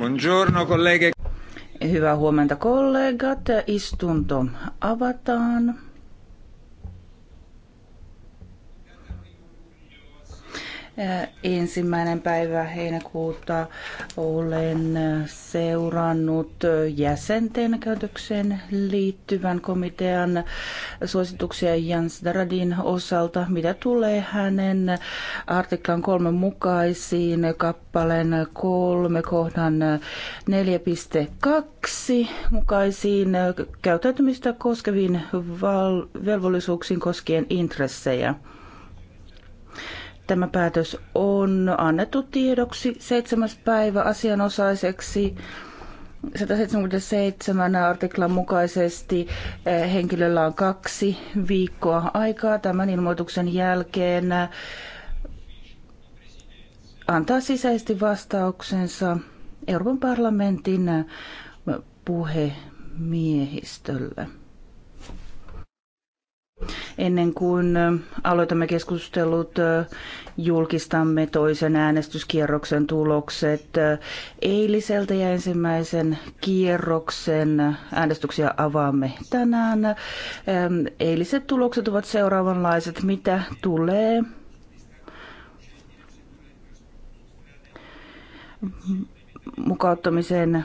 Buongiorno, Hyvää huomenta kollegat. Istunto avataan. ensimmäinen päivä heinäkuuta olen seurannut jäsenten käytökseen liittyvän komitean suosituksia Jans Daradin osalta, mitä tulee hänen artiklan kolmen mukaisiin kappaleen kolme kohdan 4.2 mukaisiin käyttäytymistä koskeviin velvollisuuksiin koskien intressejä. Tämä päätös on annettu tiedoksi 7. päivä asianosaiseksi 177 artiklan mukaisesti eh, henkilöllä on kaksi viikkoa aikaa tämän ilmoituksen jälkeen eh, antaa sisäisesti vastauksensa Euroopan parlamentin eh, puhemiehistölle. Ennen kuin äh, aloitamme keskustelut, äh, julkistamme toisen äänestyskierroksen tulokset äh, eiliseltä ja ensimmäisen kierroksen äänestyksiä avaamme tänään. Eiliset tulokset ovat seuraavanlaiset. Mitä tulee? Mukauttamiseen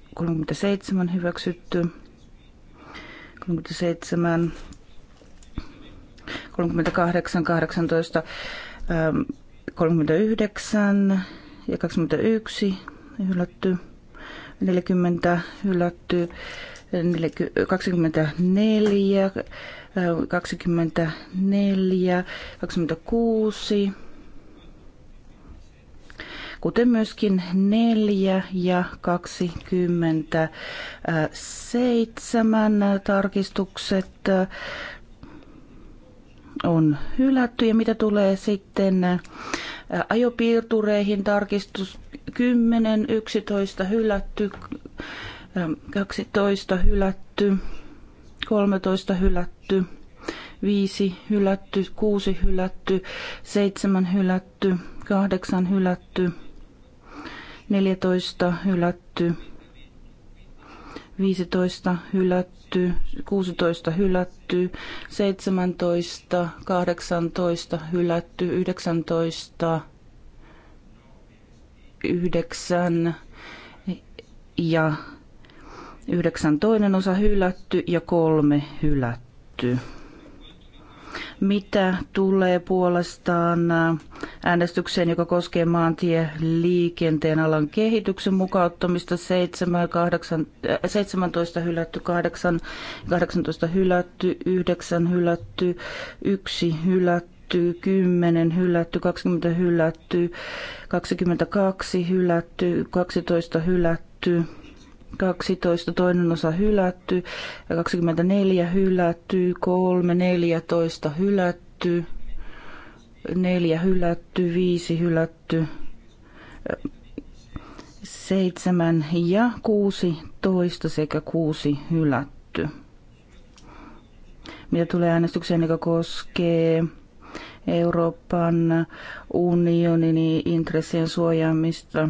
37 hyväksytty. 37, 38, 18, 39 ja 21 hylätty. 40 hylätty. 24, 24, 26, kuten myöskin 4 ja 27 tarkistukset äh, on hylätty. Ja mitä tulee sitten äh, ajopiirtureihin, tarkistus 10, 11 hylätty, 12 äh, hylätty, 13 hylätty, 5 hylätty, 6 hylätty, 7 hylätty, 8 hylätty, 14 hylätty, 15 hylätty, 16 hylätty, 17, 18 hylätty, 19, 9 ja 9 toinen osa hylätty ja 3 hylätty. Mitä tulee puolestaan äänestykseen, joka koskee maantieliikenteen alan kehityksen mukauttamista 7, 8, 17 hylätty, 8, 18 hylätty, 9 hylätty, 1 hylätty, 10 hylätty, 20 hylätty, 22 hylätty, 12 hylätty, 12 toinen osa hylätty, 24 hylätty, 3, 14 hylätty, 4 hylätty, 5 hylätty, 7 ja 16 sekä 6 hylätty. Mitä tulee äänestykseen, joka koskee Euroopan unionin intressien suojaamista,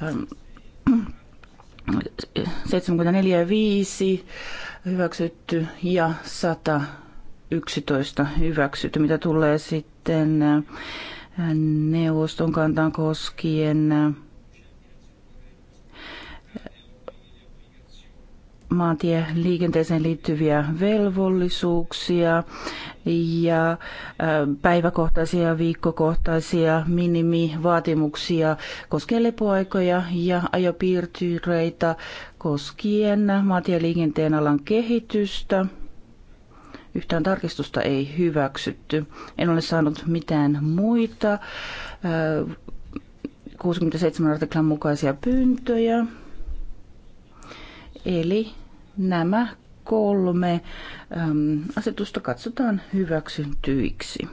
74 ja 5 hyväksytty ja 111 hyväksytty, mitä tulee sitten neuvoston kantaan koskien maantieliikenteeseen liittyviä velvollisuuksia ja päiväkohtaisia ja viikkokohtaisia minimivaatimuksia koskien lepoaikoja ja ajopiirtyreitä koskien maantieliikenteen alan kehitystä. Yhtään tarkistusta ei hyväksytty. En ole saanut mitään muita 67 artiklan mukaisia pyyntöjä. Eli nämä kolme äm, asetusta katsotaan hyväksyntyiksi.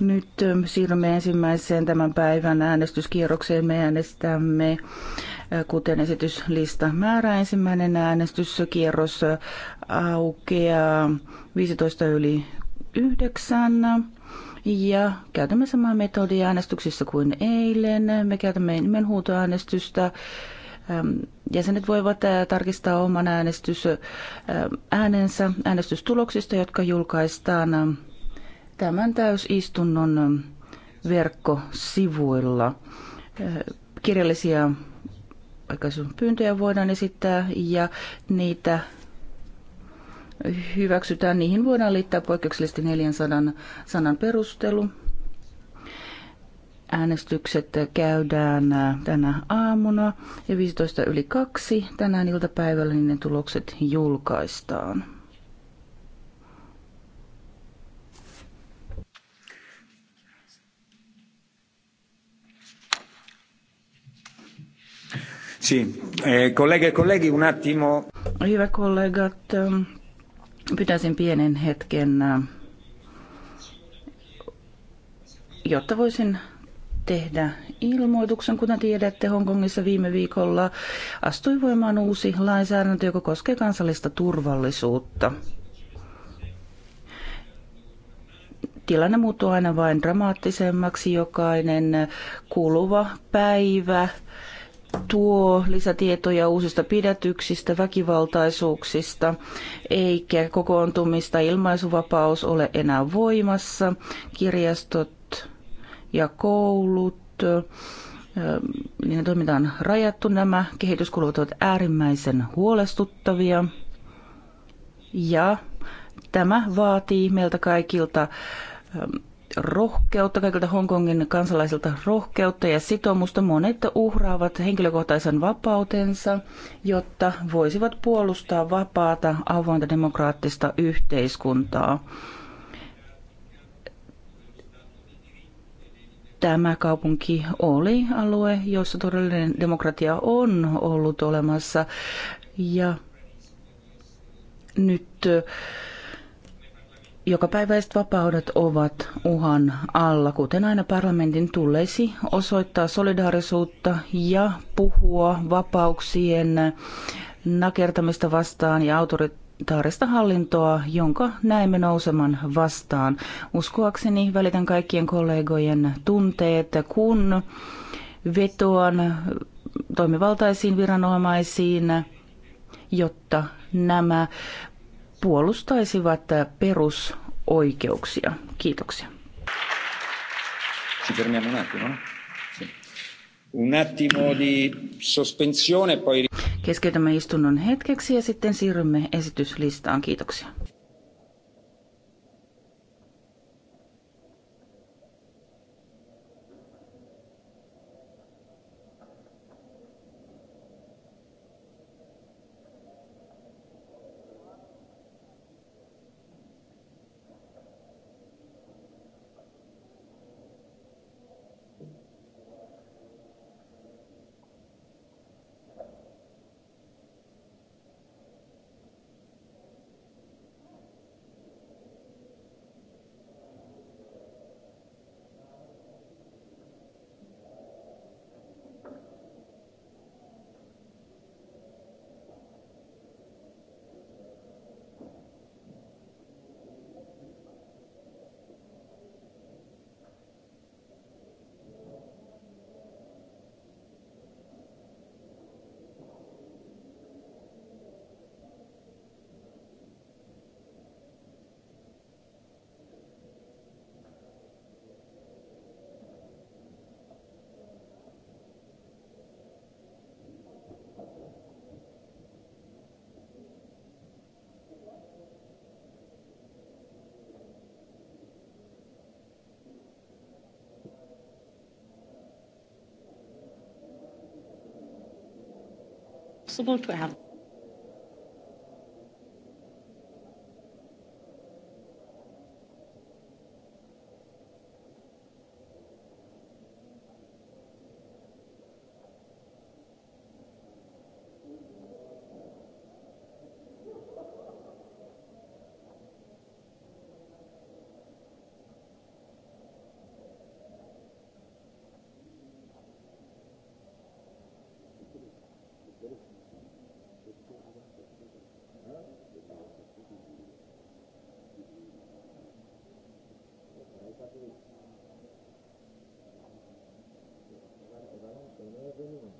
Nyt ähm, siirrymme ensimmäiseen tämän päivän äänestyskierrokseen. Me äänestämme, äh, kuten esityslista määrää, ensimmäinen äänestyskierros äh, aukeaa 15 yli 9. Ja käytämme samaa metodia äänestyksissä kuin eilen. Me käytämme nimenhuutoäänestystä äänestystä Ähm, jäsenet voivat äh, tarkistaa oman äänestys, äänensä äänestystuloksista, jotka julkaistaan ähm, tämän täysistunnon ähm, verkkosivuilla. Äh, kirjallisia pyyntöjä voidaan esittää ja niitä hyväksytään. Niihin voidaan liittää poikkeuksellisesti 400 sanan perustelu. Äänestykset käydään äh, tänä aamuna ja 15 yli kaksi tänään iltapäivällä, niin ne tulokset julkaistaan. Sì, eh, colleghe e colleghi, un attimo. Hyvä kollegat, ähm, pitäisin pienen hetken, äh, jotta voisin tehdä ilmoituksen. Kuten tiedätte, Hongkongissa viime viikolla astui voimaan uusi lainsäädäntö, joka koskee kansallista turvallisuutta. Tilanne muuttuu aina vain dramaattisemmaksi. Jokainen kuluva päivä tuo lisätietoja uusista pidätyksistä, väkivaltaisuuksista, eikä kokoontumista ilmaisuvapaus ole enää voimassa. Kirjastot ja koulut, niiden toiminta on rajattu. Nämä kehityskulut ovat äärimmäisen huolestuttavia ja tämä vaatii meiltä kaikilta rohkeutta, kaikilta Hongkongin kansalaisilta rohkeutta ja sitoumusta. Monet uhraavat henkilökohtaisen vapautensa, jotta voisivat puolustaa vapaata, avointa, demokraattista yhteiskuntaa. tämä kaupunki oli alue, jossa todellinen demokratia on ollut olemassa. Ja nyt jokapäiväiset vapaudet ovat uhan alla, kuten aina parlamentin tulisi osoittaa solidaarisuutta ja puhua vapauksien nakertamista vastaan ja autorit autoritaarista hallintoa, jonka näemme nouseman vastaan. Uskoakseni välitän kaikkien kollegojen tunteet, kun vetoan toimivaltaisiin viranomaisiin, jotta nämä puolustaisivat perusoikeuksia. Kiitoksia. Sitten minä minä, minä. Un attimo di sospensione, poi... Keskeytämme istunnon hetkeksi ja sitten siirrymme esityslistaan. Kiitoksia. possible to have Gracias.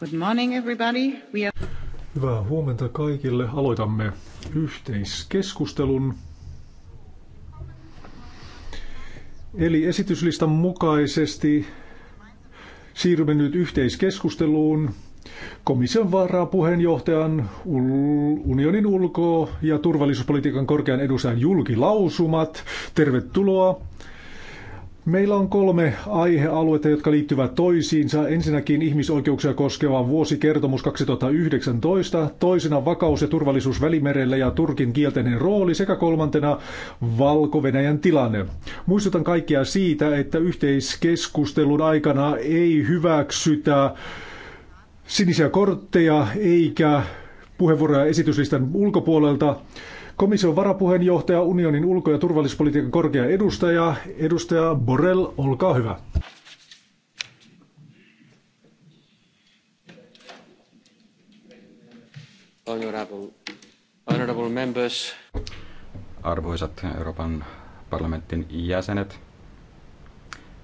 Good morning everybody. We are... Hyvää huomenta kaikille. Aloitamme yhteiskeskustelun. Eli esityslistan mukaisesti siirrymme nyt yhteiskeskusteluun komission varapuheenjohtajan unionin ulko- ja turvallisuuspolitiikan korkean edustajan julkilausumat. Tervetuloa Meillä on kolme aihealuetta, jotka liittyvät toisiinsa. Ensinnäkin ihmisoikeuksia koskeva vuosikertomus 2019, toisena vakaus ja turvallisuus välimerellä ja Turkin kielteinen rooli sekä kolmantena valko tilanne. Muistutan kaikkia siitä, että yhteiskeskustelun aikana ei hyväksytä sinisiä kortteja eikä puheenvuoroja esityslistan ulkopuolelta. Komission varapuheenjohtaja, unionin ulko- ja turvallisuuspolitiikan korkea edustaja, edustaja Borrell, olkaa hyvä. Honorable, honorable members. Arvoisat Euroopan parlamentin jäsenet.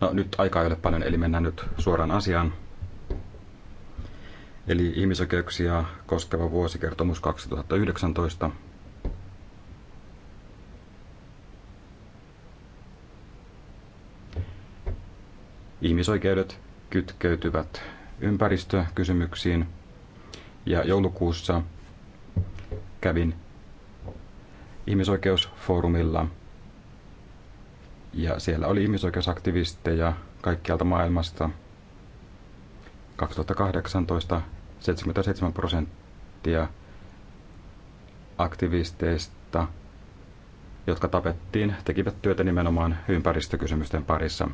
No nyt aika ei ole paljon, eli mennään nyt suoraan asiaan. Eli ihmisoikeuksia koskeva vuosikertomus 2019. Ihmisoikeudet kytkeytyvät ympäristökysymyksiin. Ja joulukuussa kävin ihmisoikeusfoorumilla ja siellä oli ihmisoikeusaktivisteja kaikkialta maailmasta. 2018 77 prosenttia aktivisteista, jotka tapettiin, tekivät työtä nimenomaan ympäristökysymysten parissa.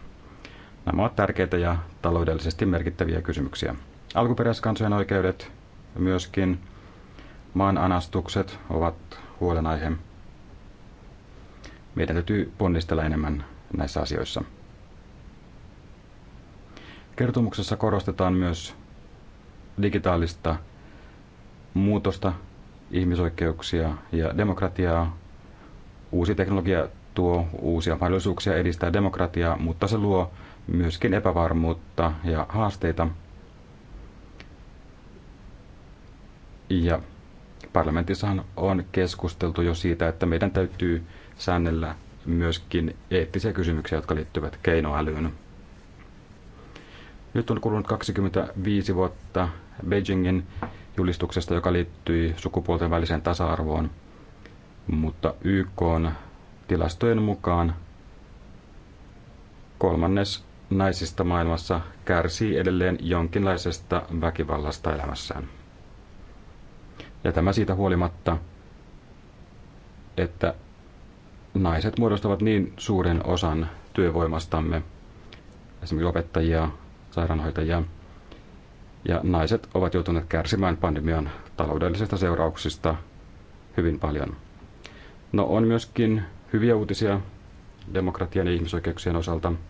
Nämä ovat tärkeitä ja taloudellisesti merkittäviä kysymyksiä. Alkuperäiskansojen oikeudet, myöskin maananastukset ovat huolenaihe. Meidän täytyy ponnistella enemmän näissä asioissa. Kertomuksessa korostetaan myös digitaalista muutosta, ihmisoikeuksia ja demokratiaa. Uusi teknologia tuo uusia mahdollisuuksia edistää demokratiaa, mutta se luo myöskin epävarmuutta ja haasteita. Ja parlamentissahan on keskusteltu jo siitä, että meidän täytyy säännellä myöskin eettisiä kysymyksiä, jotka liittyvät keinoälyyn. Nyt on kulunut 25 vuotta Beijingin julistuksesta, joka liittyi sukupuolten väliseen tasa-arvoon, mutta YK on tilastojen mukaan kolmannes naisista maailmassa kärsii edelleen jonkinlaisesta väkivallasta elämässään. Ja tämä siitä huolimatta, että naiset muodostavat niin suuren osan työvoimastamme, esimerkiksi opettajia, sairaanhoitajia, ja naiset ovat joutuneet kärsimään pandemian taloudellisista seurauksista hyvin paljon. No on myöskin hyviä uutisia demokratian ja ihmisoikeuksien osalta –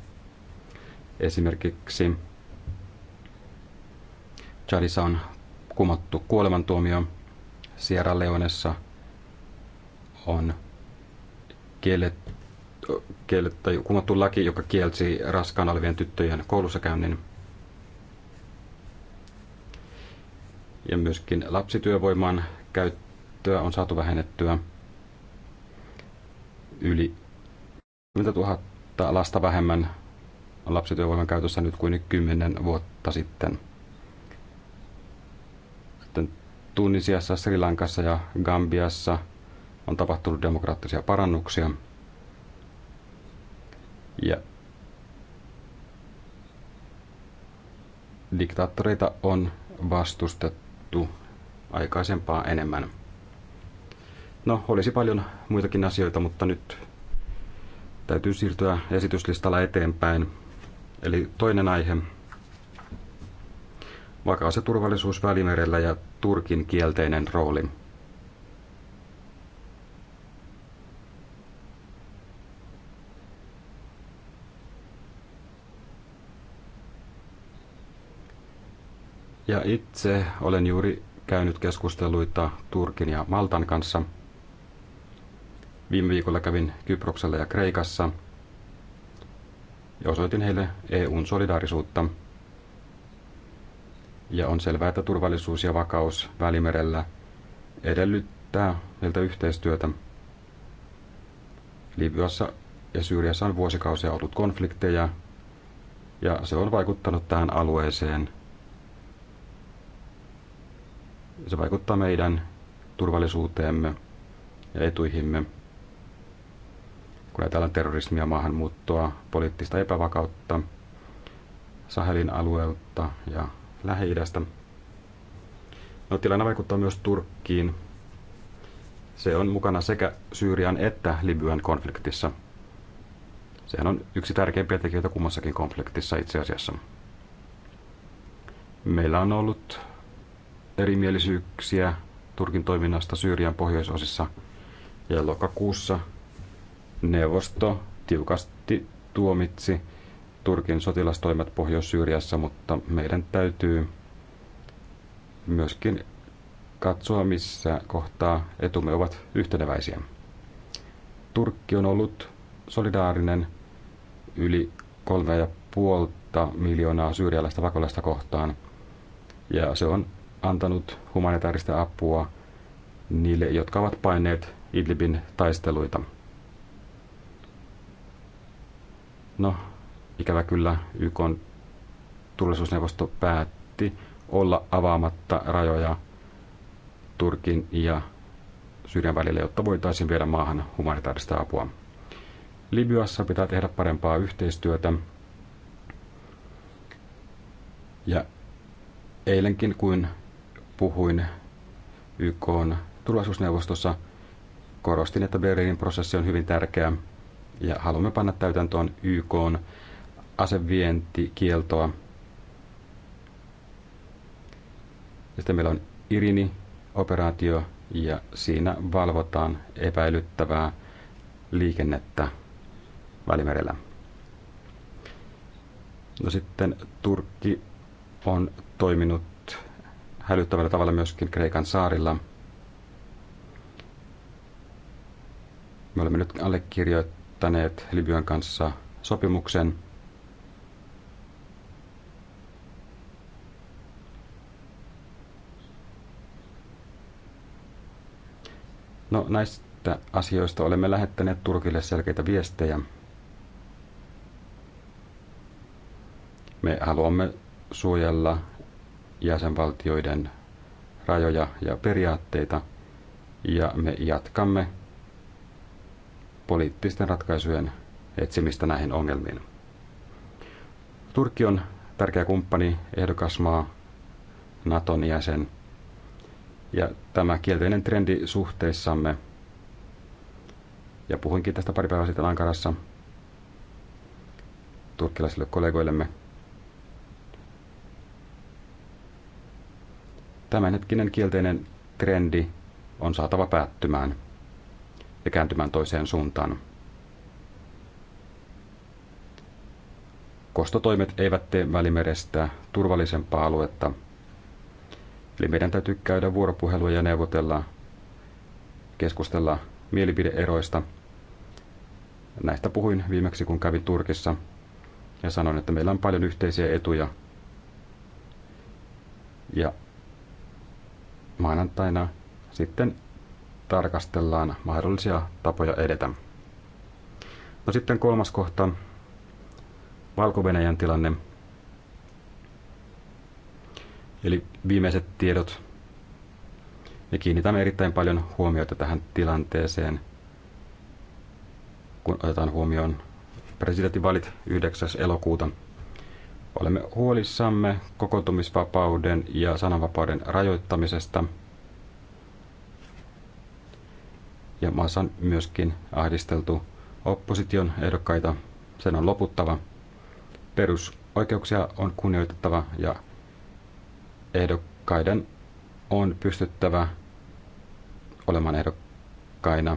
Esimerkiksi Chadissa on kumottu kuolemantuomio, Sierra Leonessa on kielet, tai kumottu laki, joka kielsi raskaan olevien tyttöjen koulussakäynnin. Ja myöskin lapsityövoiman käyttöä on saatu vähennettyä yli 10 000 lasta vähemmän lapsityövoiman käytössä nyt kuin kymmenen vuotta sitten. Sitten Tunisiassa, Sri Lankassa ja Gambiassa on tapahtunut demokraattisia parannuksia. Ja diktaattoreita on vastustettu aikaisempaa enemmän. No, olisi paljon muitakin asioita, mutta nyt täytyy siirtyä esityslistalla eteenpäin. Eli toinen aihe. Vakaus ja turvallisuus Välimerellä ja Turkin kielteinen rooli. Ja itse olen juuri käynyt keskusteluita Turkin ja Maltan kanssa. Viime viikolla kävin Kyproksella ja Kreikassa – ja osoitin heille EUn solidaarisuutta. Ja on selvää, että turvallisuus ja vakaus Välimerellä edellyttää heiltä yhteistyötä. Libyassa ja Syyriassa on vuosikausia ollut konflikteja, ja se on vaikuttanut tähän alueeseen. Se vaikuttaa meidän turvallisuuteemme ja etuihimme kun ajatellaan terrorismia, maahanmuuttoa, poliittista epävakautta Sahelin alueelta ja Lähi-idästä. No, tilanne vaikuttaa myös Turkkiin. Se on mukana sekä Syyrian että Libyan konfliktissa. Sehän on yksi tärkeimpiä tekijöitä kummassakin konfliktissa itse asiassa. Meillä on ollut erimielisyyksiä Turkin toiminnasta Syyrian pohjoisosissa ja lokakuussa neuvosto tiukasti tuomitsi Turkin sotilastoimet Pohjois-Syyriassa, mutta meidän täytyy myöskin katsoa, missä kohtaa etumme ovat yhteneväisiä. Turkki on ollut solidaarinen yli kolme ja puolta miljoonaa syyrialaista pakolaista kohtaan, ja se on antanut humanitaarista apua niille, jotka ovat paineet Idlibin taisteluita – No, ikävä kyllä YK turvallisuusneuvosto päätti olla avaamatta rajoja Turkin ja Syyrian välille, jotta voitaisiin viedä maahan humanitaarista apua. Libyassa pitää tehdä parempaa yhteistyötä. Ja eilenkin, kun puhuin YK turvallisuusneuvostossa, korostin, että Berliinin prosessi on hyvin tärkeä – ja haluamme panna täytäntöön YK asevientikieltoa. Ja sitten meillä on Irini-operaatio ja siinä valvotaan epäilyttävää liikennettä Välimerellä. No sitten Turkki on toiminut hälyttävällä tavalla myöskin Kreikan saarilla. Me olemme nyt allekirjoittaneet allekirjoittaneet Libyan kanssa sopimuksen. No näistä asioista olemme lähettäneet Turkille selkeitä viestejä. Me haluamme suojella jäsenvaltioiden rajoja ja periaatteita, ja me jatkamme poliittisten ratkaisujen etsimistä näihin ongelmiin. Turkki on tärkeä kumppani, maa, Naton jäsen. Ja tämä kielteinen trendi suhteissamme, ja puhuinkin tästä pari päivää sitten Ankarassa turkkilaisille kollegoillemme, tämänhetkinen kielteinen trendi on saatava päättymään – ja kääntymään toiseen suuntaan. Kostotoimet eivät tee välimerestä turvallisempaa aluetta. Eli meidän täytyy käydä vuoropuhelua ja neuvotella, keskustella mielipideeroista. Näistä puhuin viimeksi, kun kävin Turkissa ja sanoin, että meillä on paljon yhteisiä etuja. Ja maanantaina sitten tarkastellaan mahdollisia tapoja edetä. No sitten kolmas kohta, valko tilanne. Eli viimeiset tiedot. Me kiinnitämme erittäin paljon huomiota tähän tilanteeseen, kun otetaan huomioon presidentinvalit 9. elokuuta. Olemme huolissamme kokoontumisvapauden ja sananvapauden rajoittamisesta – Ja maassa on myöskin ahdisteltu opposition ehdokkaita. Sen on loputtava. Perusoikeuksia on kunnioitettava ja ehdokkaiden on pystyttävä olemaan ehdokkaina.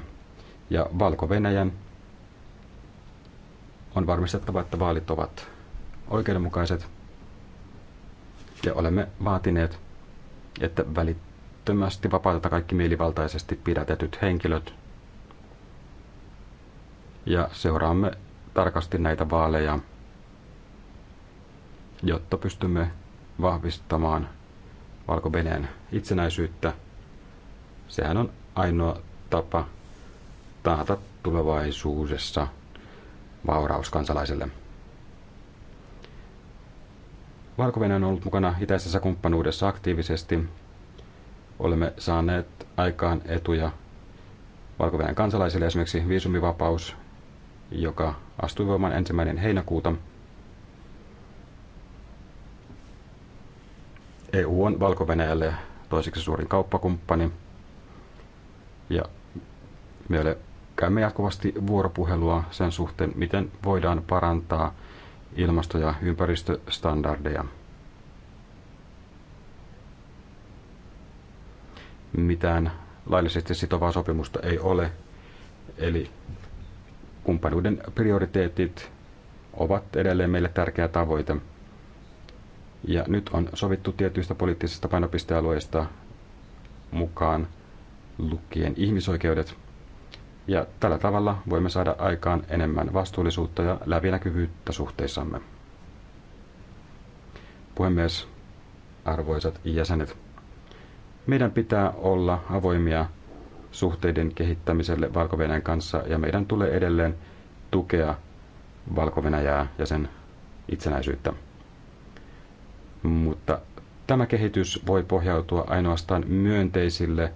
Ja Valko-Venäjän on varmistettava, että vaalit ovat oikeudenmukaiset. Ja olemme vaatineet, että välit välittömästi vapauteta kaikki mielivaltaisesti pidätetyt henkilöt. Ja seuraamme tarkasti näitä vaaleja, jotta pystymme vahvistamaan valko itsenäisyyttä. Sehän on ainoa tapa taata tulevaisuudessa vauraus kansalaiselle. valko on ollut mukana itäisessä kumppanuudessa aktiivisesti olemme saaneet aikaan etuja valko kansalaisille, esimerkiksi viisumivapaus, joka astui voimaan ensimmäinen heinäkuuta. EU on valko toiseksi suurin kauppakumppani ja me käymme jatkuvasti vuoropuhelua sen suhteen, miten voidaan parantaa ilmasto- ja ympäristöstandardeja. mitään laillisesti sitovaa sopimusta ei ole. Eli kumppanuuden prioriteetit ovat edelleen meille tärkeä tavoite. Ja nyt on sovittu tietyistä poliittisista painopistealueista mukaan lukien ihmisoikeudet. Ja tällä tavalla voimme saada aikaan enemmän vastuullisuutta ja läpinäkyvyyttä suhteissamme. Puhemies, arvoisat jäsenet, meidän pitää olla avoimia suhteiden kehittämiselle valko kanssa ja meidän tulee edelleen tukea valko ja sen itsenäisyyttä. Mutta tämä kehitys voi pohjautua ainoastaan myönteisille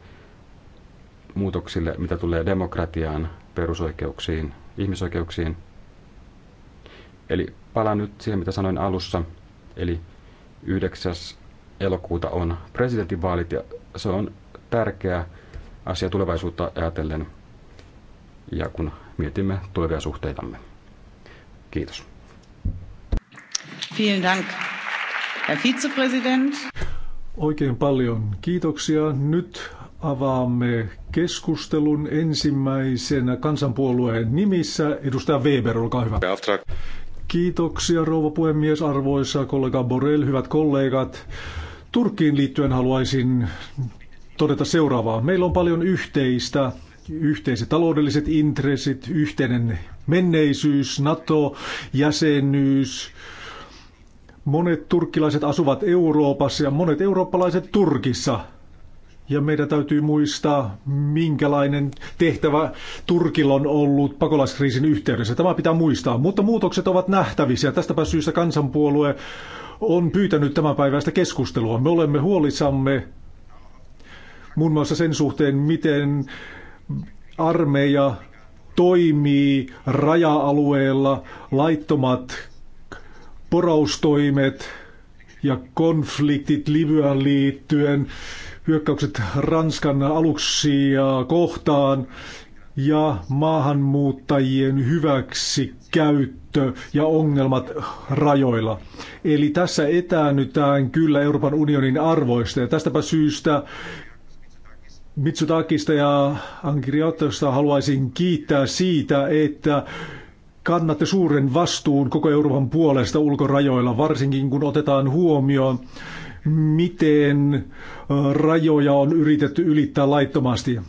muutoksille, mitä tulee demokratiaan, perusoikeuksiin, ihmisoikeuksiin. Eli palaan nyt siihen, mitä sanoin alussa. Eli 9. elokuuta on presidentinvaalit ja se on tärkeä asia tulevaisuutta ajatellen ja kun mietimme tulevia suhteitamme. Kiitos. Vielen Dank, Herr Vizepräsident. Oikein paljon kiitoksia. Nyt avaamme keskustelun ensimmäisenä kansanpuolueen nimissä. Edustaja Weber, olkaa hyvä. Kiitoksia rouva puhemies, arvoisa kollega Borrell, hyvät kollegat. Turkkiin liittyen haluaisin todeta seuraavaa. Meillä on paljon yhteistä, yhteiset taloudelliset intressit, yhteinen menneisyys, NATO-jäsenyys. Monet turkkilaiset asuvat Euroopassa ja monet eurooppalaiset Turkissa. Ja meidän täytyy muistaa, minkälainen tehtävä Turkilla on ollut pakolaiskriisin yhteydessä. Tämä pitää muistaa, mutta muutokset ovat nähtävissä. Tästäpä syystä kansanpuolue on pyytänyt tämän päiväistä keskustelua. Me olemme huolissamme muun muassa sen suhteen, miten armeija toimii raja-alueella, laittomat poraustoimet ja konfliktit Libyan liittyen, hyökkäykset Ranskan aluksia kohtaan ja maahanmuuttajien hyväksi käyttö ja ongelmat rajoilla. Eli tässä etäännytään kyllä Euroopan unionin arvoista ja tästäpä syystä Mitsutakista ja Ankiriotosta haluaisin kiittää siitä, että kannatte suuren vastuun koko Euroopan puolesta ulkorajoilla, varsinkin kun otetaan huomioon, miten rajoja on yritetty ylittää laittomasti.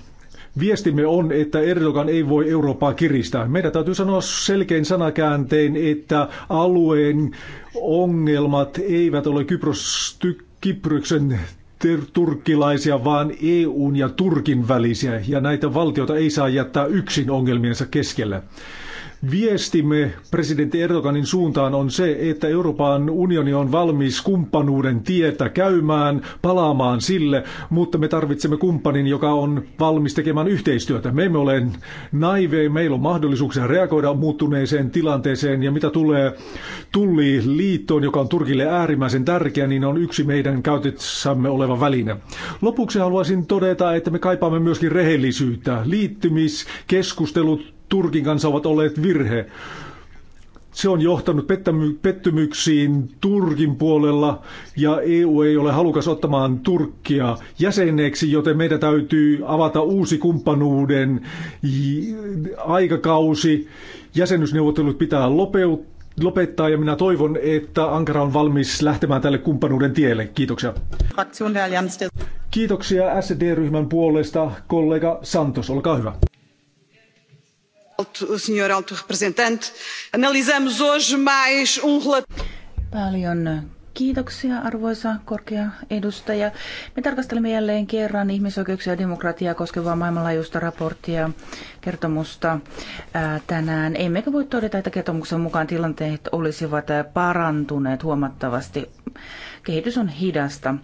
Viestimme on, että Erdogan ei voi Eurooppaa kiristää. Meidän täytyy sanoa selkein sanakääntein, että alueen ongelmat eivät ole Kypros, Kyproksen turkkilaisia, vaan EUn ja Turkin välisiä, ja näitä valtioita ei saa jättää yksin ongelmiensa keskellä. Viestimme presidentti Erdoganin suuntaan on se, että Euroopan unioni on valmis kumppanuuden tietä käymään, palaamaan sille, mutta me tarvitsemme kumppanin, joka on valmis tekemään yhteistyötä. Me emme ole naiveja, meillä on mahdollisuuksia reagoida muuttuneeseen tilanteeseen ja mitä tulee tulliliittoon, joka on Turkille äärimmäisen tärkeä, niin on yksi meidän käytössämme oleva väline. Lopuksi haluaisin todeta, että me kaipaamme myöskin rehellisyyttä. Liittymiskeskustelut Turkin kanssa ovat olleet virhe. Se on johtanut pettymyksiin Turkin puolella ja EU ei ole halukas ottamaan Turkkia jäseneksi, joten meidän täytyy avata uusi kumppanuuden aikakausi. Jäsenyysneuvottelut pitää lopettaa ja minä toivon, että Ankara on valmis lähtemään tälle kumppanuuden tielle. Kiitoksia. Kiitoksia SD-ryhmän puolesta kollega Santos, olkaa hyvä. Senhor alto representante. Analisamos hoje mais un... Um Paljon Kiitoksia arvoisa korkea edustaja. Me tarkastelemme jälleen kerran ihmisoikeuksia ja demokratiaa koskevaa maailmanlaajuista raporttia kertomusta ää, tänään. Emmekä voi todeta, että kertomuksen mukaan tilanteet olisivat parantuneet huomattavasti. Kehitys on hidasta.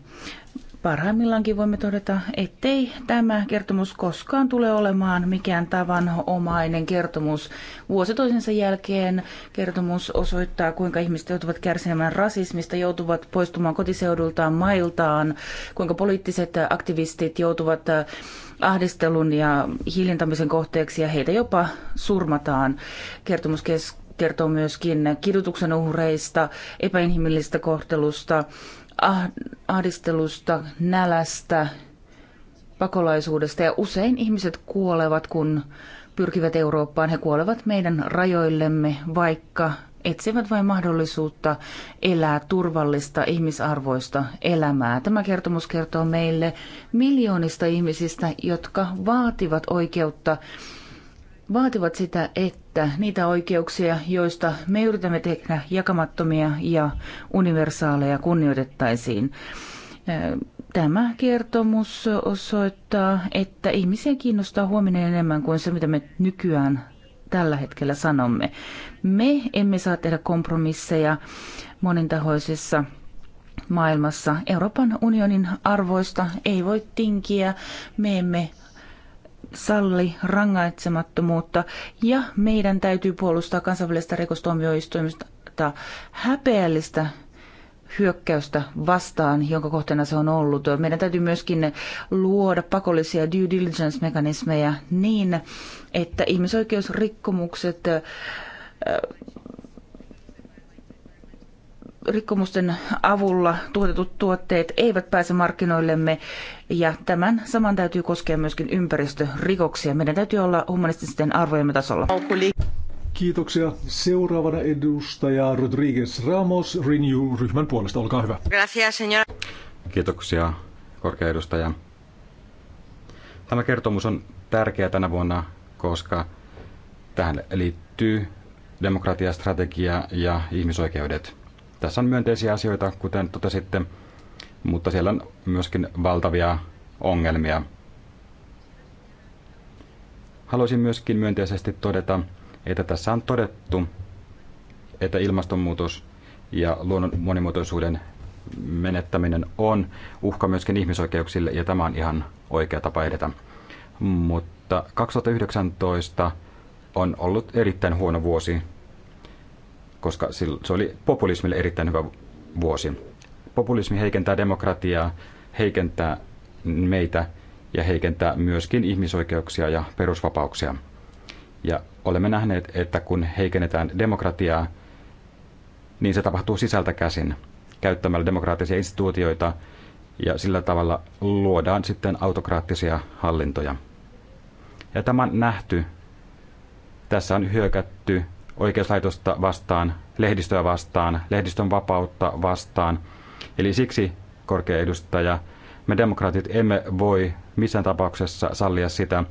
Parhaimmillaankin voimme todeta, ettei tämä kertomus koskaan tule olemaan mikään tavanomainen kertomus. Vuosi toisensa jälkeen kertomus osoittaa, kuinka ihmiset joutuvat kärsimään rasismista, joutuvat poistumaan kotiseudultaan, mailtaan, kuinka poliittiset aktivistit joutuvat ahdistelun ja hiljentämisen kohteeksi ja heitä jopa surmataan. Kertomus kertoo myöskin kidutuksen uhreista, epäinhimillisestä kohtelusta, Ah- ahdistelusta, nälästä, pakolaisuudesta ja usein ihmiset kuolevat, kun pyrkivät Eurooppaan. He kuolevat meidän rajoillemme, vaikka etsivät vain mahdollisuutta elää turvallista, ihmisarvoista elämää. Tämä kertomus kertoo meille miljoonista ihmisistä, jotka vaativat oikeutta vaativat sitä, että niitä oikeuksia, joista me yritämme tehdä jakamattomia ja universaaleja, kunnioitettaisiin. Tämä kertomus osoittaa, että ihmisiä kiinnostaa huominen enemmän kuin se, mitä me nykyään tällä hetkellä sanomme. Me emme saa tehdä kompromisseja monintahoisessa maailmassa. Euroopan unionin arvoista ei voi tinkiä. Me emme salli rangaitsemattomuutta ja meidän täytyy puolustaa kansainvälistä rikostuomioistuimista häpeällistä hyökkäystä vastaan, jonka kohteena se on ollut. Meidän täytyy myöskin luoda pakollisia due diligence-mekanismeja niin, että ihmisoikeusrikkomukset rikkomusten avulla tuotetut tuotteet eivät pääse markkinoillemme ja tämän saman täytyy koskea myöskin ympäristörikoksia. Meidän täytyy olla humanististen arvojemme tasolla. Kiitoksia. Seuraavana edustaja Rodriguez Ramos Renew-ryhmän puolesta. Olkaa hyvä. Gracias, señora. Kiitoksia, korkea edustaja. Tämä kertomus on tärkeä tänä vuonna, koska tähän liittyy demokratiastrategia ja ihmisoikeudet – tässä on myönteisiä asioita, kuten totesitte, mutta siellä on myöskin valtavia ongelmia. Haluaisin myöskin myönteisesti todeta, että tässä on todettu, että ilmastonmuutos ja luonnon monimuotoisuuden menettäminen on uhka myöskin ihmisoikeuksille, ja tämä on ihan oikea tapa edetä. Mutta 2019 on ollut erittäin huono vuosi koska se oli populismille erittäin hyvä vuosi. Populismi heikentää demokratiaa, heikentää meitä ja heikentää myöskin ihmisoikeuksia ja perusvapauksia. Ja olemme nähneet, että kun heikennetään demokratiaa, niin se tapahtuu sisältä käsin käyttämällä demokraattisia instituutioita ja sillä tavalla luodaan sitten autokraattisia hallintoja. Ja tämä on nähty. Tässä on hyökätty oikeuslaitosta vastaan, lehdistöä vastaan, lehdistön vapautta vastaan. Eli siksi, korkea edustaja, me demokraatit emme voi missään tapauksessa sallia sitä,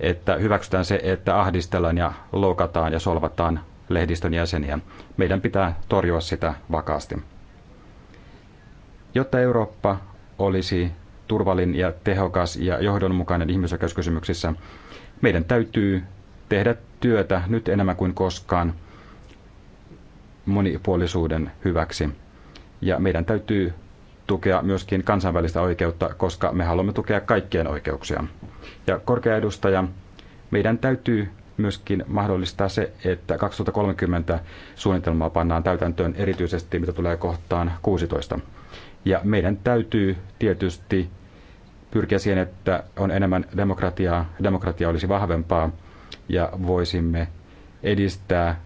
että hyväksytään se, että ahdistellaan ja loukataan ja solvataan lehdistön jäseniä. Meidän pitää torjua sitä vakaasti. Jotta Eurooppa olisi turvallinen ja tehokas ja johdonmukainen ihmisoikeuskysymyksissä, meidän täytyy tehdä työtä nyt enemmän kuin koskaan monipuolisuuden hyväksi. Ja meidän täytyy tukea myöskin kansainvälistä oikeutta, koska me haluamme tukea kaikkien oikeuksia. Ja korkea edustaja, meidän täytyy myöskin mahdollistaa se, että 2030 suunnitelmaa pannaan täytäntöön erityisesti mitä tulee kohtaan 16. Ja meidän täytyy tietysti pyrkiä siihen, että on enemmän demokratiaa, demokratia olisi vahvempaa ja voisimme edistää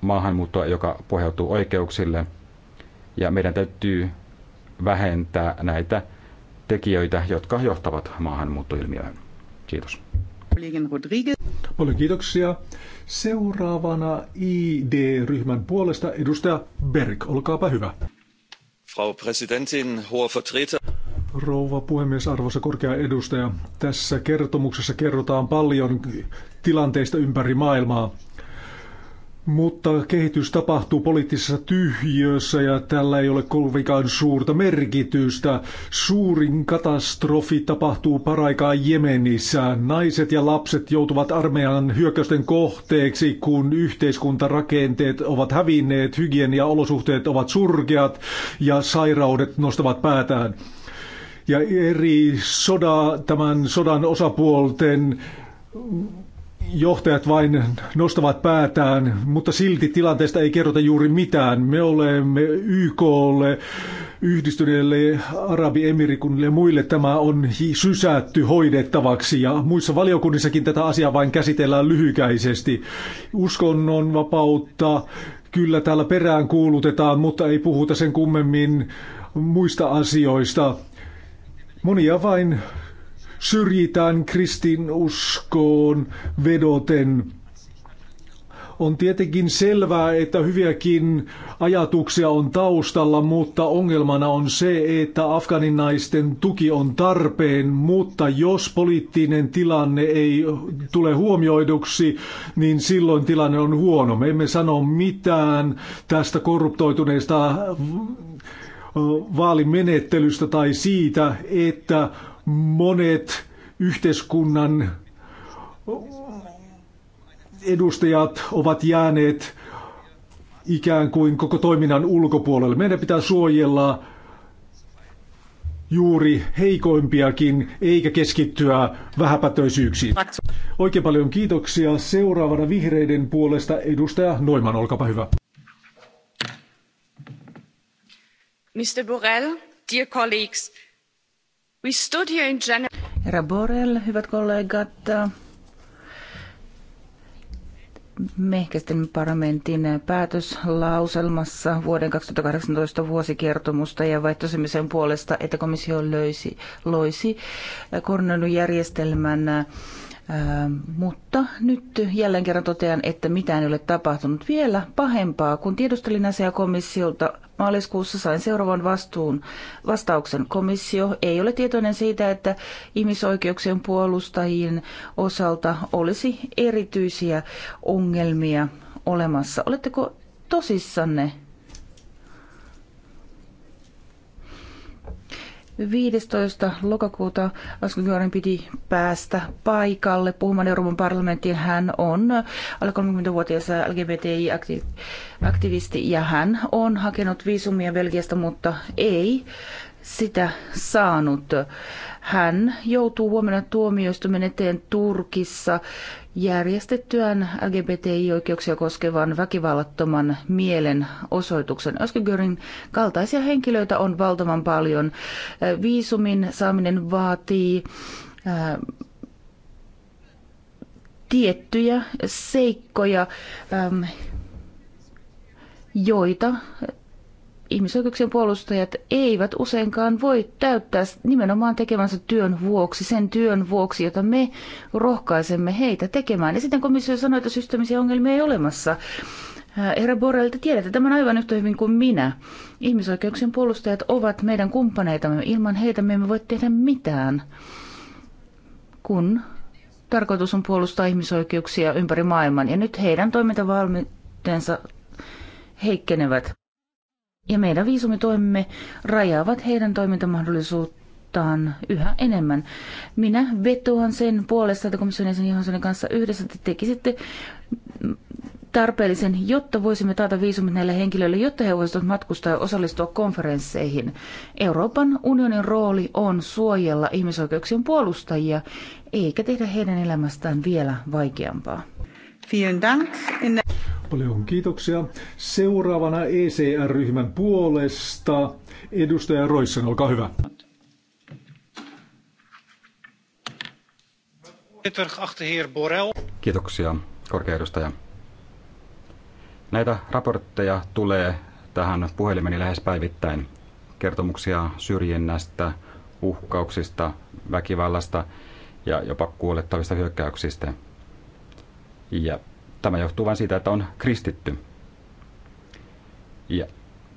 maahanmuuttoa, joka pohjautuu oikeuksille. Ja meidän täytyy vähentää näitä tekijöitä, jotka johtavat maahanmuuttoilmiöön. Kiitos. Paljon kiitoksia. Seuraavana ID-ryhmän puolesta edustaja Berg, olkaapa hyvä. Frau Präsidentin, hoher Vertreter. Rouva puhemies, arvoisa korkea edustaja. Tässä kertomuksessa kerrotaan paljon tilanteista ympäri maailmaa. Mutta kehitys tapahtuu poliittisessa tyhjössä ja tällä ei ole kovinkaan suurta merkitystä. Suurin katastrofi tapahtuu paraikaa Jemenissä. Naiset ja lapset joutuvat armeijan hyökkäysten kohteeksi, kun yhteiskuntarakenteet ovat hävinneet, hygieniaolosuhteet ovat surkeat ja sairaudet nostavat päätään ja eri soda, tämän sodan osapuolten johtajat vain nostavat päätään, mutta silti tilanteesta ei kerrota juuri mitään. Me olemme YKlle, yhdistyneille Arabiemirikunnille ja muille tämä on sysätty hoidettavaksi ja muissa valiokunnissakin tätä asiaa vain käsitellään lyhykäisesti. Uskonnon vapautta kyllä täällä perään kuulutetaan, mutta ei puhuta sen kummemmin muista asioista. Monia vain syrjitään kristinuskoon vedoten. On tietenkin selvää, että hyviäkin ajatuksia on taustalla, mutta ongelmana on se, että afganinaisten tuki on tarpeen, mutta jos poliittinen tilanne ei tule huomioiduksi, niin silloin tilanne on huono. Me emme sano mitään tästä korruptoituneesta vaalimenettelystä tai siitä, että monet yhteiskunnan edustajat ovat jääneet ikään kuin koko toiminnan ulkopuolelle. Meidän pitää suojella juuri heikoimpiakin, eikä keskittyä vähäpätöisyyksiin. Oikein paljon kiitoksia. Seuraavana vihreiden puolesta edustaja Noiman, olkapa hyvä. Mr. Borrell, dear colleagues, we stood here in January. Herra Borrell, hyvät kollegat, me parlamentin päätöslauselmassa vuoden 2018 vuosikertomusta ja vaihtosimme sen puolesta, että komissio löysi, loisi koordinoidun järjestelmän Ähm, mutta nyt jälleen kerran totean, että mitään ei ole tapahtunut vielä pahempaa. Kun tiedustelin asiaa komissiolta maaliskuussa, sain seuraavan vastuun vastauksen. Komissio ei ole tietoinen siitä, että ihmisoikeuksien puolustajien osalta olisi erityisiä ongelmia olemassa. Oletteko tosissanne? 15. lokakuuta Askelgioren piti päästä paikalle puhumaan Euroopan parlamenttiin. Hän on alle 30-vuotias LGBTI-aktivisti ja hän on hakenut viisumia Belgiasta, mutta ei sitä saanut. Hän joutuu huomenna tuomioistuimen eteen Turkissa järjestettyään LGBTI-oikeuksia koskevan väkivallattoman mielen osoituksen. kaltaisia henkilöitä on valtavan paljon. Viisumin saaminen vaatii ää, tiettyjä seikkoja, joita ihmisoikeuksien puolustajat eivät useinkaan voi täyttää nimenomaan tekemänsä työn vuoksi, sen työn vuoksi, jota me rohkaisemme heitä tekemään. Ja sitten komissio sanoi, että systeemisiä ongelmia ei olemassa. Äh, Herra Borrell, te tiedätte tämän aivan yhtä hyvin kuin minä. Ihmisoikeuksien puolustajat ovat meidän kumppaneitamme. Ilman heitä me emme voi tehdä mitään, kun tarkoitus on puolustaa ihmisoikeuksia ympäri maailman. Ja nyt heidän toimintavalmiutensa heikkenevät ja meidän viisumitoimme rajaavat heidän toimintamahdollisuuttaan yhä enemmän. Minä vetoan sen puolesta, että komission jäsen Johanssonin kanssa yhdessä te tekisitte tarpeellisen, jotta voisimme taata viisumit näille henkilöille, jotta he voisivat matkustaa ja osallistua konferensseihin. Euroopan unionin rooli on suojella ihmisoikeuksien puolustajia, eikä tehdä heidän elämästään vielä vaikeampaa. Vielen Dank. Paljon kiitoksia. Seuraavana ECR-ryhmän puolesta edustaja Roissan, olkaa hyvä. Kiitoksia, korkea edustaja. Näitä raportteja tulee tähän puhelimeni lähes päivittäin. Kertomuksia syrjinnästä, uhkauksista, väkivallasta ja jopa kuolettavista hyökkäyksistä – ja tämä johtuu vain siitä, että on kristitty. Ja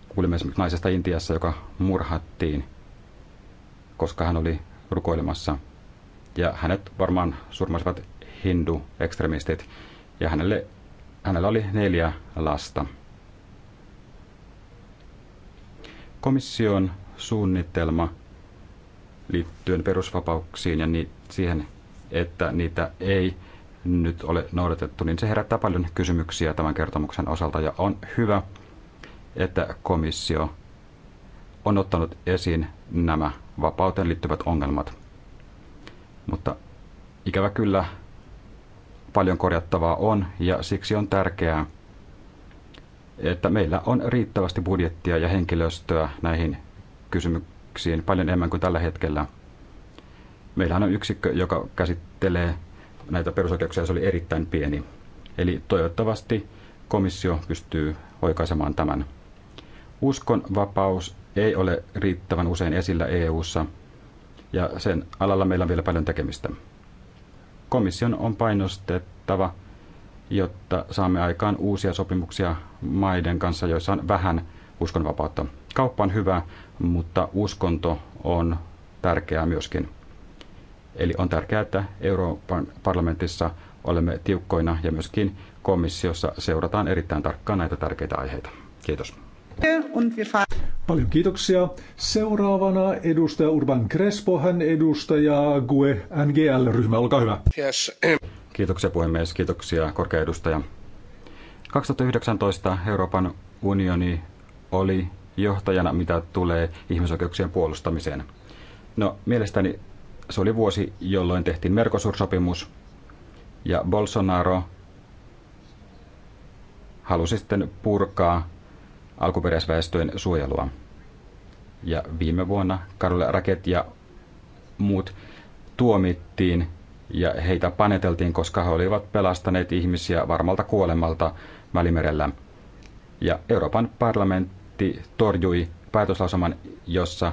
kuulimme esimerkiksi naisesta Intiassa, joka murhattiin, koska hän oli rukoilemassa. Ja hänet varmaan surmasivat hindu-ekstremistit. Ja hänelle, hänellä oli neljä lasta. Komission suunnitelma liittyen perusvapauksiin ja ni- siihen, että niitä ei nyt ole noudatettu, niin se herättää paljon kysymyksiä tämän kertomuksen osalta ja on hyvä, että komissio on ottanut esiin nämä vapauteen liittyvät ongelmat. Mutta ikävä kyllä paljon korjattavaa on ja siksi on tärkeää, että meillä on riittävästi budjettia ja henkilöstöä näihin kysymyksiin paljon enemmän kuin tällä hetkellä. Meillähän on yksikkö, joka käsittelee näitä perusoikeuksia se oli erittäin pieni. Eli toivottavasti komissio pystyy oikaisemaan tämän. Uskonvapaus ei ole riittävän usein esillä EU:ssa ja sen alalla meillä on vielä paljon tekemistä. Komission on painostettava, jotta saamme aikaan uusia sopimuksia maiden kanssa, joissa on vähän uskonvapautta. Kauppa on hyvä, mutta uskonto on tärkeää myöskin. Eli on tärkeää, että Euroopan parlamentissa olemme tiukkoina ja myöskin komissiossa seurataan erittäin tarkkaan näitä tärkeitä aiheita. Kiitos. Paljon kiitoksia. Seuraavana edustaja Urban Crespo, hän edustaja GUE NGL-ryhmä. Olkaa hyvä. Yes. Kiitoksia puhemies, kiitoksia korkea edustaja. 2019 Euroopan unioni oli johtajana, mitä tulee ihmisoikeuksien puolustamiseen. No, mielestäni se oli vuosi, jolloin tehtiin Mercosur-sopimus ja Bolsonaro halusi sitten purkaa alkuperäisväestöjen suojelua. Ja viime vuonna Karol Raket ja muut tuomittiin ja heitä paneteltiin, koska he olivat pelastaneet ihmisiä varmalta kuolemalta Välimerellä. Ja Euroopan parlamentti torjui päätöslausaman, jossa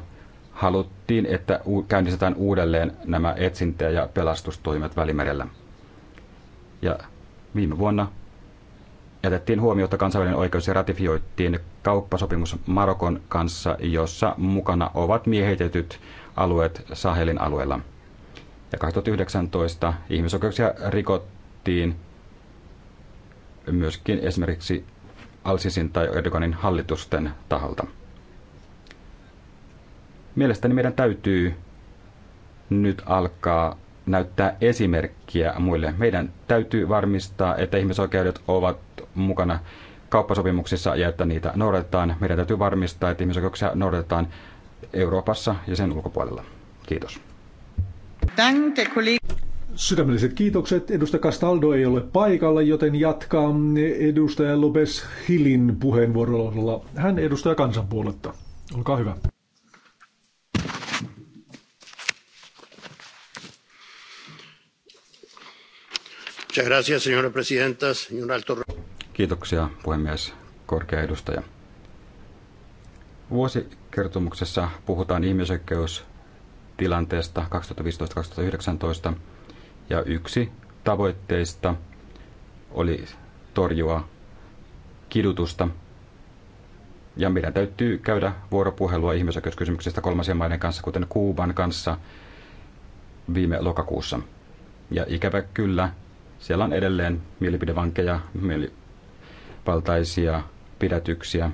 haluttiin, että käynnistetään uudelleen nämä etsintä- ja pelastustoimet Välimerellä. Ja viime vuonna jätettiin huomiota kansainvälinen oikeus ja ratifioittiin kauppasopimus Marokon kanssa, jossa mukana ovat miehitetyt alueet Sahelin alueella. Ja 2019 ihmisoikeuksia rikottiin myöskin esimerkiksi Alsisin tai Erdoganin hallitusten taholta. Mielestäni meidän täytyy nyt alkaa näyttää esimerkkiä muille. Meidän täytyy varmistaa, että ihmisoikeudet ovat mukana kauppasopimuksissa ja että niitä noudatetaan. Meidän täytyy varmistaa, että ihmisoikeuksia noudatetaan Euroopassa ja sen ulkopuolella. Kiitos. Sydämelliset kiitokset. Edustaja Castaldo ei ole paikalla, joten jatkaa edustaja Lopes Hilin puheenvuorolla. Hän edustaa kansanpuoletta. Olkaa hyvä. señora presidenta, señor alto... Kiitoksia, puhemies, korkea edustaja. Vuosikertomuksessa puhutaan ihmisoikeustilanteesta 2015-2019 ja yksi tavoitteista oli torjua kidutusta. Ja meidän täytyy käydä vuoropuhelua ihmisoikeuskysymyksistä kolmansien maiden kanssa, kuten Kuuban kanssa viime lokakuussa. Ja ikävä kyllä, siellä on edelleen mielipidevankeja, mielivaltaisia pidätyksiä.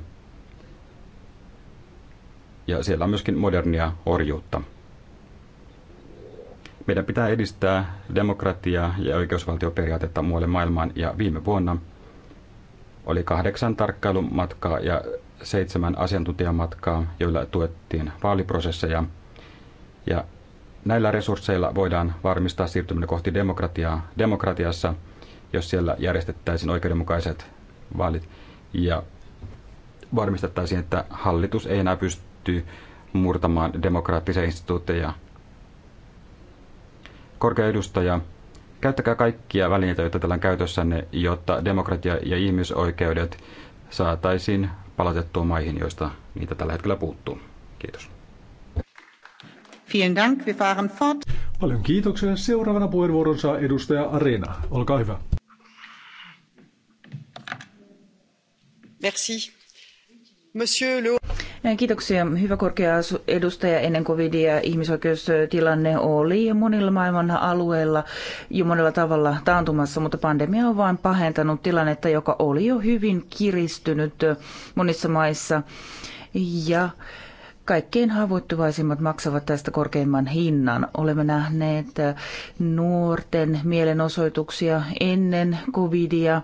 Ja siellä on myöskin modernia orjuutta. Meidän pitää edistää demokratiaa ja oikeusvaltioperiaatetta muualle maailmaan ja viime vuonna oli kahdeksan tarkkailumatkaa ja seitsemän asiantuntijamatkaa, joilla tuettiin vaaliprosesseja. Ja Näillä resursseilla voidaan varmistaa siirtyminen kohti demokratiaa demokratiassa, jos siellä järjestettäisiin oikeudenmukaiset vaalit ja varmistettaisiin, että hallitus ei enää pysty murtamaan demokraattisia instituutteja. Korkea edustaja, käyttäkää kaikkia välineitä, joita teillä on käytössänne, jotta demokratia ja ihmisoikeudet saataisiin palautettua maihin, joista niitä tällä hetkellä puuttuu. Kiitos. Vielen Dank, wir fahren fort. Paljon kiitoksia. Seuraavana puheenvuoron saa edustaja Arena. Olkaa hyvä. Merci. Monsieur le... Kiitoksia. Hyvä korkea edustaja ennen covidia ihmisoikeustilanne oli monilla maailman alueilla jo monella tavalla taantumassa, mutta pandemia on vain pahentanut tilannetta, joka oli jo hyvin kiristynyt monissa maissa. Ja Kaikkein haavoittuvaisimmat maksavat tästä korkeimman hinnan. Olemme nähneet äh, nuorten mielenosoituksia ennen covidia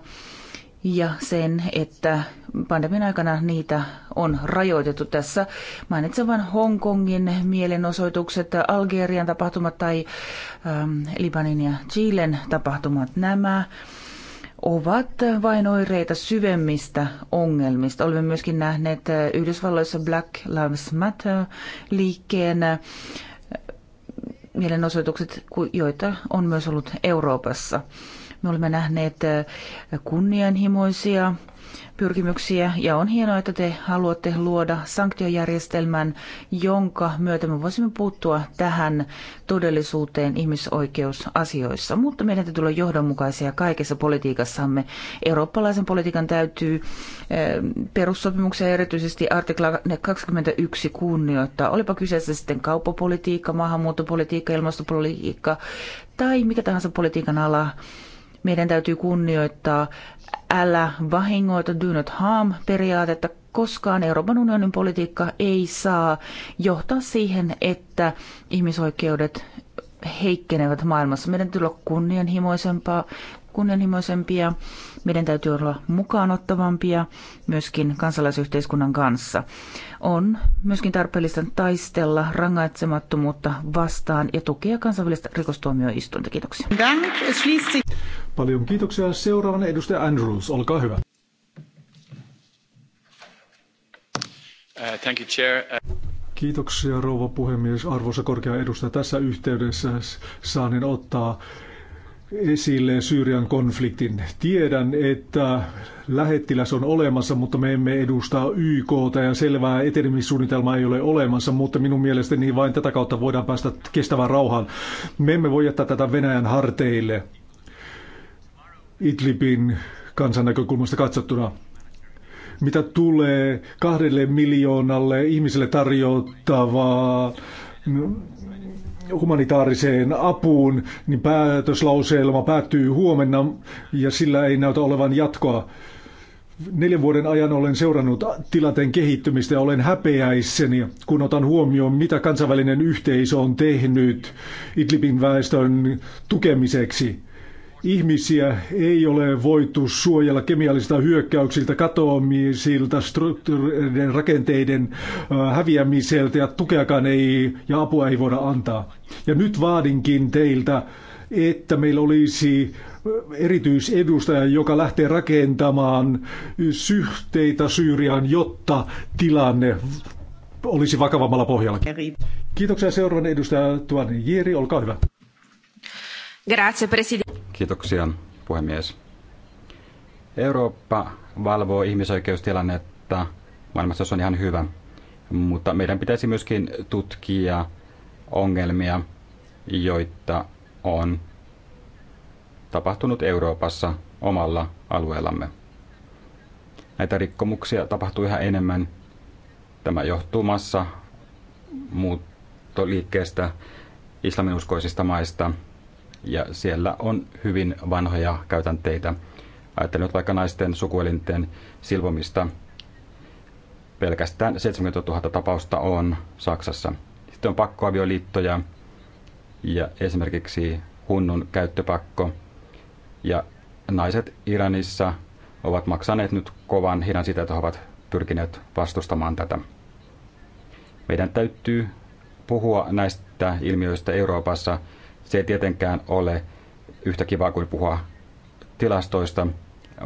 ja sen, että pandemian aikana niitä on rajoitettu. Tässä mainitsen vain Hongkongin mielenosoitukset, Algerian tapahtumat tai ähm, Libanin ja Chilen tapahtumat nämä ovat vain oireita syvemmistä ongelmista. Olemme myöskin nähneet äh, Yhdysvalloissa Black Lives Matter-liikkeen äh, mielenosoitukset, joita on myös ollut Euroopassa. Me olemme nähneet äh, kunnianhimoisia pyrkimyksiä ja on hienoa, että te haluatte luoda sanktiojärjestelmän, jonka myötä me voisimme puuttua tähän todellisuuteen ihmisoikeusasioissa. Mutta meidän täytyy olla johdonmukaisia kaikessa politiikassamme. Eurooppalaisen politiikan täytyy eh, perussopimuksia erityisesti artikla 21 kunnioittaa. Olipa kyseessä sitten kauppapolitiikka, maahanmuuttopolitiikka, ilmastopolitiikka tai mikä tahansa politiikan ala meidän täytyy kunnioittaa älä vahingoita, do not harm periaatetta, koskaan Euroopan unionin politiikka ei saa johtaa siihen, että ihmisoikeudet heikkenevät maailmassa. Meidän tulee olla kunnianhimoisempaa, kunnianhimoisempia meidän täytyy olla mukaanottavampia myöskin kansalaisyhteiskunnan kanssa. On myöskin tarpeellista taistella rangaitsemattomuutta vastaan ja tukea kansainvälistä rikostuomioistuinta. Kiitoksia. Paljon kiitoksia. Seuraavana edustaja Andrews, olkaa hyvä. Uh, thank you, Chair. Uh, kiitoksia rouva puhemies. Arvoisa korkea edustaja, tässä yhteydessä saanen ottaa esille Syyrian konfliktin. Tiedän, että lähettiläs on olemassa, mutta me emme edusta YK ja selvää etenemissuunnitelmaa ei ole olemassa, mutta minun mielestäni vain tätä kautta voidaan päästä kestävään rauhaan. Me emme voi jättää tätä Venäjän harteille Idlibin kansan näkökulmasta katsottuna mitä tulee kahdelle miljoonalle ihmiselle tarjottavaa humanitaariseen apuun, niin päätöslauselma päättyy huomenna ja sillä ei näytä olevan jatkoa. Neljän vuoden ajan olen seurannut tilanteen kehittymistä ja olen häpeäisseni, kun otan huomioon, mitä kansainvälinen yhteisö on tehnyt Idlibin väestön tukemiseksi – Ihmisiä ei ole voitu suojella kemiallisilta hyökkäyksiltä, katoamisilta, struktuurien rakenteiden häviämiseltä ja tukeakaan ei ja apua ei voida antaa. Ja nyt vaadinkin teiltä, että meillä olisi erityisedustaja, joka lähtee rakentamaan syhteitä Syyriaan, jotta tilanne olisi vakavammalla pohjalla. Kiitoksia seuraavan edustaja Tuan Jiri, olkaa hyvä. Kiitoksia, puhemies. Eurooppa valvoo ihmisoikeustilannetta maailmassa, se on ihan hyvä. Mutta meidän pitäisi myöskin tutkia ongelmia, joita on tapahtunut Euroopassa omalla alueellamme. Näitä rikkomuksia tapahtuu yhä enemmän. Tämä johtuu massa muuttoliikkeestä islaminuskoisista maista – ja siellä on hyvin vanhoja käytänteitä. Ajattelin nyt vaikka naisten sukuelinten silvomista. Pelkästään 70 000 tapausta on Saksassa. Sitten on pakkoavioliittoja ja esimerkiksi hunnun käyttöpakko. Ja naiset Iranissa ovat maksaneet nyt kovan hinnan sitä, että he ovat pyrkineet vastustamaan tätä. Meidän täytyy puhua näistä ilmiöistä Euroopassa se ei tietenkään ole yhtä kivaa kuin puhua tilastoista,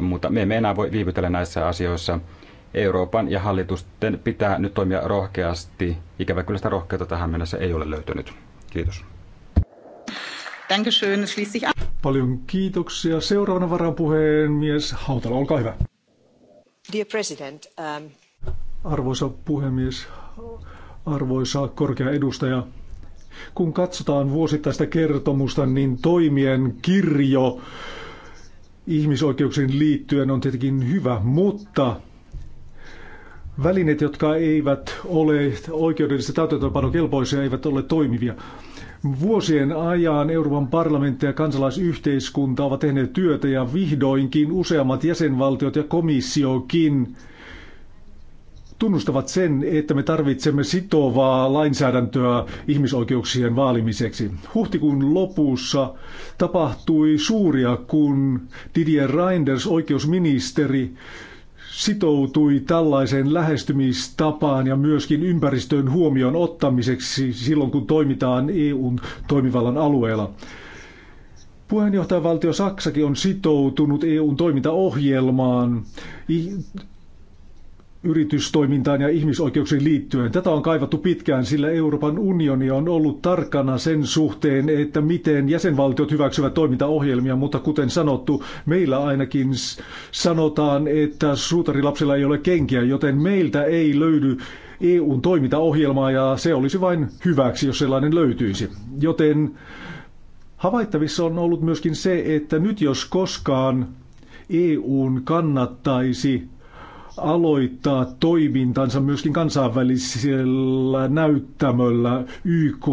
mutta me emme enää voi viivytellä näissä asioissa. Euroopan ja hallitusten pitää nyt toimia rohkeasti. Ikävä kyllä sitä rohkeutta tähän mennessä ei ole löytynyt. Kiitos. Paljon kiitoksia. Seuraavana varapuheenmies Hautala, olkaa hyvä. Dear President, um... Arvoisa puhemies, arvoisa korkea edustaja, kun katsotaan vuosittaista kertomusta, niin toimien kirjo ihmisoikeuksiin liittyen on tietenkin hyvä, mutta välineet, jotka eivät ole oikeudellisesti täytäntöönpanokelpoisia, eivät ole toimivia. Vuosien ajan Euroopan parlamentti ja kansalaisyhteiskunta ovat tehneet työtä ja vihdoinkin useammat jäsenvaltiot ja komissiokin tunnustavat sen, että me tarvitsemme sitovaa lainsäädäntöä ihmisoikeuksien vaalimiseksi. Huhtikuun lopussa tapahtui suuria, kun Didier Reinders, oikeusministeri, sitoutui tällaiseen lähestymistapaan ja myöskin ympäristön huomioon ottamiseksi silloin, kun toimitaan EUn toimivallan alueella. Puheenjohtajavaltio Saksakin on sitoutunut EUn toimintaohjelmaan yritystoimintaan ja ihmisoikeuksiin liittyen. Tätä on kaivattu pitkään, sillä Euroopan unioni on ollut tarkkana sen suhteen, että miten jäsenvaltiot hyväksyvät toimintaohjelmia, mutta kuten sanottu, meillä ainakin sanotaan, että suutarilapsilla ei ole kenkiä, joten meiltä ei löydy EUn toimintaohjelmaa ja se olisi vain hyväksi, jos sellainen löytyisi. Joten havaittavissa on ollut myöskin se, että nyt jos koskaan EUn kannattaisi aloittaa toimintansa myöskin kansainvälisellä näyttämöllä YK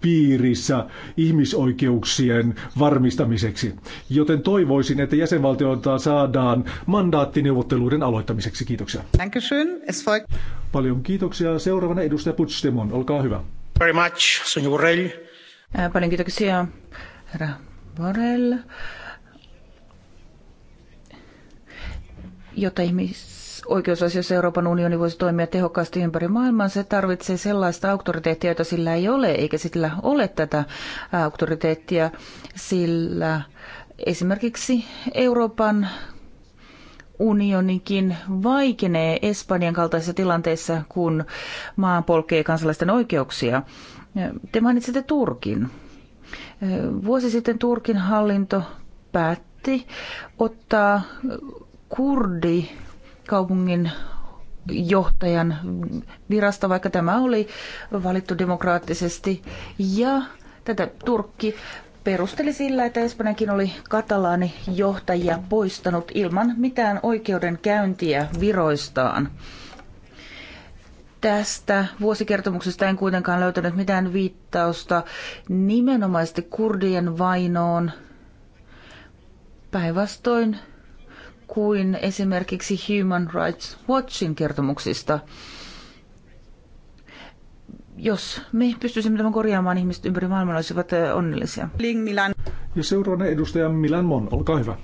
piirissä ihmisoikeuksien varmistamiseksi. Joten toivoisin, että jäsenvaltioilta saadaan neuvotteluiden aloittamiseksi. Kiitoksia. Dankeschön. Es folgt... Paljon kiitoksia. Seuraavana edustaja Puigdemont, olkaa hyvä. Very much, äh, Paljon kiitoksia, herra Borrell. jotta ihmisoikeusasioissa Euroopan unioni voisi toimia tehokkaasti ympäri maailmaa, se tarvitsee sellaista auktoriteettia, jota sillä ei ole, eikä sillä ole tätä auktoriteettia, sillä esimerkiksi Euroopan unionikin vaikenee Espanjan kaltaisessa tilanteessa, kun maa polkee kansalaisten oikeuksia. Te mainitsitte Turkin. Vuosi sitten Turkin hallinto päätti ottaa kurdi kaupungin johtajan virasta, vaikka tämä oli valittu demokraattisesti. Ja tätä Turkki perusteli sillä, että Espanjakin oli katalaani johtajia poistanut ilman mitään oikeudenkäyntiä viroistaan. Tästä vuosikertomuksesta en kuitenkaan löytänyt mitään viittausta nimenomaisesti kurdien vainoon. Päinvastoin kuin esimerkiksi Human Rights Watchin kertomuksista. Jos me pystyisimme tämän korjaamaan, ihmiset ympäri maailmaa olisivat onnellisia. Ja seuraavana edustaja Milan Mon, olkaa hyvä.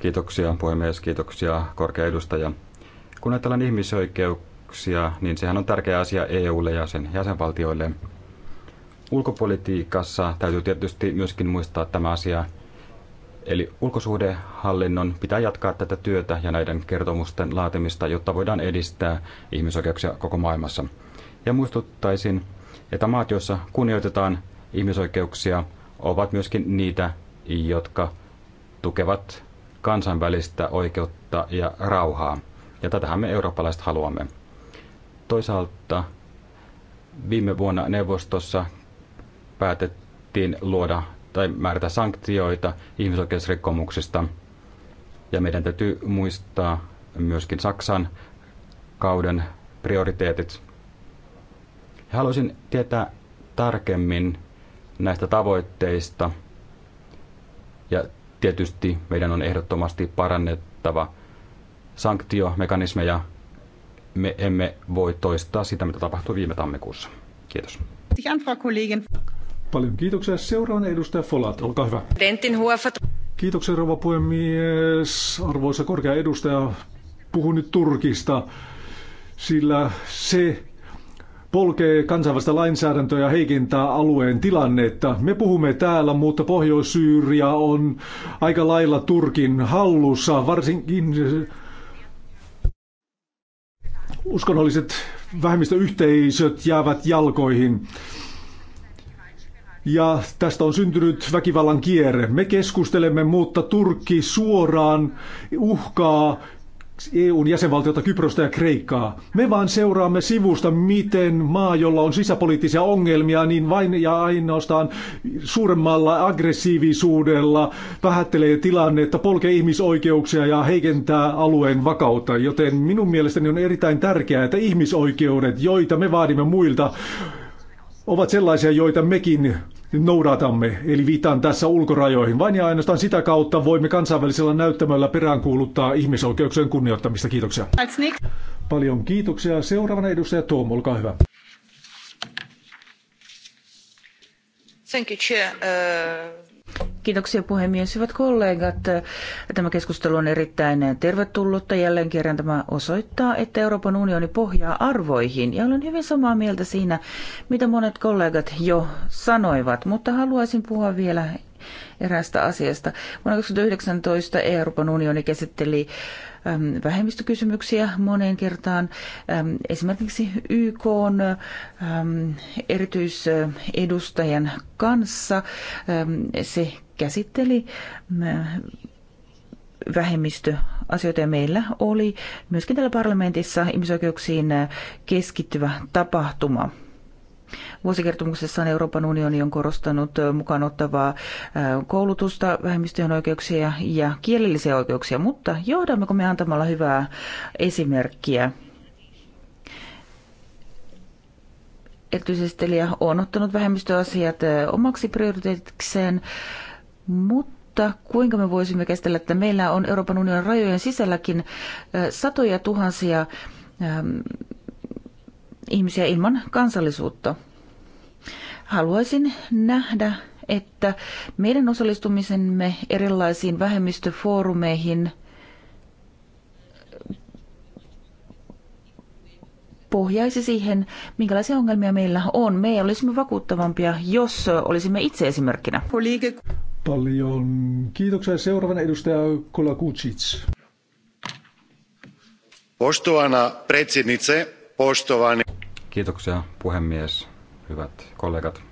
Kiitoksia puhemies, kiitoksia korkea edustaja. Kun ajatellaan ihmisoikeuksia, niin sehän on tärkeä asia EUlle ja sen jäsenvaltioille. Ulkopolitiikassa täytyy tietysti myöskin muistaa tämä asia – Eli ulkosuhdehallinnon pitää jatkaa tätä työtä ja näiden kertomusten laatimista, jotta voidaan edistää ihmisoikeuksia koko maailmassa. Ja muistuttaisin, että maat, joissa kunnioitetaan ihmisoikeuksia, ovat myöskin niitä, jotka tukevat kansainvälistä oikeutta ja rauhaa. Ja tätähän me eurooppalaiset haluamme. Toisaalta viime vuonna neuvostossa päätettiin luoda tai määrätä sanktioita ihmisoikeusrikkomuksista. Ja meidän täytyy muistaa myöskin Saksan kauden prioriteetit. Haluaisin tietää tarkemmin näistä tavoitteista. Ja tietysti meidän on ehdottomasti parannettava sanktiomekanismeja. Me emme voi toistaa sitä, mitä tapahtui viime tammikuussa. Kiitos. Paljon kiitoksia. Seuraavana edustaja Folat, olkaa hyvä. Kiitoksia rouva puhemies. Arvoisa korkea edustaja, puhun nyt Turkista, sillä se polkee kansainvälistä lainsäädäntöä ja heikentää alueen tilannetta. Me puhumme täällä, mutta Pohjois-Syyria on aika lailla Turkin hallussa, varsinkin uskonnolliset vähemmistöyhteisöt jäävät jalkoihin ja tästä on syntynyt väkivallan kierre. Me keskustelemme, mutta Turkki suoraan uhkaa EUn jäsenvaltiota Kyprosta ja Kreikkaa. Me vaan seuraamme sivusta, miten maa, jolla on sisäpoliittisia ongelmia, niin vain ja ainoastaan suuremmalla aggressiivisuudella vähättelee tilannetta, polkee ihmisoikeuksia ja heikentää alueen vakautta. Joten minun mielestäni on erittäin tärkeää, että ihmisoikeudet, joita me vaadimme muilta, ovat sellaisia, joita mekin noudatamme. Eli viittaan tässä ulkorajoihin. Vain ja ainoastaan sitä kautta voimme kansainvälisellä näyttämöllä peräänkuuluttaa ihmisoikeuksien kunnioittamista. Kiitoksia. Paljon kiitoksia. Seuraavana edustaja Tom, olkaa hyvä. Thank you, chair. Uh... Kiitoksia puhemies. Hyvät kollegat, tämä keskustelu on erittäin tervetullutta. Jälleen kerran tämä osoittaa, että Euroopan unioni pohjaa arvoihin. Ja olen hyvin samaa mieltä siinä, mitä monet kollegat jo sanoivat, mutta haluaisin puhua vielä eräästä asiasta. Vuonna 2019 Euroopan unioni käsitteli vähemmistökysymyksiä moneen kertaan. Esimerkiksi YK on erityisedustajan kanssa se käsitteli mm, vähemmistöasioita ja meillä oli myöskin täällä parlamentissa ihmisoikeuksiin keskittyvä tapahtuma. Vuosikertomuksessaan Euroopan unioni on korostanut mukaan ottavaa äh, koulutusta, vähemmistöjen oikeuksia ja kielellisiä oikeuksia, mutta johdammeko me antamalla hyvää esimerkkiä? Erityisesti on ottanut vähemmistöasiat äh, omaksi prioriteetikseen mutta kuinka me voisimme käsitellä, että meillä on Euroopan unionin rajojen sisälläkin satoja tuhansia ihmisiä ilman kansallisuutta? Haluaisin nähdä, että meidän osallistumisemme erilaisiin vähemmistöfoorumeihin pohjaisi siihen, minkälaisia ongelmia meillä on. Me olisimme vakuuttavampia, jos olisimme itse esimerkkinä. Paljon kiitoksia. Seuraavana edustaja Kolakucic. Poštovana predsjednice, poštovani... Kiitoksia puhemies, hyvät kollegat.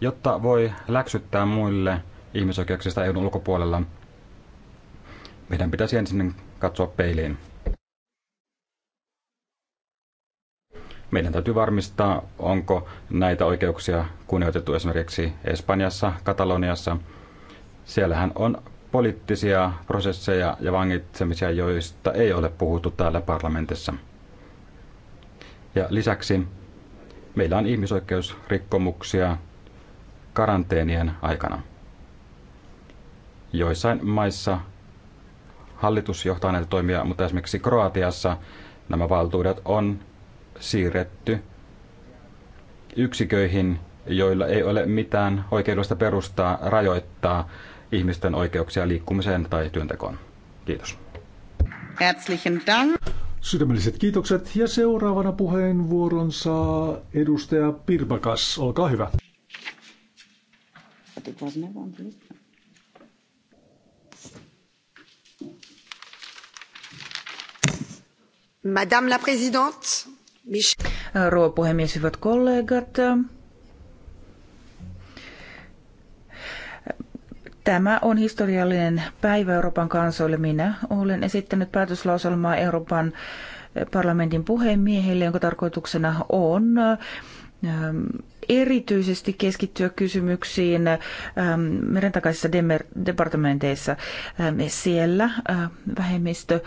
Jotta voi läksyttää muille ihmisoikeuksista EUn ulkopuolella, meidän pitäisi ensin katsoa peiliin. meidän täytyy varmistaa, onko näitä oikeuksia kunnioitettu esimerkiksi Espanjassa, Kataloniassa. Siellähän on poliittisia prosesseja ja vangitsemisia, joista ei ole puhuttu täällä parlamentissa. Ja lisäksi meillä on ihmisoikeusrikkomuksia karanteenien aikana. Joissain maissa hallitus johtaa näitä toimia, mutta esimerkiksi Kroatiassa nämä valtuudet on siirretty yksiköihin, joilla ei ole mitään oikeudellista perustaa rajoittaa ihmisten oikeuksia liikkumiseen tai työntekoon. Kiitos. Sydämelliset kiitokset ja seuraavana puheenvuoron saa edustaja Pirpakas. Olkaa hyvä. Madame la présidente, Rouva puhemies, hyvät kollegat. Tämä on historiallinen päivä Euroopan kansoille. Minä olen esittänyt päätöslauselmaa Euroopan parlamentin puhemiehelle, jonka tarkoituksena on ähm, erityisesti keskittyä kysymyksiin ähm, meren takaisissa departamenteissa. Ähm, siellä äh, vähemmistö,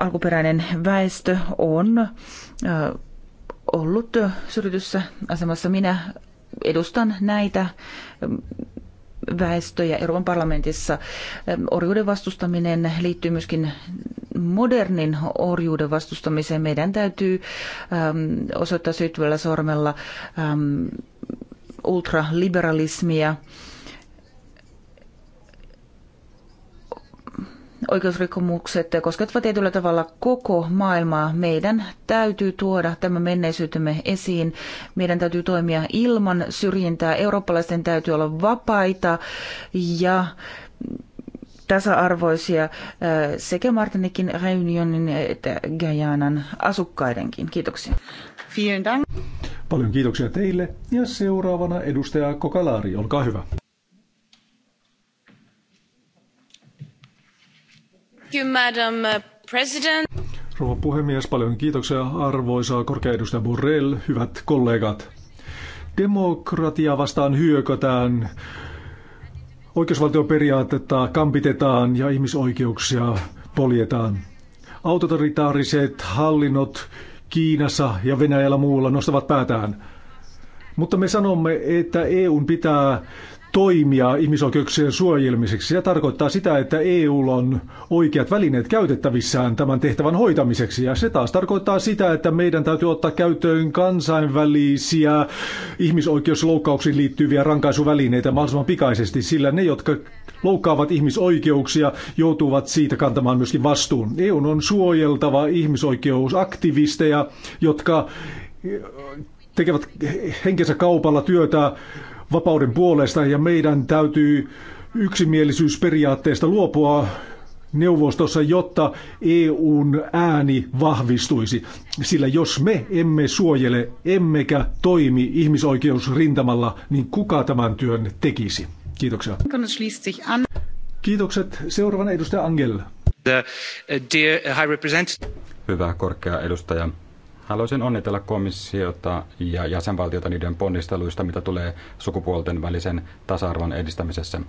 alkuperäinen väestö on ollut syrjityssä asemassa. Minä edustan näitä väestöjä Euroopan parlamentissa. Orjuuden vastustaminen liittyy myöskin modernin orjuuden vastustamiseen. Meidän täytyy osoittaa syyttävällä sormella ultraliberalismia oikeusrikkomukset koskettavat tietyllä tavalla koko maailmaa. Meidän täytyy tuoda tämä menneisyytemme esiin. Meidän täytyy toimia ilman syrjintää. Eurooppalaisten täytyy olla vapaita ja tasa-arvoisia äh, sekä Martinikin, Reunionin että Gajanan asukkaidenkin. Kiitoksia. Paljon kiitoksia teille ja seuraavana edustaja Kokalari, olkaa hyvä. Thank uh, Rouva puhemies, paljon kiitoksia arvoisa korkeaedustaja Borrell, hyvät kollegat. Demokratia vastaan hyökätään, oikeusvaltioperiaatetta kampitetaan ja ihmisoikeuksia poljetaan. Autoritaariset hallinnot Kiinassa ja Venäjällä muualla nostavat päätään. Mutta me sanomme, että EUn pitää toimia ihmisoikeuksien suojelmiseksi. Se tarkoittaa sitä, että EU on oikeat välineet käytettävissään tämän tehtävän hoitamiseksi. Ja se taas tarkoittaa sitä, että meidän täytyy ottaa käyttöön kansainvälisiä ihmisoikeusloukkauksiin liittyviä rankaisuvälineitä mahdollisimman pikaisesti, sillä ne, jotka loukkaavat ihmisoikeuksia, joutuvat siitä kantamaan myöskin vastuun. EU on suojeltava ihmisoikeusaktivisteja, jotka tekevät henkensä kaupalla työtä vapauden puolesta ja meidän täytyy yksimielisyysperiaatteesta luopua neuvostossa, jotta EUn ääni vahvistuisi. Sillä jos me emme suojele, emmekä toimi ihmisoikeusrintamalla, niin kuka tämän työn tekisi? Kiitoksia. Kiitokset. Seuraavana edustaja Angel. Uh, uh, Hyvä korkea edustaja. Haluaisin onnitella komissiota ja jäsenvaltiota niiden ponnisteluista, mitä tulee sukupuolten välisen tasa-arvon edistämisessä.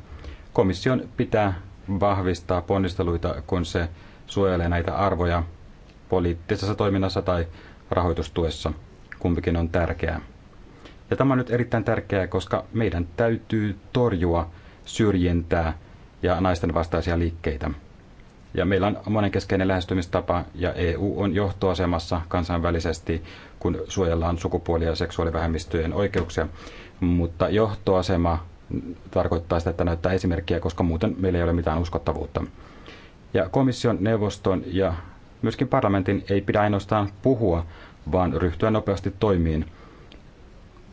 Komission pitää vahvistaa ponnisteluita, kun se suojelee näitä arvoja poliittisessa toiminnassa tai rahoitustuessa. Kumpikin on tärkeää. Ja tämä on nyt erittäin tärkeää, koska meidän täytyy torjua syrjintää ja naisten vastaisia liikkeitä. Ja meillä on monenkeskeinen lähestymistapa ja EU on johtoasemassa kansainvälisesti, kun suojellaan sukupuoli- ja seksuaalivähemmistöjen oikeuksia. Mutta johtoasema tarkoittaa sitä, että näyttää esimerkkiä, koska muuten meillä ei ole mitään uskottavuutta. Ja komission, neuvoston ja myöskin parlamentin ei pidä ainoastaan puhua, vaan ryhtyä nopeasti toimiin,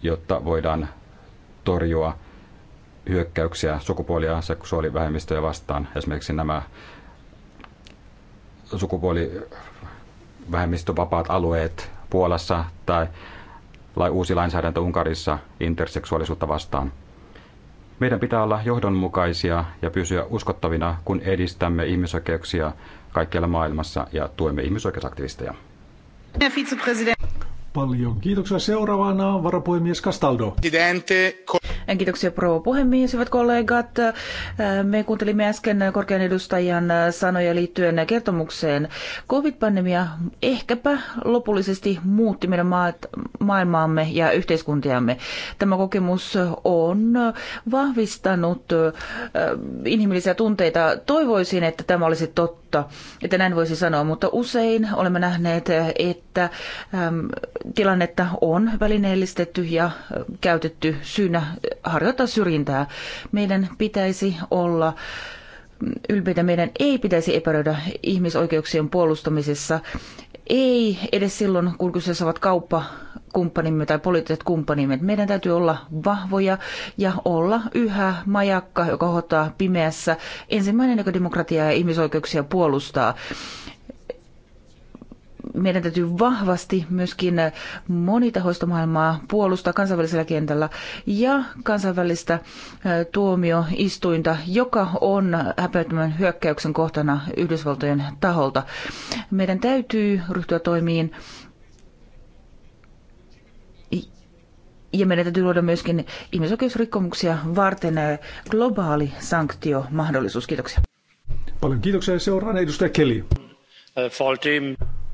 jotta voidaan torjua hyökkäyksiä sukupuoli- ja seksuaalivähemmistöjä vastaan, esimerkiksi nämä sukupuolivähemmistövapaat alueet Puolassa tai uusi lainsäädäntö Unkarissa interseksuaalisuutta vastaan. Meidän pitää olla johdonmukaisia ja pysyä uskottavina, kun edistämme ihmisoikeuksia kaikkialla maailmassa ja tuemme ihmisoikeusaktivisteja paljon. Kiitoksia seuraavana varapuhemies Castaldo. Kiitoksia rouva puhemies, hyvät kollegat. Äh, me kuuntelimme äsken korkean edustajan sanoja liittyen kertomukseen. Covid-pandemia ehkäpä lopullisesti muutti meidän maailmaamme ja yhteiskuntiamme. Tämä kokemus on vahvistanut äh, inhimillisiä tunteita. Toivoisin, että tämä olisi totta mutta että näin voisi sanoa, mutta usein olemme nähneet, että äm, tilannetta on välineellistetty ja käytetty syynä harjoittaa syrjintää. Meidän pitäisi olla mm, ylpeitä, meidän ei pitäisi epäröidä ihmisoikeuksien puolustamisessa, ei edes silloin, kun kyseessä ovat kauppa kumppanimme tai poliittiset kumppanimme. Meidän täytyy olla vahvoja ja olla yhä majakka, joka hoitaa pimeässä. Ensimmäinen, joka demokratiaa ja ihmisoikeuksia puolustaa meidän täytyy vahvasti myöskin monitahoista maailmaa puolustaa kansainvälisellä kentällä ja kansainvälistä tuomioistuinta, joka on häpeättömän hyökkäyksen kohtana Yhdysvaltojen taholta. Meidän täytyy ryhtyä toimiin ja meidän täytyy luoda myöskin ihmisoikeusrikkomuksia varten eh, globaali sanktiomahdollisuus. Kiitoksia. Paljon kiitoksia. Seuraan edustaja Keli. Eh,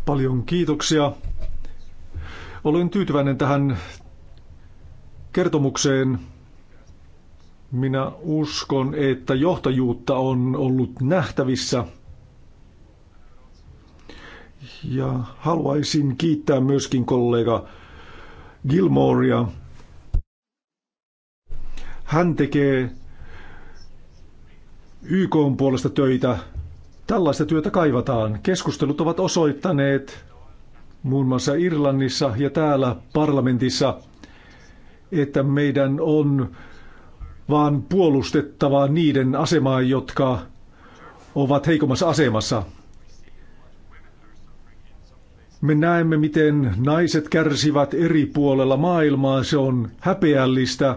Paljon kiitoksia. Olen tyytyväinen tähän kertomukseen. Minä uskon, että johtajuutta on ollut nähtävissä. Ja haluaisin kiittää myöskin kollega Gilmorea hän tekee YK puolesta töitä. Tällaista työtä kaivataan. Keskustelut ovat osoittaneet muun muassa Irlannissa ja täällä parlamentissa, että meidän on vaan puolustettava niiden asemaa, jotka ovat heikommassa asemassa. Me näemme, miten naiset kärsivät eri puolella maailmaa. Se on häpeällistä.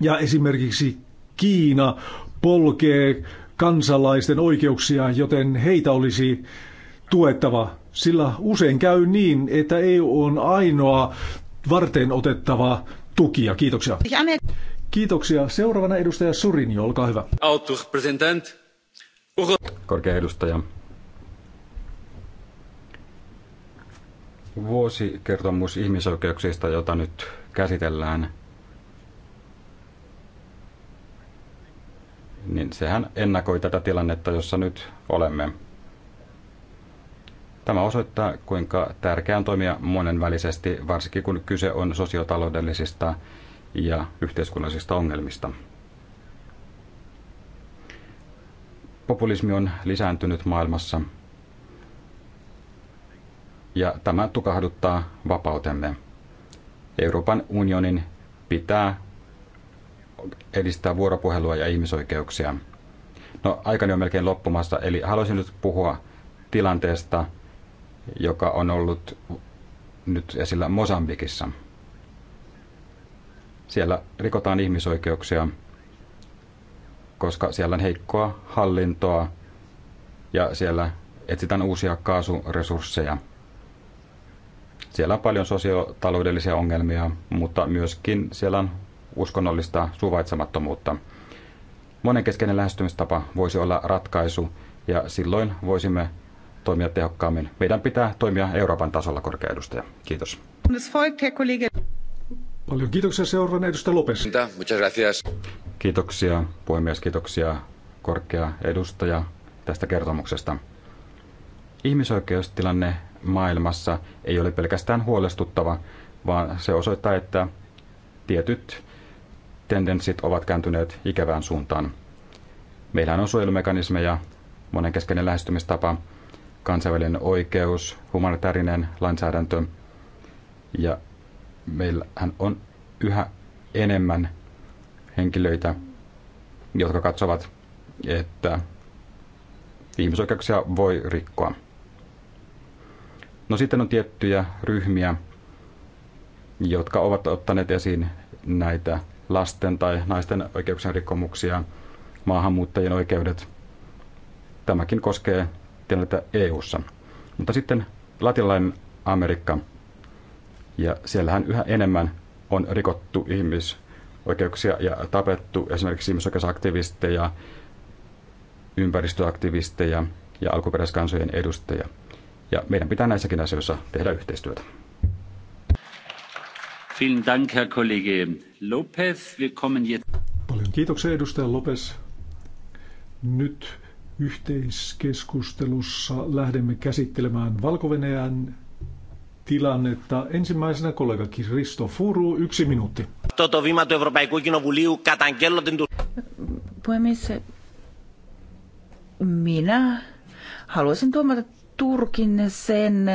Ja esimerkiksi Kiina polkee kansalaisten oikeuksia, joten heitä olisi tuettava. Sillä usein käy niin, että EU on ainoa varten otettava tukija. Kiitoksia. Kiitoksia. Seuraavana edustaja Surin, olkaa hyvä. Korkea edustaja. Vuosikertomus ihmisoikeuksista, jota nyt käsitellään, niin sehän ennakoi tätä tilannetta, jossa nyt olemme. Tämä osoittaa, kuinka tärkeää on toimia monenvälisesti, varsinkin kun kyse on sosiotaloudellisista ja yhteiskunnallisista ongelmista. Populismi on lisääntynyt maailmassa ja tämä tukahduttaa vapautemme. Euroopan unionin pitää edistää vuoropuhelua ja ihmisoikeuksia. No, aikani on melkein loppumassa, eli haluaisin nyt puhua tilanteesta, joka on ollut nyt esillä Mosambikissa. Siellä rikotaan ihmisoikeuksia, koska siellä on heikkoa hallintoa ja siellä etsitään uusia kaasuresursseja. Siellä on paljon sosiotaloudellisia ongelmia, mutta myöskin siellä on uskonnollista suvaitsemattomuutta. Monenkeskeinen lähestymistapa voisi olla ratkaisu ja silloin voisimme toimia tehokkaammin. Meidän pitää toimia Euroopan tasolla korkea edustaja. Kiitos. Paljon kiitoksia seuraavan edustaja Lopes. Kiitoksia puhemies, kiitoksia korkea edustaja tästä kertomuksesta. Ihmisoikeustilanne maailmassa ei ole pelkästään huolestuttava, vaan se osoittaa, että tietyt tendenssit ovat kääntyneet ikävään suuntaan. Meillä on suojelumekanismeja, monenkeskeinen lähestymistapa, kansainvälinen oikeus, humanitaarinen lainsäädäntö ja meillähän on yhä enemmän henkilöitä, jotka katsovat, että ihmisoikeuksia voi rikkoa. No sitten on tiettyjä ryhmiä, jotka ovat ottaneet esiin näitä lasten tai naisten oikeuksien rikkomuksia, maahanmuuttajien oikeudet. Tämäkin koskee tilannetta EU:ssa. Mutta sitten latinalainen Amerikka. Ja siellähän yhä enemmän on rikottu ihmisoikeuksia ja tapettu esimerkiksi ihmisoikeusaktivisteja, ympäristöaktivisteja ja alkuperäiskansojen edustajia. Ja meidän pitää näissäkin asioissa tehdä yhteistyötä. Paljon kiitoksia edustaja Lopes. Nyt yhteiskeskustelussa lähdemme käsittelemään valko tilannetta. Ensimmäisenä kollega Risto Furu, yksi minuutti. Toto Puhemies, minä haluaisin tuomata Turkin sen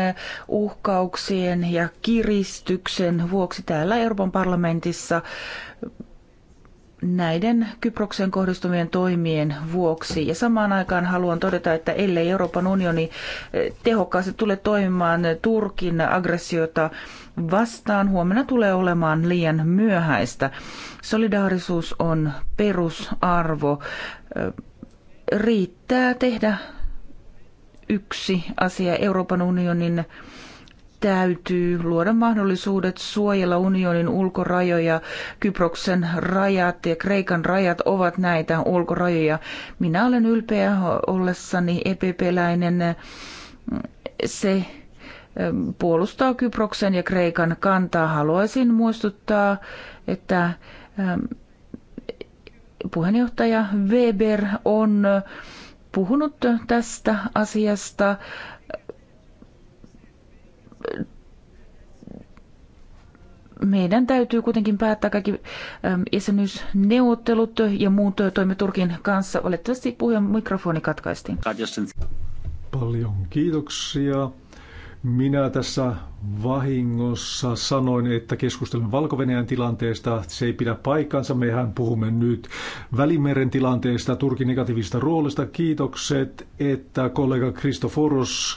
uhkauksien ja kiristyksen vuoksi täällä Euroopan parlamentissa näiden Kyproksen kohdistuvien toimien vuoksi. Ja samaan aikaan haluan todeta, että ellei Euroopan unioni eh, tehokkaasti tule toimimaan Turkin aggressiota vastaan, huomenna tulee olemaan liian myöhäistä. Solidaarisuus on perusarvo. Eh, riittää tehdä yksi asia. Euroopan unionin täytyy luoda mahdollisuudet suojella unionin ulkorajoja. Kyproksen rajat ja Kreikan rajat ovat näitä ulkorajoja. Minä olen ylpeä ollessani epepeläinen. Se eh, puolustaa Kyproksen ja Kreikan kantaa. Haluaisin muistuttaa, että eh, puheenjohtaja Weber on puhunut tästä asiasta meidän täytyy kuitenkin päättää kaikki ähm, jäsenyysneuvottelut ja muut toimet Turkin kanssa. Valitettavasti puhujan mikrofoni katkaistiin. Paljon kiitoksia. Minä tässä vahingossa sanoin, että keskustelemme valko tilanteesta. Se ei pidä paikkansa. Mehän puhumme nyt Välimeren tilanteesta, Turkin negatiivista roolista. Kiitokset, että kollega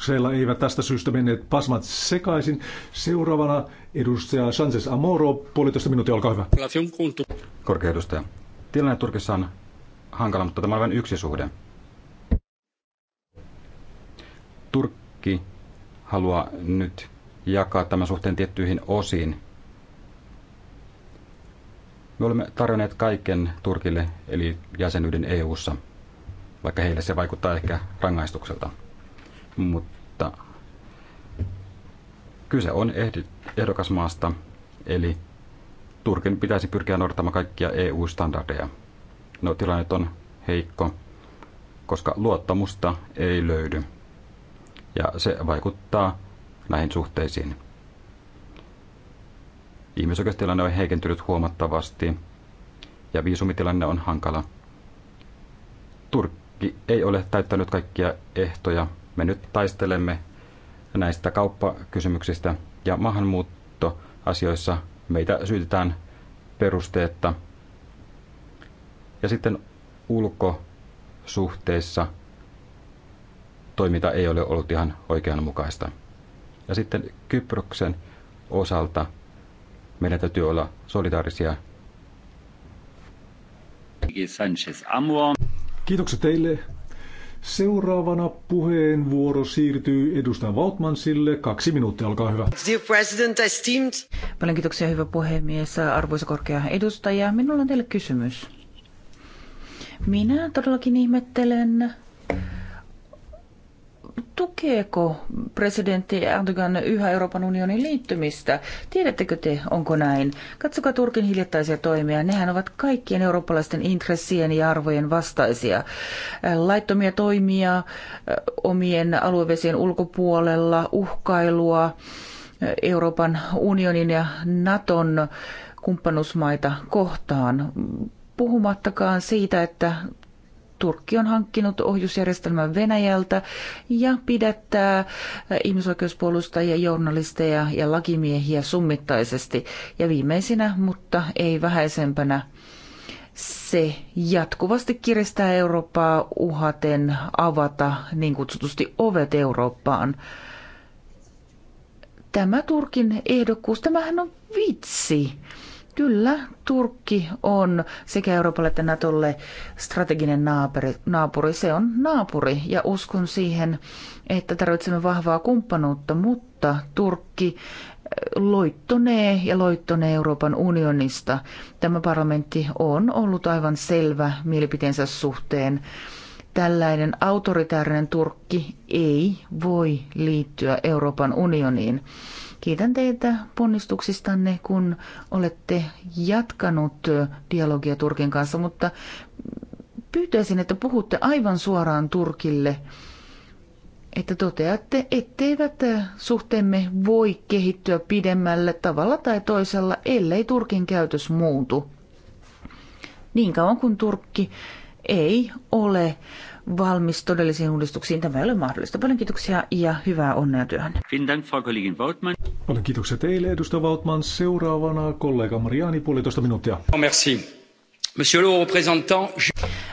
siellä eivät tästä syystä menneet pasmat sekaisin. Seuraavana edustaja Sanchez Amoro, puolitoista minuuttia, olkaa hyvä. Korkea edustaja. Tilanne Turkissa on hankala, mutta tämä on vain yksi suhde. Turkki halua nyt jakaa tämän suhteen tiettyihin osiin. Me olemme tarjonneet kaiken Turkille, eli jäsenyyden EU:ssa, vaikka heille se vaikuttaa ehkä rangaistukselta. Mutta kyse on ehdokasmaasta, eli Turkin pitäisi pyrkiä noudattamaan kaikkia EU-standardeja. No tilanne on heikko, koska luottamusta ei löydy ja se vaikuttaa näihin suhteisiin. Ihmisoikeustilanne on heikentynyt huomattavasti ja viisumitilanne on hankala. Turkki ei ole täyttänyt kaikkia ehtoja. Me nyt taistelemme näistä kauppakysymyksistä ja maahanmuuttoasioissa meitä syytetään perusteetta. Ja sitten ulkosuhteissa – toiminta ei ole ollut ihan oikeanmukaista. Ja sitten Kyproksen osalta meidän täytyy olla solidaarisia. Kiitokset teille. Seuraavana puheenvuoro siirtyy edustaja Vautmansille. Kaksi minuuttia, olkaa hyvä. Dear President, esteemed. Paljon kiitoksia, hyvä puhemies, arvoisa korkea edustaja. Minulla on teille kysymys. Minä todellakin ihmettelen tukeeko presidentti Erdogan yhä Euroopan unionin liittymistä? Tiedättekö te, onko näin? Katsokaa Turkin hiljattaisia toimia. Nehän ovat kaikkien eurooppalaisten intressien ja arvojen vastaisia. Laittomia toimia omien aluevesien ulkopuolella, uhkailua Euroopan unionin ja Naton kumppanusmaita kohtaan puhumattakaan siitä, että Turkki on hankkinut ohjusjärjestelmän Venäjältä ja pidättää ihmisoikeuspuolustajia, journalisteja ja lakimiehiä summittaisesti. Ja viimeisinä, mutta ei vähäisempänä, se jatkuvasti kiristää Eurooppaa uhaten avata niin kutsutusti ovet Eurooppaan. Tämä Turkin ehdokkuus, tämähän on vitsi. Kyllä, Turkki on sekä Euroopalle että Natolle strateginen naapuri. naapuri. Se on naapuri ja uskon siihen, että tarvitsemme vahvaa kumppanuutta, mutta Turkki eh, loittonee ja loittonee Euroopan unionista. Tämä parlamentti on ollut aivan selvä mielipiteensä suhteen. Tällainen autoritäärinen Turkki ei voi liittyä Euroopan unioniin. Kiitän teitä ponnistuksistanne, kun olette jatkanut dialogia Turkin kanssa, mutta pyytäisin, että puhutte aivan suoraan Turkille, että toteatte, etteivät suhteemme voi kehittyä pidemmälle tavalla tai toisella, ellei Turkin käytös muutu. Niin kauan kuin Turkki ei ole valmis todellisiin uudistuksiin. Tämä ei ole mahdollista. Paljon kiitoksia ja hyvää onnea työhön. Paljon kiitoksia teille, edustaja Vautman. Seuraavana kollega Mariani, puolitoista minuuttia. Oh, merci. Monsieur le représentant...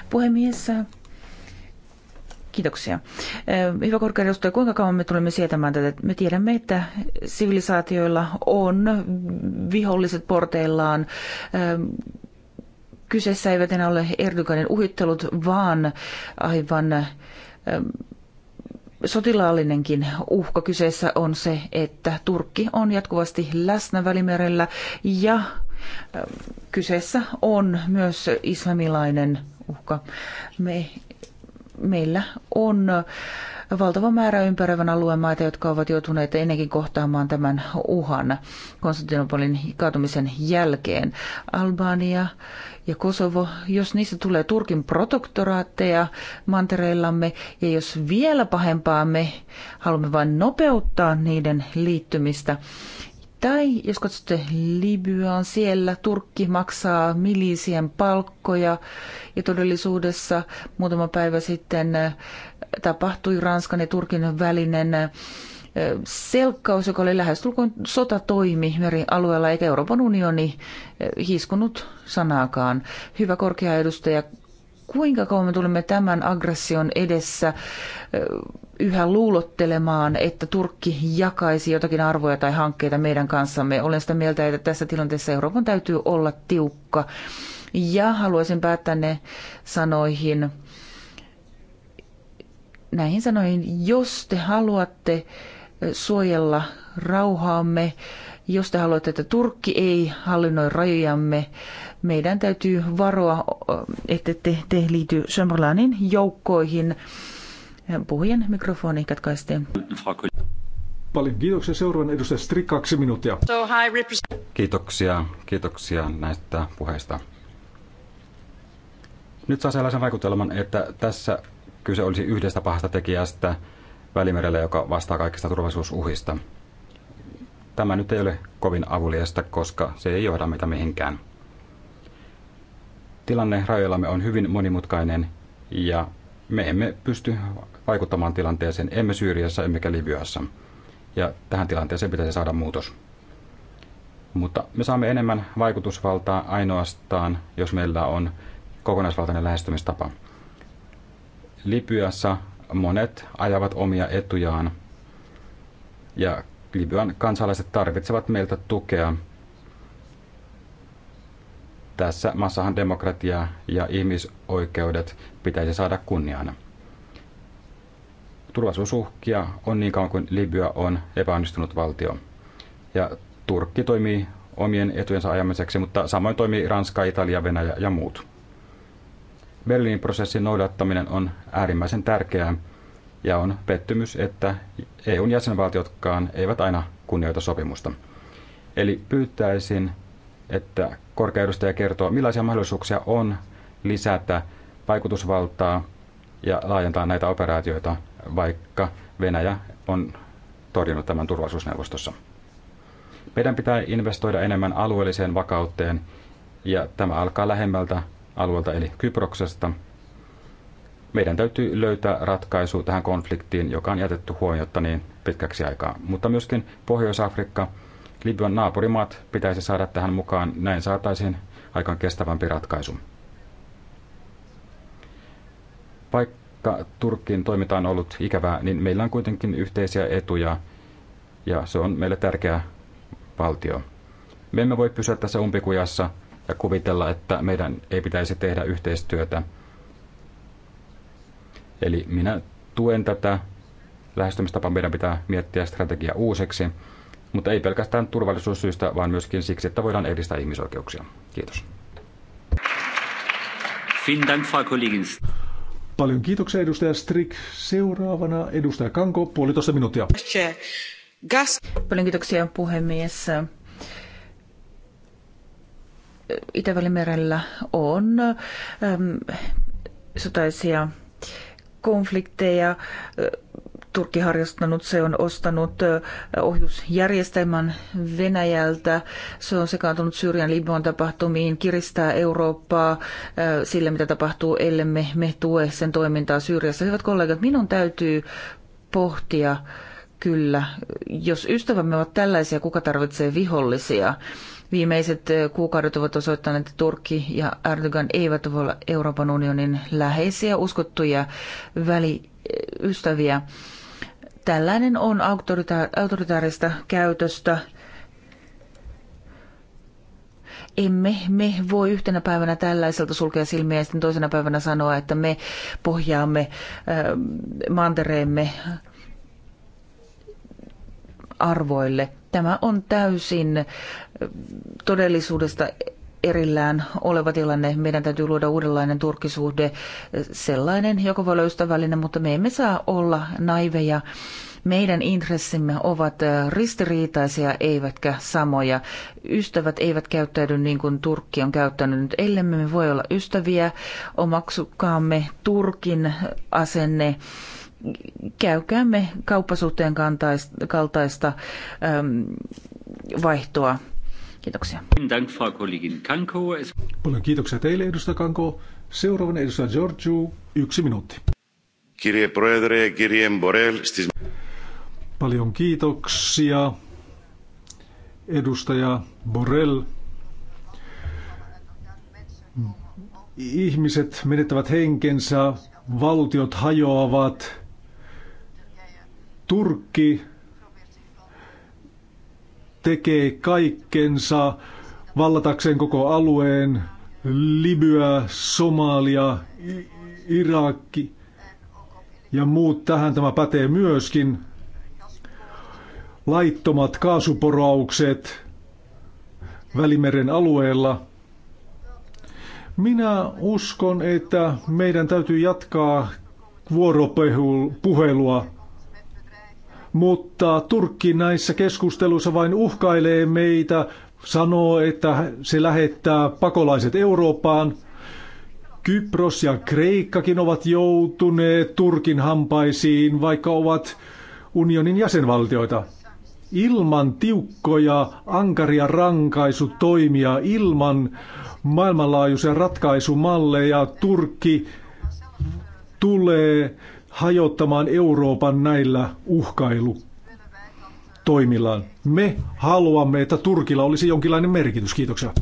Puhemies, Kiitoksia. Äh, hyvä korkeudustaja, kuinka kauan me tulemme sietämään tätä? Me tiedämme, että sivilisaatioilla on viholliset porteillaan äh, Kyseessä eivät enää ole Erdoganin uhittelut, vaan aivan ähm, sotilaallinenkin uhka kyseessä on se, että Turkki on jatkuvasti läsnä Välimerellä ja ähm, kyseessä on myös islamilainen uhka. Me, meillä on valtava määrä ympäröivän alueen maita, jotka ovat joutuneet ennenkin kohtaamaan tämän uhan Konstantinopolin kaatumisen jälkeen. Albania ja Kosovo, jos niistä tulee Turkin protoktoraatteja mantereillamme, ja jos vielä pahempaa me haluamme vain nopeuttaa niiden liittymistä, tai jos katsotte Libyaan, siellä Turkki maksaa milisien palkkoja ja todellisuudessa muutama päivä sitten äh, tapahtui Ranskan ja Turkin välinen äh, selkkaus, joka oli lähestulkoon sotatoimi merialueella, eikä Euroopan unioni hiskunut äh, sanaakaan. Hyvä korkea edustaja, kuinka kauan me tulemme tämän aggression edessä yhä luulottelemaan, että Turkki jakaisi jotakin arvoja tai hankkeita meidän kanssamme. Olen sitä mieltä, että tässä tilanteessa Euroopan täytyy olla tiukka ja haluaisin päättää ne sanoihin, näihin sanoihin, jos te haluatte suojella rauhaamme, jos te haluatte, että Turkki ei hallinnoi rajojamme, meidän täytyy varoa, että te, te liity Sömmerlanin joukkoihin. Puhujen mikrofoni katkaistiin. Paljon kiitoksia. Seuraavan edustaja Strik, kaksi minuuttia. Kiitoksia, kiitoksia näistä puheista. Nyt saa sellaisen vaikutelman, että tässä kyse olisi yhdestä pahasta tekijästä Välimerellä, joka vastaa kaikista turvallisuusuhista. Tämä nyt ei ole kovin avuliasta, koska se ei johda meitä mihinkään. Tilanne rajoillamme on hyvin monimutkainen ja me emme pysty vaikuttamaan tilanteeseen, emme Syyriassa, emmekä Libyassa. Ja tähän tilanteeseen pitäisi saada muutos. Mutta me saamme enemmän vaikutusvaltaa ainoastaan, jos meillä on kokonaisvaltainen lähestymistapa. Libyassa monet ajavat omia etujaan ja Libyan kansalaiset tarvitsevat meiltä tukea. Tässä maassahan demokratia ja ihmisoikeudet pitäisi saada kunniaan. Turvallisuusuhkia on niin kauan kuin Libya on epäonnistunut valtio. Ja Turkki toimii omien etujensa ajamiseksi, mutta samoin toimii Ranska, Italia, Venäjä ja muut. Berliinin prosessin noudattaminen on äärimmäisen tärkeää ja on pettymys, että EUn jäsenvaltiotkaan eivät aina kunnioita sopimusta. Eli pyytäisin, että korkeudustaja kertoo, millaisia mahdollisuuksia on lisätä vaikutusvaltaa ja laajentaa näitä operaatioita, vaikka Venäjä on torjunut tämän turvallisuusneuvostossa. Meidän pitää investoida enemmän alueelliseen vakauteen, ja tämä alkaa lähemmältä alueelta eli Kyproksesta. Meidän täytyy löytää ratkaisu tähän konfliktiin, joka on jätetty huomiota niin pitkäksi aikaa. Mutta myöskin Pohjois-Afrikka, Libyan naapurimaat pitäisi saada tähän mukaan. Näin saataisiin aikaan kestävämpi ratkaisu. Vaikka Turkkiin toiminta on ollut ikävää, niin meillä on kuitenkin yhteisiä etuja ja se on meille tärkeä valtio. Me emme voi pysyä tässä umpikujassa – ja kuvitella, että meidän ei pitäisi tehdä yhteistyötä. Eli minä tuen tätä lähestymistapaa. Meidän pitää miettiä strategia uusiksi, mutta ei pelkästään turvallisuussyistä, vaan myöskin siksi, että voidaan edistää ihmisoikeuksia. Kiitos. Paljon kiitoksia edustaja Strik. Seuraavana edustaja Kanko, puolitoista minuuttia. Paljon kiitoksia puhemies. Itävälimerellä on äm, sotaisia konflikteja. Turkki harjoittanut, se on ostanut äh, ohjusjärjestelmän Venäjältä, se on sekaantunut Syyrian Libyan tapahtumiin, kiristää Eurooppaa äh, sillä, mitä tapahtuu, ellemme me tue sen toimintaa Syyriassa. Hyvät kollegat, minun täytyy pohtia kyllä, jos ystävämme ovat tällaisia, kuka tarvitsee vihollisia? Viimeiset kuukaudet ovat osoittaneet, että Turkki ja Erdogan eivät voi olla Euroopan unionin läheisiä, uskottuja väliystäviä. Tällainen on autorita- autoritaarista käytöstä. Emme me voi yhtenä päivänä tällaiselta sulkea silmiä ja sitten toisena päivänä sanoa, että me pohjaamme äh, mantereemme arvoille. Tämä on täysin todellisuudesta erillään oleva tilanne. Meidän täytyy luoda uudenlainen turkisuhde, sellainen, joka voi olla ystävällinen, mutta me emme saa olla naiveja. Meidän intressimme ovat ristiriitaisia eivätkä samoja. Ystävät eivät käyttäydy niin kuin Turkki on käyttänyt. Ellemme me voi olla ystäviä, omaksukaamme Turkin asenne käykäämme kauppasuhteen kaltaista äm, vaihtoa. Kiitoksia. Paljon kiitoksia teille, edustaja Kanko. Seuraavana edustaja Giorgio, yksi minuutti. Kirje Proedre, kirje Borel. Paljon kiitoksia, edustaja Borel. Ihmiset menettävät henkensä, valtiot hajoavat, Turkki tekee kaikkensa vallatakseen koko alueen, Libya, Somalia, Irakki ja muut tähän tämä pätee myöskin. Laittomat kaasuporaukset Välimeren alueella. Minä uskon, että meidän täytyy jatkaa vuoropuhelua mutta Turkki näissä keskusteluissa vain uhkailee meitä, sanoo, että se lähettää pakolaiset Eurooppaan. Kypros ja Kreikkakin ovat joutuneet Turkin hampaisiin, vaikka ovat unionin jäsenvaltioita. Ilman tiukkoja, ankaria rankaisutoimia, ilman maailmanlaajuisia ratkaisumalleja Turkki tulee hajottamaan Euroopan näillä uhkailu toimillaan. Me haluamme, että Turkilla olisi jonkinlainen merkitys. Kiitoksia.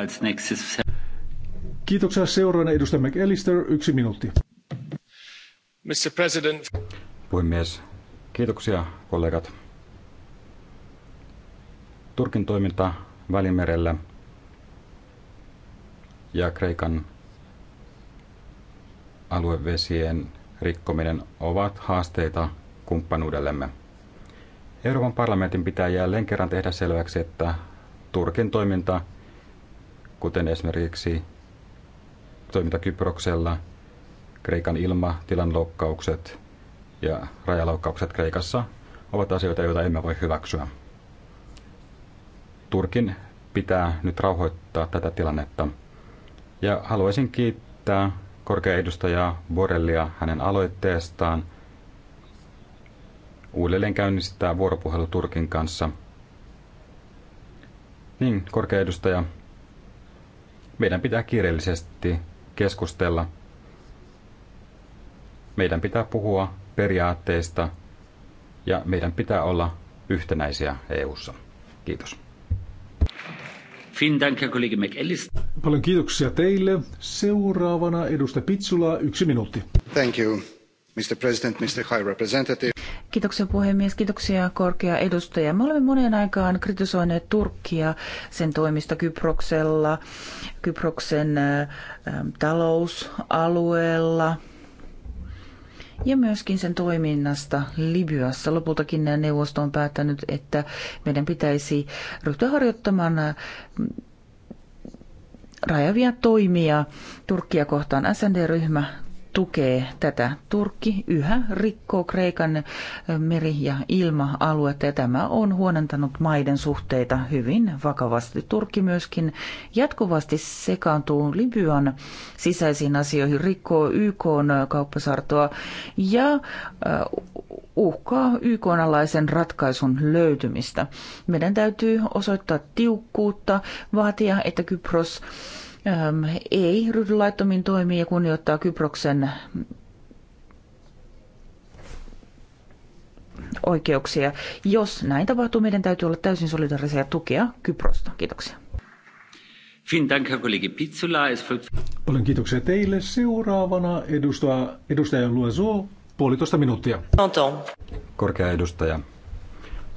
Kiitoksia seuraavana edustaja McAllister. Yksi minuutti. Mr. President. Puhemies, kiitoksia kollegat. Turkin toiminta Välimerellä ja Kreikan aluevesien rikkominen ovat haasteita kumppanuudellemme. Euroopan parlamentin pitää jälleen kerran tehdä selväksi, että Turkin toiminta, kuten esimerkiksi toiminta Kyproksella, Kreikan ilmatilan loukkaukset ja rajaloukkaukset Kreikassa, ovat asioita, joita emme voi hyväksyä. Turkin pitää nyt rauhoittaa tätä tilannetta. Ja haluaisin kiittää korkea edustaja Borrellia hänen aloitteestaan uudelleen käynnistää vuoropuhelu Turkin kanssa. Niin, korkea edustaja, meidän pitää kiireellisesti keskustella. Meidän pitää puhua periaatteista ja meidän pitää olla yhtenäisiä EU:ssa. Kiitos. Paljon kiitoksia teille. Seuraavana edustaja Pitsula, yksi minuutti. Thank you, Mr. President, Mr. High Representative. Kiitoksia puhemies, kiitoksia korkea edustaja. Me olemme moneen aikaan kritisoineet Turkkia sen toimista Kyproksella, Kyproksen äh, ähm, talousalueella – ja myöskin sen toiminnasta Libyassa. Lopultakin neuvosto on päättänyt, että meidän pitäisi ryhtyä harjoittamaan mm, rajavia toimia Turkkia kohtaan. SND-ryhmä tukee tätä. Turkki yhä rikkoo Kreikan meri- ja ilma-aluetta ja tämä on huonontanut maiden suhteita hyvin vakavasti. Turkki myöskin jatkuvasti sekaantuu Libyan sisäisiin asioihin, rikkoo YK kauppasartoa ja uhkaa YK-alaisen ratkaisun löytymistä. Meidän täytyy osoittaa tiukkuutta, vaatia, että Kypros äm, ei ryhdy laittomiin toimiin ja kunnioittaa Kyproksen oikeuksia. Jos näin tapahtuu, meidän täytyy olla täysin solidaarisia ja tukea Kyprosta. Kiitoksia. Paljon kiitoksia teille. Seuraavana edustaja, edustaja Luezo, puolitoista minuuttia. Korkea edustaja,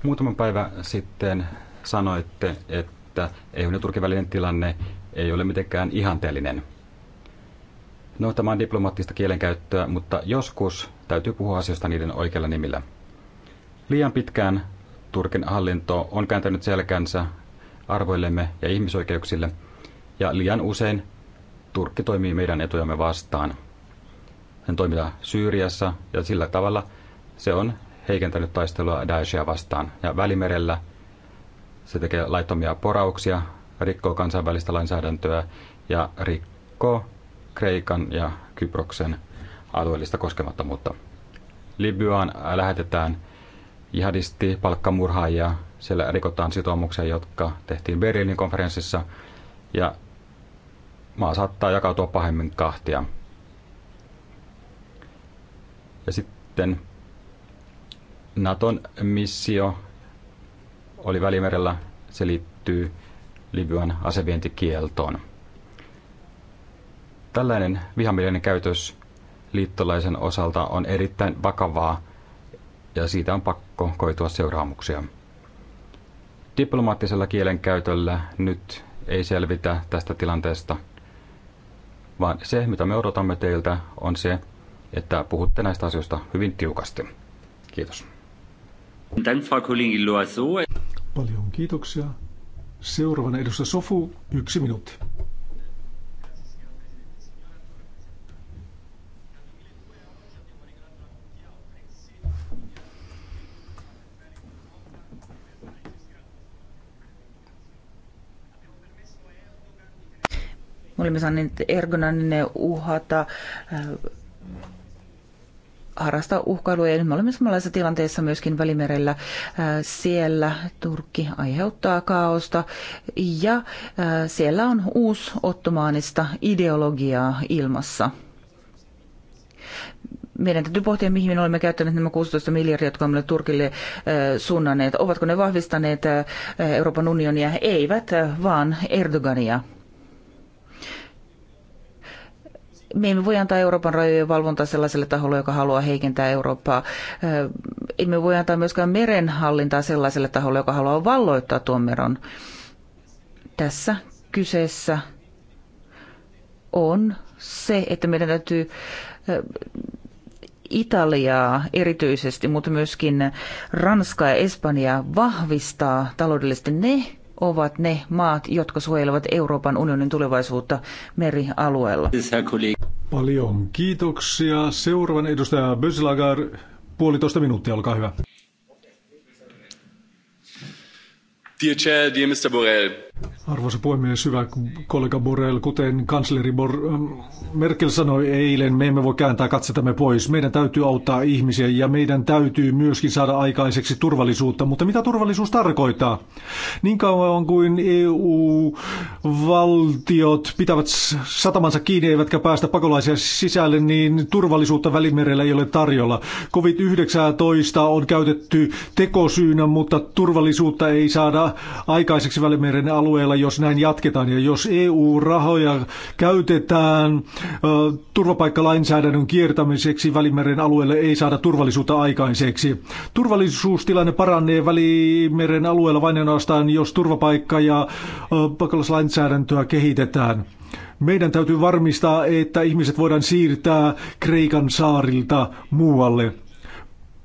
muutama päivä sitten sanoitte, että EU- ja Turkin välinen tilanne ei ole mitenkään ihanteellinen. No, tämä on diplomaattista kielenkäyttöä, mutta joskus täytyy puhua asioista niiden oikeilla nimillä. Liian pitkään Turkin hallinto on kääntänyt selkänsä arvoillemme ja ihmisoikeuksille, ja liian usein Turkki toimii meidän etujamme vastaan. Sen toiminta Syyriassa ja sillä tavalla se on heikentänyt taistelua Daeshia vastaan. Ja Välimerellä se tekee laittomia porauksia rikkoo kansainvälistä lainsäädäntöä ja rikkoo Kreikan ja Kyproksen alueellista koskemattomuutta. Libyaan lähetetään jihadisti palkkamurhaajia. Siellä rikotaan sitoumuksia, jotka tehtiin Berliinin konferenssissa. Ja maa saattaa jakautua pahemmin kahtia. Ja sitten Naton missio oli Välimerellä. Se liittyy Libyan asevientikieltoon. Tällainen vihamielinen käytös liittolaisen osalta on erittäin vakavaa ja siitä on pakko koitua seuraamuksia. Diplomaattisella kielenkäytöllä nyt ei selvitä tästä tilanteesta, vaan se, mitä me odotamme teiltä, on se, että puhutte näistä asioista hyvin tiukasti. Kiitos. Paljon kiitoksia. Seuraavana edustaja Sofu, yksi minuutti. Me olemme saaneet Erdoganin uhata äh, harrastaa uhkailua. Ja nyt me olemme samanlaisessa tilanteessa myöskin Välimerellä. Äh, siellä Turkki aiheuttaa kaaosta ja äh, siellä on uusi ottomaanista ideologiaa ilmassa. Meidän täytyy pohtia, mihin me olemme käyttäneet nämä 16 miljardia, jotka olemme Turkille äh, suunnanneet. Ovatko ne vahvistaneet Euroopan unionia? Eivät, vaan Erdogania. me emme voi antaa Euroopan rajojen valvontaa sellaiselle taholle, joka haluaa heikentää Eurooppaa. Emme voi antaa myöskään merenhallintaa sellaiselle taholle, joka haluaa valloittaa tuon meron. Tässä kyseessä on se, että meidän täytyy Italiaa erityisesti, mutta myöskin Ranskaa ja Espanjaa vahvistaa taloudellisesti ne ovat ne maat, jotka suojelevat Euroopan unionin tulevaisuutta merialueella. Paljon kiitoksia. Seuraavan edustaja Böslagar, puolitoista minuuttia, olkaa hyvä. Dear Chair, dear Mr. Borrell. Arvoisa puhemies, hyvä kollega Borrell, kuten kansleri Bor- ähm, Merkel sanoi eilen, me emme voi kääntää katsetamme pois. Meidän täytyy auttaa ihmisiä ja meidän täytyy myöskin saada aikaiseksi turvallisuutta. Mutta mitä turvallisuus tarkoittaa? Niin kauan kuin EU-valtiot pitävät satamansa kiinni eivätkä päästä pakolaisia sisälle, niin turvallisuutta välimerellä ei ole tarjolla. COVID-19 on käytetty tekosyynä, mutta turvallisuutta ei saada aikaiseksi välimeren alueella alueella, jos näin jatketaan. Ja jos EU-rahoja käytetään turvapaikkalainsäädännön kiertämiseksi Välimeren alueelle, ei saada turvallisuutta aikaiseksi. Turvallisuustilanne paranee Välimeren alueella vain ainoastaan, jos turvapaikka- ja pakolaislainsäädäntöä kehitetään. Meidän täytyy varmistaa, että ihmiset voidaan siirtää Kreikan saarilta muualle.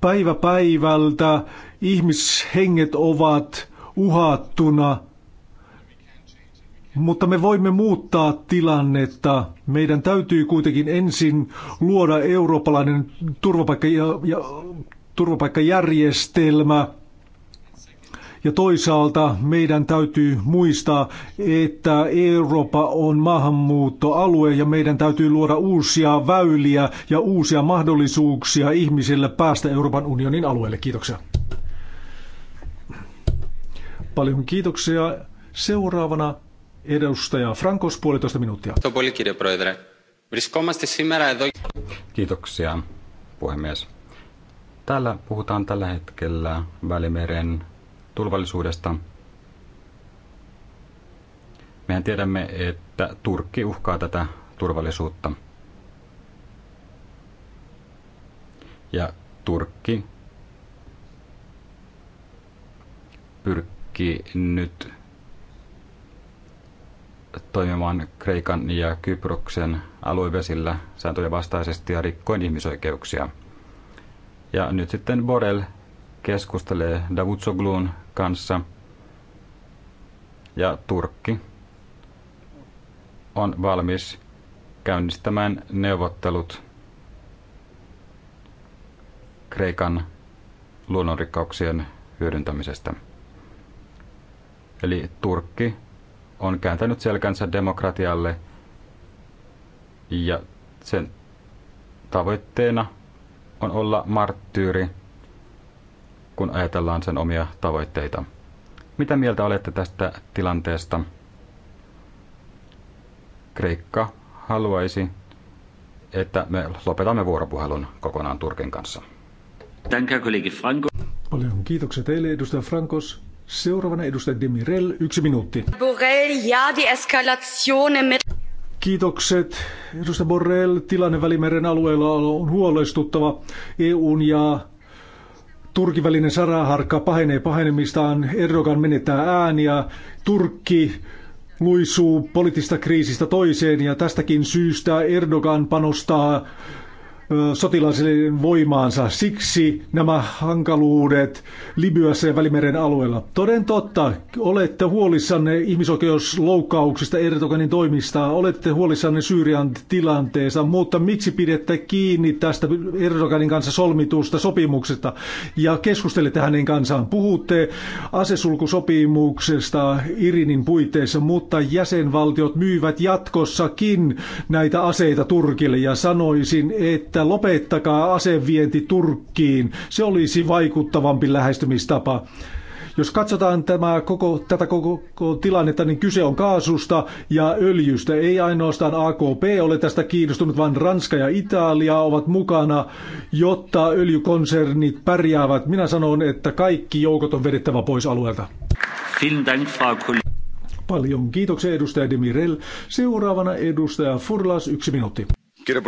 Päivä päivältä ihmishenget ovat uhattuna mutta me voimme muuttaa tilannetta. Meidän täytyy kuitenkin ensin luoda eurooppalainen turvapaikka ja, ja, turvapaikkajärjestelmä. Ja toisaalta meidän täytyy muistaa, että Eurooppa on maahanmuuttoalue ja meidän täytyy luoda uusia väyliä ja uusia mahdollisuuksia ihmisille päästä Euroopan unionin alueelle. Kiitoksia. Paljon kiitoksia. Seuraavana Edustaja Frankos, puolitoista minuuttia. Kiitoksia, puhemies. Täällä puhutaan tällä hetkellä Välimeren turvallisuudesta. Mehän tiedämme, että Turkki uhkaa tätä turvallisuutta. Ja Turkki pyrkii nyt toimimaan Kreikan ja Kyproksen aluevesillä sääntöjen vastaisesti ja rikkoin ihmisoikeuksia. Ja nyt sitten Borel keskustelee Davutsoglun kanssa ja Turkki on valmis käynnistämään neuvottelut Kreikan luonnonrikkauksien hyödyntämisestä. Eli Turkki on kääntänyt selkänsä demokratialle ja sen tavoitteena on olla marttyyri, kun ajatellaan sen omia tavoitteita. Mitä mieltä olette tästä tilanteesta? Kreikka haluaisi, että me lopetamme vuoropuhelun kokonaan Turkin kanssa. Paljon kiitoksia teille, edustaja Frankos. Seuraavana edustaja Demirel, yksi minuutti. Borrell, ja die Eskalatione mit... Kiitokset. Edustaja Borrell, tilanne Välimeren alueella on huolestuttava. EUn ja Turkin välinen saraharkka pahenee pahenemistaan. Erdogan menettää ääniä. Turkki luisuu poliittisesta kriisistä toiseen ja tästäkin syystä Erdogan panostaa sotilaalliselle voimaansa. Siksi nämä hankaluudet Libyassa ja Välimeren alueella. Toden totta, olette huolissanne ihmisoikeusloukkauksista, Erdoganin toimista, olette huolissanne Syyrian tilanteesta, mutta miksi pidätte kiinni tästä Erdoganin kanssa solmitusta sopimuksesta ja keskustelette hänen kanssaan? Puhutte asesulkusopimuksesta Irinin puitteissa, mutta jäsenvaltiot myyvät jatkossakin näitä aseita Turkille ja sanoisin, että että lopettakaa asevienti Turkkiin. Se olisi vaikuttavampi lähestymistapa. Jos katsotaan tämä koko, tätä koko, koko tilannetta, niin kyse on kaasusta ja öljystä. Ei ainoastaan AKP ole tästä kiinnostunut, vaan Ranska ja Italia ovat mukana, jotta öljykonsernit pärjäävät. Minä sanon, että kaikki joukot on vedettävä pois alueelta. Paljon kiitoksia edustaja Demirel. Seuraavana edustaja Furlas, yksi minuutti. Kiitos,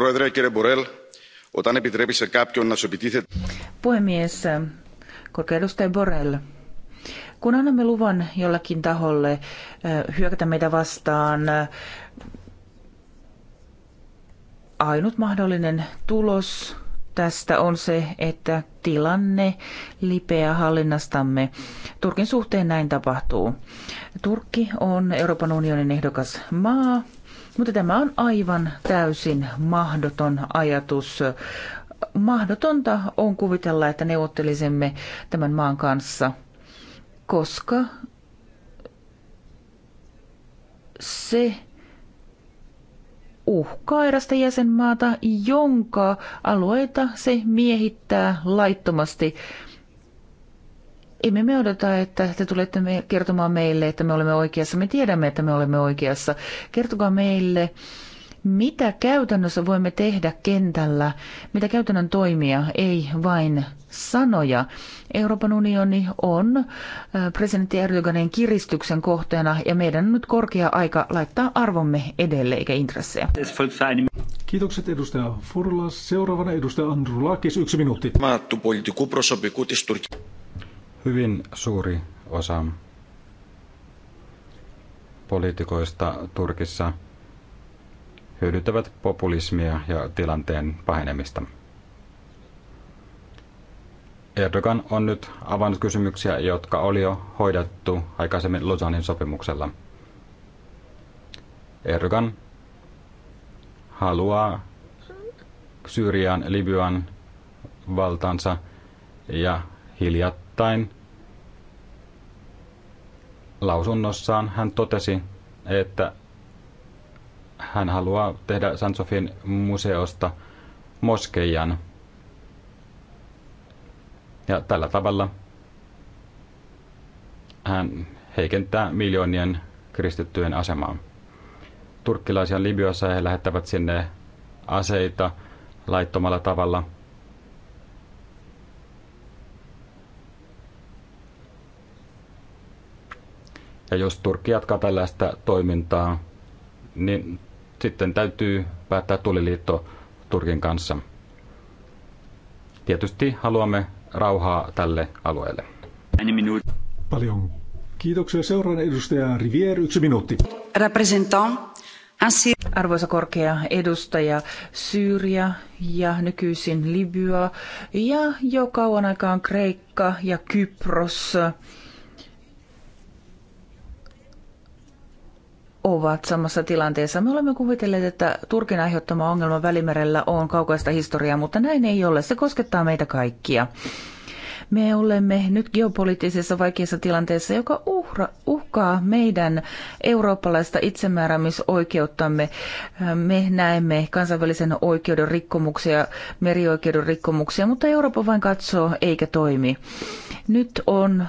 Όταν επιτρέπει σε κάποιον να σου επιτίθεται... Puhemies, korkea edustaja Borrell. Kun annamme luvan jollakin taholle eh, hyökätä meitä vastaan, eh, ainut mahdollinen tulos tästä on se, että tilanne lipeää hallinnastamme. Turkin suhteen näin tapahtuu. Turkki on Euroopan unionin ehdokas maa mutta tämä on aivan täysin mahdoton ajatus. Mahdotonta on kuvitella, että neuvottelisimme tämän maan kanssa, koska se uhkaa erästä jäsenmaata, jonka alueita se miehittää laittomasti. Emme me odota, että te tulette me kertomaan meille, että me olemme oikeassa. Me tiedämme, että me olemme oikeassa. Kertokaa meille, mitä käytännössä voimme tehdä kentällä, mitä käytännön toimia, ei vain sanoja. Euroopan unioni on presidentti Erdoganin kiristyksen kohteena ja meidän on nyt korkea aika laittaa arvomme edelle eikä intressejä. Kiitokset edustaja Furlas. Seuraavana edustaja Andrew Lakis, yksi minuutti. Hyvin suuri osa poliitikoista Turkissa hyödyttävät populismia ja tilanteen pahenemista. Erdogan on nyt avannut kysymyksiä, jotka oli jo hoidettu aikaisemmin Lausannin sopimuksella. Erdogan haluaa Syyrian, Libyan valtansa ja hiljattain lausunnossaan hän totesi, että hän haluaa tehdä Sansofin museosta moskeijan. Ja tällä tavalla hän heikentää miljoonien kristittyjen asemaa. Turkkilaisia Libyassa he lähettävät sinne aseita laittomalla tavalla – Ja jos Turkki jatkaa tällaista toimintaa, niin sitten täytyy päättää tuliliitto Turkin kanssa. Tietysti haluamme rauhaa tälle alueelle. Paljon kiitoksia. Seuraavana edustaja Rivier, yksi minuutti. Representant. Arvoisa korkea edustaja, Syyria ja nykyisin Libya ja jo kauan aikaan Kreikka ja Kypros ovat samassa tilanteessa. Me olemme kuvitelleet, että Turkin aiheuttama ongelma Välimerellä on kaukaista historiaa, mutta näin ei ole. Se koskettaa meitä kaikkia. Me olemme nyt geopoliittisessa vaikeassa tilanteessa, joka uhra, uhkaa meidän eurooppalaista itsemääräämisoikeuttamme. Me näemme kansainvälisen oikeuden rikkomuksia, merioikeuden rikkomuksia, mutta Eurooppa vain katsoo eikä toimi. Nyt on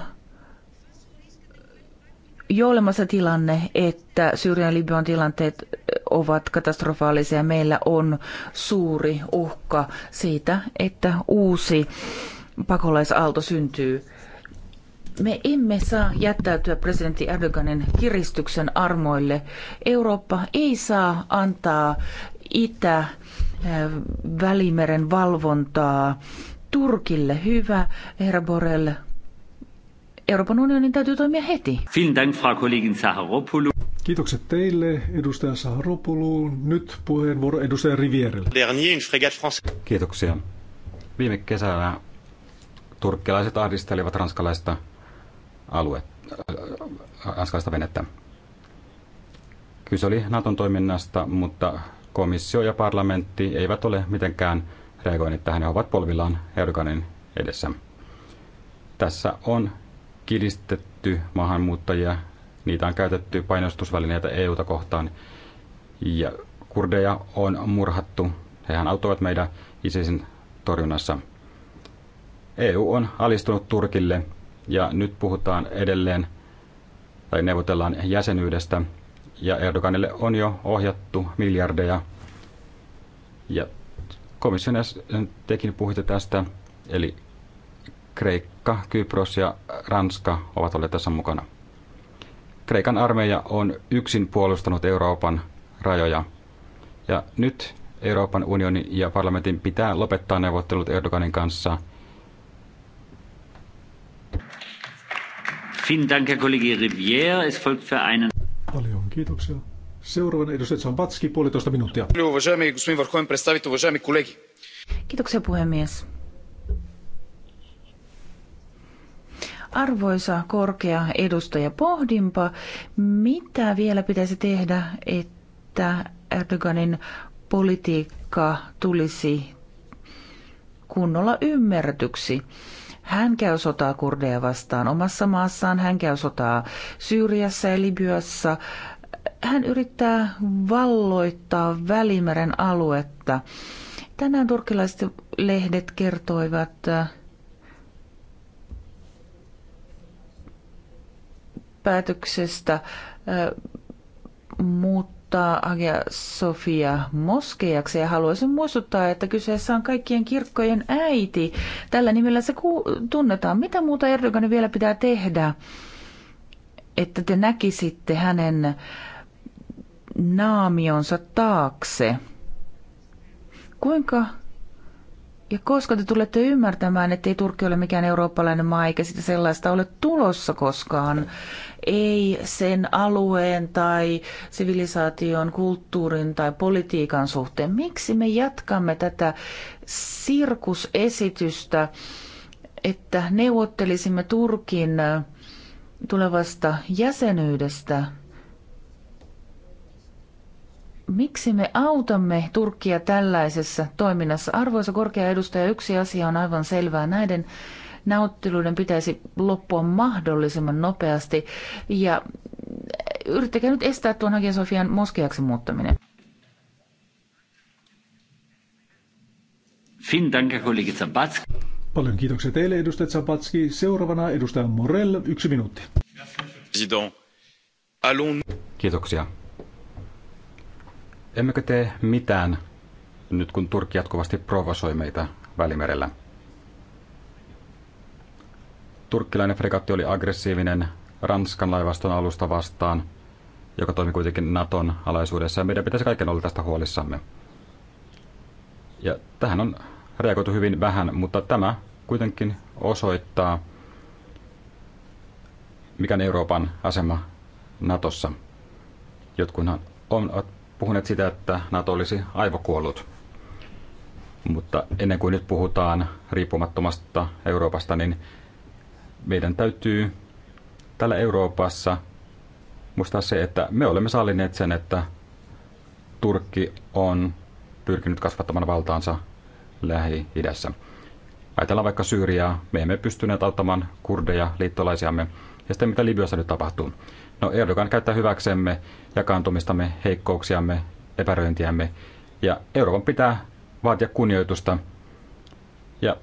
jo olemassa tilanne, että Syyrian ja Libyan tilanteet ovat katastrofaalisia. Meillä on suuri uhka siitä, että uusi pakolaisaalto syntyy. Me emme saa jättäytyä presidentti Erdoganin kiristyksen armoille. Eurooppa ei saa antaa Itä-Välimeren äh, valvontaa Turkille. Hyvä, herra Borrell, Euroopan unionin täytyy toimia heti. Kiitokset teille, edustaja Saharopoulou. Nyt puheenvuoro edustaja Rivierelle. Kiitoksia. Viime kesänä turkkilaiset ahdistelivat ranskalaista alue, äh, ranskalaista venettä. Kyse oli Naton toiminnasta, mutta komissio ja parlamentti eivät ole mitenkään reagoineet tähän ja ovat polvillaan Erdoganin edessä. Tässä on kiristetty maahanmuuttajia, niitä on käytetty painostusvälineitä EUta kohtaan ja kurdeja on murhattu. Hehän auttavat meidän ISISin torjunnassa. EU on alistunut Turkille ja nyt puhutaan edelleen tai neuvotellaan jäsenyydestä ja Erdoganille on jo ohjattu miljardeja ja komission tekin puhuitte tästä, eli Kreik- Kreikka, Kypros ja Ranska ovat olleet tässä mukana. Kreikan armeija on yksin puolustanut Euroopan rajoja. Ja nyt Euroopan unioni ja parlamentin pitää lopettaa neuvottelut Erdoganin kanssa. Paljon kiitoksia. Seuraavan edustaja Zambatski, puolitoista minuuttia. Kiitoksia puhemies. Arvoisa korkea edustaja, pohdimpa, mitä vielä pitäisi tehdä, että Erdoganin politiikka tulisi kunnolla ymmärtyksi. Hän käy sotaa kurdeja vastaan omassa maassaan, hän käy sotaa Syyriassa ja Libyassa. Hän yrittää valloittaa Välimeren aluetta. Tänään turkilaiset lehdet kertoivat päätöksestä mutta Hagia Sofia moskejaksi ja haluaisin muistuttaa, että kyseessä on kaikkien kirkkojen äiti. Tällä nimellä se tunnetaan. Mitä muuta Erdoganin vielä pitää tehdä, että te näkisitte hänen naamionsa taakse? Kuinka ja koska te tulette ymmärtämään, että ei Turkki ole mikään eurooppalainen maa, eikä sitä sellaista ole tulossa koskaan, ei sen alueen tai sivilisaation, kulttuurin tai politiikan suhteen. Miksi me jatkamme tätä sirkusesitystä, että neuvottelisimme Turkin tulevasta jäsenyydestä? Miksi me autamme Turkkia tällaisessa toiminnassa? Arvoisa korkea edustaja, yksi asia on aivan selvää. Näiden nautteluiden pitäisi loppua mahdollisimman nopeasti. Ja yrittäkää nyt estää tuon Hagia Sofian moskeaksi muuttaminen. Paljon kiitoksia teille, edustaja Zabatski. Seuraavana edustaja Morell, yksi minuutti. Kiitoksia. Emmekö tee mitään nyt, kun Turkki jatkuvasti provosoi meitä Välimerellä? Turkkilainen fregatti oli aggressiivinen Ranskan laivaston alusta vastaan, joka toimi kuitenkin Naton alaisuudessa, ja meidän pitäisi kaiken olla tästä huolissamme. Ja tähän on reagoitu hyvin vähän, mutta tämä kuitenkin osoittaa, mikä on Euroopan asema Natossa. Jotkunhan ovat puhuneet sitä, että Nato olisi aivokuollut. Mutta ennen kuin nyt puhutaan riippumattomasta Euroopasta, niin meidän täytyy täällä Euroopassa muistaa se, että me olemme sallineet sen, että Turkki on pyrkinyt kasvattamaan valtaansa Lähi-idässä. Ajatellaan vaikka Syyriaa, me emme pystyneet auttamaan kurdeja liittolaisiamme. Ja sitten mitä Libyassa nyt tapahtuu? No Erdogan käyttää hyväksemme jakaantumistamme, heikkouksiamme, epäröintiämme. Ja Euroopan pitää vaatia kunnioitusta. Ja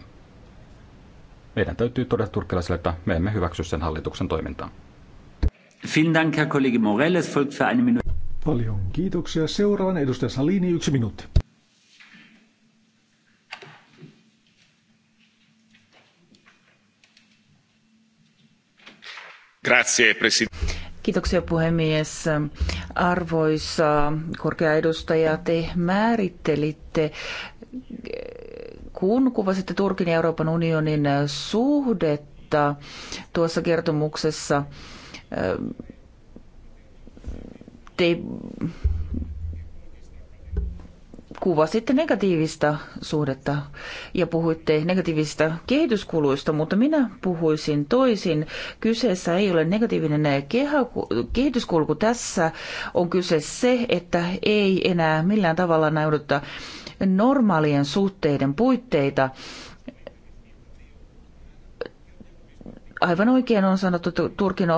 meidän täytyy todeta turkkilaisille, että me emme hyväksy sen hallituksen toimintaa. Vielen Dank, Herr Kollege Morelles. Folgt für eine Minute. Paljon kiitoksia. Seuraavan edustaja Salini, yksi minuutti. Grazie, presidente. Kiitoksia puhemies. Arvoisa korkea edustaja, te määrittelitte kun kuvasitte Turkin ja Euroopan unionin äh, suhdetta tuossa kertomuksessa, äh, te kuvasitte negatiivista suhdetta ja puhuitte negatiivisista kehityskuluista, mutta minä puhuisin toisin. Kyseessä ei ole negatiivinen kehityskulku. Tässä on kyse se, että ei enää millään tavalla naudutta normaalien suhteiden puitteita. Aivan oikein on sanottu, että Turkin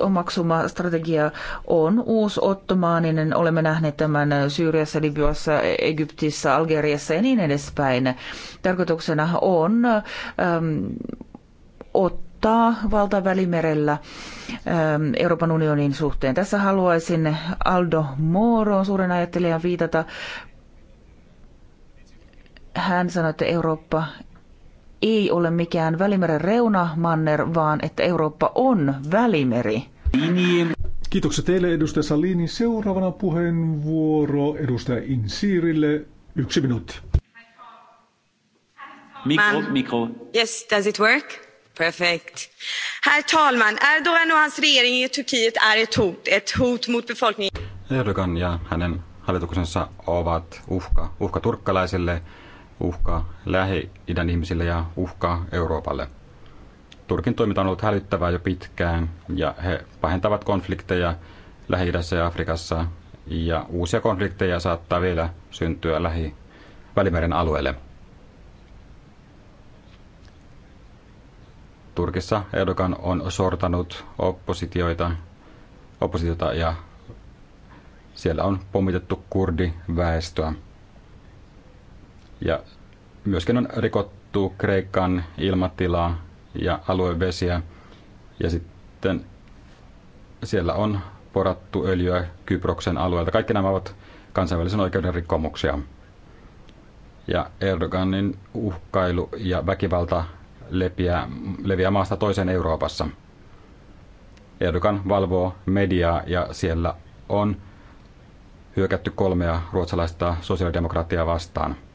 omaksuma strategia on uusi ottomaaninen. Olemme nähneet tämän Syyriassa, Libyassa, Egyptissä, Algeriassa ja niin edespäin. Tarkoituksena on äm, ottaa valta Välimerellä ähm, Euroopan unionin suhteen. Tässä haluaisin Aldo Mooroon suuren ajattelijan viitata hän sanoi, että Eurooppa ei ole mikään Välimeren reunamanner, vaan että Eurooppa on Välimeri. Niin. Kiitoksia teille, edustaja Salini. Seuraavana puheenvuoro edustaja Insiirille. Yksi minuutti. Mikro, mikro. Yes, does it work? Perfect. Herr talman, Erdogan och hans regering i Turkiet är ett hot, ett hot mot befolkningen. Erdogan ja hänen hallituksensa ovat uhka, uhka turkkalaisille, uhkaa Lähi-idän ihmisille ja uhkaa Euroopalle. Turkin toiminta on ollut hälyttävää jo pitkään ja he pahentavat konflikteja lähi ja Afrikassa ja uusia konflikteja saattaa vielä syntyä lähi Välimeren alueelle. Turkissa Erdogan on sortanut oppositioita, oppositiota ja siellä on pommitettu kurdiväestöä. Ja myöskin on rikottu Kreikan ilmatilaa ja aluevesiä. Ja sitten siellä on porattu öljyä Kyproksen alueelta. Kaikki nämä ovat kansainvälisen oikeuden rikkomuksia. Ja Erdoganin uhkailu ja väkivalta leviää, leviää maasta toiseen Euroopassa. Erdogan valvoo mediaa ja siellä on hyökätty kolmea ruotsalaista sosiaalidemokratiaa vastaan –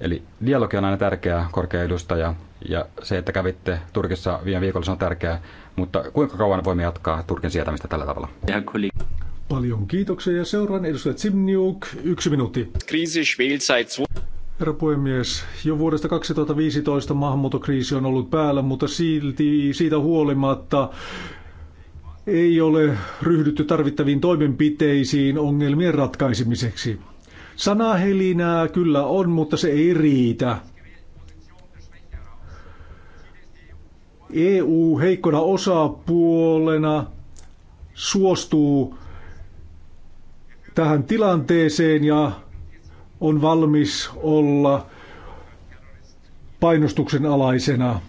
Eli dialogi on aina tärkeää, korkea edustaja, ja se, että kävitte Turkissa viime viikolla, se on tärkeää. Mutta kuinka kauan voimme jatkaa Turkin sietämistä tällä tavalla? Paljon kiitoksia ja seuraan edustaja Zimniuk, yksi minuutti. Kriisi Herra puhemies, jo vuodesta 2015 maahanmuuttokriisi on ollut päällä, mutta silti siitä huolimatta ei ole ryhdytty tarvittaviin toimenpiteisiin ongelmien ratkaisemiseksi. Sanahelinää kyllä on, mutta se ei riitä. EU heikkona osapuolena suostuu tähän tilanteeseen ja on valmis olla painostuksen alaisena.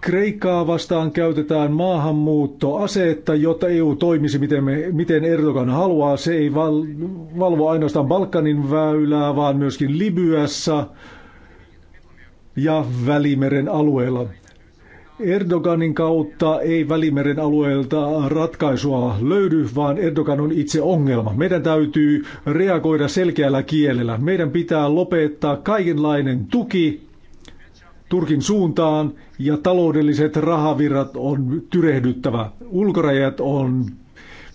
Kreikkaa vastaan käytetään maahanmuuttoasetta, jotta EU toimisi miten, me, miten Erdogan haluaa. Se ei val, valvo ainoastaan Balkanin väylää, vaan myöskin Libyassa ja Välimeren alueella. Erdoganin kautta ei Välimeren alueelta ratkaisua löydy, vaan Erdogan on itse ongelma. Meidän täytyy reagoida selkeällä kielellä. Meidän pitää lopettaa kaikenlainen tuki Turkin suuntaan ja taloudelliset rahavirrat on tyrehdyttävä. Ulkorajat on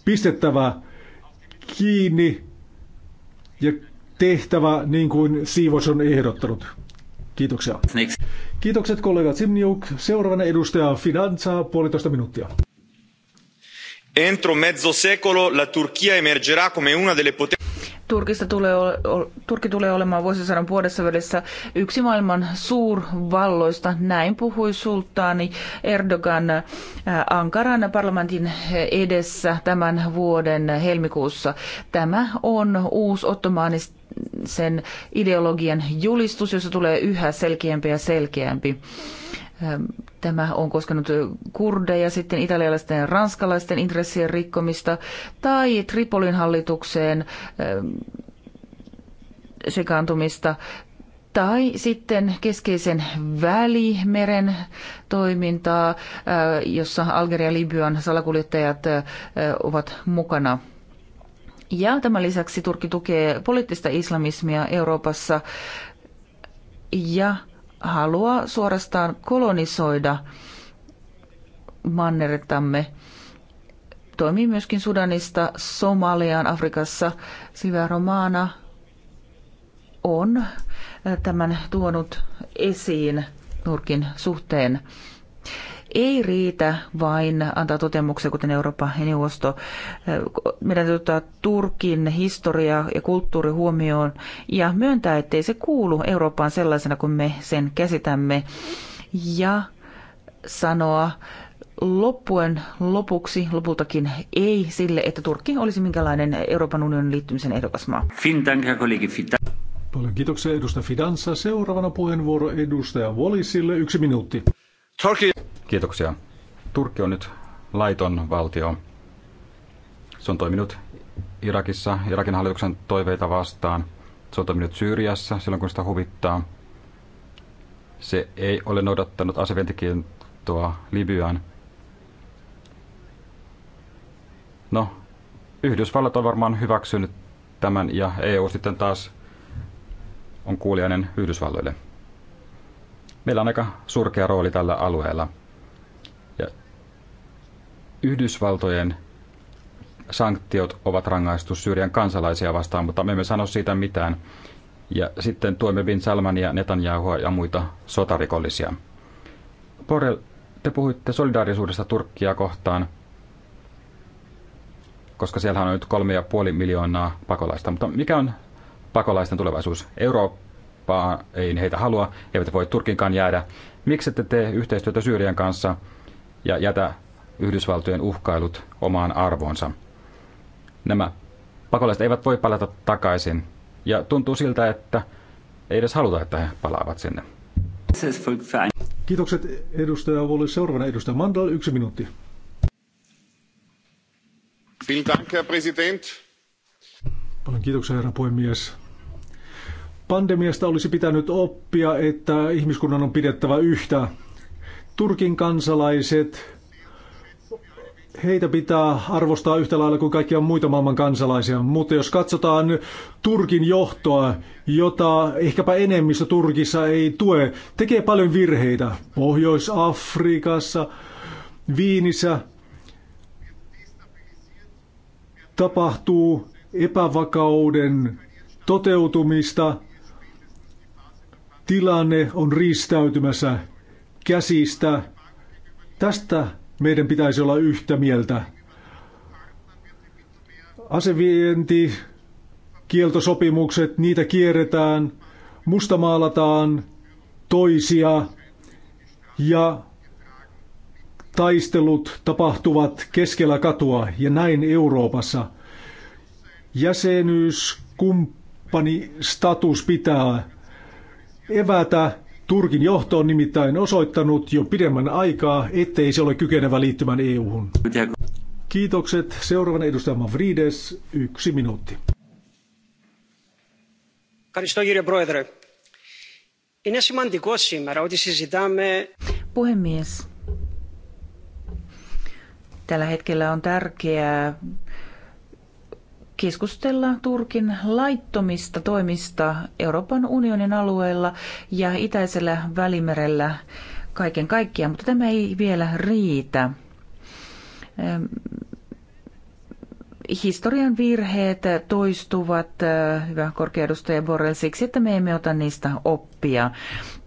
pistettävä kiinni ja tehtävä niin kuin Siivos on ehdottanut. Kiitoksia. Kiitokset kollegat Simniuk. Seuraavana edustaja Fidanza, puolitoista minuuttia. Entro mezzo secolo la Turchia emergerà come una delle potenze Turkista tulee, Turkki tulee olemaan vuosisadan puolessa välissä yksi maailman suurvalloista. Näin puhui sulttaani Erdogan äh, Ankaran parlamentin edessä tämän vuoden helmikuussa. Tämä on uusi ottomaanista sen ideologian julistus, jossa tulee yhä selkeämpi ja selkeämpi. Tämä on koskenut kurdeja, sitten italialaisten ja ranskalaisten intressien rikkomista tai Tripolin hallitukseen sekaantumista tai sitten keskeisen välimeren toimintaa, jossa Algeria ja Libyan salakuljettajat ovat mukana. Ja tämän lisäksi Turkki tukee poliittista islamismia Euroopassa ja haluaa suorastaan kolonisoida mannerettamme. Toimii myöskin Sudanista Somaliaan Afrikassa. Silvia Romana on tämän tuonut esiin Nurkin suhteen ei riitä vain antaa totemuksia, kuten Euroopan neuvosto. Meidän täytyy ottaa Turkin historia ja kulttuuri huomioon ja myöntää, ettei se kuulu Eurooppaan sellaisena kuin me sen käsitämme. Ja sanoa loppuen lopuksi lopultakin ei sille, että Turkki olisi minkälainen Euroopan unionin liittymisen maa. Paljon kiitoksia edustaja Fidansa. Seuraavana puheenvuoro edustaja Volisille. Yksi minuutti. Turkey. Kiitoksia. Turkki on nyt laiton valtio. Se on toiminut Irakissa Irakin hallituksen toiveita vastaan. Se on toiminut Syyriassa silloin, kun sitä huvittaa. Se ei ole noudattanut asevientikieltoa Libyaan. No, Yhdysvallat on varmaan hyväksynyt tämän ja EU sitten taas on kuulijainen Yhdysvalloille. Meillä on aika surkea rooli tällä alueella. Ja Yhdysvaltojen sanktiot ovat rangaistus Syyrian kansalaisia vastaan, mutta me emme sano siitä mitään. Ja sitten tuemme Bin Salmania, Netanyahua ja muita sotarikollisia. Porel, te puhuitte solidaarisuudesta Turkkia kohtaan, koska siellä on nyt kolme ja puoli miljoonaa pakolaista. Mutta mikä on pakolaisten tulevaisuus? Euro- Eurooppaa, ei heitä halua, eivät voi Turkinkaan jäädä. Miksi ette tee yhteistyötä Syyrian kanssa ja jätä Yhdysvaltojen uhkailut omaan arvoonsa? Nämä pakolaiset eivät voi palata takaisin ja tuntuu siltä, että ei edes haluta, että he palaavat sinne. Kiitokset edustaja Vuoli. Seuraavana edustaja Mandal, yksi minuutti. Vielen Dank, Herr Präsident. Paljon kiitoksia, herra puhemies. Pandemiasta olisi pitänyt oppia, että ihmiskunnan on pidettävä yhtä. Turkin kansalaiset, heitä pitää arvostaa yhtä lailla kuin kaikkia muita maailman kansalaisia. Mutta jos katsotaan Turkin johtoa, jota ehkäpä enemmistö Turkissa ei tue, tekee paljon virheitä. Pohjois-Afrikassa, Viinissä tapahtuu epävakauden toteutumista – tilanne on riistäytymässä käsistä. Tästä meidän pitäisi olla yhtä mieltä. Asevienti, kieltosopimukset, niitä kierretään, mustamaalataan toisia ja taistelut tapahtuvat keskellä katua ja näin Euroopassa. Jäsenyys, kumppani, status pitää evätä. Turkin johto on nimittäin osoittanut jo pidemmän aikaa, ettei se ole kykenevä liittymään EU-hun. Kiitokset. Seuraavana edustaja Mavrides, yksi minuutti. Puhemies, tällä hetkellä on tärkeää keskustella Turkin laittomista toimista Euroopan unionin alueella ja itäisellä välimerellä kaiken kaikkiaan, mutta tämä ei vielä riitä. Ehm, historian virheet toistuvat, eh, hyvä korkeudustaja Borrell, siksi, että me emme ota niistä oppia.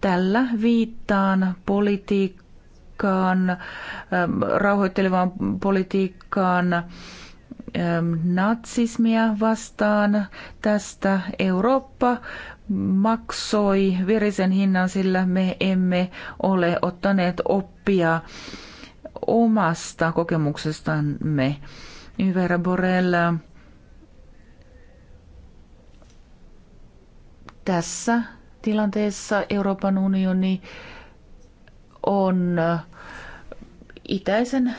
Tällä viittaan politiikkaan, ehm, rauhoittelevaan politiikkaan, Ähm, natsismia vastaan. Tästä Eurooppa maksoi verisen hinnan, sillä me emme ole ottaneet oppia omasta kokemuksestamme. Yvera Borrell, tässä tilanteessa Euroopan unioni on itäisen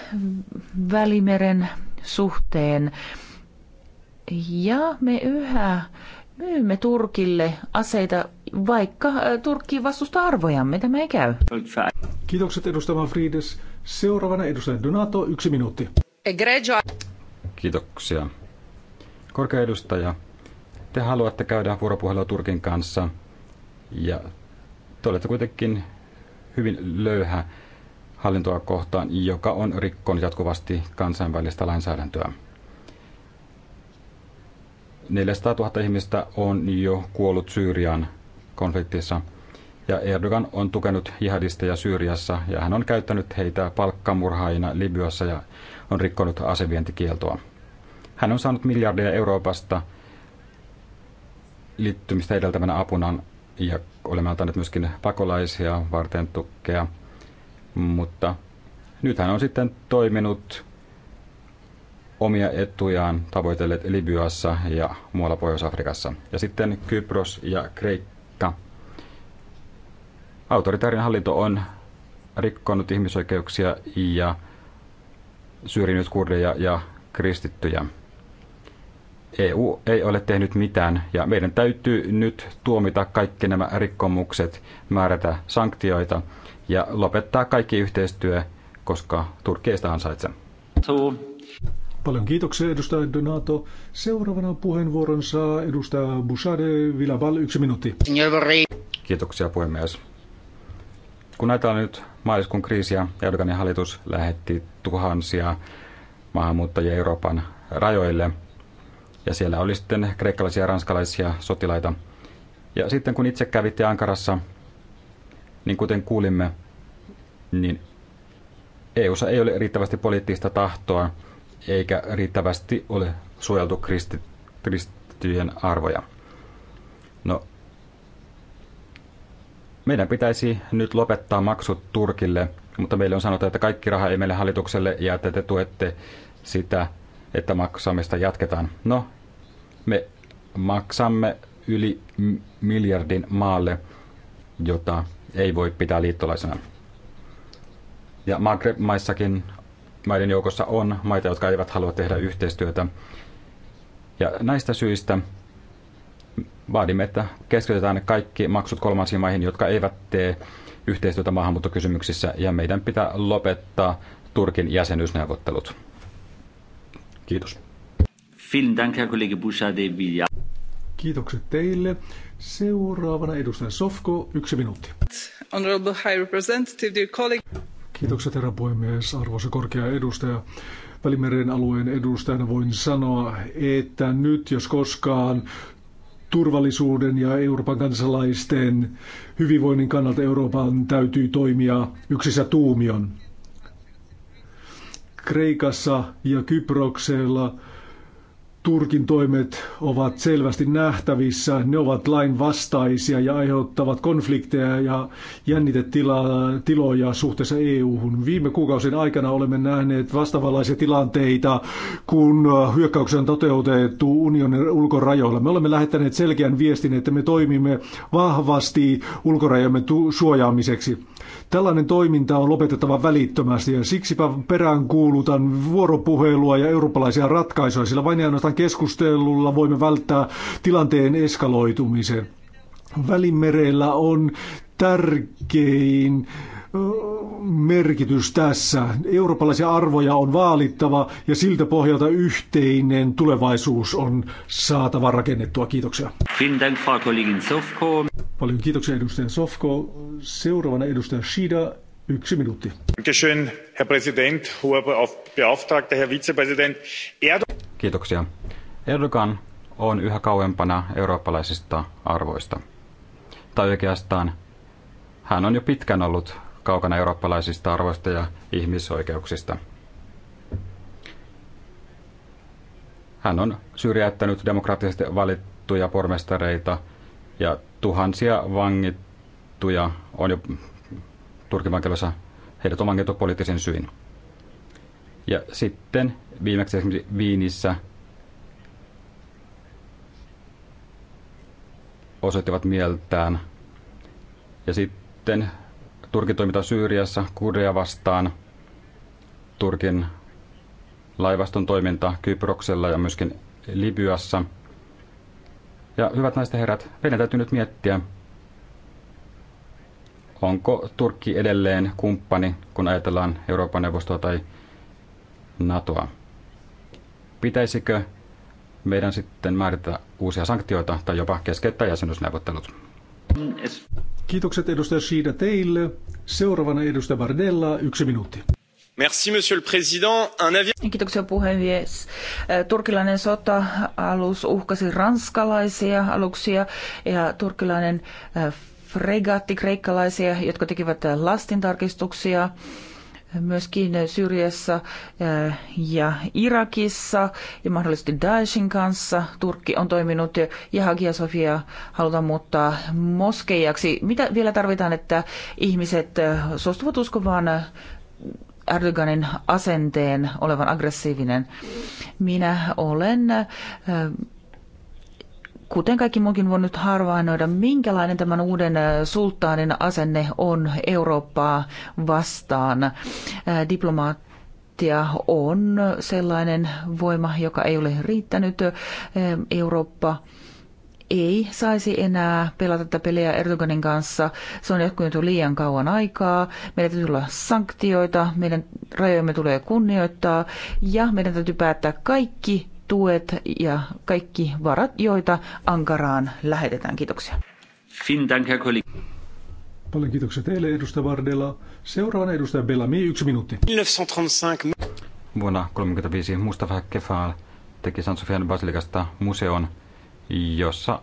välimeren suhteen. Ja me yhä myymme Turkille aseita, vaikka äh, Turkki vastustaa arvojamme. Tämä ei käy. Kiitokset edustaja Frides. Seuraavana edustaja Donato, yksi minuutti. Kiitoksia. Korkea edustaja, te haluatte käydä vuoropuhelua Turkin kanssa ja te olette kuitenkin hyvin löyhä hallintoa kohtaan, joka on rikkonut jatkuvasti kansainvälistä lainsäädäntöä. 400 000 ihmistä on jo kuollut Syyrian konfliktissa ja Erdogan on tukenut jihadisteja Syyriassa ja hän on käyttänyt heitä palkkamurhaajina Libyassa ja on rikkonut asevientikieltoa. Hän on saanut miljardeja Euroopasta liittymistä edeltävänä apunaan ja olemme antaneet myöskin pakolaisia varten tukea mutta nythän on sitten toiminut omia etujaan tavoitelleet Libyassa ja muualla Pohjois-Afrikassa. Ja sitten Kypros ja Kreikka. Autoritaarinen hallinto on rikkonut ihmisoikeuksia ja syrjinyt kurdeja ja kristittyjä. EU ei ole tehnyt mitään ja meidän täytyy nyt tuomita kaikki nämä rikkomukset, määrätä sanktioita ja lopettaa kaikki yhteistyö, koska Turkki ei sitä ansaitse. Paljon kiitoksia edustaja Donato. Seuraavana puheenvuoron saa edustaja Bushade Vilaval, yksi minuutti. Kiitoksia puhemies. Kun näitä on nyt maaliskuun kriisiä, Erdoganin hallitus lähetti tuhansia maahanmuuttajia Euroopan rajoille. Ja siellä oli sitten kreikkalaisia ja ranskalaisia sotilaita. Ja sitten kun itse kävitte Ankarassa, niin kuten kuulimme, niin EUssa ei ole riittävästi poliittista tahtoa eikä riittävästi ole suojeltu kristi, kristityjen arvoja. No, meidän pitäisi nyt lopettaa maksut Turkille, mutta meille on sanottu, että kaikki raha ei meille hallitukselle ja että te tuette sitä, että maksamista jatketaan. No, me maksamme yli miljardin maalle, jota ei voi pitää liittolaisena. Ja Maghreb-maissakin maiden joukossa on maita, jotka eivät halua tehdä yhteistyötä. Ja näistä syistä vaadimme, että keskitetään kaikki maksut kolmansiin maihin, jotka eivät tee yhteistyötä maahanmuuttokysymyksissä, ja meidän pitää lopettaa Turkin jäsenyysneuvottelut. Kiitos. Kiitokset teille. Seuraavana edustaja Sofko, yksi minuutti. Honorable High Representative, dear colleague. Kiitokset herra puhemies, arvoisa korkea edustaja. Välimeren alueen edustajana voin sanoa, että nyt jos koskaan turvallisuuden ja Euroopan kansalaisten hyvinvoinnin kannalta Euroopan täytyy toimia yksissä tuumion. Kreikassa ja Kyproksella Turkin toimet ovat selvästi nähtävissä. Ne ovat lain vastaisia ja aiheuttavat konflikteja ja jännitetiloja suhteessa EU-hun. Viime kuukausien aikana olemme nähneet vastaavanlaisia tilanteita, kun hyökkäyksen on toteutettu unionin ulkorajoilla. Me olemme lähettäneet selkeän viestin, että me toimimme vahvasti ulkorajamme suojaamiseksi. Tällainen toiminta on lopetettava välittömästi ja siksipä peräänkuulutan vuoropuhelua ja eurooppalaisia ratkaisuja, sillä vain ainoastaan keskustelulla voimme välttää tilanteen eskaloitumisen. Välimerellä on tärkein merkitys tässä. Eurooppalaisia arvoja on vaalittava ja siltä pohjalta yhteinen tulevaisuus on saatava rakennettua. Kiitoksia. Paljon kiitoksia edustaja Sofko. Seuraavana edustaja Shida, yksi minuutti. Kiitoksia. Erdogan on yhä kauempana eurooppalaisista arvoista. Tai oikeastaan hän on jo pitkään ollut kaukana eurooppalaisista arvoista ja ihmisoikeuksista. Hän on syrjäyttänyt demokraattisesti valittuja pormestareita ja tuhansia vangittuja on jo Turkin vankilassa. Heidät on vangittu poliittisin syin. Ja sitten viimeksi esimerkiksi Viinissä osoittivat mieltään. Ja sitten Turkin toiminta Syyriassa kurdeja vastaan, Turkin laivaston toiminta Kyproksella ja myöskin Libyassa. Ja hyvät naiset ja herrat, meidän täytyy nyt miettiä, onko Turkki edelleen kumppani, kun ajatellaan Euroopan neuvostoa tai NATOa. Pitäisikö meidän sitten määritellä uusia sanktioita tai jopa keskeyttää jäsenyysneuvottelut? Kiitokset edustaja Siida teille. Seuraavana edustaja Bardella, yksi minuutti. Merci, monsieur le président. Un avi... Kiitoksia puhemies. Äh, turkilainen sota-alus uhkasi ranskalaisia aluksia ja turkilainen äh, fregatti kreikkalaisia, jotka tekivät äh, lastintarkistuksia. tarkistuksia myöskin Syyriassa eh, ja Irakissa ja mahdollisesti Daeshin kanssa. Turkki on toiminut ja Hagia Sofia halutaan muuttaa moskeijaksi. Mitä vielä tarvitaan, että ihmiset eh, suostuvat uskomaan eh, Erdoganin asenteen olevan aggressiivinen? Minä olen kuten kaikki muukin voi nyt harvainoida, minkälainen tämän uuden äh, sulttaanin asenne on Eurooppaa vastaan. Äh, Diplomatia on sellainen voima, joka ei ole riittänyt. Äh, Eurooppa ei saisi enää pelata tätä peliä Erdoganin kanssa. Se on jatkunut jo liian kauan aikaa. Meidän täytyy olla sanktioita, meidän rajojamme tulee kunnioittaa ja meidän täytyy päättää kaikki tuet ja kaikki varat, joita Ankaraan lähetetään. Kiitoksia. Paljon kiitoksia teille, edustaja Vardela. Seuraavana edustaja Bellamy, yksi minuutti. 1935. Vuonna 1935 Mustafa Kefal teki San Sofian basilikasta museon, jossa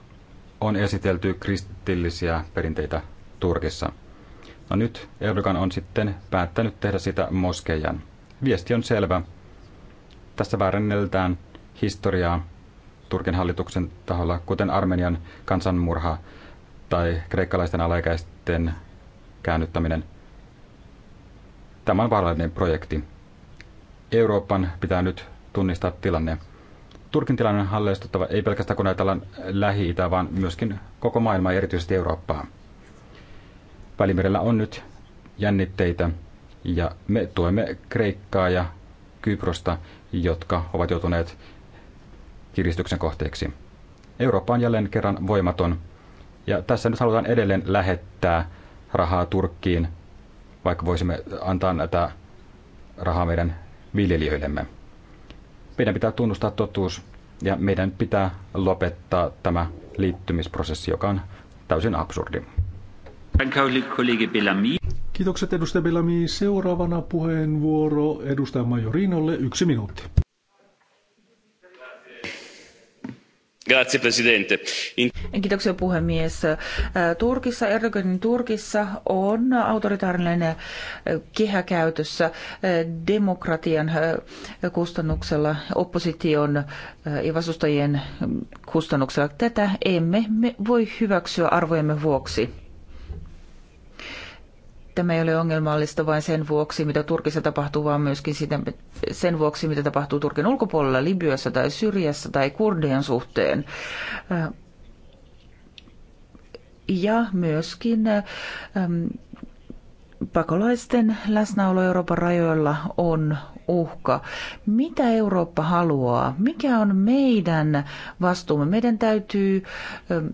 on esitelty kristillisiä perinteitä Turkissa. No nyt Erdogan on sitten päättänyt tehdä sitä moskeijan. Viesti on selvä. Tässä väärenneltään historiaa Turkin hallituksen taholla, kuten Armenian kansanmurha tai kreikkalaisten alaikäisten käännyttäminen. Tämä on vaarallinen projekti. Euroopan pitää nyt tunnistaa tilanne. Turkin tilanne on hallistuttava ei pelkästään kun ajatellaan lähi vaan myöskin koko maailmaa ja erityisesti Eurooppaa. Välimerellä on nyt jännitteitä ja me tuemme Kreikkaa ja Kyprosta, jotka ovat joutuneet kiristyksen kohteeksi. Eurooppa on jälleen kerran voimaton ja tässä nyt halutaan edelleen lähettää rahaa Turkkiin, vaikka voisimme antaa näitä rahaa meidän viljelijöillemme. Meidän pitää tunnustaa totuus ja meidän pitää lopettaa tämä liittymisprosessi, joka on täysin absurdi. Kiitokset edustaja Bellami. Seuraavana puheenvuoro edustaja Majorinolle. Yksi minuutti. Grazie Kiitoksia puhemies. Turkissa, Erdoganin Turkissa on autoritaarinen kehä käytössä demokratian kustannuksella, opposition ja vastustajien kustannuksella. Tätä emme voi hyväksyä arvojemme vuoksi tämä ei ole ongelmallista vain sen vuoksi, mitä Turkissa tapahtuu, vaan myöskin sitä, sen vuoksi, mitä tapahtuu Turkin ulkopuolella, Libyassa tai Syriassa tai Kurdien suhteen. Ja myöskin ähm, pakolaisten läsnäolo Euroopan rajoilla on uhka. Mitä Eurooppa haluaa? Mikä on meidän vastuumme? Meidän täytyy ähm,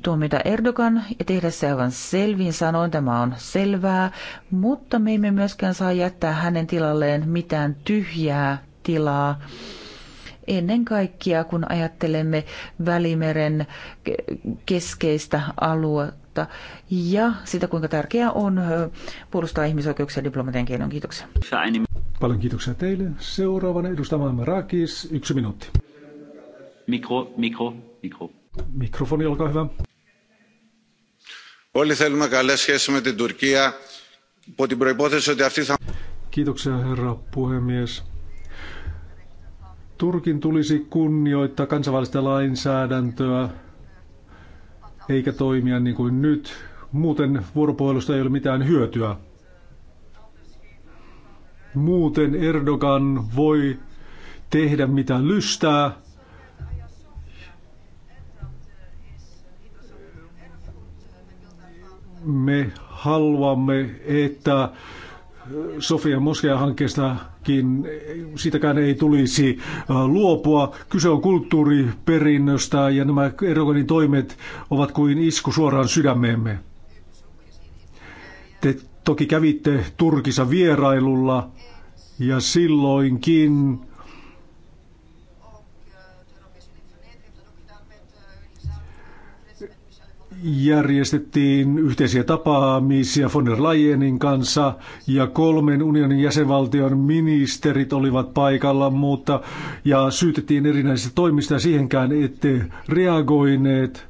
tuomita Erdogan ja tehdä se aivan selvin sanoin, tämä on selvää, mutta me emme myöskään saa jättää hänen tilalleen mitään tyhjää tilaa. Ennen kaikkea, kun ajattelemme Välimeren keskeistä aluetta ja sitä, kuinka tärkeää on puolustaa ihmisoikeuksia diplomatian keinoin. Kiitoksia. Paljon kiitoksia teille. Seuraavana edustamaan Rakis, yksi minuutti. Mikro, mikro, mikro. Mikrofoni, olkaa hyvä. Όλοι θέλουμε καλές σχέσεις με την Τουρκία υπό την προϋπόθεση ότι αυτή θα... Kiitoksia herra puhemies. Turkin tulisi kunnioittaa kansainvälistä lainsäädäntöä eikä toimia niin kuin nyt. Muuten vuoropuhelusta ei ole mitään hyötyä. Muuten Erdogan voi tehdä mitä lystää me haluamme, että Sofia Moskea-hankkeestakin, sitäkään ei tulisi äh, luopua. Kyse on kulttuuriperinnöstä ja nämä Erdoganin toimet ovat kuin isku suoraan sydämeemme. Te toki kävitte Turkissa vierailulla ja silloinkin järjestettiin yhteisiä tapaamisia von der Leyenin kanssa ja kolmen unionin jäsenvaltion ministerit olivat paikalla, mutta ja syytettiin erinäisistä toimista ja siihenkään ette reagoineet.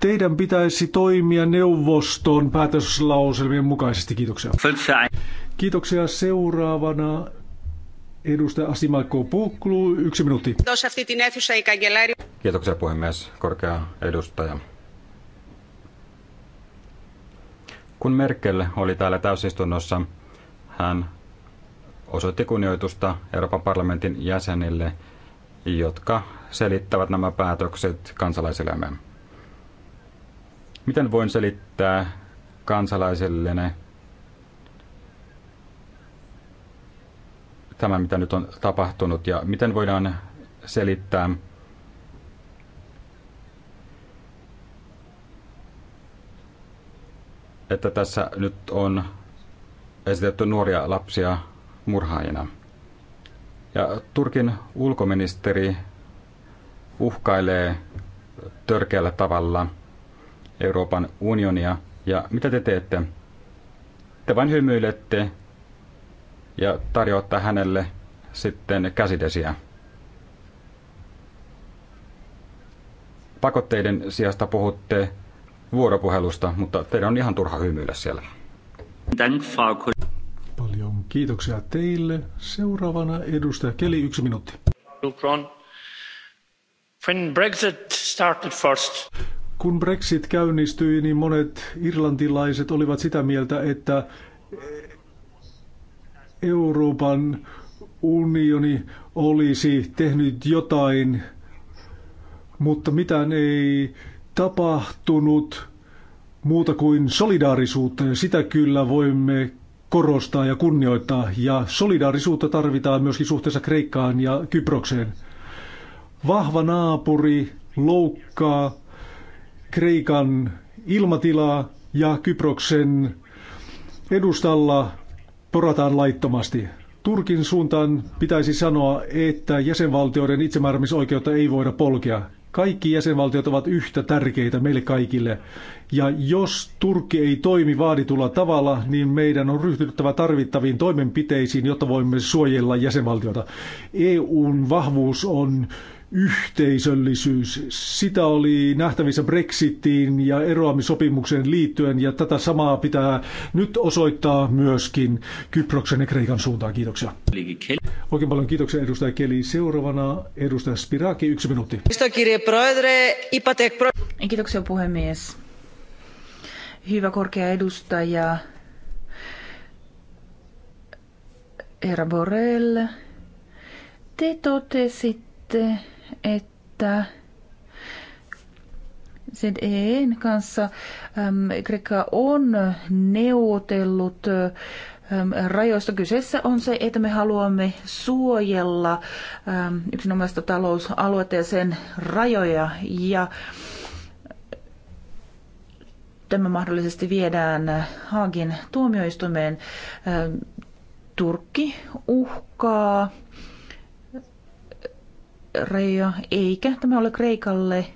Teidän pitäisi toimia neuvoston päätöslauselmien mukaisesti. Kiitoksia. Kiitoksia seuraavana Edustaja Asimakko Pukkulu, yksi minuutti. Kiitoksia puhemies, korkea edustaja. Kun Merkel oli täällä täysistunnossa, hän osoitti kunnioitusta Euroopan parlamentin jäsenille, jotka selittävät nämä päätökset kansalaisillemme. Miten voin selittää kansalaisillenne tämä, mitä nyt on tapahtunut ja miten voidaan selittää että tässä nyt on esitetty nuoria lapsia murhaajina. Ja Turkin ulkoministeri uhkailee törkeällä tavalla Euroopan unionia. Ja mitä te teette? Te vain hymyilette ja tarjota hänelle sitten käsidesiä. Pakotteiden sijasta puhutte vuoropuhelusta, mutta teidän on ihan turha hymyillä siellä. Paljon kiitoksia teille. Seuraavana edustaja Keli, yksi minuutti. When Brexit started first. Kun Brexit käynnistyi, niin monet irlantilaiset olivat sitä mieltä, että Euroopan unioni olisi tehnyt jotain, mutta mitään ei tapahtunut muuta kuin solidaarisuutta. Ja sitä kyllä voimme korostaa ja kunnioittaa. Ja solidaarisuutta tarvitaan myöskin suhteessa Kreikkaan ja Kyprokseen. Vahva naapuri loukkaa Kreikan ilmatilaa ja Kyproksen edustalla porataan laittomasti. Turkin suuntaan pitäisi sanoa, että jäsenvaltioiden itsemääräämisoikeutta ei voida polkea. Kaikki jäsenvaltiot ovat yhtä tärkeitä meille kaikille. Ja jos Turkki ei toimi vaaditulla tavalla, niin meidän on ryhtyttävä tarvittaviin toimenpiteisiin, jotta voimme suojella jäsenvaltiota. EUn vahvuus on yhteisöllisyys. Sitä oli nähtävissä Brexitiin ja eroamisopimukseen liittyen ja tätä samaa pitää nyt osoittaa myöskin Kyproksen ja Kreikan suuntaan. Kiitoksia. Oikein paljon kiitoksia edustaja Keli. Seuraavana edustaja Spiraki, yksi minuutti. Kiitoksia puhemies. Hyvä korkea edustaja. Herra Borrell, te totesitte, että ZEn kanssa äm, Kreikka on neuvotellut äm, rajoista. Kyseessä on se, että me haluamme suojella äm, yksinomaista talousaluetta ja sen rajoja. Ja tämä mahdollisesti viedään Haagin tuomioistuimeen. Äm, Turkki uhkaa rajoja, eikä tämä ole Kreikalle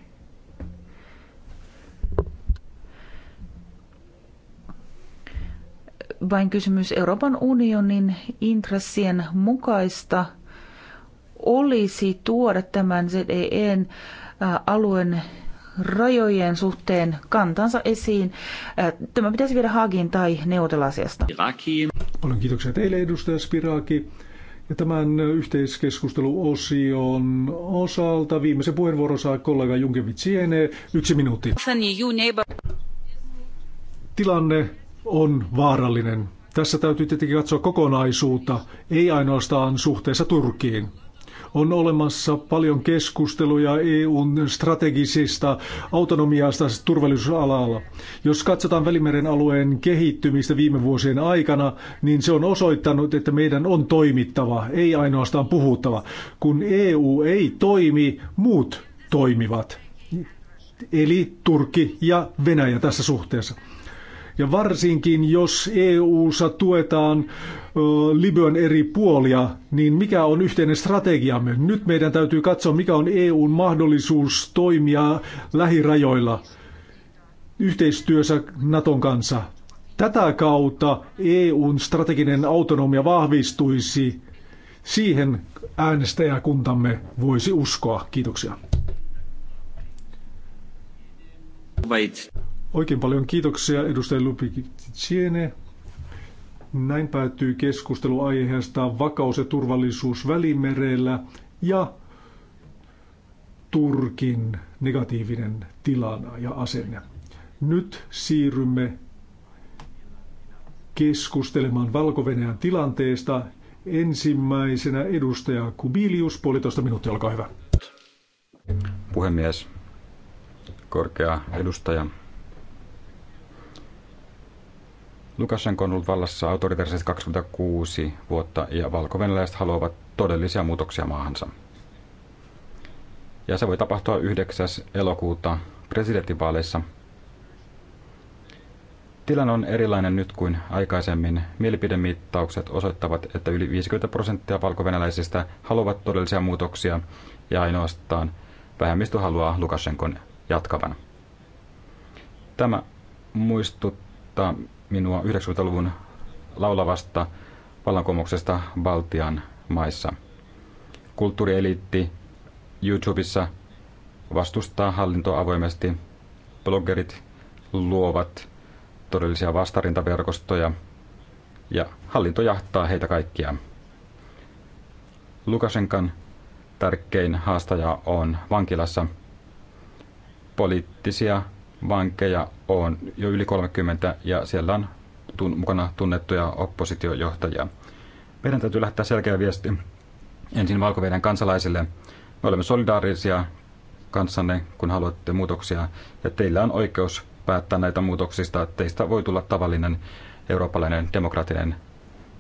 vain kysymys Euroopan unionin intressien mukaista olisi tuoda tämän ZEEn äh, alueen rajojen suhteen kantansa esiin. Äh, tämä pitäisi viedä Haagiin tai neuvotella asiasta. Paljon kiitoksia teille edustaja Spiraki. Ja tämän yhteiskeskusteluosion osalta viimeisen puheenvuoron saa kollega Junkevit Siene. Yksi minuutti. Tilanne on vaarallinen. Tässä täytyy tietenkin katsoa kokonaisuutta, ei ainoastaan suhteessa Turkiin. On olemassa paljon keskusteluja EUn strategisista autonomiasta turvallisuusalalla. Jos katsotaan Välimeren alueen kehittymistä viime vuosien aikana, niin se on osoittanut, että meidän on toimittava, ei ainoastaan puhuttava. Kun EU ei toimi, muut toimivat. Eli Turkki ja Venäjä tässä suhteessa. Ja varsinkin jos EU-ssa tuetaan Libyan eri puolia, niin mikä on yhteinen strategiamme? Nyt meidän täytyy katsoa, mikä on EUn mahdollisuus toimia lähirajoilla yhteistyössä Naton kanssa. Tätä kautta EUn strateginen autonomia vahvistuisi. Siihen äänestäjäkuntamme voisi uskoa. Kiitoksia. Wait. Oikein paljon kiitoksia edustaja Lupikitsiene. Näin päättyy keskustelu aiheesta vakaus ja turvallisuus välimereillä ja Turkin negatiivinen tilana ja asenne. Nyt siirrymme keskustelemaan valko tilanteesta. Ensimmäisenä edustaja Kubilius, puolitoista minuuttia, olkaa hyvä. Puhemies, korkea edustaja, Lukashenko on ollut vallassa autoritaarisesti 26 vuotta ja valko haluavat todellisia muutoksia maahansa. Ja se voi tapahtua 9. elokuuta presidentinvaaleissa. Tilanne on erilainen nyt kuin aikaisemmin. Mielipidemittaukset osoittavat, että yli 50 prosenttia valkovenäläisistä haluavat todellisia muutoksia ja ainoastaan vähemmistö haluaa Lukashenkon jatkavan. Tämä muistuttaa minua 90-luvun laulavasta vallankumouksesta Baltian maissa. Kulttuurieliitti YouTubessa vastustaa hallintoa avoimesti. Bloggerit luovat todellisia vastarintaverkostoja ja hallinto jahtaa heitä kaikkia. Lukasenkan tärkein haastaja on vankilassa. Poliittisia vankeja on jo yli 30 ja siellä on tun- mukana tunnettuja oppositiojohtajia. Meidän täytyy lähettää selkeä viesti ensin valko kansalaisille. Me olemme solidaarisia kanssanne, kun haluatte muutoksia, ja teillä on oikeus päättää näitä muutoksista. Teistä voi tulla tavallinen eurooppalainen demokraattinen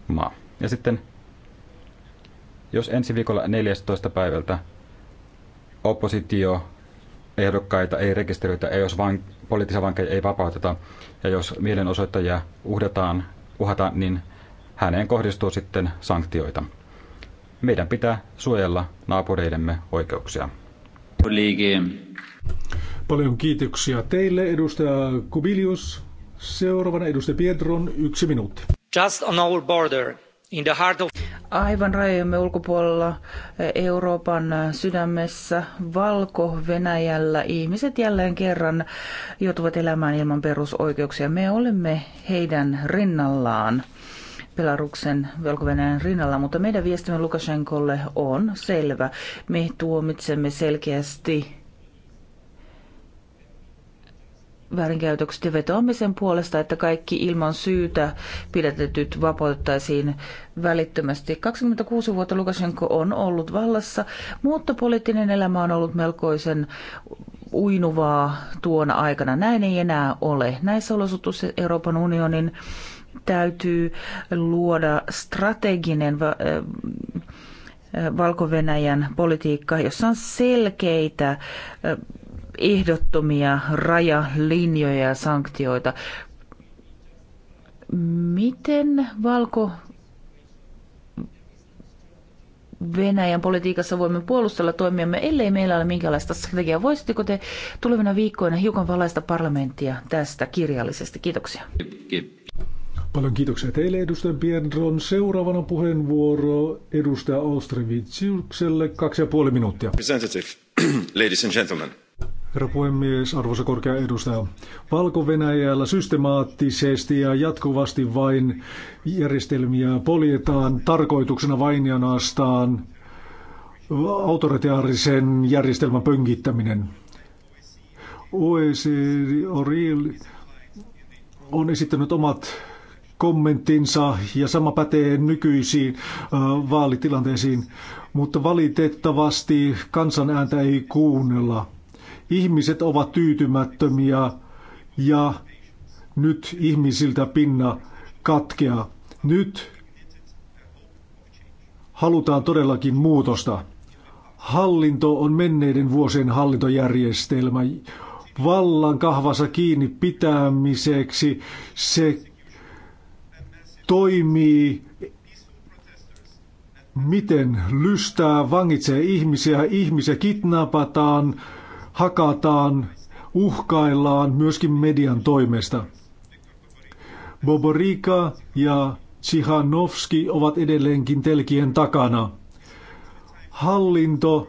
maa. Ja sitten, jos ensi viikolla 14. päivältä oppositio ehdokkaita ei rekisteröitä, ja jos vank- poliittisia vankeja ei vapauteta, ja jos mielenosoittajia uhdataan, uhata, niin häneen kohdistuu sitten sanktioita. Meidän pitää suojella naapureidemme oikeuksia. Paljon kiitoksia teille, edustaja Kubilius. Seuraavana edustaja Pietron, yksi minuutti. Just on our border, in the heart of aivan rajojemme ulkopuolella eh, Euroopan sydämessä Valko-Venäjällä ihmiset jälleen kerran joutuvat elämään ilman perusoikeuksia. Me olemme heidän rinnallaan. Pelaruksen valko rinnalla, mutta meidän viestimme Lukashenkolle on selvä. Me tuomitsemme selkeästi väärinkäytökset ja vetoamme sen puolesta, että kaikki ilman syytä pidätetyt vapautettaisiin välittömästi. 26 vuotta Lukashenko on ollut vallassa, mutta poliittinen elämä on ollut melkoisen uinuvaa tuona aikana. Näin ei enää ole. Näissä olosuhteissa Euroopan unionin täytyy luoda strateginen Valko-Venäjän politiikka, jossa on selkeitä ehdottomia rajalinjoja ja sanktioita. Miten valko Venäjän politiikassa voimme puolustella toimiamme, ellei meillä ole minkäänlaista strategiaa. Voisitteko te tulevina viikkoina hiukan valaista parlamenttia tästä kirjallisesti? Kiitoksia. Paljon kiitoksia teille, edustaja Biedron. Seuraavana puheenvuoro edustaja Ostrevitsiukselle, kaksi ja puoli minuuttia. Representative, ladies and gentlemen. Herra puhemies, arvoisa korkea edustaja. Valko-Venäjällä systemaattisesti ja jatkuvasti vain järjestelmiä poljetaan tarkoituksena vain ja naastaan autoritaarisen järjestelmän pönkittäminen. OECD on esittänyt omat kommenttinsa ja sama pätee nykyisiin vaalitilanteisiin, mutta valitettavasti kansanääntä ei kuunnella. Ihmiset ovat tyytymättömiä ja nyt ihmisiltä pinna katkeaa. Nyt halutaan todellakin muutosta. Hallinto on menneiden vuosien hallintojärjestelmä. Vallan kahvassa kiinni pitämiseksi se toimii miten lystää, vangitsee ihmisiä, ihmisiä kidnapataan, hakataan, uhkaillaan myöskin median toimesta. Boborika ja Tsihanovski ovat edelleenkin telkien takana. Hallinto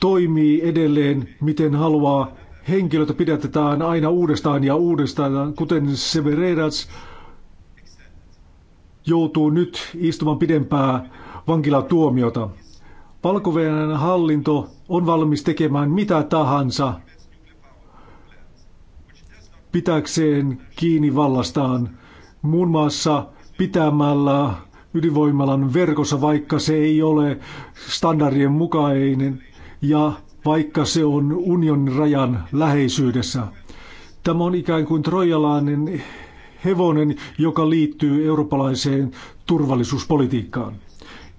toimii edelleen miten haluaa. Henkilöitä pidätetään aina uudestaan ja uudestaan, kuten Severerats joutuu nyt istumaan pidempää vankilatuomiota. valko hallinto on valmis tekemään mitä tahansa pitäkseen kiinni vallastaan, muun muassa pitämällä ydinvoimalan verkossa, vaikka se ei ole standardien mukainen ja vaikka se on unionin rajan läheisyydessä. Tämä on ikään kuin trojalainen hevonen, joka liittyy eurooppalaiseen turvallisuuspolitiikkaan.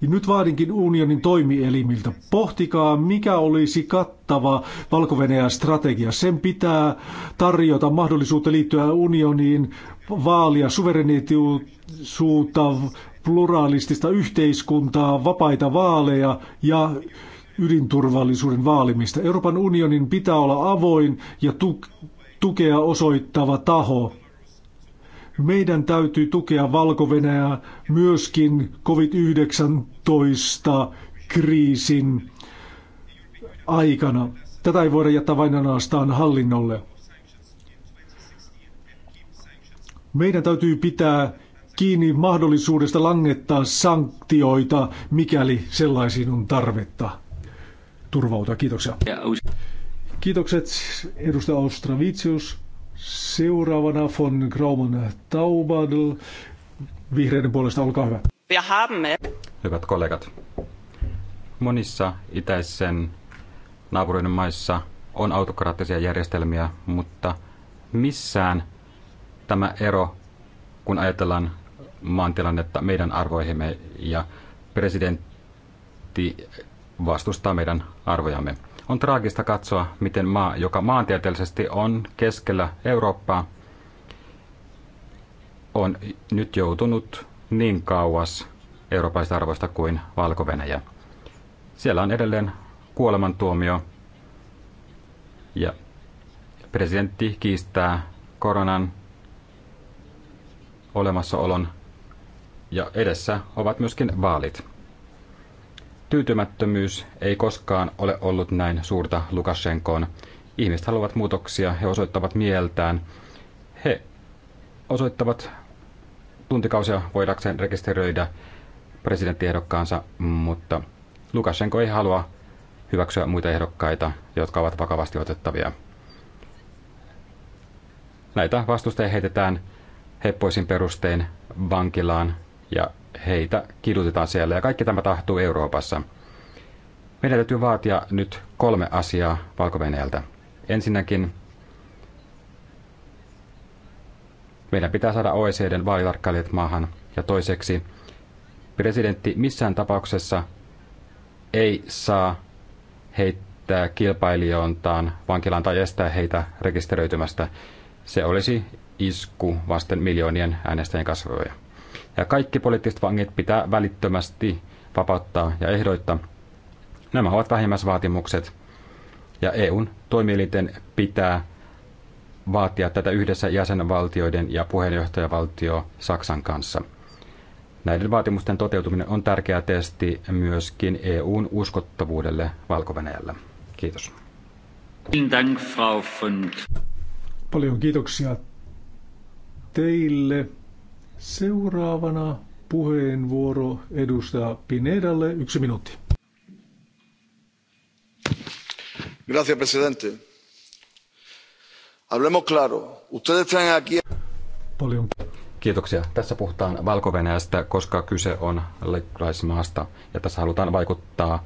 Ja niin nyt vaadinkin unionin toimielimiltä. Pohtikaa, mikä olisi kattava valko strategia. Sen pitää tarjota mahdollisuutta liittyä unioniin, vaalia suvereniteettiisuutta, pluralistista yhteiskuntaa, vapaita vaaleja ja ydinturvallisuuden vaalimista. Euroopan unionin pitää olla avoin ja tukea osoittava taho. Meidän täytyy tukea valko myöskin COVID-19 kriisin aikana. Tätä ei voida jättää vain ainoastaan hallinnolle. Meidän täytyy pitää kiinni mahdollisuudesta langettaa sanktioita, mikäli sellaisiin on tarvetta. turvautua. kiitoksia. Kiitokset edustaja Ostravitsius. Seuraavana von Grauman Taubadl vihreiden puolesta, olkaa hyvä. Hyvät kollegat, monissa itäisen naapurin maissa on autokraattisia järjestelmiä, mutta missään tämä ero, kun ajatellaan maan tilannetta meidän arvoihimme ja presidentti vastustaa meidän arvojamme. On traagista katsoa, miten maa, joka maantieteellisesti on keskellä Eurooppaa, on nyt joutunut niin kauas eurooppalaisista arvoista kuin valko -Venäjä. Siellä on edelleen kuolemantuomio ja presidentti kiistää koronan olemassaolon ja edessä ovat myöskin vaalit tyytymättömyys ei koskaan ole ollut näin suurta Lukashenkoon. Ihmiset haluavat muutoksia, he osoittavat mieltään. He osoittavat tuntikausia voidakseen rekisteröidä presidenttiehdokkaansa, mutta Lukashenko ei halua hyväksyä muita ehdokkaita, jotka ovat vakavasti otettavia. Näitä vastustajia heitetään heppoisin perustein vankilaan ja heitä kidutetaan siellä ja kaikki tämä tahtuu Euroopassa. Meidän täytyy vaatia nyt kolme asiaa valko -Venäjältä. Ensinnäkin meidän pitää saada OECDn vaalitarkkailijat maahan ja toiseksi presidentti missään tapauksessa ei saa heittää kilpailijoontaan vankilaan tai estää heitä rekisteröitymästä. Se olisi isku vasten miljoonien äänestäjien kasvoja. Ja kaikki poliittiset vangit pitää välittömästi vapauttaa ja ehdoittaa. Nämä ovat vähimmäisvaatimukset. Ja EUn toimielinten pitää vaatia tätä yhdessä jäsenvaltioiden ja puheenjohtajavaltio Saksan kanssa. Näiden vaatimusten toteutuminen on tärkeä testi myöskin EUn uskottavuudelle valko -Venäjällä. Kiitos. Paljon kiitoksia teille. Seuraavana puheenvuoro edustaa Pinedalle. Yksi minuutti. Gracias, presidente. Hablemos claro. Ustedes traen aquí... Paljon. Kiitoksia. Tässä puhutaan valko koska kyse on leikkaismaasta ja tässä halutaan vaikuttaa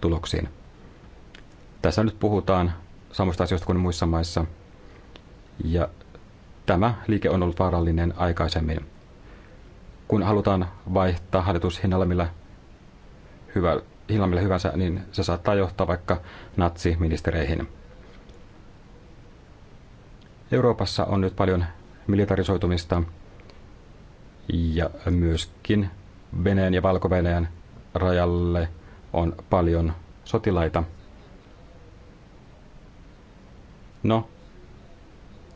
tuloksiin. Tässä nyt puhutaan samoista asioista kuin muissa maissa. Ja tämä liike on ollut vaarallinen aikaisemmin kun halutaan vaihtaa hallitus hinnalla millä, hyvä, hinnalla millä hyvänsä, niin se saattaa johtaa vaikka natsiministereihin. Euroopassa on nyt paljon militarisoitumista ja myöskin Venäjän ja valko rajalle on paljon sotilaita. No,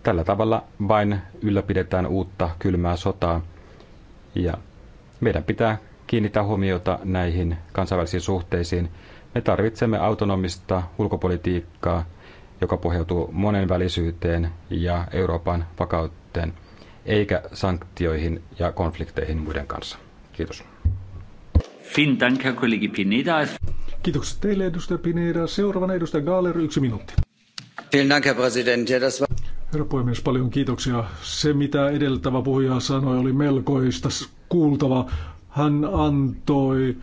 tällä tavalla vain ylläpidetään uutta kylmää sotaa – ja meidän pitää kiinnittää huomiota näihin kansainvälisiin suhteisiin. Me tarvitsemme autonomista ulkopolitiikkaa, joka pohjautuu monenvälisyyteen ja Euroopan vakautteen, eikä sanktioihin ja konflikteihin muiden kanssa. Kiitos. Pineda. Kiitokset teille, edustaja Pineda. Seuraavana edustaja Gaaler, yksi minuutti. Vielen Dank, Herr Präsident. Ja, das war... Herra puhemies, paljon kiitoksia. Se, mitä edeltävä puhuja sanoi, oli melkoista kuultava. Hän antoi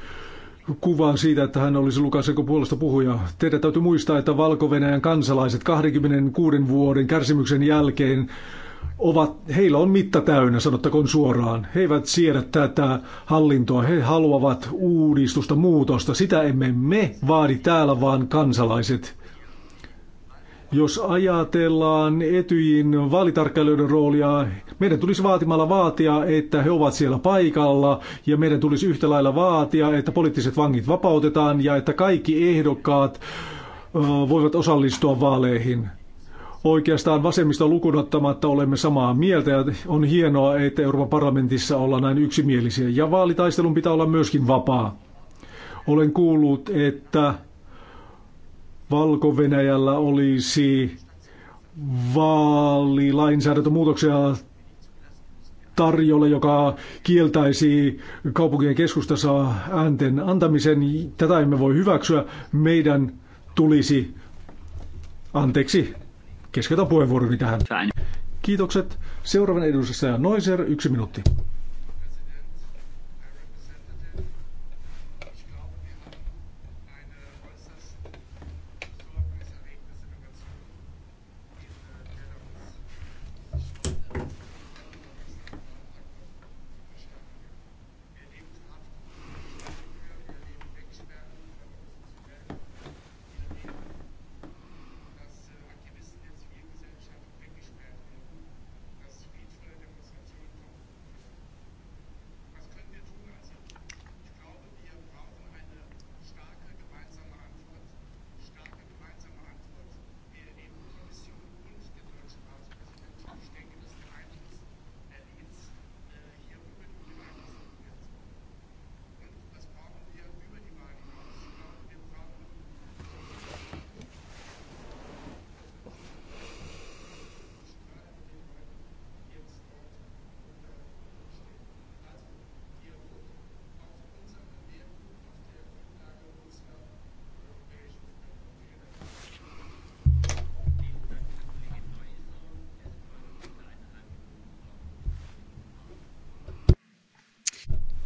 kuvan siitä, että hän olisi Lukasenko puolesta puhuja. Teidän täytyy muistaa, että valko kansalaiset 26 vuoden kärsimyksen jälkeen ovat, heillä on mitta täynnä, sanottakoon suoraan. He eivät siedä tätä hallintoa, he haluavat uudistusta, muutosta. Sitä emme me vaadi täällä, vaan kansalaiset. Jos ajatellaan Etyjin vaalitarkkailijoiden roolia, meidän tulisi vaatimalla vaatia, että he ovat siellä paikalla ja meidän tulisi yhtä lailla vaatia, että poliittiset vangit vapautetaan ja että kaikki ehdokkaat voivat osallistua vaaleihin. Oikeastaan vasemmista lukunottamatta olemme samaa mieltä ja on hienoa, että Euroopan parlamentissa ollaan näin yksimielisiä ja vaalitaistelun pitää olla myöskin vapaa. Olen kuullut, että valko olisi vaalilainsäädäntömuutoksia tarjolla, joka kieltäisi kaupunkien keskustassa äänten antamisen. Tätä emme voi hyväksyä. Meidän tulisi, anteeksi, keskeytä puheenvuoroni tähän. Kiitokset. Seuraavan edustaja Noiser, yksi minuutti.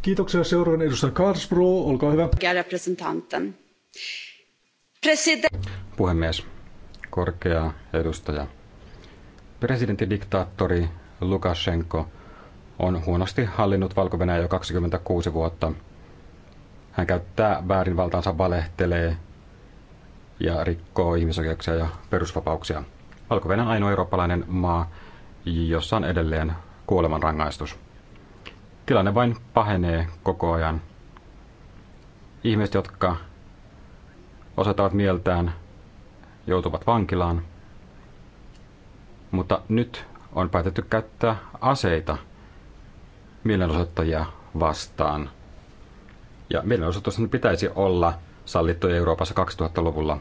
Kiitoksia seuraavan edustaja Karsbro, olkaa hyvä. Puhemies, korkea edustaja. Presidenttidiktaattori Lukashenko on huonosti hallinnut valko jo 26 vuotta. Hän käyttää väärinvaltaansa, valehtelee ja rikkoo ihmisoikeuksia ja perusvapauksia. valko ainoa eurooppalainen maa, jossa on edelleen kuolemanrangaistus tilanne vain pahenee koko ajan. Ihmiset, jotka osoittavat mieltään, joutuvat vankilaan. Mutta nyt on päätetty käyttää aseita mielenosoittajia vastaan. Ja mielenosoitusten pitäisi olla sallittu Euroopassa 2000-luvulla.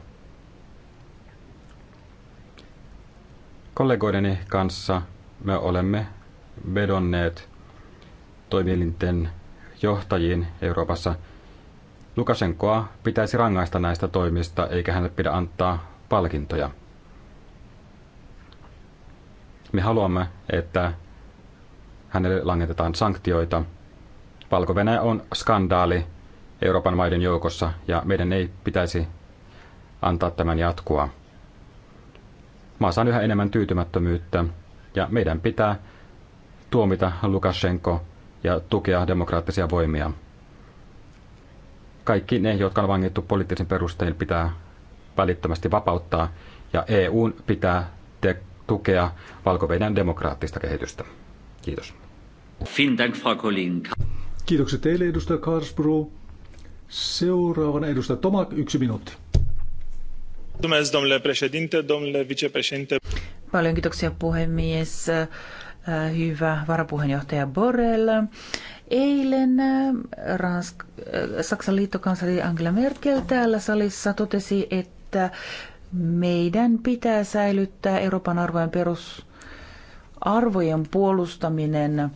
Kollegoideni kanssa me olemme vedonneet toimielinten johtajiin Euroopassa. Lukasenkoa pitäisi rangaista näistä toimista, eikä hänelle pidä antaa palkintoja. Me haluamme, että hänelle langetetaan sanktioita. valko on skandaali Euroopan maiden joukossa ja meidän ei pitäisi antaa tämän jatkua. Maa on yhä enemmän tyytymättömyyttä ja meidän pitää tuomita Lukashenko ja tukea demokraattisia voimia. Kaikki ne, jotka on vangittu poliittisin perustein, pitää välittömästi vapauttaa ja EUn pitää te- tukea valko demokraattista kehitystä. Kiitos. Kiitokset teille, edustaja Karsbro. Seuraavana edustaja Tomak, yksi minuutti. Paljon kiitoksia puhemies. Äh, hyvä varapuheenjohtaja Borrell. Eilen äh, Ransk- äh, Saksan liittokansleri Angela Merkel täällä salissa totesi, että meidän pitää säilyttää Euroopan arvojen perusarvojen puolustaminen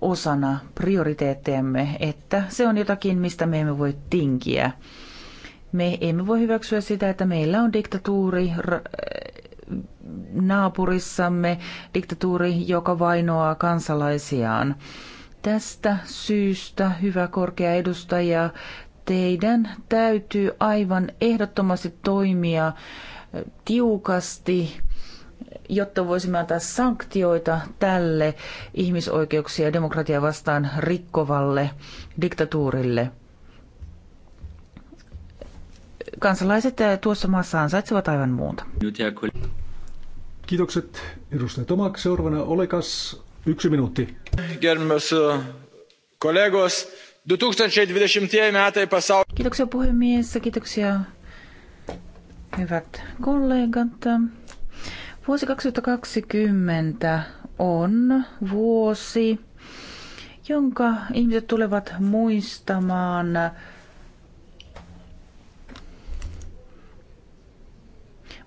osana prioriteetteemme, että se on jotakin, mistä me emme voi tinkiä. Me emme voi hyväksyä sitä, että meillä on diktatuuri naapurissamme diktatuuri, joka vainoaa kansalaisiaan. Tästä syystä, hyvä korkea edustaja, teidän täytyy aivan ehdottomasti toimia tiukasti, jotta voisimme antaa sanktioita tälle ihmisoikeuksia ja demokratia vastaan rikkovalle diktatuurille. Kansalaiset tuossa maassa ansaitsevat aivan muuta. Kiitokset edustaja Tomak. Seuraavana olekas yksi minuutti. Gerbiamas e, kollegos, 2020 metai pasaulio. Kiitoksia puhemies, kiitoksia hyvät kollegat. Vuosi 2020 on vuosi, jonka ihmiset tulevat muistamaan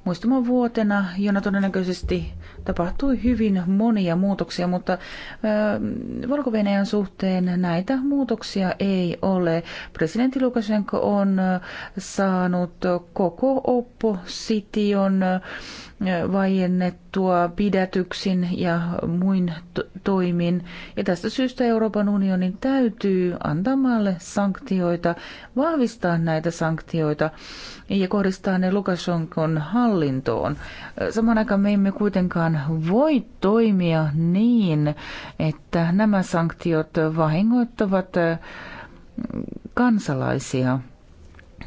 muistama vuotena, jona todennäköisesti tapahtui hyvin monia muutoksia, mutta valko suhteen näitä muutoksia ei ole. Presidentti Lukashenko on saanut koko opposition vaiennettua pidätyksin ja muin toimin. Ja tästä syystä Euroopan unionin täytyy antamalle sanktioita, vahvistaa näitä sanktioita ja kohdistaa ne Lukashonkon hallintoon. Samaan aikaan me emme kuitenkaan voi toimia niin, että nämä sanktiot vahingoittavat kansalaisia –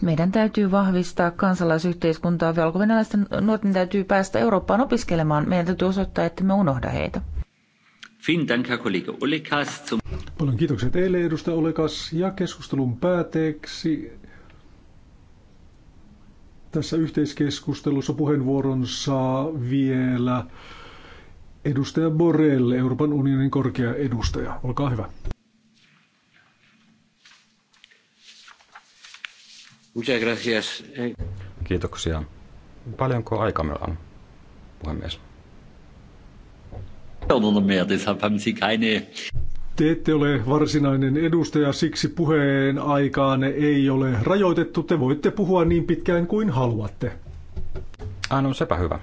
meidän täytyy vahvistaa kansalaisyhteiskuntaa. Valko-venäläisten nuorten täytyy päästä Eurooppaan opiskelemaan. Meidän täytyy osoittaa, että me unohda heitä. Paljon kiitoksia teille, edustaja Olekas. Ja keskustelun päätteeksi tässä yhteiskeskustelussa puheenvuoron saa vielä edustaja Borrell, Euroopan unionin korkea edustaja. Olkaa hyvä. Muchas gracias. Kiitoksia. Paljonko aikamme on, puhemies? Te ette ole varsinainen edustaja, siksi puheen aikaan ei ole rajoitettu. Te voitte puhua niin pitkään kuin haluatte. Ah, no sepä hyvä.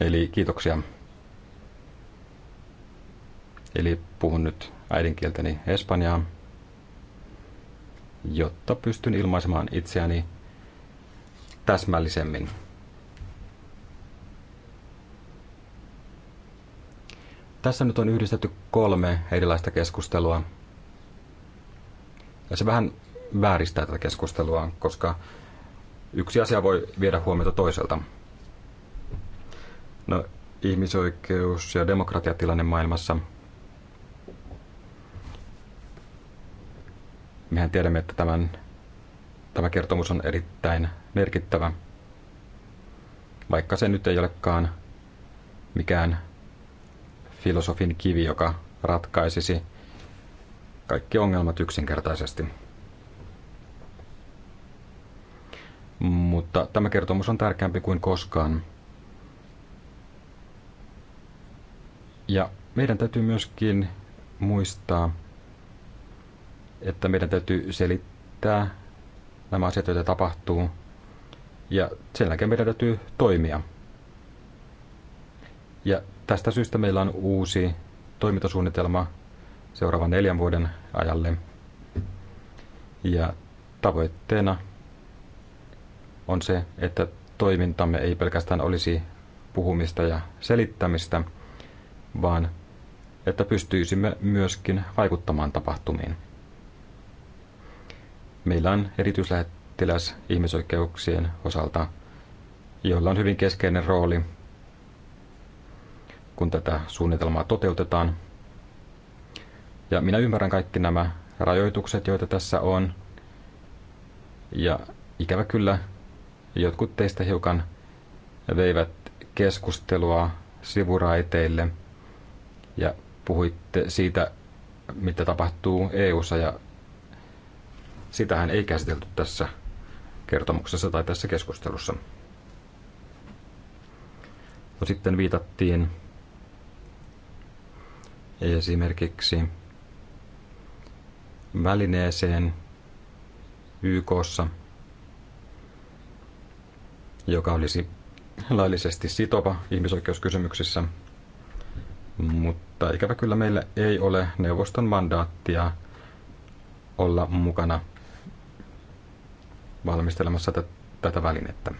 Eli kiitoksia. Eli puhun nyt äidinkieltäni espanjaa, jotta pystyn ilmaisemaan itseäni täsmällisemmin. Tässä nyt on yhdistetty kolme erilaista keskustelua. Ja se vähän vääristää tätä keskustelua, koska yksi asia voi viedä huomiota toiselta. No, ihmisoikeus- ja demokratiatilanne maailmassa – Mehän tiedämme, että tämän, tämä kertomus on erittäin merkittävä, vaikka se nyt ei olekaan mikään filosofin kivi, joka ratkaisisi kaikki ongelmat yksinkertaisesti. Mutta tämä kertomus on tärkeämpi kuin koskaan. Ja meidän täytyy myöskin muistaa, että meidän täytyy selittää nämä asiat, joita tapahtuu, ja sen jälkeen meidän täytyy toimia. Ja tästä syystä meillä on uusi toimintasuunnitelma seuraavan neljän vuoden ajalle. Ja tavoitteena on se, että toimintamme ei pelkästään olisi puhumista ja selittämistä, vaan että pystyisimme myöskin vaikuttamaan tapahtumiin meillä on erityislähettiläs ihmisoikeuksien osalta, jolla on hyvin keskeinen rooli, kun tätä suunnitelmaa toteutetaan. Ja minä ymmärrän kaikki nämä rajoitukset, joita tässä on. Ja ikävä kyllä jotkut teistä hiukan veivät keskustelua sivuraiteille ja puhuitte siitä, mitä tapahtuu EU:ssa ja Sitähän ei käsitelty tässä kertomuksessa tai tässä keskustelussa. No sitten viitattiin esimerkiksi välineeseen YKssa, joka olisi laillisesti sitova ihmisoikeuskysymyksissä, mutta ikävä kyllä meillä ei ole neuvoston mandaattia olla mukana valmistelemassa tätä välinettä.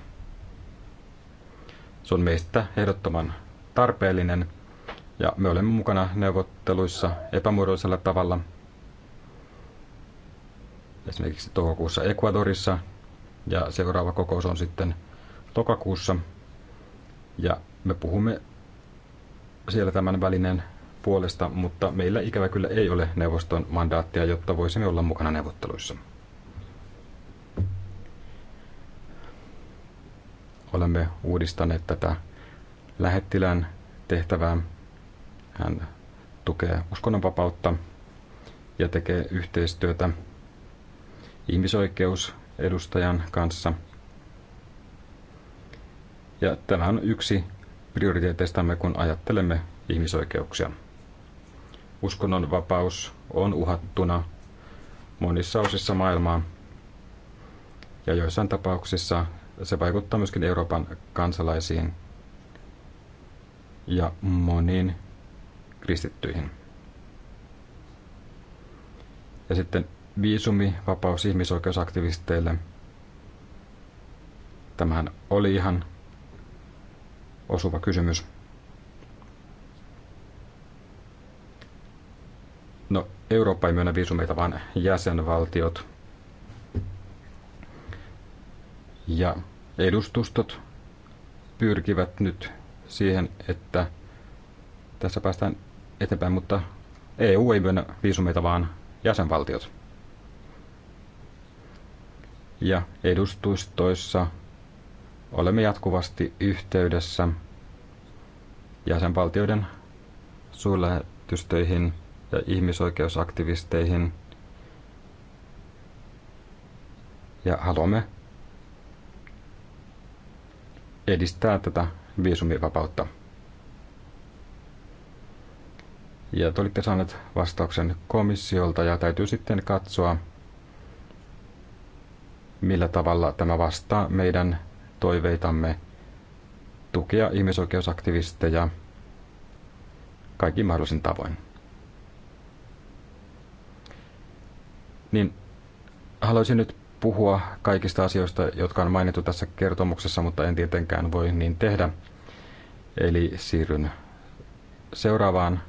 Se on meistä ehdottoman tarpeellinen ja me olemme mukana neuvotteluissa epämuodollisella tavalla. Esimerkiksi toukokuussa Ecuadorissa ja seuraava kokous on sitten lokakuussa. Ja me puhumme siellä tämän välinen puolesta, mutta meillä ikävä kyllä ei ole neuvoston mandaattia, jotta voisimme olla mukana neuvotteluissa. olemme uudistaneet tätä lähettilän tehtävää. Hän tukee uskonnonvapautta ja tekee yhteistyötä ihmisoikeusedustajan kanssa. Ja tämä on yksi prioriteeteistamme, kun ajattelemme ihmisoikeuksia. Uskonnonvapaus on uhattuna monissa osissa maailmaa ja joissain tapauksissa se vaikuttaa myöskin Euroopan kansalaisiin ja moniin kristittyihin. Ja sitten viisumi, vapaus ihmisoikeusaktivisteille. Tämähän oli ihan osuva kysymys. No, Eurooppa ei myönnä viisumeita, vaan jäsenvaltiot – Ja edustustot pyrkivät nyt siihen, että tässä päästään eteenpäin, mutta EU ei myönnä viisumeita, vaan jäsenvaltiot. Ja edustustoissa olemme jatkuvasti yhteydessä jäsenvaltioiden suurlähetystöihin ja ihmisoikeusaktivisteihin. Ja haluamme edistää tätä viisumivapautta. Ja te olitte saaneet vastauksen komissiolta ja täytyy sitten katsoa, millä tavalla tämä vastaa meidän toiveitamme tukea ihmisoikeusaktivisteja kaikki mahdollisin tavoin. Niin haluaisin nyt puhua kaikista asioista, jotka on mainittu tässä kertomuksessa, mutta en tietenkään voi niin tehdä. Eli siirryn seuraavaan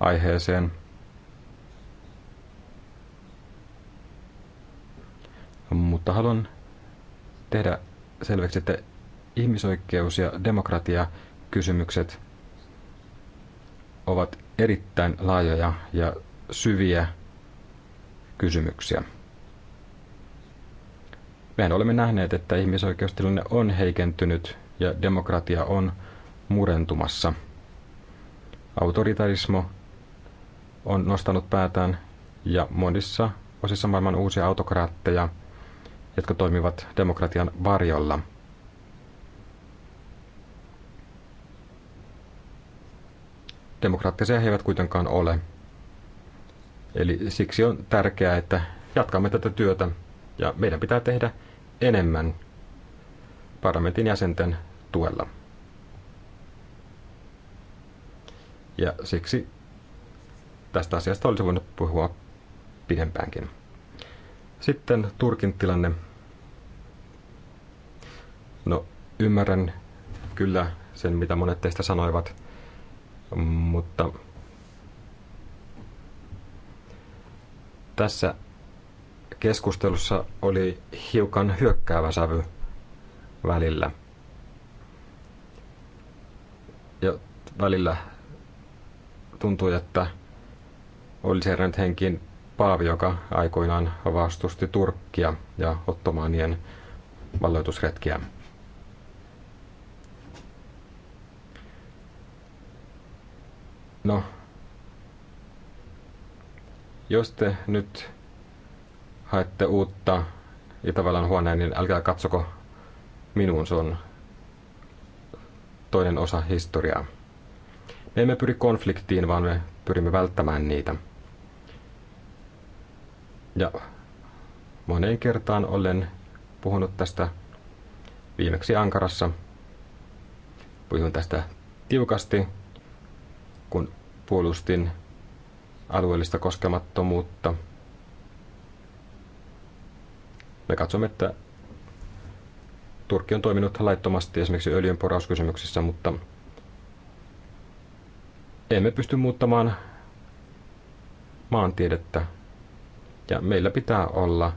aiheeseen. Mutta haluan tehdä selväksi, että ihmisoikeus- ja demokratiakysymykset ovat erittäin laajoja ja syviä kysymyksiä mehän olemme nähneet, että ihmisoikeustilanne on heikentynyt ja demokratia on murentumassa. Autoritarismo on nostanut päätään ja monissa osissa maailman uusia autokraatteja, jotka toimivat demokratian varjolla. Demokraattisia he eivät kuitenkaan ole. Eli siksi on tärkeää, että jatkamme tätä työtä ja meidän pitää tehdä enemmän parlamentin jäsenten tuella. Ja siksi tästä asiasta olisi voinut puhua pidempäänkin. Sitten Turkin tilanne. No, ymmärrän kyllä sen, mitä monet teistä sanoivat, mutta tässä keskustelussa oli hiukan hyökkäävä sävy välillä. Ja välillä tuntui, että oli herännyt henkiin Paavi, joka aikoinaan vastusti Turkkia ja ottomaanien valloitusretkiä. No, jos te nyt haette uutta Itävallan huoneen, niin älkää katsoko minuun, se on toinen osa historiaa. Me emme pyri konfliktiin, vaan me pyrimme välttämään niitä. Ja moneen kertaan olen puhunut tästä viimeksi Ankarassa. Puhuin tästä tiukasti, kun puolustin alueellista koskemattomuutta – me katsomme, että Turkki on toiminut laittomasti esimerkiksi porauskysymyksissä, mutta emme pysty muuttamaan maantiedettä ja meillä pitää olla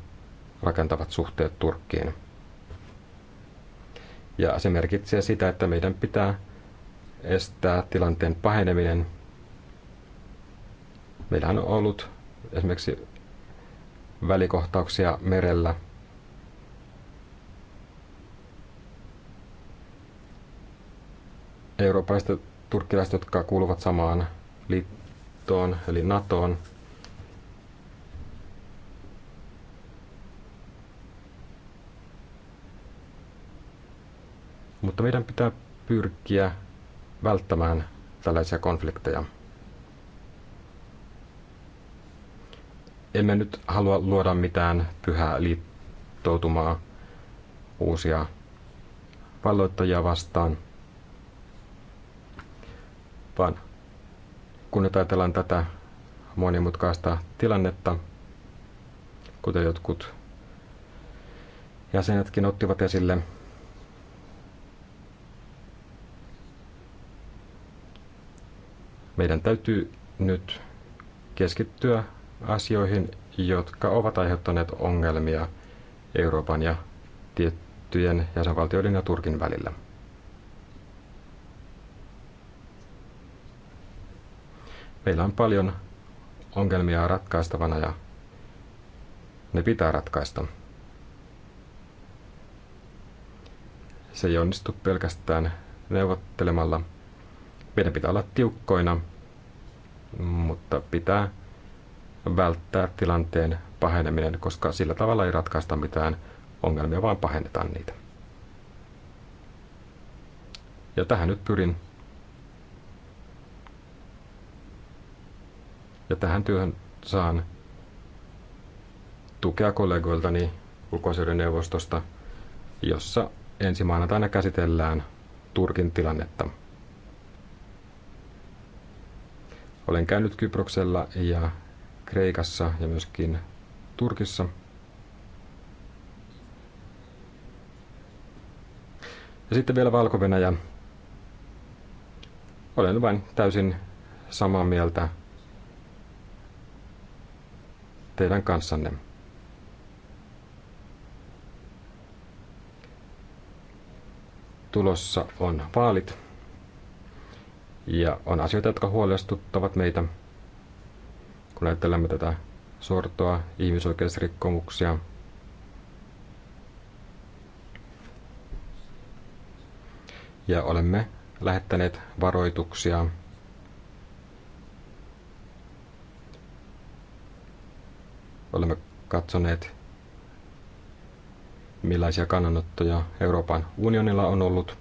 rakentavat suhteet Turkkiin. Ja se merkitsee sitä, että meidän pitää estää tilanteen paheneminen. Meillähän on ollut esimerkiksi välikohtauksia merellä eurooppalaiset turkkilaiset, jotka kuuluvat samaan liittoon, eli NATOon. Mutta meidän pitää pyrkiä välttämään tällaisia konflikteja. Emme nyt halua luoda mitään pyhää liittoutumaa uusia valloittajia vastaan – vaan kun nyt ajatellaan tätä monimutkaista tilannetta, kuten jotkut jäsenetkin ottivat esille, meidän täytyy nyt keskittyä asioihin, jotka ovat aiheuttaneet ongelmia Euroopan ja tiettyjen jäsenvaltioiden ja Turkin välillä. Meillä on paljon ongelmia ratkaistavana ja ne pitää ratkaista. Se ei onnistu pelkästään neuvottelemalla. Meidän pitää olla tiukkoina, mutta pitää välttää tilanteen paheneminen, koska sillä tavalla ei ratkaista mitään ongelmia, vaan pahennetaan niitä. Ja tähän nyt pyrin Ja tähän työhön saan tukea kollegoiltani ulkoasioiden neuvostosta, jossa ensi maanantaina käsitellään Turkin tilannetta. Olen käynyt Kyproksella ja Kreikassa ja myöskin Turkissa. Ja sitten vielä valko -Venäjä. Olen vain täysin samaa mieltä teidän kanssanne. Tulossa on vaalit ja on asioita, jotka huolestuttavat meitä, kun ajattelemme tätä sortoa, ihmisoikeusrikkomuksia, ja olemme lähettäneet varoituksia olemme katsoneet, millaisia kannanottoja Euroopan unionilla on ollut,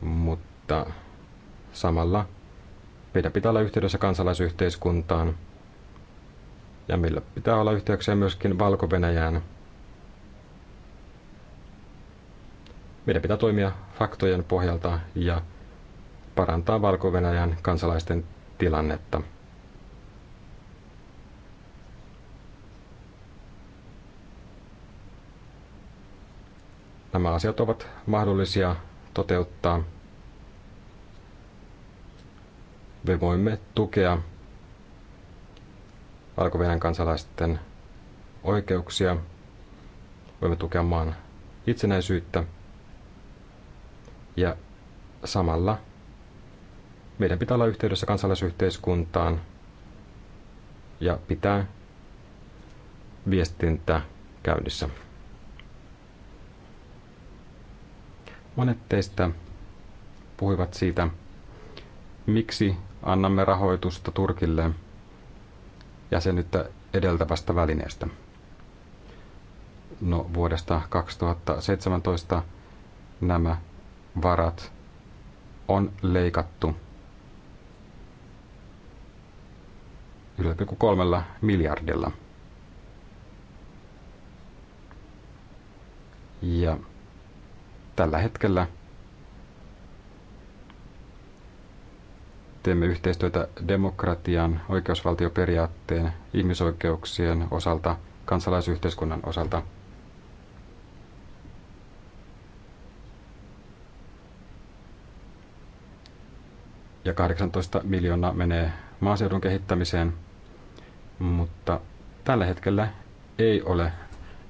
mutta samalla meidän pitää olla yhteydessä kansalaisyhteiskuntaan ja meillä pitää olla yhteyksiä myöskin valko -Venäjään. Meidän pitää toimia faktojen pohjalta ja parantaa valko kansalaisten tilannetta. Nämä asiat ovat mahdollisia toteuttaa. Me voimme tukea valko kansalaisten oikeuksia, voimme tukea maan itsenäisyyttä ja samalla meidän pitää olla yhteydessä kansalaisyhteiskuntaan ja pitää viestintä käynnissä. Monet teistä puhuivat siitä, miksi annamme rahoitusta Turkille jäsenyyttä edeltävästä välineestä. No vuodesta 2017 nämä varat on leikattu 1,3 miljardilla. Ja tällä hetkellä teemme yhteistyötä demokratian, oikeusvaltioperiaatteen, ihmisoikeuksien osalta, kansalaisyhteiskunnan osalta. Ja 18 miljoonaa menee maaseudun kehittämiseen, mutta tällä hetkellä ei ole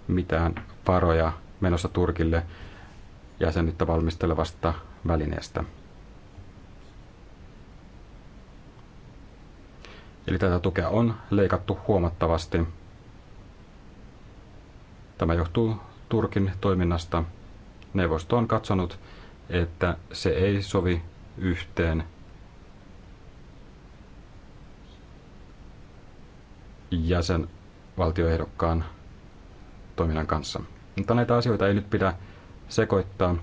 mitään varoja menossa Turkille jäsenyyttä valmistelevasta välineestä. Eli tätä tukea on leikattu huomattavasti. Tämä johtuu Turkin toiminnasta. Neuvosto on katsonut, että se ei sovi yhteen jäsenvaltioehdokkaan toiminnan kanssa. Mutta näitä asioita ei nyt pidä sekoittaa.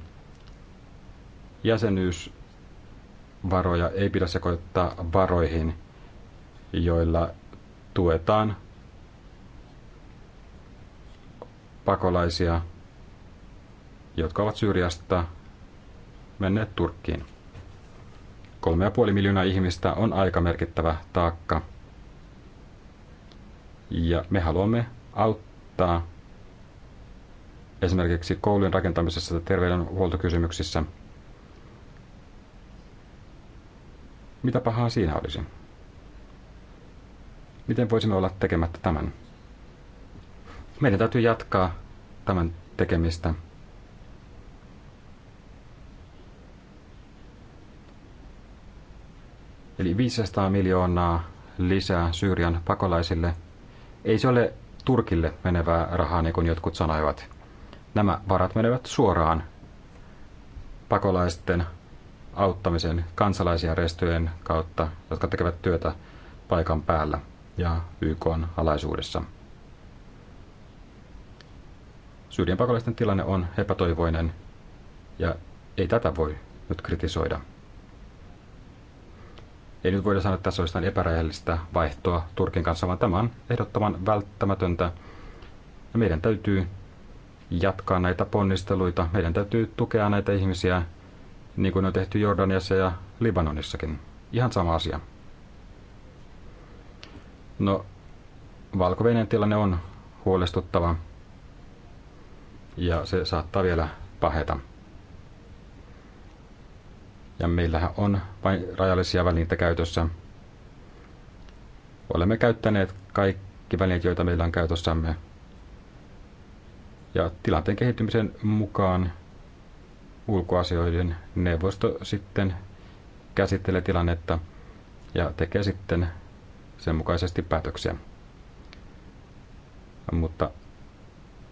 Jäsenyysvaroja ei pidä sekoittaa varoihin, joilla tuetaan pakolaisia, jotka ovat Syyriasta menneet Turkkiin. 3,5 miljoonaa ihmistä on aika merkittävä taakka. Ja me haluamme auttaa esimerkiksi koulujen rakentamisessa tai terveydenhuoltokysymyksissä. Mitä pahaa siinä olisi? Miten voisimme olla tekemättä tämän? Meidän täytyy jatkaa tämän tekemistä. Eli 500 miljoonaa lisää Syyrian pakolaisille. Ei se ole Turkille menevää rahaa, niin kuin jotkut sanoivat. Nämä varat menevät suoraan pakolaisten auttamisen kansalaisjärjestöjen kautta, jotka tekevät työtä paikan päällä ja YK alaisuudessa. Syyrian pakolaisten tilanne on epätoivoinen ja ei tätä voi nyt kritisoida. Ei nyt voida sanoa, että tässä olisi epärajallista vaihtoa Turkin kanssa, vaan tämä on ehdottoman välttämätöntä. Ja meidän täytyy jatkaa näitä ponnisteluita. Meidän täytyy tukea näitä ihmisiä, niin kuin on tehty Jordaniassa ja Libanonissakin. Ihan sama asia. No, valko tilanne on huolestuttava ja se saattaa vielä paheta. Ja meillähän on vain rajallisia välineitä käytössä. Olemme käyttäneet kaikki välineet, joita meillä on käytössämme – ja tilanteen kehittymisen mukaan ulkoasioiden neuvosto sitten käsittelee tilannetta ja tekee sitten sen mukaisesti päätöksiä. Mutta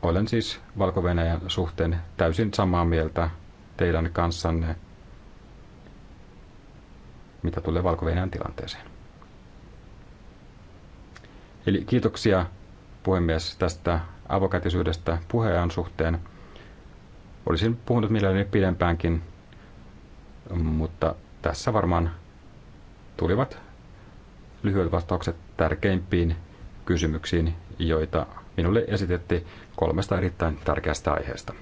olen siis valko suhteen täysin samaa mieltä teidän kanssanne, mitä tulee valko tilanteeseen. Eli kiitoksia puhemies tästä avokätisyydestä puheen suhteen. Olisin puhunut mielelläni pidempäänkin, mutta tässä varmaan tulivat lyhyet vastaukset tärkeimpiin kysymyksiin, joita minulle esitettiin kolmesta erittäin tärkeästä aiheesta.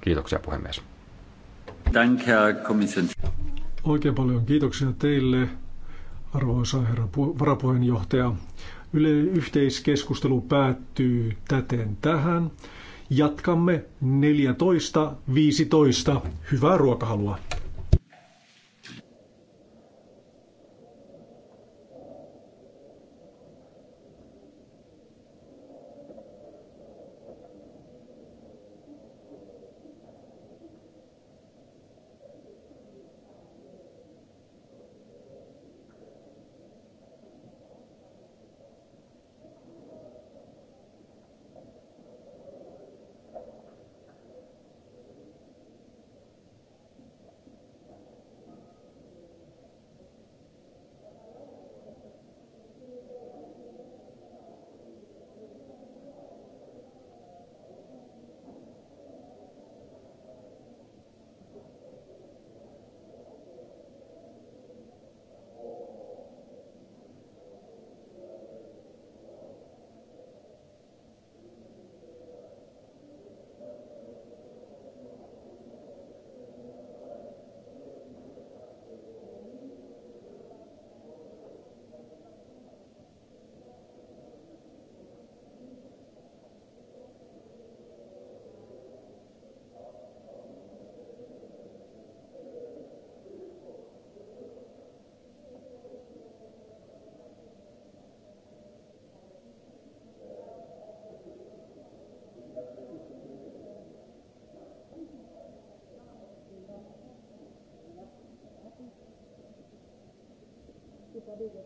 Kiitoksia puhemies. Danke, Oikein paljon kiitoksia teille, arvoisa herra varapuheenjohtaja yhteiskeskustelu päättyy täten tähän. Jatkamme 14.15. Hyvää ruokahalua! vidare.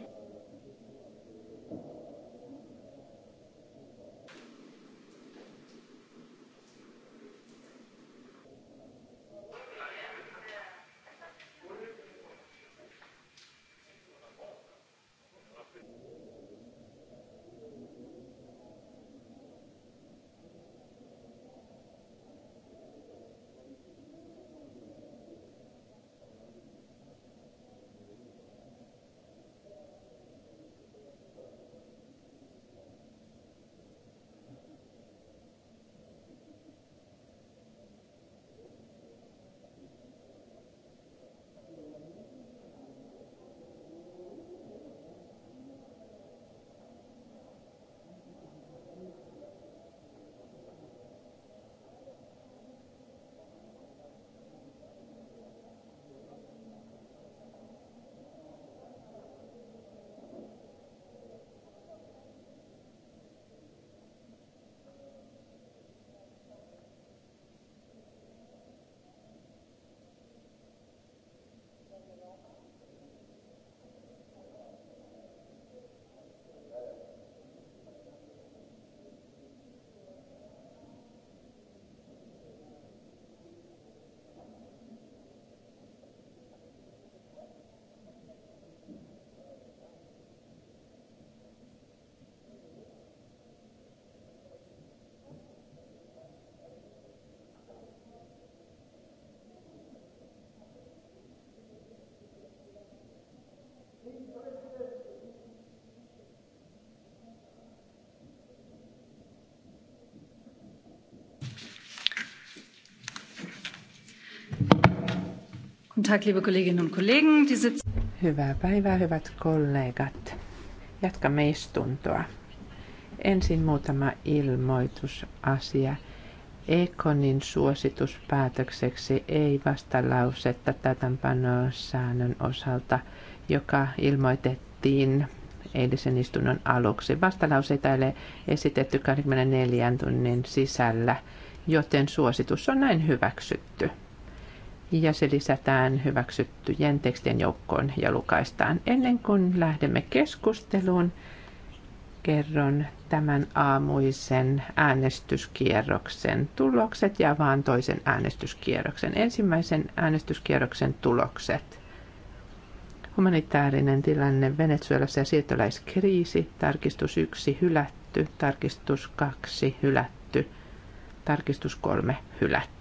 Hyvää päivää, hyvät kollegat. Jatkamme istuntoa. Ensin muutama ilmoitusasia. Ekonin suosituspäätökseksi ei vastalausetta täytäntöpanosäännön osalta, joka ilmoitettiin eilisen istunnon aluksi. Vastalauseita ei ole esitetty 24 tunnin sisällä, joten suositus on näin hyväksytty ja se lisätään hyväksyttyjen tekstien joukkoon ja lukaistaan. Ennen kuin lähdemme keskusteluun, kerron tämän aamuisen äänestyskierroksen tulokset ja vaan toisen äänestyskierroksen. Ensimmäisen äänestyskierroksen tulokset. Humanitaarinen tilanne Venezuelassa ja siirtolaiskriisi. Tarkistus 1 hylätty. Tarkistus 2 hylätty. Tarkistus 3 hylätty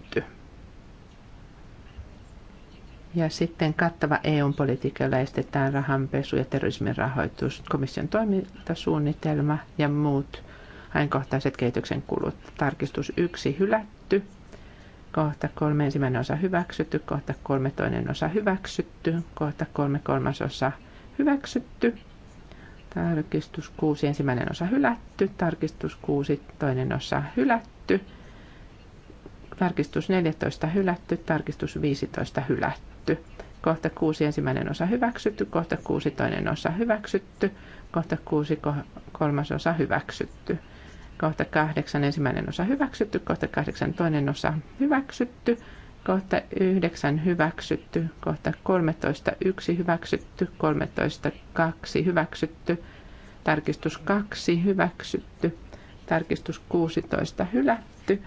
Ja sitten kattava EU-politiikka, jolla estetään rahanpesu ja terrorismin rahoitus, komission toimintasuunnitelma ja muut ajankohtaiset kehityksen kulut. Tarkistus 1 hylätty, kohta 3 ensimmäinen osa hyväksytty, kohta 3 toinen osa hyväksytty, kohta 3 kolmas osa hyväksytty, tarkistus 6 ensimmäinen osa hylätty, tarkistus 6 toinen osa hylätty, tarkistus 14 hylätty, tarkistus 15 hylätty hyväksytty. Kohta 6 ensimmäinen osa hyväksytty. Kohta 6 toinen osa hyväksytty. Kohta 6 kolmas osa hyväksytty. Kohta 8 ensimmäinen osa hyväksytty. Kohta 8 toinen osa hyväksytty. Kohta 9 hyväksytty. Kohta 13 1 hyväksytty. 13 2 hyväksytty. Tarkistus 2 hyväksytty. Tarkistus 16 hylätty.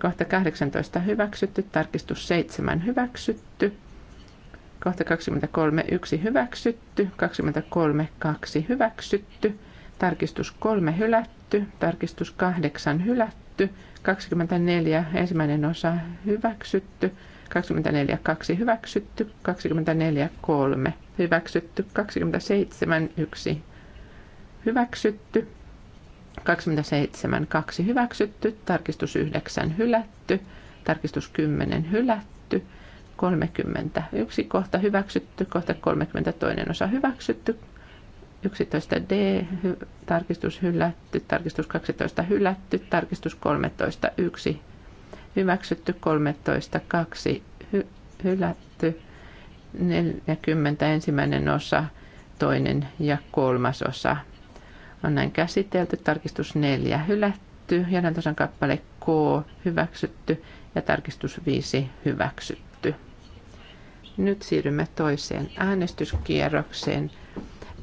Kohta 18 hyväksytty. Tarkistus 7 hyväksytty Kohta 23, 1 hyväksytty, 23, 2 hyväksytty, tarkistus 3 hylätty, tarkistus 8 hylätty, 24 ensimmäinen osa hyväksytty, 24 2 hyväksytty, 24 3 hyväksytty, 27 1 hyväksytty, 27 2 hyväksytty, tarkistus 9 hylätty, tarkistus 10 hylätty, 30. Yksi kohta hyväksytty, kohta 30 toinen osa hyväksytty, 11d, hy, tarkistus hylätty, tarkistus 12 hylätty, tarkistus 13, 1 hyväksytty, 13, 2 hy, hylätty, 40 ensimmäinen osa, toinen ja kolmas osa. On näin käsitelty, tarkistus 4 hylätty, jäljentosan kappale K hyväksytty ja tarkistus 5 hyväksytty. Nyt siirrymme toiseen äänestyskierrokseen.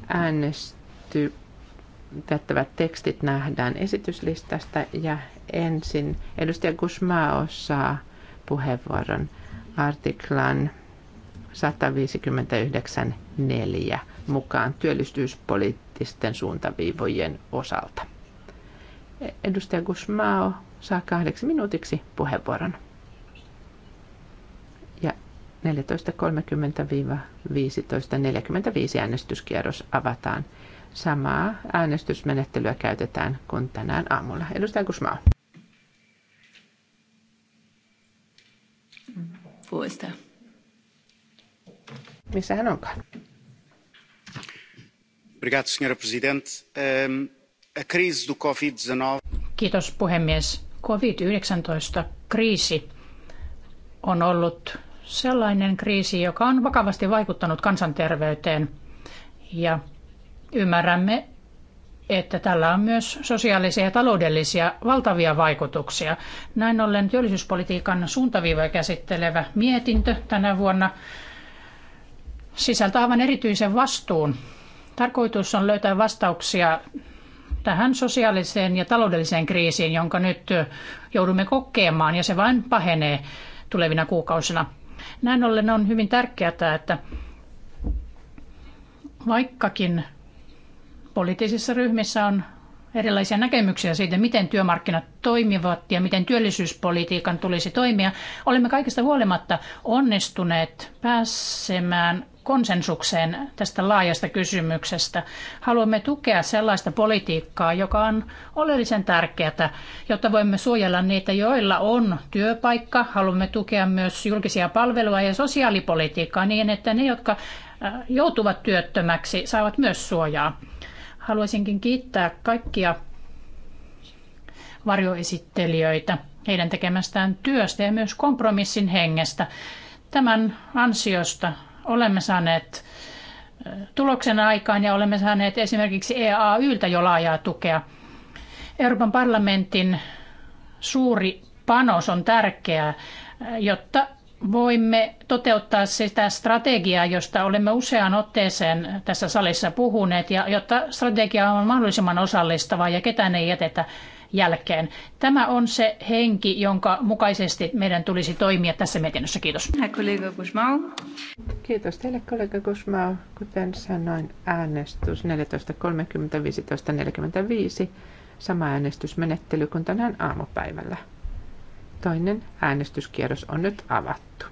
Äänestytettävät tekstit nähdään esityslistasta ja ensin edustaja Gusmao saa puheenvuoron artiklan 159.4 mukaan työllisyyspoliittisten suuntaviivojen osalta. Edustaja Gusmao saa kahdeksi minuutiksi puheenvuoron. 14.30-15.45 äänestyskierros avataan. Samaa äänestysmenettelyä käytetään kuin tänään aamulla. Edustaja Kusmaa. Puista. Missä hän onkaan? Obrigado, senhora presidente. Ehm, a crise do COVID-19. Kiitos puhemies. COVID-19 kriisi on ollut sellainen kriisi, joka on vakavasti vaikuttanut kansanterveyteen. Ja ymmärrämme, että tällä on myös sosiaalisia ja taloudellisia valtavia vaikutuksia. Näin ollen työllisyyspolitiikan suuntaviivoja käsittelevä mietintö tänä vuonna sisältää aivan erityisen vastuun. Tarkoitus on löytää vastauksia tähän sosiaaliseen ja taloudelliseen kriisiin, jonka nyt joudumme kokemaan, ja se vain pahenee tulevina kuukausina. Näin ollen on hyvin tärkeää, että vaikkakin poliittisissa ryhmissä on erilaisia näkemyksiä siitä, miten työmarkkinat toimivat ja miten työllisyyspolitiikan tulisi toimia, olemme kaikesta huolimatta onnistuneet pääsemään konsensukseen tästä laajasta kysymyksestä. Haluamme tukea sellaista politiikkaa, joka on oleellisen tärkeää, jotta voimme suojella niitä, joilla on työpaikka. Haluamme tukea myös julkisia palveluja ja sosiaalipolitiikkaa niin, että ne, jotka äh, joutuvat työttömäksi, saavat myös suojaa. Haluaisinkin kiittää kaikkia varjoesittelijöitä heidän tekemästään työstä ja myös kompromissin hengestä. Tämän ansiosta olemme saaneet tuloksen aikaan ja olemme saaneet esimerkiksi EAYltä jo laajaa tukea. Euroopan parlamentin suuri panos on tärkeää, jotta voimme toteuttaa sitä strategiaa, josta olemme useaan otteeseen tässä salissa puhuneet, ja jotta strategia on mahdollisimman osallistava ja ketään ei jätetä jälkeen. Tämä on se henki, jonka mukaisesti meidän tulisi toimia tässä mietinnössä. Kiitos. Kiitos teille kollega Kusmao. Kuten sanoin, äänestys 14.30.15.45, Sama äänestysmenettely kuin tänään aamupäivällä. Toinen äänestyskierros on nyt avattu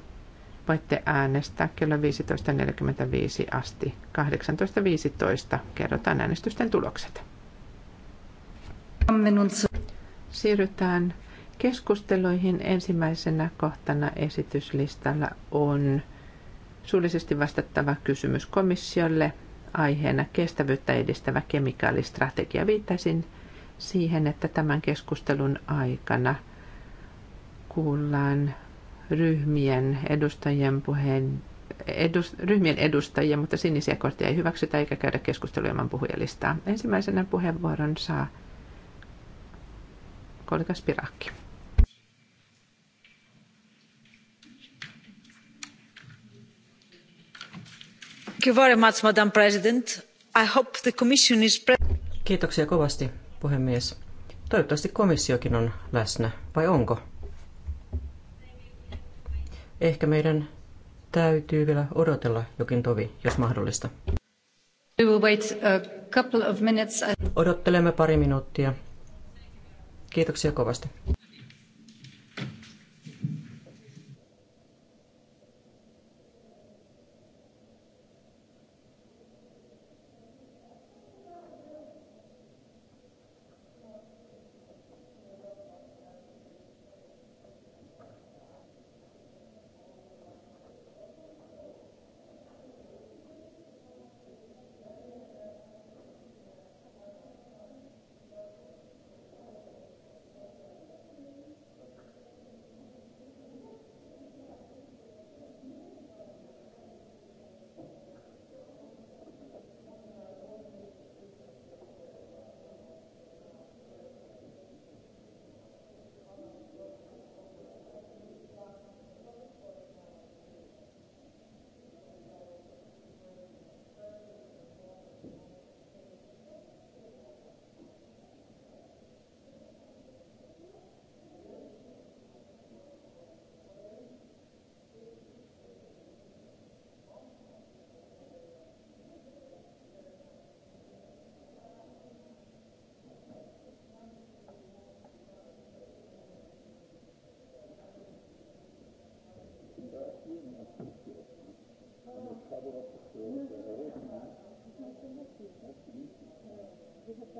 voitte äänestää kello 15.45 asti. 18.15 kerrotaan äänestysten tulokset. Siirrytään keskusteluihin. Ensimmäisenä kohtana esityslistalla on suullisesti vastattava kysymys komissiolle aiheena kestävyyttä edistävä kemikaalistrategia. Viittaisin siihen, että tämän keskustelun aikana kuullaan ryhmien edustajien puheen Edus, ryhmien edustajia, mutta sinisiä kortteja ei hyväksytä eikä käydä keskustelua ilman puhujalistaa. Ensimmäisenä puheenvuoron saa kollega Spiraki. Kiitoksia kovasti, puhemies. Toivottavasti komissiokin on läsnä, vai onko? Ehkä meidän täytyy vielä odotella jokin tovi, jos mahdollista. Odottelemme pari minuuttia. Kiitoksia kovasti.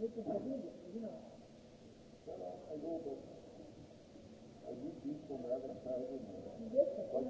make it available, you know. Pero hay hubo, allí visto me ha gastado dinero. ¿Cuál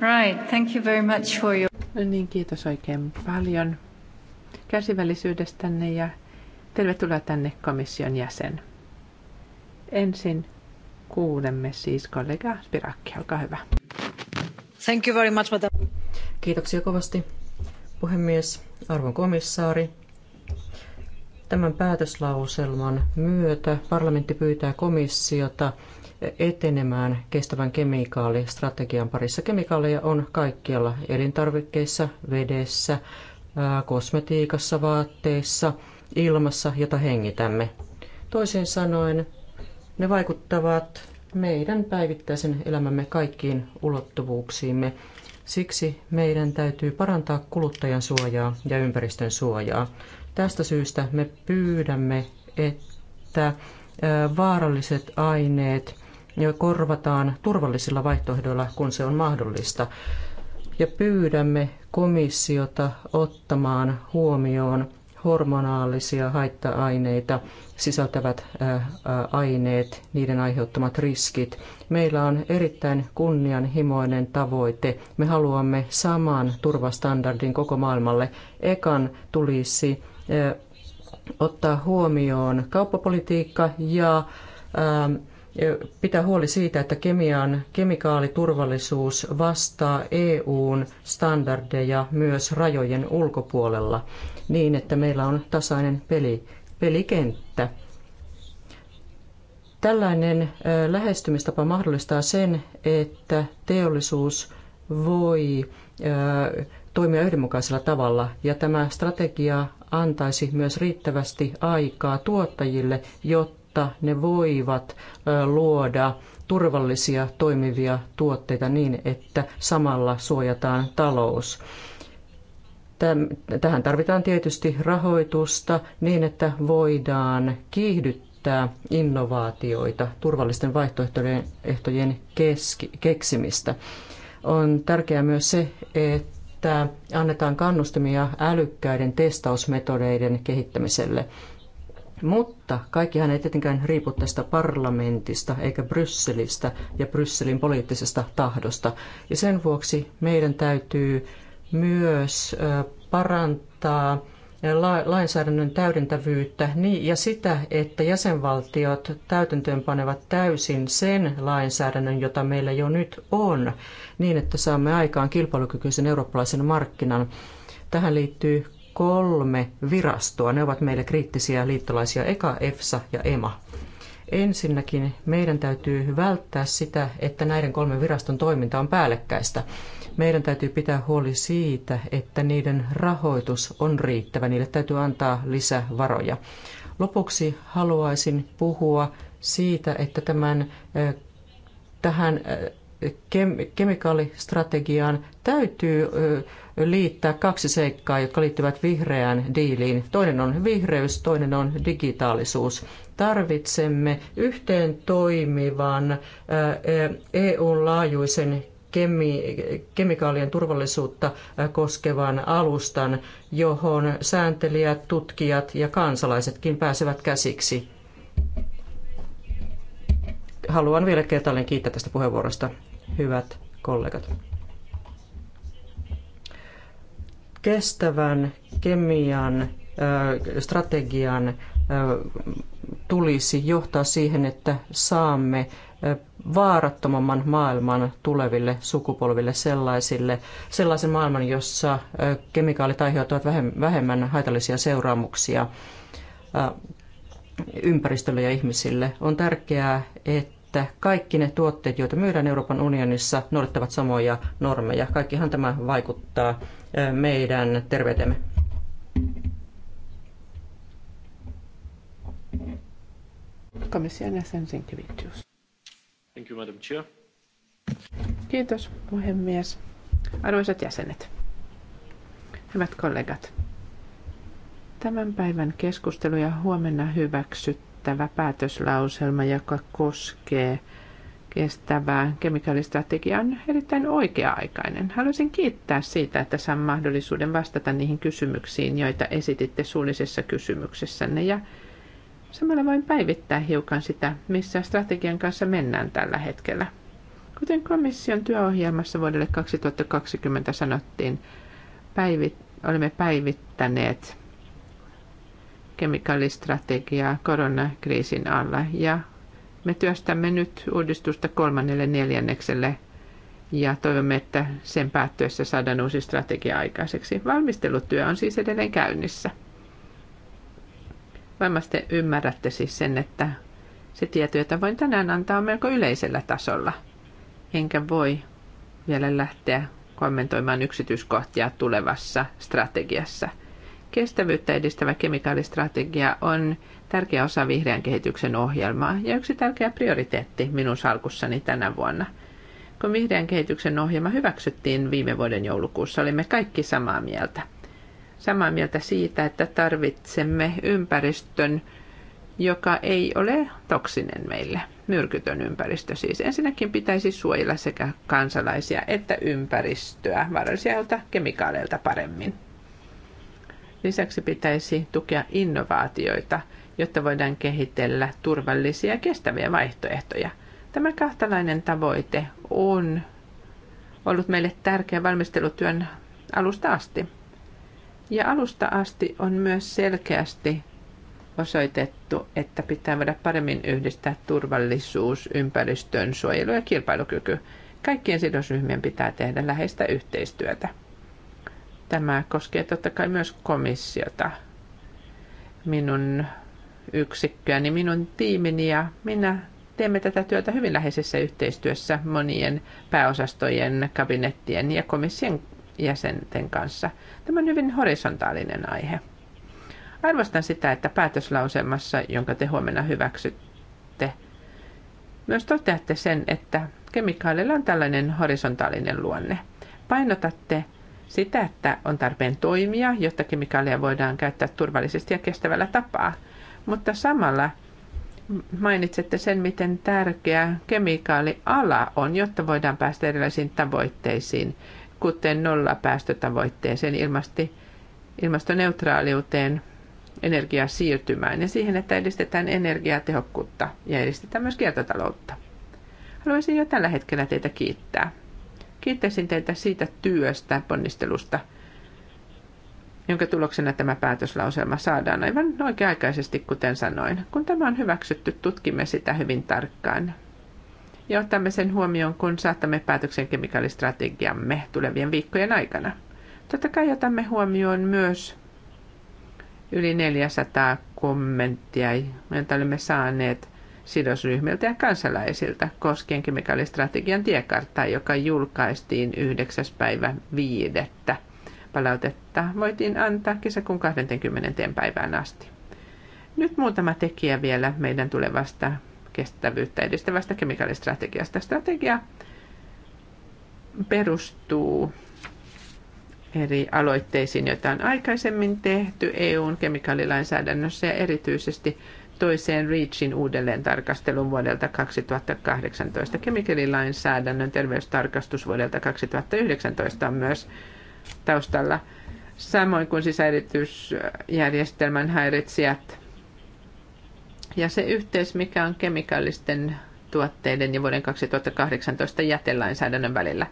Right, thank you very much for your... No niin, kiitos oikein paljon käsivällisyydestänne ja tervetuloa tänne komission jäsen. Ensin kuulemme siis kollega Spirakki, olkaa hyvä. Thank you very much, madam. Kiitoksia kovasti, puhemies, arvon komissaari. Tämän päätöslauselman myötä parlamentti pyytää komissiota etenemään kestävän kemikaalistrategian parissa. Kemikaaleja on kaikkialla elintarvikkeissa, vedessä, kosmetiikassa, vaatteissa, ilmassa, jota hengitämme. Toisin sanoen ne vaikuttavat meidän päivittäisen elämämme kaikkiin ulottuvuuksiimme. Siksi meidän täytyy parantaa kuluttajan suojaa ja ympäristön suojaa. Tästä syystä me pyydämme, että vaaralliset aineet – korvataan turvallisilla vaihtoehdoilla, kun se on mahdollista. Ja pyydämme komissiota ottamaan huomioon hormonaalisia haitta-aineita sisältävät aineet, niiden aiheuttamat riskit. Meillä on erittäin kunnianhimoinen tavoite. Me haluamme saman turvastandardin koko maailmalle. Ekan tulisi ottaa huomioon kauppapolitiikka ja pitää huoli siitä, että kemian kemikaaliturvallisuus vastaa EUn standardeja myös rajojen ulkopuolella niin, että meillä on tasainen peli, pelikenttä. Tällainen lähestymistapa mahdollistaa sen, että teollisuus voi toimia yhdenmukaisella tavalla ja tämä strategia antaisi myös riittävästi aikaa tuottajille, jotta jotta ne voivat luoda turvallisia toimivia tuotteita niin, että samalla suojataan talous. Tähän tarvitaan tietysti rahoitusta niin, että voidaan kiihdyttää innovaatioita, turvallisten vaihtoehtojen keski, keksimistä. On tärkeää myös se, että annetaan kannustimia älykkäiden testausmetodeiden kehittämiselle – mutta kaikkihan ei tietenkään riipu tästä parlamentista eikä Brysselistä ja Brysselin poliittisesta tahdosta. Ja sen vuoksi meidän täytyy myös parantaa lainsäädännön täydentävyyttä niin, ja sitä, että jäsenvaltiot täytäntöönpanevat täysin sen lainsäädännön, jota meillä jo nyt on, niin että saamme aikaan kilpailukykyisen eurooppalaisen markkinan. Tähän liittyy kolme virastoa. Ne ovat meille kriittisiä liittolaisia, EKA, EFSA ja EMA. Ensinnäkin meidän täytyy välttää sitä, että näiden kolmen viraston toiminta on päällekkäistä. Meidän täytyy pitää huoli siitä, että niiden rahoitus on riittävä. Niille täytyy antaa lisävaroja. Lopuksi haluaisin puhua siitä, että tämän, tähän kemikaalistrategiaan täytyy liittää kaksi seikkaa, jotka liittyvät vihreään diiliin. Toinen on vihreys, toinen on digitaalisuus. Tarvitsemme yhteen toimivan EU-laajuisen kemikaalien turvallisuutta koskevan alustan, johon sääntelijät, tutkijat ja kansalaisetkin pääsevät käsiksi. Haluan vielä kertaalleen kiittää tästä puheenvuorosta, hyvät kollegat. kestävän kemian strategian tulisi johtaa siihen, että saamme vaarattomamman maailman tuleville sukupolville sellaisille, sellaisen maailman, jossa kemikaalit aiheuttavat vähemmän haitallisia seuraamuksia ympäristölle ja ihmisille. On tärkeää, että että kaikki ne tuotteet, joita myydään Euroopan unionissa, noudattavat samoja normeja. Kaikkihan tämä vaikuttaa meidän terveyteemme. Thank you, Madam Chair. Kiitos, puhemies. Arvoisat jäsenet, hyvät kollegat. Tämän päivän keskustelu ja huomenna hyväksytty kestävä päätöslauselma, joka koskee kestävää kemikaalistrategiaa, on erittäin oikea-aikainen. Haluaisin kiittää siitä, että saan mahdollisuuden vastata niihin kysymyksiin, joita esititte suullisessa kysymyksessänne. Ja samalla voin päivittää hiukan sitä, missä strategian kanssa mennään tällä hetkellä. Kuten komission työohjelmassa vuodelle 2020 sanottiin, päivit, olemme päivittäneet kemikaalistrategiaa koronakriisin alla ja me työstämme nyt uudistusta kolmannelle neljännekselle ja toivomme, että sen päättyessä saadaan uusi strategia aikaiseksi. Valmistelutyö on siis edelleen käynnissä. Varmasti ymmärrätte siis sen, että se tieto, jota voin tänään antaa, on melko yleisellä tasolla. Enkä voi vielä lähteä kommentoimaan yksityiskohtia tulevassa strategiassa – Kestävyyttä edistävä kemikaalistrategia on tärkeä osa vihreän kehityksen ohjelmaa ja yksi tärkeä prioriteetti minun salkussani tänä vuonna. Kun vihreän kehityksen ohjelma hyväksyttiin viime vuoden joulukuussa, olimme kaikki samaa mieltä. Samaa mieltä siitä, että tarvitsemme ympäristön, joka ei ole toksinen meille. Myrkytön ympäristö siis. Ensinnäkin pitäisi suojella sekä kansalaisia että ympäristöä vaarallisilta kemikaaleilta paremmin. Lisäksi pitäisi tukea innovaatioita, jotta voidaan kehitellä turvallisia ja kestäviä vaihtoehtoja. Tämä kahtalainen tavoite on ollut meille tärkeä valmistelutyön alusta asti. Ja alusta asti on myös selkeästi osoitettu, että pitää voida paremmin yhdistää turvallisuus, ympäristön suojelu ja kilpailukyky. Kaikkien sidosryhmien pitää tehdä läheistä yhteistyötä. Tämä koskee totta kai myös komissiota, minun yksikköäni, minun tiimini ja minä teemme tätä työtä hyvin läheisessä yhteistyössä monien pääosastojen, kabinettien ja komission jäsenten kanssa. Tämä on hyvin horisontaalinen aihe. Arvostan sitä, että päätöslauselmassa, jonka te huomenna hyväksytte, myös toteatte sen, että kemikaaleilla on tällainen horisontaalinen luonne. Painotatte sitä, että on tarpeen toimia, jotta kemikaaleja voidaan käyttää turvallisesti ja kestävällä tapaa. Mutta samalla mainitsette sen, miten tärkeä kemikaaliala on, jotta voidaan päästä erilaisiin tavoitteisiin, kuten nollapäästötavoitteeseen, ilmasti, ilmastoneutraaliuteen, energiasiirtymään ja siihen, että edistetään energiatehokkuutta ja edistetään myös kiertotaloutta. Haluaisin jo tällä hetkellä teitä kiittää. Kiittäisin teitä siitä työstä, ponnistelusta, jonka tuloksena tämä päätöslauselma saadaan aivan oikea-aikaisesti, kuten sanoin. Kun tämä on hyväksytty, tutkimme sitä hyvin tarkkaan ja otamme sen huomioon, kun saatamme päätöksen kemikaalistrategiamme tulevien viikkojen aikana. Totta kai otamme huomioon myös yli 400 kommenttia, joita olemme saaneet sidosryhmiltä ja kansalaisilta koskien kemikaalistrategian tiekarttaa, joka julkaistiin 9. päivä 5. Palautetta voitiin antaa kesäkuun 20. päivään asti. Nyt muutama tekijä vielä meidän tulevasta kestävyyttä edistävästä kemikaalistrategiasta. Strategia perustuu eri aloitteisiin, joita on aikaisemmin tehty EUn kemikaalilainsäädännössä ja erityisesti toiseen REACHin uudelleen tarkastelun vuodelta 2018. Kemikaalilainsäädännön terveystarkastus vuodelta 2019 on myös taustalla. Samoin kuin sisäeritysjärjestelmän häiritsijät. Ja se yhteys, mikä on kemikaalisten tuotteiden ja vuoden 2018 jätelainsäädännön välillä.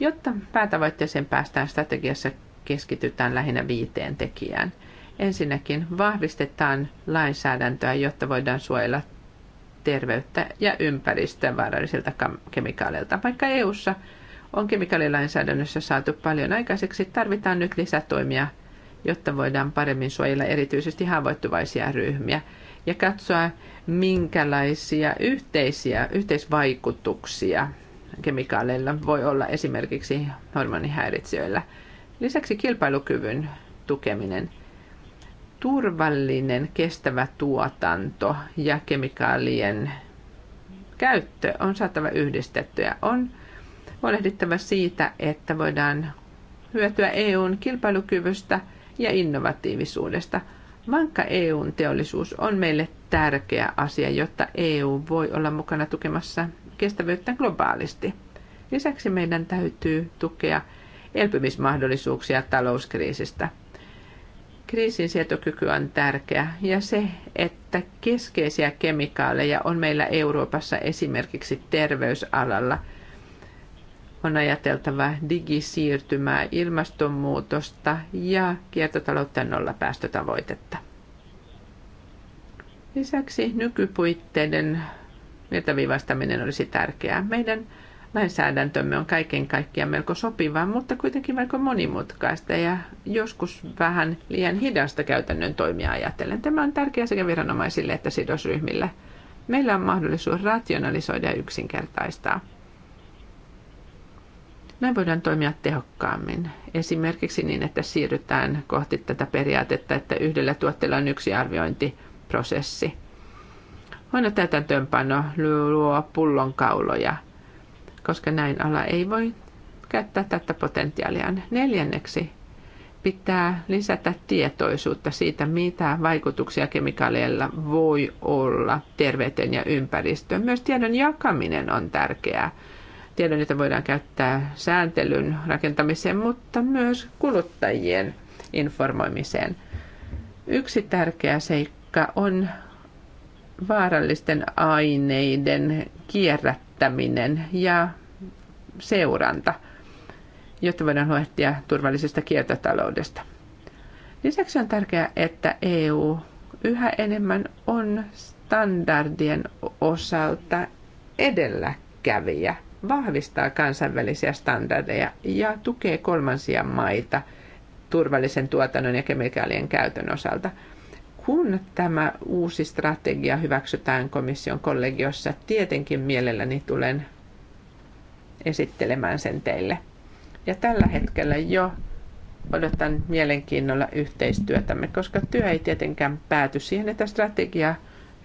Jotta päätavoitteeseen päästään strategiassa keskitytään lähinnä viiteen tekijään – Ensinnäkin vahvistetaan lainsäädäntöä, jotta voidaan suojella terveyttä ja ympäristöä vaarallisilta kemikaaleilta. Vaikka EU:ssa on kemikaalilainsäädännössä saatu paljon aikaiseksi, tarvitaan nyt lisätoimia, jotta voidaan paremmin suojella erityisesti haavoittuvaisia ryhmiä ja katsoa, minkälaisia yhteisiä yhteisvaikutuksia kemikaaleilla voi olla esimerkiksi hormonihäiritsijöillä. Lisäksi kilpailukyvyn tukeminen – turvallinen, kestävä tuotanto ja kemikaalien käyttö on saatava yhdistettyä. On huolehdittava siitä, että voidaan hyötyä EUn kilpailukyvystä ja innovatiivisuudesta. Vankka EUn teollisuus on meille tärkeä asia, jotta EU voi olla mukana tukemassa kestävyyttä globaalisti. Lisäksi meidän täytyy tukea elpymismahdollisuuksia talouskriisistä – kriisin sietokyky on tärkeä ja se, että keskeisiä kemikaaleja on meillä Euroopassa esimerkiksi terveysalalla. On ajateltava digisiirtymää, ilmastonmuutosta ja kiertotaloutta nolla päästötavoitetta. Lisäksi nykypuitteiden virtaviivastaminen olisi tärkeää. Meidän lainsäädäntömme on kaiken kaikkiaan melko sopivaa, mutta kuitenkin melko monimutkaista ja joskus vähän liian hidasta käytännön toimia ajatellen. Tämä on tärkeää sekä viranomaisille että sidosryhmille. Meillä on mahdollisuus rationalisoida ja yksinkertaistaa. Näin voidaan toimia tehokkaammin. Esimerkiksi niin, että siirrytään kohti tätä periaatetta, että yhdellä tuotteella on yksi arviointiprosessi. Huono täytäntöönpano luo pullonkauloja – koska näin ala ei voi käyttää tätä potentiaalia Neljänneksi pitää lisätä tietoisuutta siitä, mitä vaikutuksia kemikaaleilla voi olla terveyteen ja ympäristöön. Myös tiedon jakaminen on tärkeää. Tiedon, jota voidaan käyttää sääntelyn rakentamiseen, mutta myös kuluttajien informoimiseen. Yksi tärkeä seikka on vaarallisten aineiden kierrättäminen välittäminen ja seuranta, jotta voidaan huolehtia turvallisesta kiertotaloudesta. Lisäksi on tärkeää, että EU yhä enemmän on standardien osalta edelläkävijä, vahvistaa kansainvälisiä standardeja ja tukee kolmansia maita turvallisen tuotannon ja kemikaalien käytön osalta – kun tämä uusi strategia hyväksytään komission kollegiossa, tietenkin mielelläni tulen esittelemään sen teille. Ja tällä hetkellä jo odotan mielenkiinnolla yhteistyötämme, koska työ ei tietenkään pääty siihen, että strategia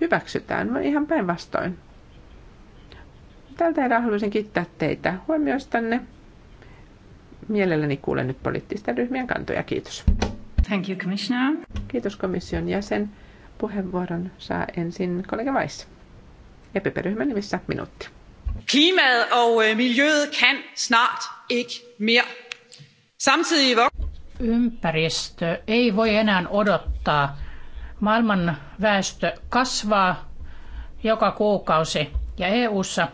hyväksytään, vaan ihan päinvastoin. Tältä erää haluaisin kiittää teitä huomioistanne. Mielelläni kuulen nyt poliittisten ryhmien kantoja. Kiitos. Thank you, Commissioner. Kiitos komission jäsen. Puheenvuoron saa ensin kollega Weiss. EPP-ryhmän nimissä minuutti. Klimaet og øh, miljøet kan snart ikke mere. Samtidig Ympäristö ei voi enää odottaa. Maailman väestö kasvaa joka kuukausi ja EU:ssa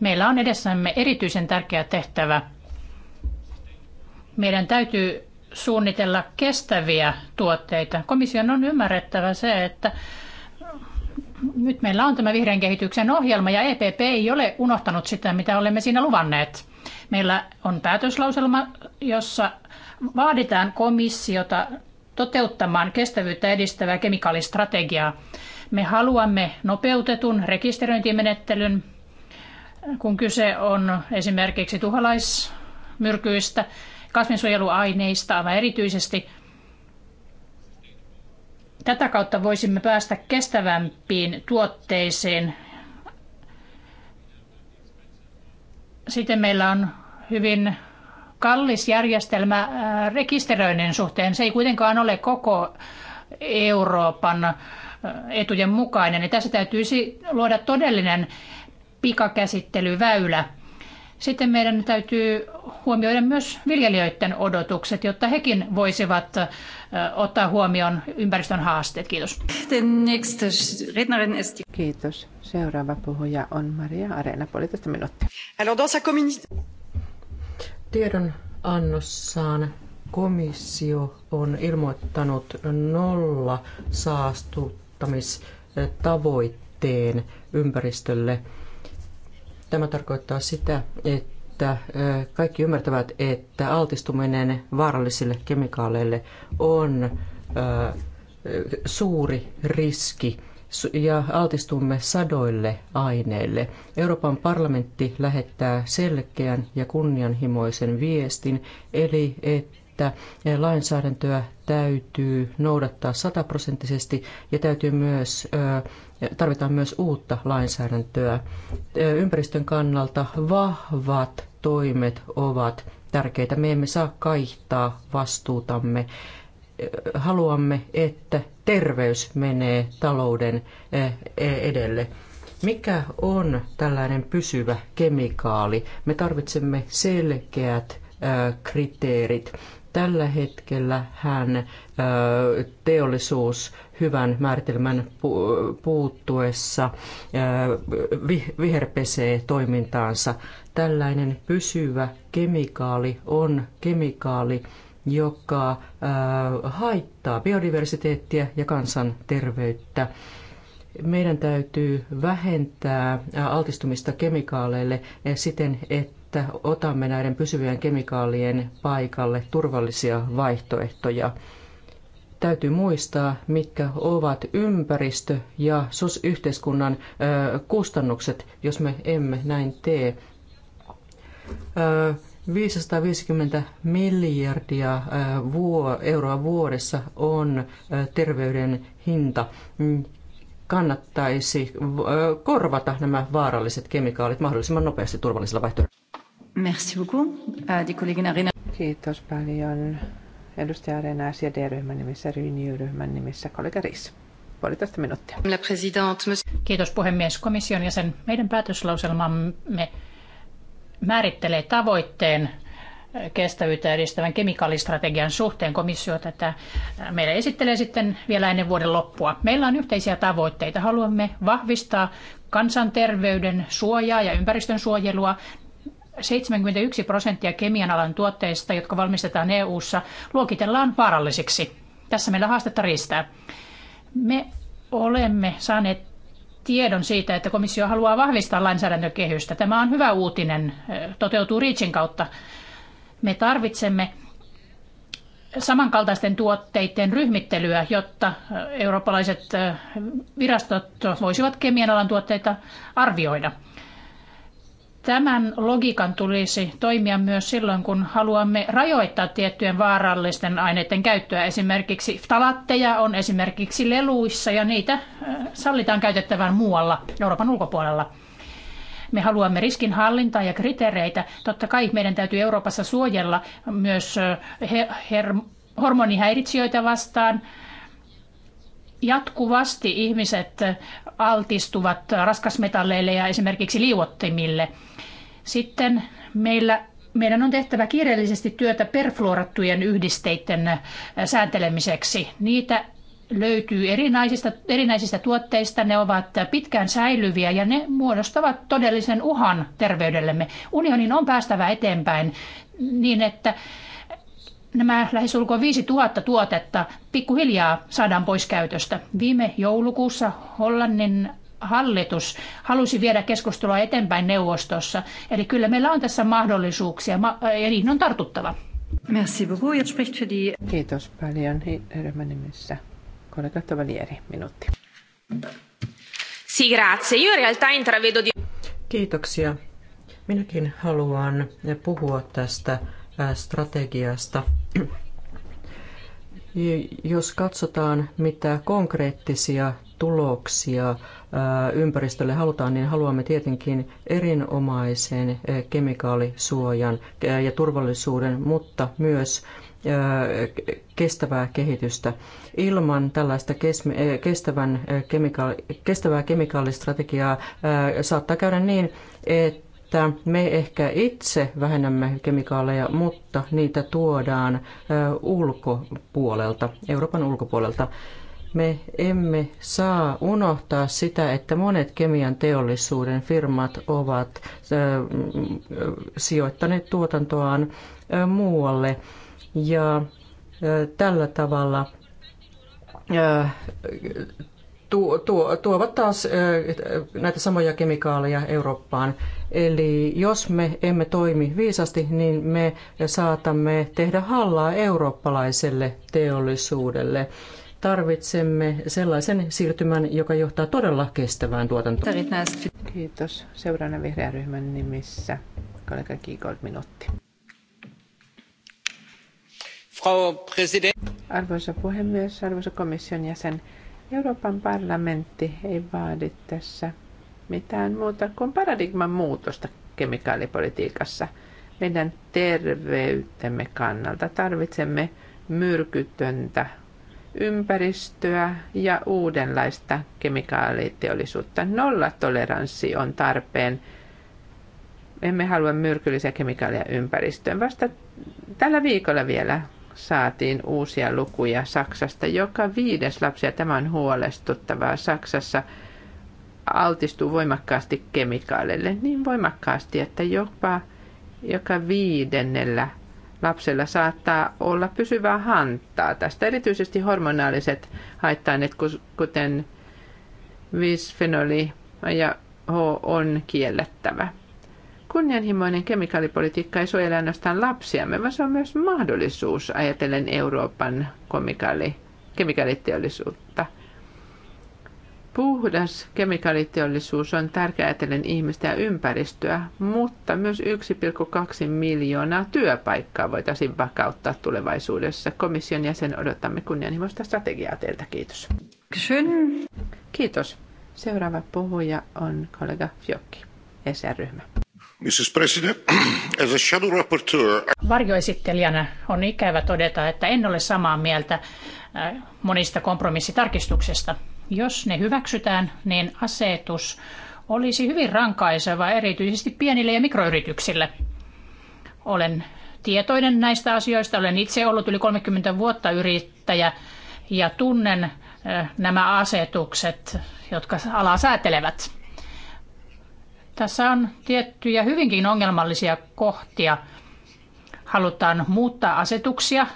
meillä on edessämme erityisen tärkeä tehtävä. Meidän täytyy suunnitella kestäviä tuotteita. Komission on ymmärrettävä se, että nyt meillä on tämä vihreän kehityksen ohjelma ja EPP ei ole unohtanut sitä, mitä olemme siinä luvanneet. Meillä on päätöslauselma, jossa vaaditaan komissiota toteuttamaan kestävyyttä edistävää kemikaalistrategiaa. Me haluamme nopeutetun rekisteröintimenettelyn, kun kyse on esimerkiksi tuholaismyrkyistä kasvinsuojeluaineista, aivan erityisesti. Tätä kautta voisimme päästä kestävämpiin tuotteisiin. Sitten meillä on hyvin kallis järjestelmä äh, rekisteröinnin suhteen. Se ei kuitenkaan ole koko Euroopan äh, etujen mukainen. Ja tässä täytyisi luoda todellinen pikakäsittelyväylä. Sitten meidän täytyy huomioida myös viljelijöiden odotukset, jotta hekin voisivat ottaa huomioon ympäristön haasteet. Kiitos. Kiitos. Seuraava puhuja on Maria Areena, puolitoista minuuttia. Tiedon annossaan komissio on ilmoittanut nolla saastuttamistavoitteen ympäristölle – Tämä tarkoittaa sitä, että kaikki ymmärtävät, että altistuminen vaarallisille kemikaaleille on suuri riski ja altistumme sadoille aineille. Euroopan parlamentti lähettää selkeän ja kunnianhimoisen viestin, eli että lainsäädäntöä täytyy noudattaa sataprosenttisesti ja täytyy myös tarvitaan myös uutta lainsäädäntöä. Ympäristön kannalta vahvat toimet ovat tärkeitä. Me emme saa kaihtaa vastuutamme. Haluamme, että terveys menee talouden e, edelle. Mikä on tällainen pysyvä kemikaali? Me tarvitsemme selkeät kriteerit Tällä hetkellä hän teollisuus hyvän määritelmän puuttuessa viherpesee toimintaansa. Tällainen pysyvä kemikaali on kemikaali, joka haittaa biodiversiteettiä ja kansanterveyttä meidän täytyy vähentää altistumista kemikaaleille siten, että että otamme näiden pysyvien kemikaalien paikalle turvallisia vaihtoehtoja. Täytyy muistaa, mitkä ovat ympäristö- ja yhteiskunnan kustannukset, jos me emme näin tee. 550 miljardia euroa vuodessa on terveyden hinta. Mm, kannattaisi korvata nämä vaaralliset kemikaalit mahdollisimman nopeasti turvallisilla vaihtoehdoilla. Merci beaucoup. Äh, die Kollegin Arena. Kiitos paljon. Edustaja Arena SJD-ryhmän nimissä, Renew-ryhmän nimissä, kollega Riis. Puolitoista minuuttia. Kiitos puhemies. Komission jäsen, meidän päätöslauselmamme määrittelee tavoitteen kestävyyttä edistävän kemikaalistrategian suhteen. Komissio tätä meille esittelee sitten vielä ennen vuoden loppua. Meillä on yhteisiä tavoitteita. Haluamme vahvistaa kansanterveyden suojaa ja ympäristön suojelua 71 prosenttia kemian alan tuotteista, jotka valmistetaan EU-ssa, luokitellaan vaarallisiksi. Tässä meillä haastetta riistää. Me olemme saaneet tiedon siitä, että komissio haluaa vahvistaa lainsäädäntökehystä. Tämä on hyvä uutinen, toteutuu Reachin kautta. Me tarvitsemme samankaltaisten tuotteiden ryhmittelyä, jotta eurooppalaiset virastot voisivat kemian alan tuotteita arvioida – Tämän logiikan tulisi toimia myös silloin, kun haluamme rajoittaa tiettyjen vaarallisten aineiden käyttöä. Esimerkiksi ftalatteja on esimerkiksi leluissa ja niitä äh, sallitaan käytettävän muualla Euroopan ulkopuolella. Me haluamme riskinhallintaa ja kriteereitä. Totta kai meidän täytyy Euroopassa suojella myös äh, hormonihäiritsijöitä vastaan, jatkuvasti ihmiset altistuvat raskasmetalleille ja esimerkiksi liuottimille. Sitten meillä meidän on tehtävä kiireellisesti työtä perfluorattujen yhdisteiden sääntelemiseksi. Niitä löytyy erinäisistä, erinäisistä tuotteista, ne ovat pitkään säilyviä ja ne muodostavat todellisen uhan terveydellemme. Unionin on päästävä eteenpäin niin, että nämä lähes lähesulkoon 5000 tuotetta pikkuhiljaa saadaan pois käytöstä. Viime joulukuussa Hollannin hallitus halusi viedä keskustelua eteenpäin neuvostossa. Eli kyllä meillä on tässä mahdollisuuksia ja niihin on tartuttava. Merci beaucoup. Kiitos paljon ryhmän nimissä. Kollega Tavalieri, minuutti. Sì, grazie. Io in realtà intravedo di... Kiitoksia. Minäkin haluan puhua tästä strategiasta. Jos katsotaan, mitä konkreettisia tuloksia ympäristölle halutaan, niin haluamme tietenkin erinomaisen kemikaalisuojan ja turvallisuuden, mutta myös kestävää kehitystä. Ilman tällaista kestävän kemikaali, kestävää kemikaalistrategiaa saattaa käydä niin, että että me ehkä itse vähennämme kemikaaleja, mutta niitä tuodaan ulkopuolelta, Euroopan ulkopuolelta me emme saa unohtaa sitä, että monet kemian teollisuuden firmat ovat sijoittaneet tuotantoaan muualle ja tällä tavalla tuovat taas näitä samoja kemikaaleja Eurooppaan. Eli jos me emme toimi viisasti, niin me saatamme tehdä hallaa eurooppalaiselle teollisuudelle tarvitsemme sellaisen siirtymän, joka johtaa todella kestävään tuotantoon. Kiitos. Seuraavana vihreän ryhmän nimissä kollega Kiikolt minuutti. Arvoisa puhemies, arvoisa komission jäsen, Euroopan parlamentti ei vaadi tässä mitään muuta kuin paradigman muutosta kemikaalipolitiikassa. Meidän terveytemme kannalta tarvitsemme myrkytöntä ympäristöä ja uudenlaista kemikaaliteollisuutta. Nollatoleranssi on tarpeen. Emme halua myrkyllisiä kemikaaleja ympäristöön. Vasta tällä viikolla vielä saatiin uusia lukuja Saksasta. Joka viides lapsi, ja tämä on huolestuttavaa, Saksassa altistuu voimakkaasti kemikaaleille. Niin voimakkaasti, että jopa joka viidennellä lapsella saattaa olla pysyvää hantaa. Tästä erityisesti hormonaaliset haittaineet, kuten bisfenoli ja H on kiellettävä. Kunnianhimoinen kemikaalipolitiikka ei suojele ainoastaan lapsiamme, vaan se on myös mahdollisuus ajatellen Euroopan kemikaaliteollisuutta. Puhdas kemikaaliteollisuus on tärkeä ajatellen ihmistä ja ympäristöä, mutta myös 1,2 miljoonaa työpaikkaa voitaisiin vakauttaa tulevaisuudessa. Komission jäsen odottamme kunnianhimoista strategiaa teiltä. Kiitos. Kysyn. Kiitos. Seuraava puhuja on kollega Fjokki, e sr ryhmä Mrs. President, as a shadow rapporteur... Varjoesittelijänä on ikävä todeta, että en ole samaa mieltä äh, monista kompromissitarkistuksista – jos ne hyväksytään, niin asetus olisi hyvin rankaiseva erityisesti pienille ja mikroyrityksille. Olen tietoinen näistä asioista. Olen itse ollut yli 30 vuotta yrittäjä ja tunnen eh, nämä asetukset, jotka alaa säätelevät. Tässä on tiettyjä hyvinkin ongelmallisia kohtia. Halutaan muuttaa asetuksia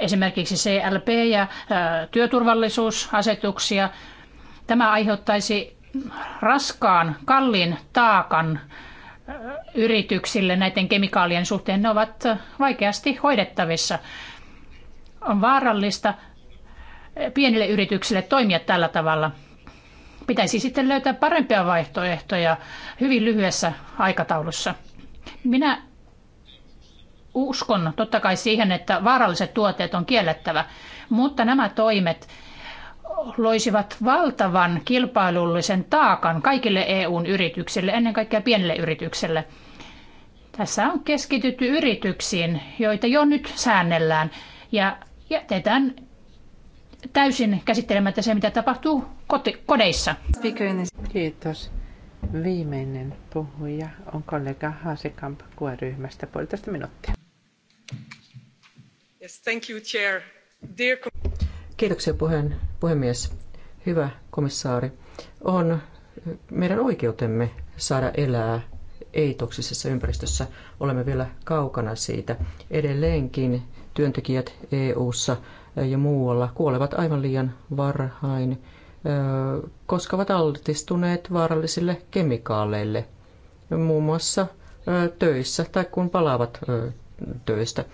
esimerkiksi CLP- ja työturvallisuusasetuksia. Tämä aiheuttaisi raskaan, kalliin taakan yrityksille näiden kemikaalien suhteen. Ne ovat vaikeasti hoidettavissa. On vaarallista pienille yrityksille toimia tällä tavalla. Pitäisi sitten löytää parempia vaihtoehtoja hyvin lyhyessä aikataulussa. Minä uskon totta kai siihen, että vaaralliset tuotteet on kiellettävä, mutta nämä toimet loisivat valtavan kilpailullisen taakan kaikille EUn yrityksille, ennen kaikkea pienille yrityksille. Tässä on keskitytty yrityksiin, joita jo nyt säännellään ja jätetään täysin käsittelemättä se, mitä tapahtuu kodeissa. Kiitos. Viimeinen puhuja on kollega Haasekamp Kuoryhmästä puolitoista minuuttia. Yes, thank you, chair. Dear... Kiitoksia puheen, puhemies. Hyvä komissaari. On meidän oikeutemme saada elää ei-toksisessa ympäristössä. Olemme vielä kaukana siitä. Edelleenkin työntekijät EU:ssa ja muualla kuolevat aivan liian varhain koska ovat altistuneet vaarallisille kemikaaleille, muun muassa töissä tai kun palaavat töistä.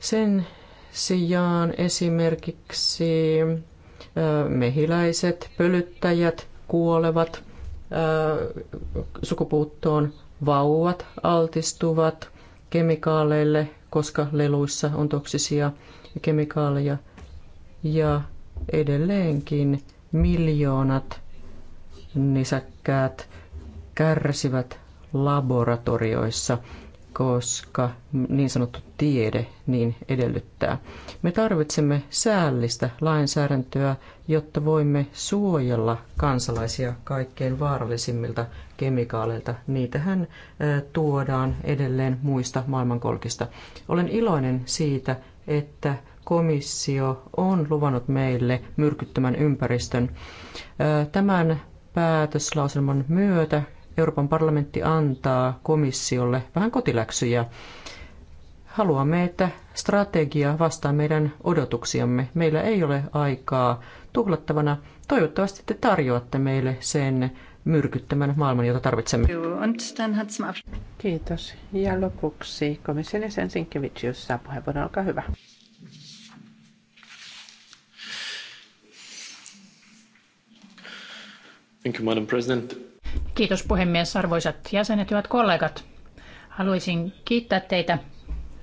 Sen sijaan esimerkiksi mehiläiset, pölyttäjät kuolevat, sukupuuttoon vauvat altistuvat kemikaaleille, koska leluissa on toksisia kemikaaleja ja edelleenkin miljoonat nisäkkäät kärsivät laboratorioissa, koska niin sanottu tiede niin edellyttää. Me tarvitsemme säällistä lainsäädäntöä, jotta voimme suojella kansalaisia kaikkein vaarallisimmilta kemikaaleilta. Niitähän tuodaan edelleen muista maailmankolkista. Olen iloinen siitä, että komissio on luvannut meille myrkyttömän ympäristön. Tämän päätöslauselman myötä Euroopan parlamentti antaa komissiolle vähän kotiläksyjä. Haluamme, että strategia vastaa meidän odotuksiamme. Meillä ei ole aikaa tuhlattavana. Toivottavasti te tarjoatte meille sen myrkyttämän maailman, jota tarvitsemme. Kiitos. Ja lopuksi komission jäsen Sinkevicius saa puheenvuoron. Olkaa hyvä. Thank you, Madam President. Kiitos puhemies, arvoisat jäsenet, hyvät kollegat. Haluaisin kiittää teitä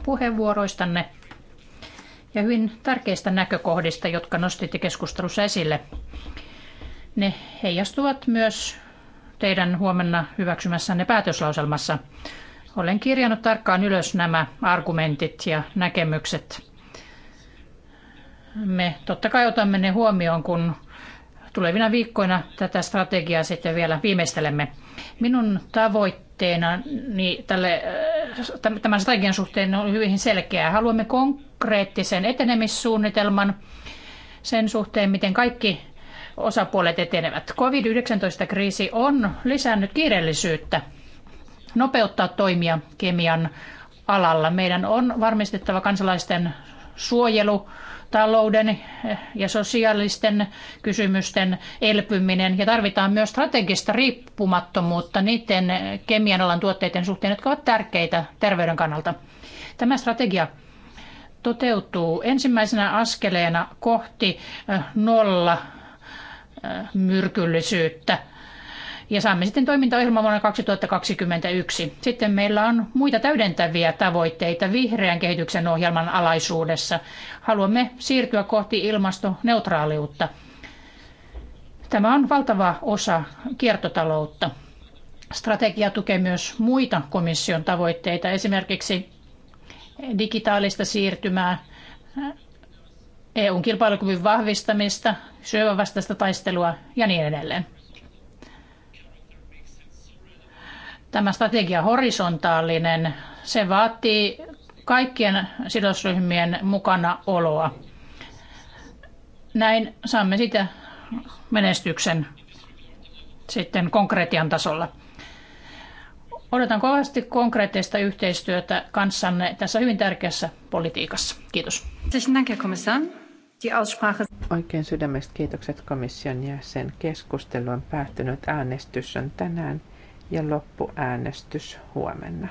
puheenvuoroistanne ja hyvin tärkeistä näkökohdista, jotka nostitte keskustelussa esille. Ne heijastuvat myös teidän huomenna hyväksymässänne päätöslauselmassa. Olen kirjannut tarkkaan ylös nämä argumentit ja näkemykset. Me totta kai otamme ne huomioon, kun tulevina viikkoina tätä strategiaa sitten vielä viimeistelemme. Minun tavoitteena niin tälle, äh, tämän strategian suhteen on hyvin selkeä. Haluamme konkreettisen etenemissuunnitelman sen suhteen, miten kaikki osapuolet etenevät. COVID-19-kriisi on lisännyt kiireellisyyttä nopeuttaa toimia kemian alalla. Meidän on varmistettava kansalaisten suojelu talouden ja sosiaalisten kysymysten elpyminen ja tarvitaan myös strategista riippumattomuutta niiden kemianalan tuotteiden suhteen, jotka ovat tärkeitä terveyden kannalta. Tämä strategia toteutuu ensimmäisenä askeleena kohti eh, nolla eh, myrkyllisyyttä – ja saamme sitten toimintaohjelman vuonna 2021. Sitten meillä on muita täydentäviä tavoitteita vihreän kehityksen ohjelman alaisuudessa. Haluamme siirtyä kohti ilmastoneutraaliutta. Tämä on valtava osa kiertotaloutta. Strategia tukee myös muita komission tavoitteita, esimerkiksi digitaalista siirtymää, EUn kilpailukyvyn vahvistamista, syövänvastaista taistelua ja niin edelleen. tämä strategia horisontaalinen. Se vaatii kaikkien sidosryhmien mukana oloa. Näin saamme sitä menestyksen sitten konkretian tasolla. Odotan kovasti konkreettista yhteistyötä kanssanne tässä hyvin tärkeässä politiikassa. Kiitos. Oikein sydämestä kiitokset komission jäsen. Keskustelu on päättynyt. Äänestys on tänään ja loppuäänestys huomenna.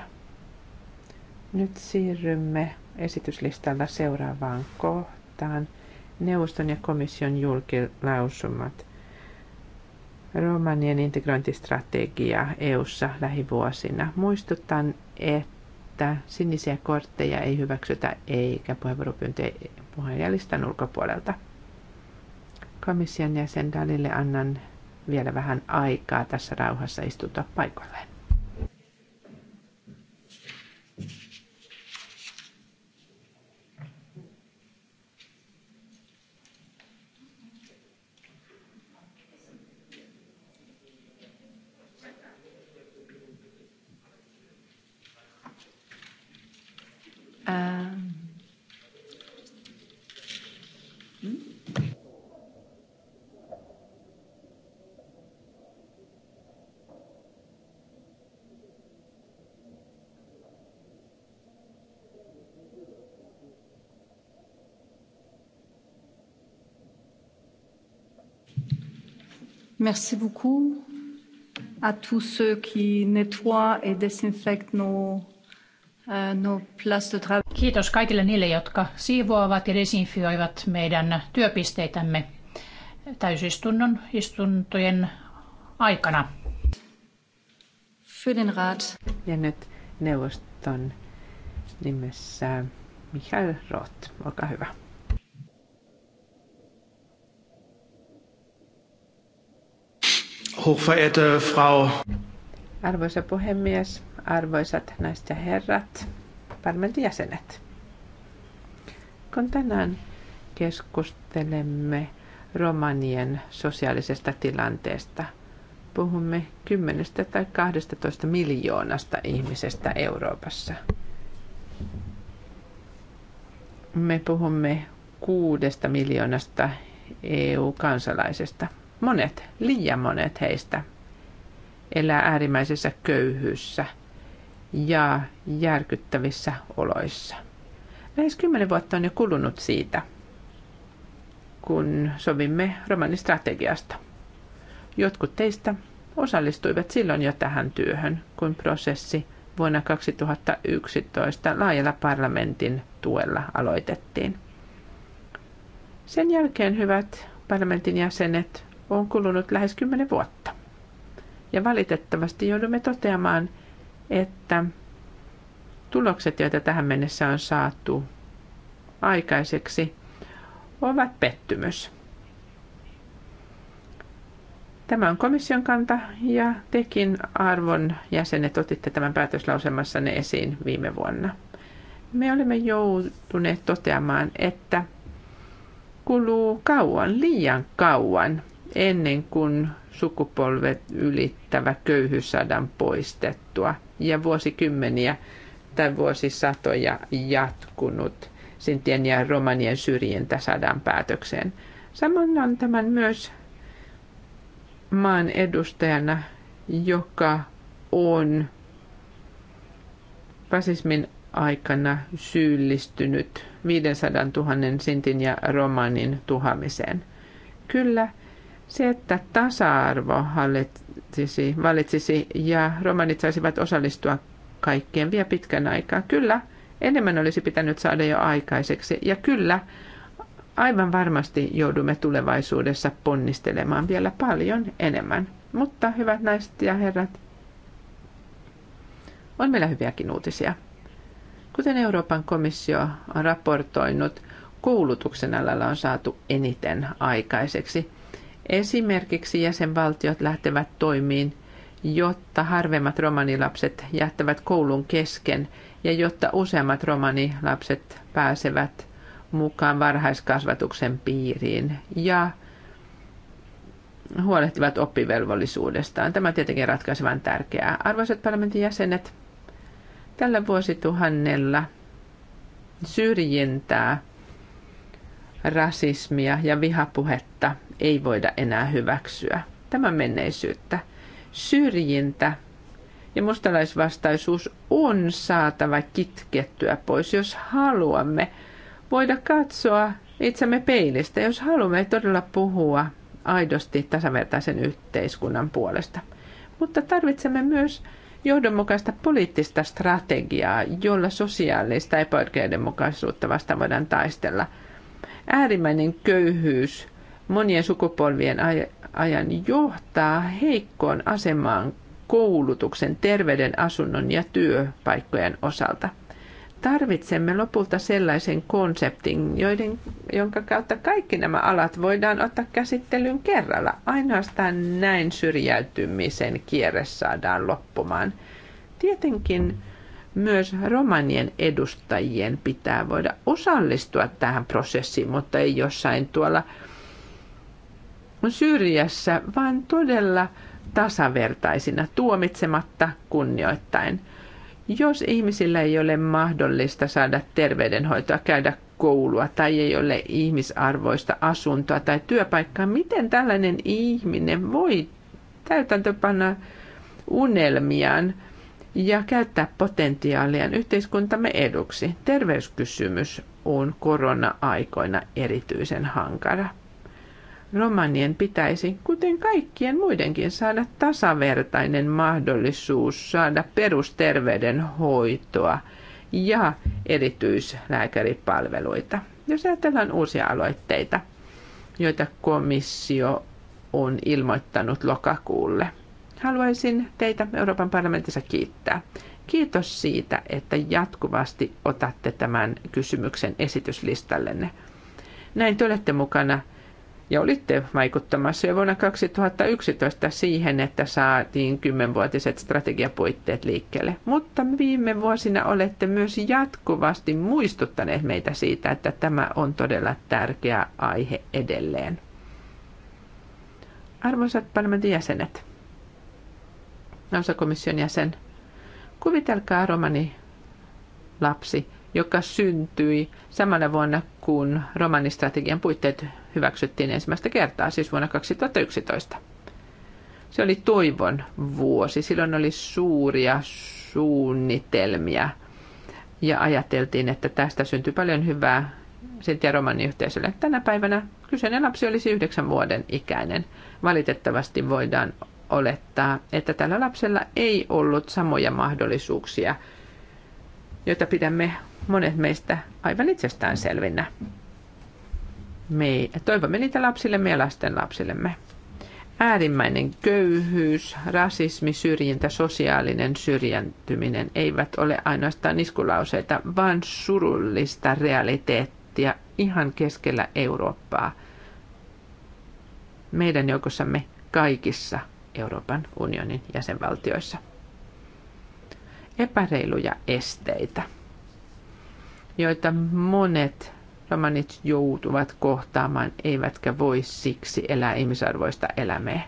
Nyt siirrymme esityslistalla seuraavaan kohtaan. Neuvoston ja komission julkilausumat. Romanien integrointistrategia EU:ssa lähivuosina. Muistutan, että sinisiä kortteja ei hyväksytä eikä puheenvuoropyyntöjä puheenjälistan ulkopuolelta. Komission jäsen Dalille annan vielä vähän aikaa tässä rauhassa istuta paikoilleen. Um, Merci beaucoup à tous ceux qui nettoient et désinfectent nos, euh, nos places de travail. Kiitos kaikille niille, jotka siivoavat ja desinfioivat meidän työpisteitämme täysistunnon istuntojen aikana. Für den Rat. Ja nyt neuvoston nimessä Michael Roth, olkaa hyvä. Hochverehrte Frau. Arvoisa puhemies, arvoisat naiset ja herrat, parlamentin jäsenet. Kun tänään keskustelemme romanien sosiaalisesta tilanteesta, puhumme 10 tai 12 miljoonasta ihmisestä Euroopassa. Me puhumme kuudesta miljoonasta EU-kansalaisesta. Monet, liian monet heistä elää äärimmäisessä köyhyyssä ja järkyttävissä oloissa. Lähes kymmenen vuotta on jo kulunut siitä, kun sovimme romanistrategiasta. Jotkut teistä osallistuivat silloin jo tähän työhön, kun prosessi vuonna 2011 laajalla parlamentin tuella aloitettiin. Sen jälkeen, hyvät parlamentin jäsenet, on kulunut lähes kymmenen vuotta. Ja valitettavasti joudumme toteamaan, että tulokset, joita tähän mennessä on saatu aikaiseksi, ovat pettymys. Tämä on komission kanta ja tekin arvon jäsenet otitte tämän päätöslausemassanne esiin viime vuonna. Me olemme joutuneet toteamaan, että kuluu kauan, liian kauan ennen kuin sukupolvet ylittävä köyhyys saadaan poistettua ja vuosikymmeniä tai vuosisatoja jatkunut sintien ja romanien syrjintä saadaan päätökseen. Samoin on tämän myös maan edustajana, joka on fasismin aikana syyllistynyt 500 000 sintin ja romanin tuhamiseen. Kyllä, se, että tasa-arvo hallitsisi, valitsisi ja romanit saisivat osallistua kaikkien vielä pitkän aikaa. Kyllä, enemmän olisi pitänyt saada jo aikaiseksi. Ja kyllä, aivan varmasti joudumme tulevaisuudessa ponnistelemaan vielä paljon enemmän. Mutta hyvät naiset ja herrat, on meillä hyviäkin uutisia. Kuten Euroopan komissio on raportoinut, koulutuksen alalla on saatu eniten aikaiseksi. Esimerkiksi jäsenvaltiot lähtevät toimiin, jotta harvemmat romanilapset jättävät koulun kesken ja jotta useammat romanilapset pääsevät mukaan varhaiskasvatuksen piiriin ja huolehtivat oppivelvollisuudestaan. Tämä on tietenkin ratkaisevan tärkeää. Arvoisat parlamentin jäsenet, tällä vuosituhannella syrjintää, rasismia ja vihapuhetta – ei voida enää hyväksyä. Tämä menneisyyttä. Syrjintä ja mustalaisvastaisuus on saatava kitkettyä pois, jos haluamme voida katsoa itsemme peilistä, jos haluamme todella puhua aidosti tasavertaisen yhteiskunnan puolesta. Mutta tarvitsemme myös johdonmukaista poliittista strategiaa, jolla sosiaalista epäoikeudenmukaisuutta vastaan voidaan taistella. Äärimmäinen köyhyys monien sukupolvien ajan johtaa heikkoon asemaan koulutuksen, terveyden, asunnon ja työpaikkojen osalta. Tarvitsemme lopulta sellaisen konseptin, joiden, jonka kautta kaikki nämä alat voidaan ottaa käsittelyyn kerralla. Ainoastaan näin syrjäytymisen kierre saadaan loppumaan. Tietenkin myös romanien edustajien pitää voida osallistua tähän prosessiin, mutta ei jossain tuolla syrjässä, vaan todella tasavertaisina, tuomitsematta, kunnioittain. Jos ihmisillä ei ole mahdollista saada terveydenhoitoa, käydä koulua tai ei ole ihmisarvoista asuntoa tai työpaikkaa, miten tällainen ihminen voi täytäntöpanna unelmiaan ja käyttää potentiaaliaan yhteiskuntamme eduksi? Terveyskysymys on korona-aikoina erityisen hankala romanien pitäisi, kuten kaikkien muidenkin, saada tasavertainen mahdollisuus saada perusterveydenhoitoa ja erityislääkäripalveluita. Jos ajatellaan uusia aloitteita, joita komissio on ilmoittanut lokakuulle. Haluaisin teitä Euroopan parlamentissa kiittää. Kiitos siitä, että jatkuvasti otatte tämän kysymyksen esityslistallenne. Näin te olette mukana – ja olitte vaikuttamassa jo vuonna 2011 siihen, että saatiin kymmenvuotiset strategiapuitteet liikkeelle. Mutta viime vuosina olette myös jatkuvasti muistuttaneet meitä siitä, että tämä on todella tärkeä aihe edelleen. Arvoisat parlamentin jäsenet, osakomission jäsen, kuvitelkaa romani lapsi, joka syntyi samana vuonna, kun romanistrategian puitteet hyväksyttiin ensimmäistä kertaa, siis vuonna 2011. Se oli toivon vuosi. Silloin oli suuria suunnitelmia ja ajateltiin, että tästä syntyi paljon hyvää Sintia yhteisölle. Tänä päivänä kyseinen lapsi olisi yhdeksän vuoden ikäinen. Valitettavasti voidaan olettaa, että tällä lapsella ei ollut samoja mahdollisuuksia, joita pidämme monet meistä aivan itsestäänselvinä. Me toivomme niitä lapsillemme ja lasten lapsillemme. Äärimmäinen köyhyys, rasismi, syrjintä, sosiaalinen syrjäntyminen eivät ole ainoastaan iskulauseita, vaan surullista realiteettia ihan keskellä Eurooppaa. Meidän joukossamme kaikissa Euroopan unionin jäsenvaltioissa. Epäreiluja esteitä – joita monet romanit joutuvat kohtaamaan, eivätkä voi siksi elää ihmisarvoista elämää.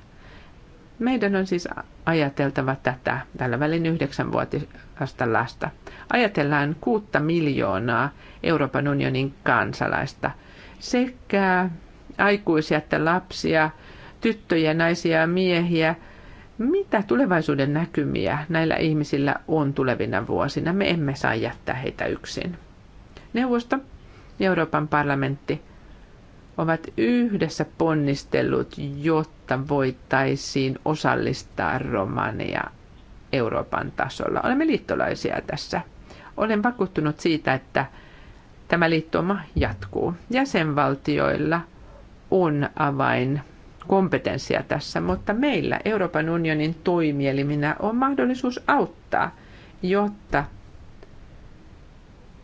Meidän on siis ajateltava tätä tällä välin yhdeksänvuotiaasta lasta. Ajatellaan kuutta miljoonaa Euroopan unionin kansalaista sekä aikuisia että lapsia, tyttöjä, naisia ja miehiä. Mitä tulevaisuuden näkymiä näillä ihmisillä on tulevina vuosina? Me emme saa jättää heitä yksin. Neuvosto ja Euroopan parlamentti ovat yhdessä ponnistellut, jotta voitaisiin osallistaa Romania Euroopan tasolla. Olemme liittolaisia tässä. Olen vakuuttunut siitä, että tämä liittoma jatkuu. Jäsenvaltioilla on avain kompetenssia tässä, mutta meillä Euroopan unionin toimieliminä on mahdollisuus auttaa, jotta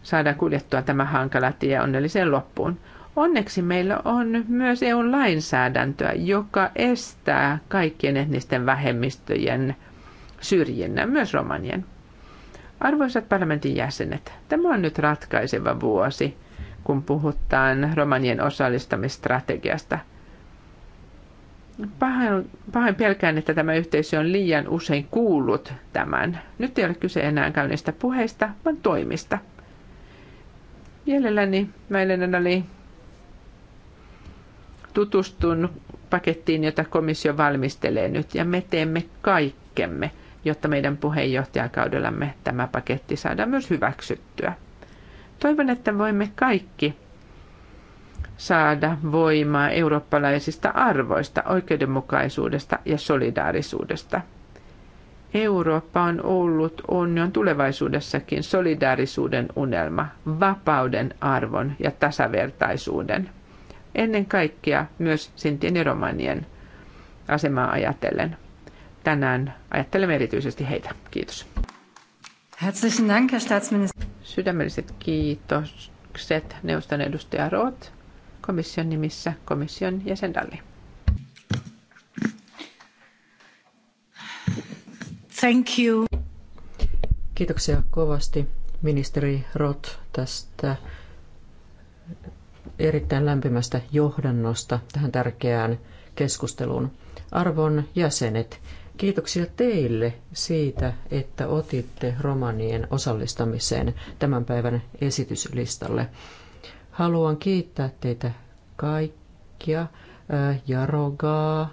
saada kuljettua tämä hankala tie onnelliseen loppuun. Onneksi meillä on myös EU-lainsäädäntöä, joka estää kaikkien etnisten vähemmistöjen syrjinnän, myös romanien. Arvoisat parlamentin jäsenet, tämä on nyt ratkaiseva vuosi, kun puhutaan romanien osallistamistrategiasta. Pahoin, pahoin pelkään, että tämä yhteisö on liian usein kuullut tämän. Nyt ei ole kyse enää käynnistä puheista, vaan toimista – Mielelläni meillä oli tutustun pakettiin, jota komissio valmistelee nyt, ja me teemme kaikkemme, jotta meidän puheenjohtajakaudellamme tämä paketti saadaan myös hyväksyttyä. Toivon, että voimme kaikki saada voimaa eurooppalaisista arvoista, oikeudenmukaisuudesta ja solidaarisuudesta – Eurooppa on ollut union tulevaisuudessakin solidaarisuuden unelma, vapauden arvon ja tasavertaisuuden. Ennen kaikkea myös sintien ja romanien asemaa ajatellen. Tänään ajattelemme erityisesti heitä. Kiitos. Herzlichen Dank, Herr Staatsminister. Sydämelliset kiitokset neuvoston edustaja Roth komission nimissä komission jäsen Dalli. Thank you. Kiitoksia kovasti ministeri Roth tästä erittäin lämpimästä johdannosta tähän tärkeään keskusteluun. Arvon jäsenet, kiitoksia teille siitä, että otitte romanien osallistamiseen tämän päivän esityslistalle. Haluan kiittää teitä kaikkia, Jarogaa,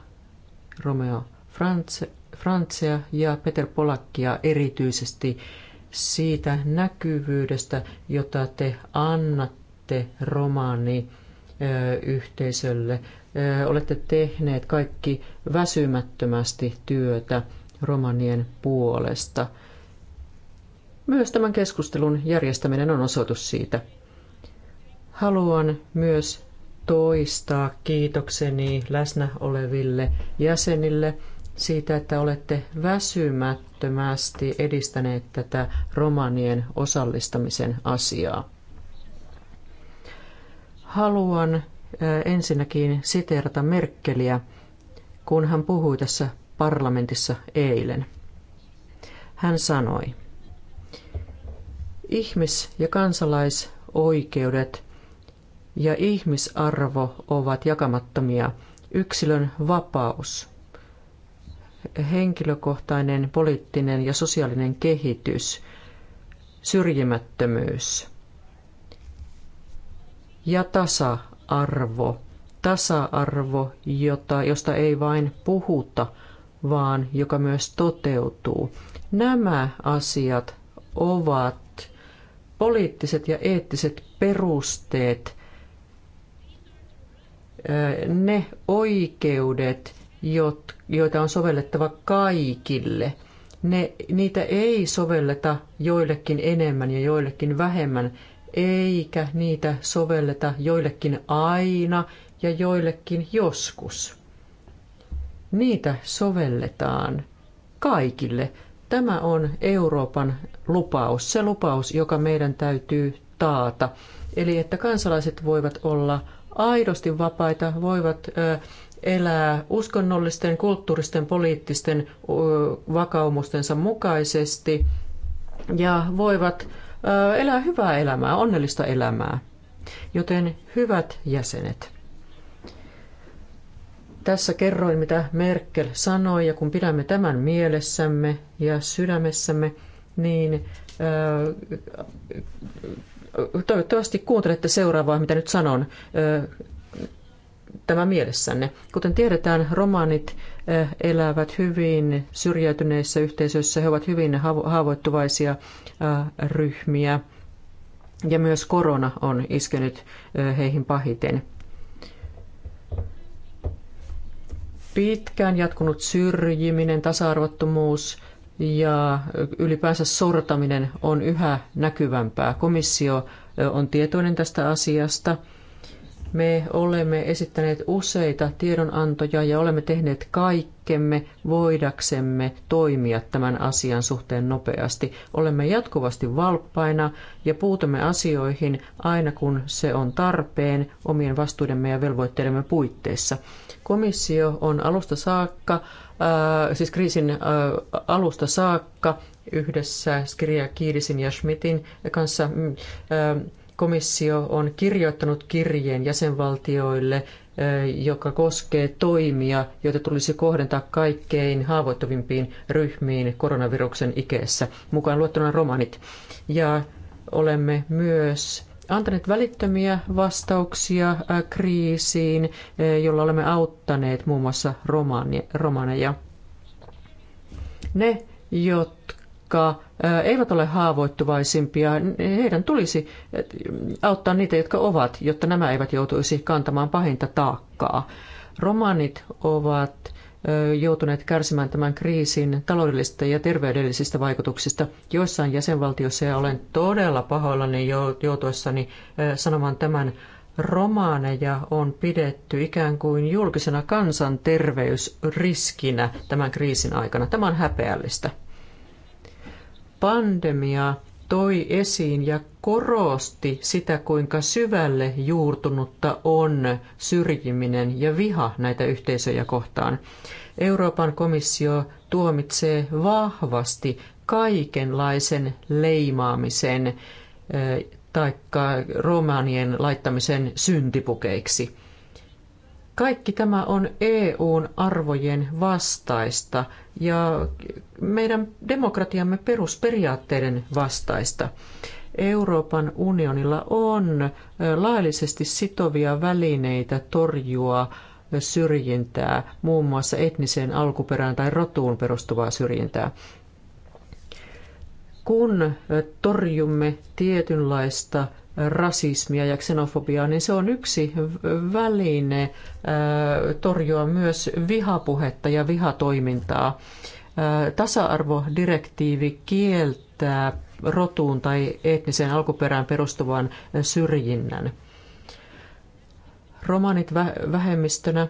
Romeo France, Frantsia ja Peter Polakkia erityisesti siitä näkyvyydestä, jota te annatte romaani yhteisölle. Olette tehneet kaikki väsymättömästi työtä romanien puolesta. Myös tämän keskustelun järjestäminen on osoitus siitä. Haluan myös toistaa kiitokseni läsnä oleville jäsenille – siitä, että olette väsymättömästi edistäneet tätä romanien osallistamisen asiaa. Haluan ensinnäkin siteerata Merkeliä, kun hän puhui tässä parlamentissa eilen. Hän sanoi, ihmis- ja kansalaisoikeudet ja ihmisarvo ovat jakamattomia. Yksilön vapaus henkilökohtainen, poliittinen ja sosiaalinen kehitys, syrjimättömyys ja tasa-arvo. Tasa-arvo, jota, josta ei vain puhuta, vaan joka myös toteutuu. Nämä asiat ovat poliittiset ja eettiset perusteet, ne oikeudet, jotka joita on sovellettava kaikille. Ne, niitä ei sovelleta joillekin enemmän ja joillekin vähemmän, eikä niitä sovelleta joillekin aina ja joillekin joskus. Niitä sovelletaan kaikille. Tämä on Euroopan lupaus, se lupaus, joka meidän täytyy taata. Eli että kansalaiset voivat olla aidosti vapaita, voivat elää uskonnollisten, kulttuuristen, poliittisten vakaumustensa mukaisesti ja voivat elää hyvää elämää, onnellista elämää. Joten hyvät jäsenet, tässä kerroin, mitä Merkel sanoi, ja kun pidämme tämän mielessämme ja sydämessämme, niin toivottavasti kuuntelette seuraavaa, mitä nyt sanon tämä mielessänne. Kuten tiedetään, romanit elävät hyvin syrjäytyneissä yhteisöissä, he ovat hyvin haavoittuvaisia ryhmiä ja myös korona on iskenyt heihin pahiten. Pitkään jatkunut syrjiminen, tasa-arvottomuus ja ylipäänsä sortaminen on yhä näkyvämpää. Komissio on tietoinen tästä asiasta – me olemme esittäneet useita tiedonantoja ja olemme tehneet kaikkemme voidaksemme toimia tämän asian suhteen nopeasti. Olemme jatkuvasti valppaina ja puutumme asioihin aina kun se on tarpeen omien vastuudemme ja velvoitteidemme puitteissa. Komissio on alusta saakka, äh, siis kriisin äh, alusta saakka yhdessä Skirja ja Schmidtin kanssa mm, äh, komissio on kirjoittanut kirjeen jäsenvaltioille, joka koskee toimia, joita tulisi kohdentaa kaikkein haavoittuvimpiin ryhmiin koronaviruksen ikeessä, mukaan luettuna romanit. Ja olemme myös antaneet välittömiä vastauksia kriisiin, jolla olemme auttaneet muun muassa romaneja. Ne, jotka eivät ole haavoittuvaisimpia, heidän tulisi auttaa niitä, jotka ovat, jotta nämä eivät joutuisi kantamaan pahinta taakkaa. Romanit ovat joutuneet kärsimään tämän kriisin taloudellisista ja terveydellisistä vaikutuksista joissain jäsenvaltioissa ja olen todella pahoillani joutuessani sanomaan tämän romaaneja on pidetty ikään kuin julkisena kansanterveysriskinä tämän kriisin aikana. Tämä on häpeällistä. Pandemia toi esiin ja korosti sitä, kuinka syvälle juurtunutta on syrjiminen ja viha näitä yhteisöjä kohtaan. Euroopan komissio tuomitsee vahvasti kaikenlaisen leimaamisen eh, taikka romaanien laittamisen syntipukeiksi. Kaikki tämä on EUn arvojen vastaista ja meidän demokratiamme perusperiaatteiden vastaista. Euroopan unionilla on laillisesti sitovia välineitä torjua syrjintää, muun muassa etniseen alkuperään tai rotuun perustuvaa syrjintää. Kun torjumme tietynlaista rasismia ja xenofobiaa, niin se on yksi väline torjua myös vihapuhetta ja vihatoimintaa. Tasa-arvodirektiivi kieltää rotuun tai etniseen alkuperään perustuvan syrjinnän. Romanit vähemmistönä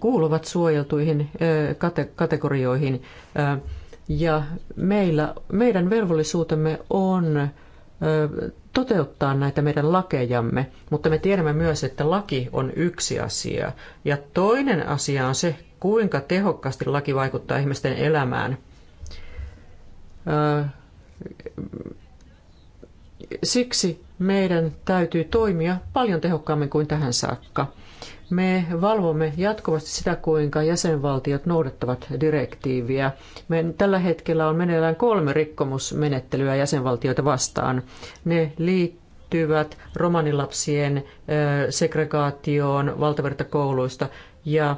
kuuluvat suojeltuihin kategorioihin ja meillä, meidän velvollisuutemme on toteuttaa näitä meidän lakejamme, mutta me tiedämme myös, että laki on yksi asia. Ja toinen asia on se, kuinka tehokkaasti laki vaikuttaa ihmisten elämään. Siksi meidän täytyy toimia paljon tehokkaammin kuin tähän saakka. Me valvomme jatkuvasti sitä, kuinka jäsenvaltiot noudattavat direktiiviä. Me tällä hetkellä on meneillään kolme rikkomusmenettelyä jäsenvaltioita vastaan. Ne liittyvät romanilapsien segregaatioon valtavertakouluista ja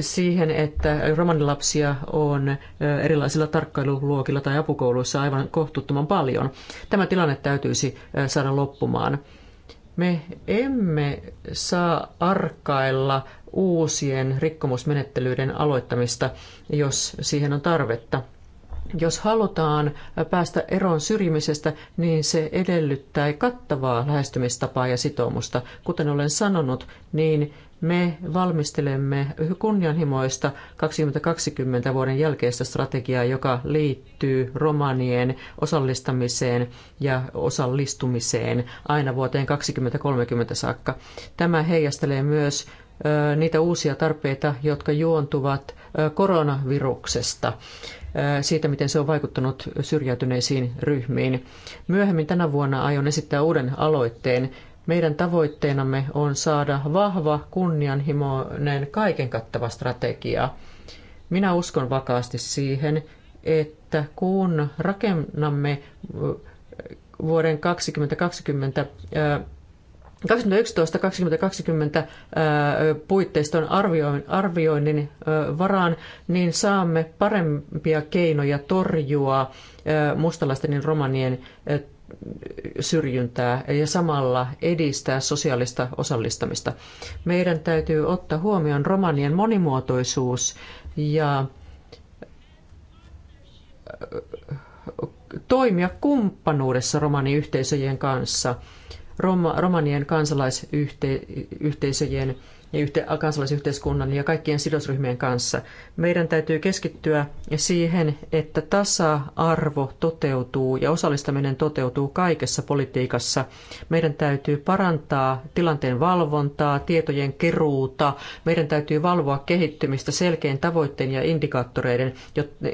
siihen, että romanilapsia on erilaisilla tarkkailuluokilla tai apukouluissa aivan kohtuuttoman paljon. Tämä tilanne täytyisi saada loppumaan. Me emme saa arkailla uusien rikkomusmenettelyiden aloittamista, jos siihen on tarvetta. Jos halutaan päästä eroon syrjimisestä, niin se edellyttää kattavaa lähestymistapaa ja sitoumusta. Kuten olen sanonut, niin me valmistelemme kunnianhimoista 2020 vuoden jälkeistä strategiaa, joka liittyy romanien osallistamiseen ja osallistumiseen aina vuoteen 2030 saakka. Tämä heijastelee myös niitä uusia tarpeita, jotka juontuvat koronaviruksesta, siitä miten se on vaikuttanut syrjäytyneisiin ryhmiin. Myöhemmin tänä vuonna aion esittää uuden aloitteen, meidän tavoitteenamme on saada vahva, kunnianhimoinen, kaiken kattava strategia. Minä uskon vakaasti siihen, että kun rakennamme vuoden 2020 2011-2020 puitteiston arvioinnin varaan, niin saamme parempia keinoja torjua mustalaisten romanien syrjintää ja samalla edistää sosiaalista osallistamista. Meidän täytyy ottaa huomioon romanien monimuotoisuus ja äh, toimia kumppanuudessa romaniyhteisöjen kanssa, romanien kansalaisyhteisöjen ja kansalaisyhteiskunnan ja kaikkien sidosryhmien kanssa. Meidän täytyy keskittyä siihen, että tasa-arvo toteutuu ja osallistaminen toteutuu kaikessa politiikassa. Meidän täytyy parantaa tilanteen valvontaa, tietojen keruuta. Meidän täytyy valvoa kehittymistä selkein tavoitteen ja indikaattoreiden,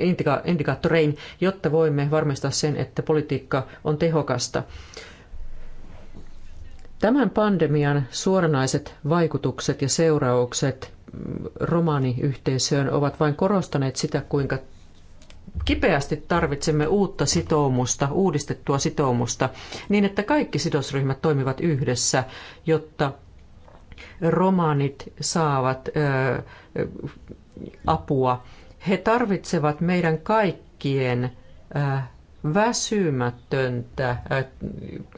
indika, indikaattorein, jotta voimme varmistaa sen, että politiikka on tehokasta. Tämän pandemian suoranaiset vaikutukset ja seuraukset romaniyhteisöön ovat vain korostaneet sitä, kuinka kipeästi tarvitsemme uutta sitoumusta, uudistettua sitoumusta, niin että kaikki sidosryhmät toimivat yhdessä, jotta romanit saavat apua. He tarvitsevat meidän kaikkien väsymätöntä äh,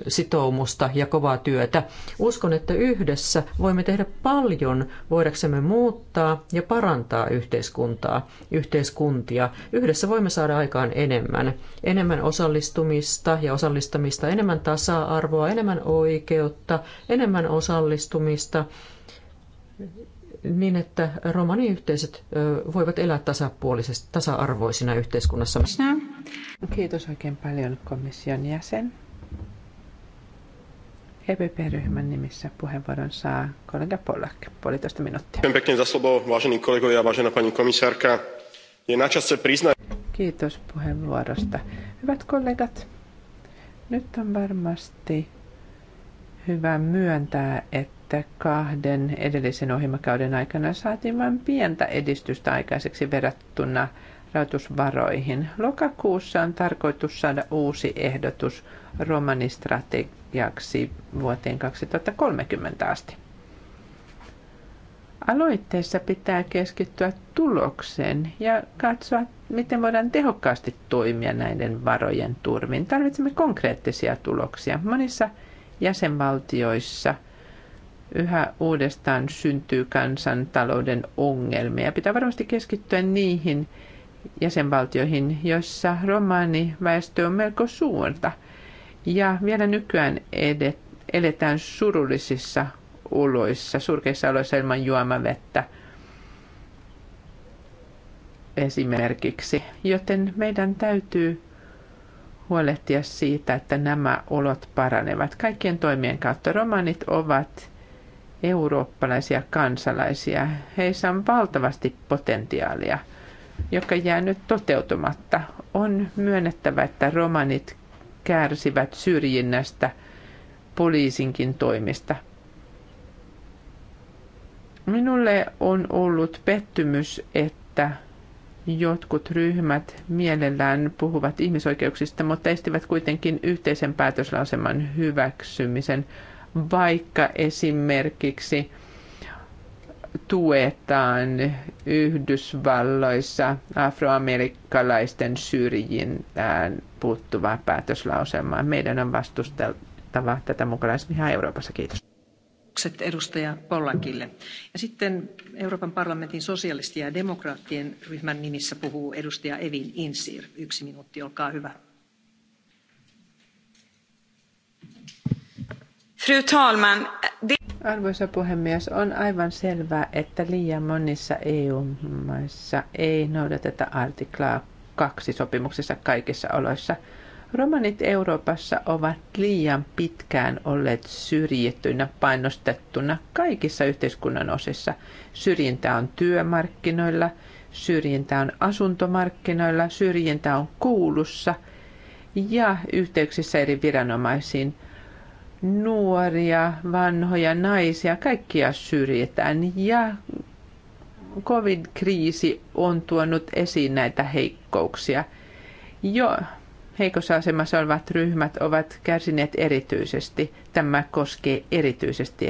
sitoumusta ja kovaa työtä. Uskon, että yhdessä voimme tehdä paljon voidaksemme muuttaa ja parantaa yhteiskuntaa, yhteiskuntia. Yhdessä voimme saada aikaan enemmän. Enemmän osallistumista ja osallistamista, enemmän tasa-arvoa, enemmän oikeutta, enemmän osallistumista niin, että romaniyhteisöt voivat elää tasapuolisesti, tasa-arvoisina yhteiskunnassa. Kiitos oikein paljon komission jäsen. EPP-ryhmän nimissä puheenvuoron saa kollega Polak. puolitoista minuuttia. Pekne za slovo, vážení vážená pani komisárka. Je na čase priznať... Kiitos puheenvuorosta. Hyvät kollegat, nyt on varmasti hyvä myöntää, että kahden edellisen ohjelmakauden aikana saatiin vain pientä edistystä aikaiseksi verrattuna – rahoitusvaroihin. Lokakuussa on tarkoitus saada uusi ehdotus romanistrategiaksi vuoteen 2030 asti. Aloitteessa pitää keskittyä tulokseen ja katsoa, miten voidaan tehokkaasti toimia näiden varojen turvin. Tarvitsemme konkreettisia tuloksia. Monissa jäsenvaltioissa yhä uudestaan syntyy kansantalouden ongelmia. Pitää varmasti keskittyä niihin jäsenvaltioihin, joissa romaaniväestö on melko suurta. Ja vielä nykyään edet, eletään surullisissa oloissa, surkeissa oloissa ilman juomavettä esimerkiksi. Joten meidän täytyy huolehtia siitä, että nämä olot paranevat. Kaikkien toimien kautta romanit ovat eurooppalaisia kansalaisia. Heissä on valtavasti potentiaalia joka jää nyt toteutumatta. On myönnettävä, että romanit kärsivät syrjinnästä poliisinkin toimista. Minulle on ollut pettymys, että jotkut ryhmät mielellään puhuvat ihmisoikeuksista, mutta estivät kuitenkin yhteisen päätöslauseman hyväksymisen, vaikka esimerkiksi tuetaan Yhdysvalloissa afroamerikkalaisten syrjintään puuttuvaa päätöslauselmaa. Meidän on vastusteltava tätä ihan Euroopassa. Kiitos. edustaja Pollakille. Ja sitten Euroopan parlamentin sosialistien ja demokraattien ryhmän nimissä puhuu edustaja Evin Insir. Yksi minuutti, olkaa hyvä. Fru talman. Arvoisa puhemies, on aivan selvää, että liian monissa EU-maissa ei noudateta artiklaa kaksi sopimuksessa kaikissa oloissa. Romanit Euroopassa ovat liian pitkään olleet syrjittyinä, painostettuna kaikissa yhteiskunnan osissa. Syrjintä on työmarkkinoilla, syrjintä on asuntomarkkinoilla, syrjintä on kuulussa ja yhteyksissä eri viranomaisiin – nuoria, vanhoja, naisia, kaikkia syrjitään ja covid-kriisi on tuonut esiin näitä heikkouksia. Jo heikossa asemassa olevat ryhmät ovat kärsineet erityisesti. Tämä koskee erityisesti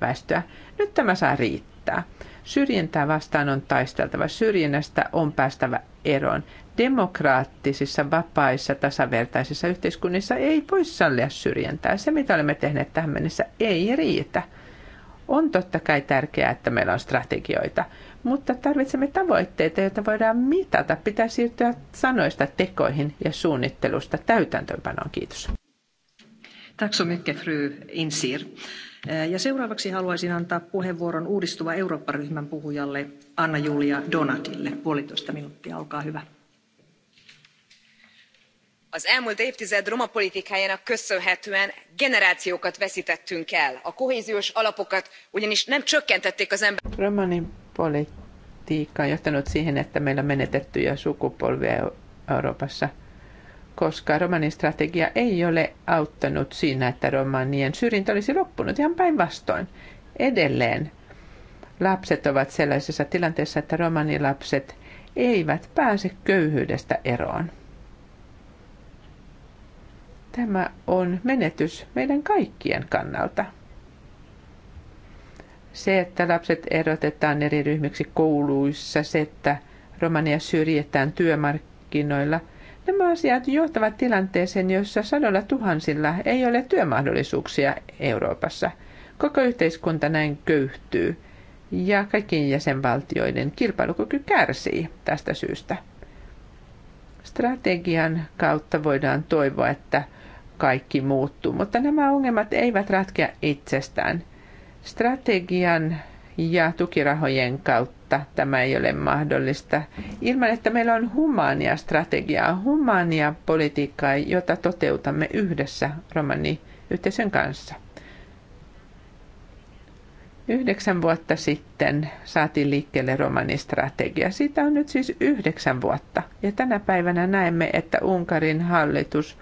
väestöä. Nyt tämä saa riittää. Syrjintää vastaan on taisteltava. Syrjinnästä on päästävä eroon demokraattisissa, vapaissa, tasavertaisissa yhteiskunnissa ei voi sallia syrjintää. Se, mitä olemme tehneet tähän mennessä, ei riitä. On totta kai tärkeää, että meillä on strategioita, mutta tarvitsemme tavoitteita, joita voidaan mitata. Pitää siirtyä sanoista tekoihin ja suunnittelusta täytäntöönpanoon. Kiitos. Tack så mycket, fru Insir. Ja seuraavaksi haluaisin antaa puheenvuoron uudistuva Eurooppa-ryhmän puhujalle Anna-Julia Donatille. Puolitoista minuuttia, olkaa hyvä az elmúlt évtized romapolitikájának köszönhetően generációkat vesztettünk el a kohéziós alapokat ugyanis nem csökkentették az emberek. romanipolitiikka on johtanut siihen, että meillä on menetettyjä sukupolvia Euroopassa, koska romani-strategia ei ole auttanut siinä, että romanien syrjintä olisi loppunut ihan päinvastoin. Edelleen lapset ovat sellaisessa tilanteessa, että romanilapset eivät pääse köyhyydestä eroon Tämä on menetys meidän kaikkien kannalta. Se, että lapset erotetaan eri ryhmiksi kouluissa, se, että romania syrjitään työmarkkinoilla, nämä asiat johtavat tilanteeseen, jossa sadolla tuhansilla ei ole työmahdollisuuksia Euroopassa. Koko yhteiskunta näin köyhtyy ja kaikkien jäsenvaltioiden kilpailukyky kärsii tästä syystä. Strategian kautta voidaan toivoa, että kaikki muuttuu, mutta nämä ongelmat eivät ratkea itsestään. Strategian ja tukirahojen kautta tämä ei ole mahdollista ilman, että meillä on humania strategiaa, humania politiikkaa, jota toteutamme yhdessä Romani romani-yhteisön kanssa. Yhdeksän vuotta sitten saatiin liikkeelle romanistrategia. Siitä on nyt siis yhdeksän vuotta. Ja tänä päivänä näemme, että Unkarin hallitus –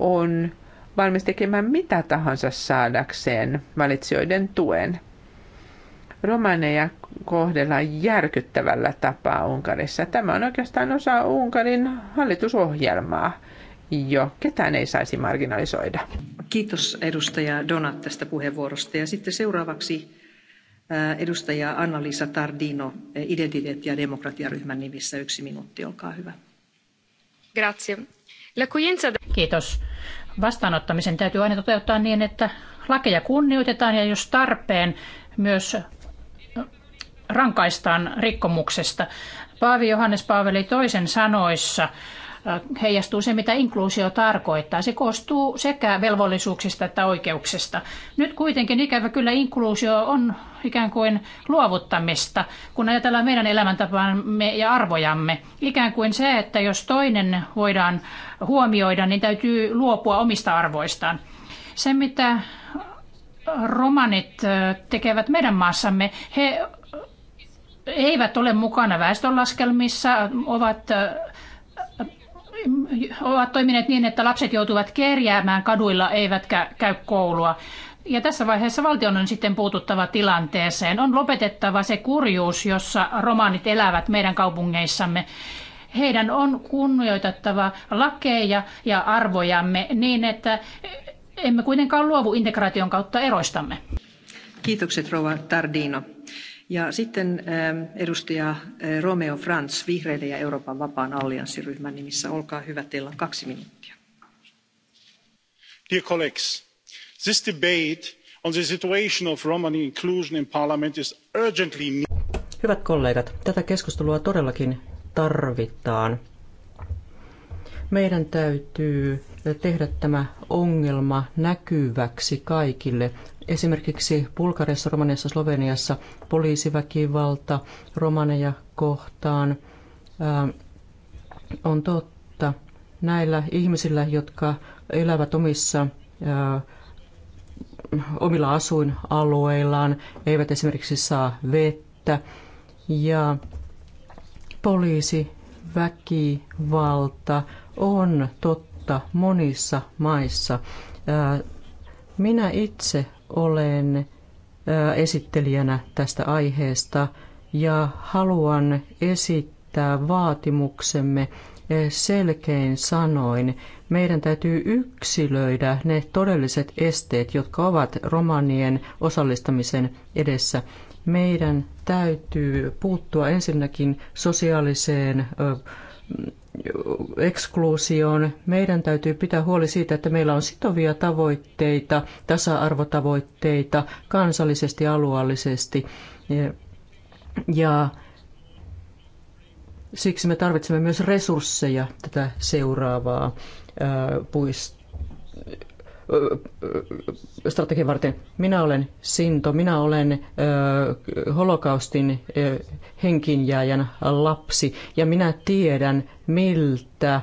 on valmis tekemään mitä tahansa saadakseen valitsijoiden tuen. Romaneja kohdellaan järkyttävällä tapaa Unkarissa. Tämä on oikeastaan osa Unkarin hallitusohjelmaa, jo ketään ei saisi marginalisoida. Kiitos edustaja Donat tästä puheenvuorosta. Ja sitten seuraavaksi äh, edustaja Anna-Liisa Tardino äh, identiteetti- ja demokratiaryhmän nimissä. Yksi minuutti, olkaa hyvä. Grazie. Kiitos. Vastaanottamisen täytyy aina toteuttaa niin, että lakeja kunnioitetaan ja jos tarpeen myös rankaistaan rikkomuksesta. Paavi Johannes Paaveli toisen sanoissa heijastuu se, mitä inkluusio tarkoittaa. Se koostuu sekä velvollisuuksista että oikeuksista. Nyt kuitenkin ikävä kyllä inkluusio on ikään kuin luovuttamista, kun ajatellaan meidän elämäntapaamme ja arvojamme. Ikään kuin se, että jos toinen voidaan huomioida, niin täytyy luopua omista arvoistaan. Se, mitä romanit tekevät meidän maassamme, he eivät ole mukana väestönlaskelmissa, ovat ovat toimineet niin, että lapset joutuvat kerjäämään kaduilla eivätkä käy koulua. Ja tässä vaiheessa valtion on sitten puututtava tilanteeseen. On lopetettava se kurjuus, jossa romaanit elävät meidän kaupungeissamme. Heidän on kunnioitettava lakeja ja arvojamme niin, että emme kuitenkaan luovu integraation kautta eroistamme. Kiitokset Rova Tardino. Ja sitten ähm, edustaja äh, Romeo Franz vihreiden ja Euroopan vapaan allianssiryhmän nimissä. Olkaa hyvä, teillä on kaksi minuuttia. Dear colleagues, this debate on the situation of Romani inclusion in parliament is urgently Hyvät kollegat, tätä keskustelua todellakin tarvitaan. Meidän täytyy tehdä tämä ongelma näkyväksi kaikille. Esimerkiksi Bulgariassa, Romaniassa, Sloveniassa poliisiväkivalta romaneja kohtaan on totta. Näillä ihmisillä, jotka elävät omissa omilla asuinalueillaan, eivät esimerkiksi saa vettä ja poliisi väkivalta on totta monissa maissa. Äh, minä itse olen äh, esittelijänä tästä aiheesta ja haluan esittää vaatimuksemme äh, selkein sanoin. Meidän täytyy yksilöidä ne todelliset esteet, jotka ovat romanien osallistamisen edessä. Meidän täytyy puuttua ensinnäkin sosiaaliseen eksklusioon. Meidän täytyy pitää huoli siitä, että meillä on sitovia tavoitteita, tasa-arvotavoitteita kansallisesti ja alueellisesti. Ja siksi me tarvitsemme myös resursseja tätä seuraavaa puist- strategian varten. Minä olen Sinto, minä olen holokaustin henkinjääjän lapsi ja minä tiedän, miltä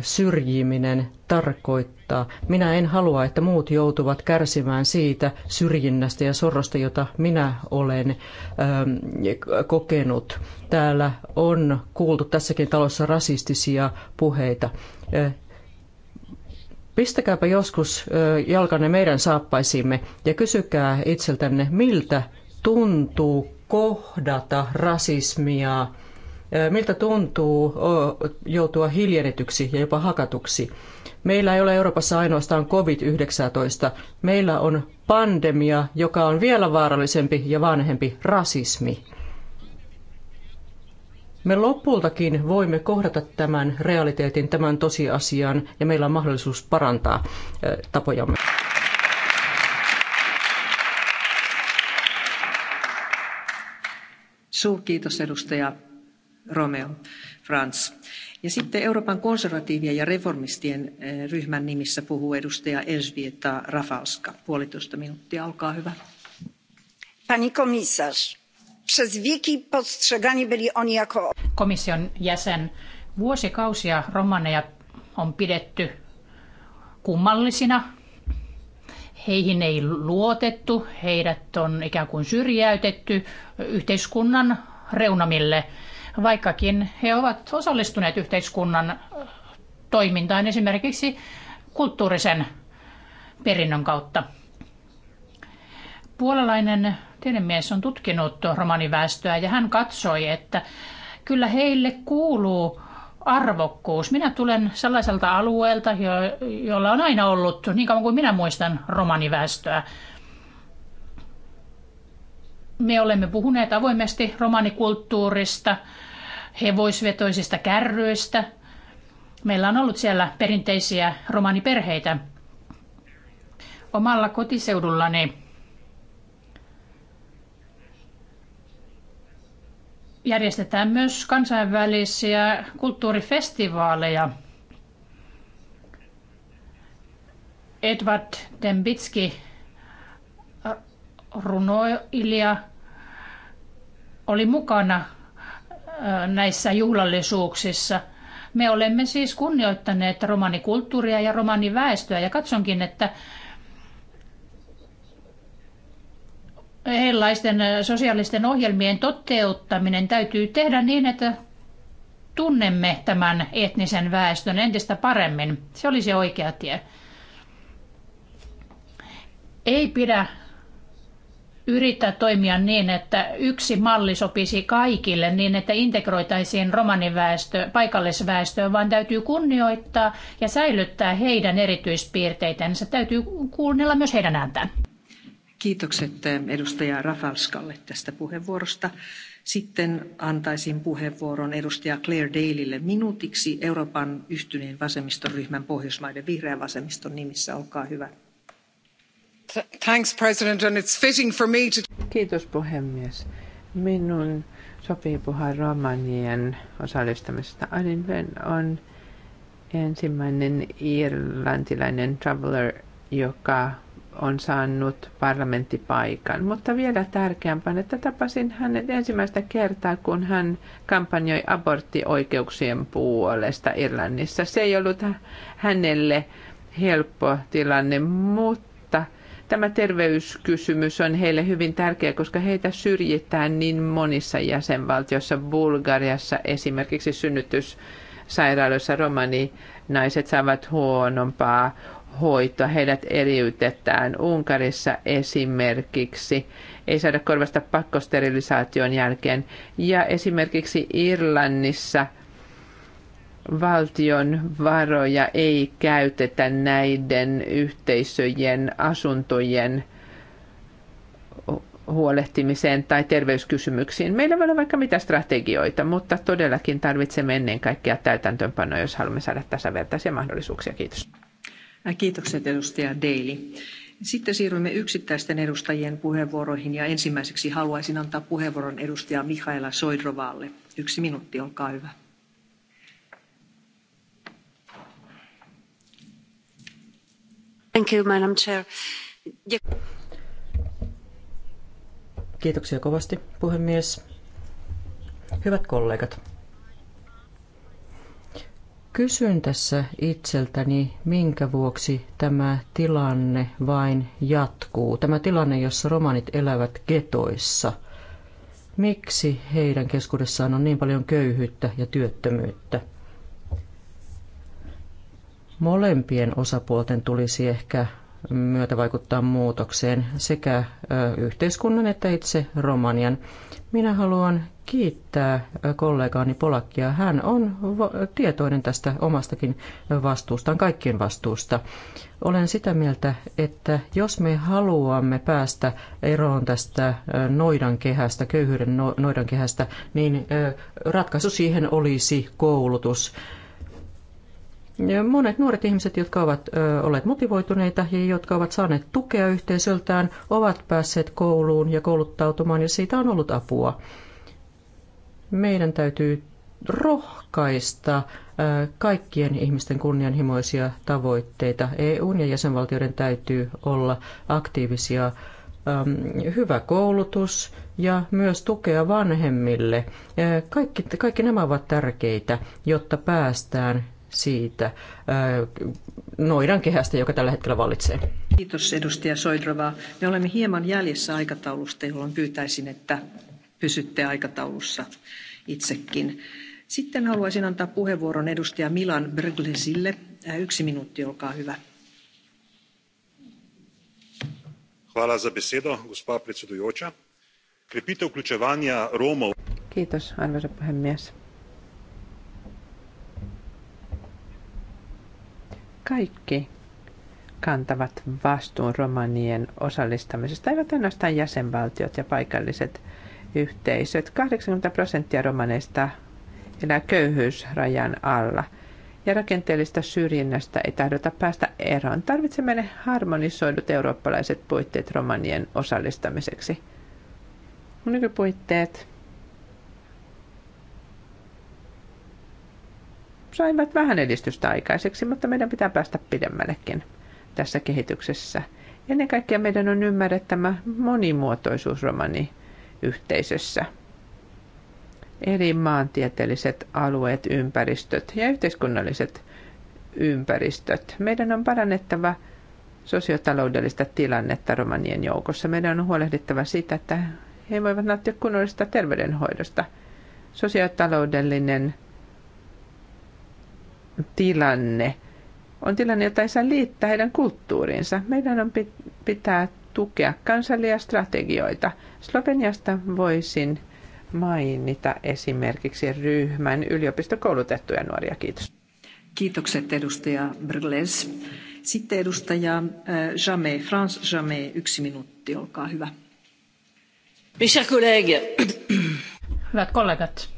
syrjiminen tarkoittaa. Minä en halua, että muut joutuvat kärsimään siitä syrjinnästä ja sorrosta, jota minä olen kokenut. Täällä on kuultu tässäkin talossa rasistisia puheita Pistäkääpä joskus jalkanne meidän saappaisimme ja kysykää itseltänne, miltä tuntuu kohdata rasismia, miltä tuntuu joutua hiljennetyksi ja jopa hakatuksi. Meillä ei ole Euroopassa ainoastaan COVID-19. Meillä on pandemia, joka on vielä vaarallisempi ja vanhempi rasismi me lopultakin voimme kohdata tämän realiteetin, tämän tosiasian, ja meillä on mahdollisuus parantaa tapojamme. kiitos edustaja Romeo Franz. Ja sitten Euroopan konservatiivien ja reformistien ryhmän nimissä puhuu edustaja Elżbieta Rafalska. Puolitoista minuuttia, olkaa hyvä. Pani komisarz, Przez wieki postrzegani byli oni jako... Komission jäsen, vuosikausia romaneja on pidetty kummallisina. Heihin ei luotettu, heidät on ikään kuin syrjäytetty yhteiskunnan reunamille, vaikkakin he ovat osallistuneet yhteiskunnan toimintaan esimerkiksi kulttuurisen perinnön kautta. Puolalainen tiedemies on tutkinut romaniväestöä ja hän katsoi, että kyllä heille kuuluu arvokkuus. Minä tulen sellaiselta alueelta, jo, jolla on aina ollut, niin kauan kuin minä muistan, romaniväestöä. Me olemme puhuneet avoimesti romanikulttuurista, hevosvetoisista kärryistä. Meillä on ollut siellä perinteisiä romaniperheitä. Omalla kotiseudullani järjestetään myös kansainvälisiä kulttuurifestivaaleja. Edward Dembitski, äh, runoilija, oli mukana äh, näissä juhlallisuuksissa. Me olemme siis kunnioittaneet romanikulttuuria ja romaniväestöä ja katsonkin, että erilaisten sosiaalisten ohjelmien toteuttaminen täytyy tehdä niin, että tunnemme tämän etnisen väestön entistä paremmin. Se oli se oikea tie. Ei pidä yrittää toimia niin, että yksi malli sopisi kaikille niin, että integroitaisiin romaniväestö, paikallisväestöön, vaan täytyy kunnioittaa ja säilyttää heidän erityispiirteitensä. Täytyy kuunnella myös heidän ääntään. Kiitokset eh, edustaja Rafalskalle tästä puheenvuorosta. Sitten antaisin puheenvuoron edustaja Claire Dalylle minuutiksi Euroopan yhtyneen vasemmistoryhmän Pohjoismaiden vihreän vasemmiston nimissä. Olkaa hyvä. Thanks, President, and it's fitting for me to... Kiitos puhemies. Minun sopii puhua romanien osallistumisesta. Arin Venn on ensimmäinen irlantilainen traveler, joka on saanut parlamenttipaikan. Mutta vielä tärkeämpänä, että tapasin hänet ensimmäistä kertaa, kun hän kampanjoi aborttioikeuksien puolesta Irlannissa. Se ei ollut hänelle helppo tilanne, mutta tämä terveyskysymys on heille hyvin tärkeä, koska heitä syrjitään niin monissa jäsenvaltioissa, Bulgariassa esimerkiksi synnytys sairaaloissa romani naiset saavat huonompaa hoitoa. Heidät eriytetään. Unkarissa esimerkiksi ei saada korvasta pakkosterilisaation jälkeen. Ja esimerkiksi Irlannissa valtion varoja ei käytetä näiden yhteisöjen asuntojen huolehtimiseen tai terveyskysymyksiin. Meillä voi olla vaikka mitä strategioita, mutta todellakin tarvitsemme ennen kaikkea täytäntöönpanoa, jos haluamme saada tasavertaisia mahdollisuuksia. Kiitos. Äh, kiitokset edustaja Daly. Sitten siirrymme yksittäisten edustajien puheenvuoroihin ja ensimmäiseksi haluaisin antaa puheenvuoron edustaja Mihaela Soidrovalle. Yksi minuutti, olkaa hyvä. Thank you, Madam Chair. Kiitoksia kovasti, puhemies. Hyvät kollegat, Kysyn tässä itseltäni, minkä vuoksi tämä tilanne vain jatkuu. Tämä tilanne, jossa romanit elävät getoissa. Miksi heidän keskuudessaan on niin paljon köyhyyttä ja työttömyyttä? Molempien osapuolten tulisi ehkä myötä vaikuttaa muutokseen sekä yhteiskunnan että itse Romanian. Minä haluan kiittää kollegaani Polakkia. Hän on tietoinen tästä omastakin vastuustaan, kaikkien vastuusta. Olen sitä mieltä, että jos me haluamme päästä eroon tästä noidankehästä, köyhyyden no, noidankehästä, niin ratkaisu siihen olisi koulutus. Monet nuoret ihmiset, jotka ovat olleet motivoituneita ja jotka ovat saaneet tukea yhteisöltään, ovat päässeet kouluun ja kouluttautumaan ja siitä on ollut apua. Meidän täytyy rohkaista kaikkien ihmisten kunnianhimoisia tavoitteita. EUn ja jäsenvaltioiden täytyy olla aktiivisia. Hyvä koulutus ja myös tukea vanhemmille. Kaikki, kaikki nämä ovat tärkeitä, jotta päästään siitä noidan kehästä, joka tällä hetkellä vallitsee. Kiitos edustaja Soidrova. Me olemme hieman jäljessä aikataulusta, jolloin pyytäisin, että pysytte aikataulussa itsekin. Sitten haluaisin antaa puheenvuoron edustaja Milan Brglesille. Äh, yksi minuutti, olkaa hyvä. Hvala za besedo, gospa predsedujoča. Kiitos, arvoisa puhemies. Kaikki kantavat vastuun romanien osallistamisesta, eivät ainoastaan jäsenvaltiot ja paikalliset yhteisöt. 80 prosenttia romaneista elää köyhyysrajan alla ja rakenteellista syrjinnästä ei tahdota päästä eroon. Tarvitsemme ne harmonisoidut eurooppalaiset puitteet romanien osallistamiseksi. Nykypuitteet saivat vähän edistystä aikaiseksi, mutta meidän pitää päästä pidemmällekin tässä kehityksessä. Ennen kaikkea meidän on ymmärrettävä monimuotoisuus romani yhteisössä. Eri maantieteelliset alueet, ympäristöt ja yhteiskunnalliset ympäristöt. Meidän on parannettava sosiotaloudellista tilannetta romanien joukossa. Meidän on huolehdittava siitä, että he voivat nauttia kunnollisesta terveydenhoidosta. Sosiotaloudellinen tilanne on tilanne, jota ei saa liittää heidän kulttuuriinsa. Meidän on pitää tukea kansallisia strategioita. Sloveniasta voisin mainita esimerkiksi ryhmän yliopistokoulutettuja nuoria. Kiitos. Kiitokset edustaja Brles. Sitten edustaja äh, Jamé, Frans Jamé, yksi minuutti, olkaa hyvä. Hyvät kollegat,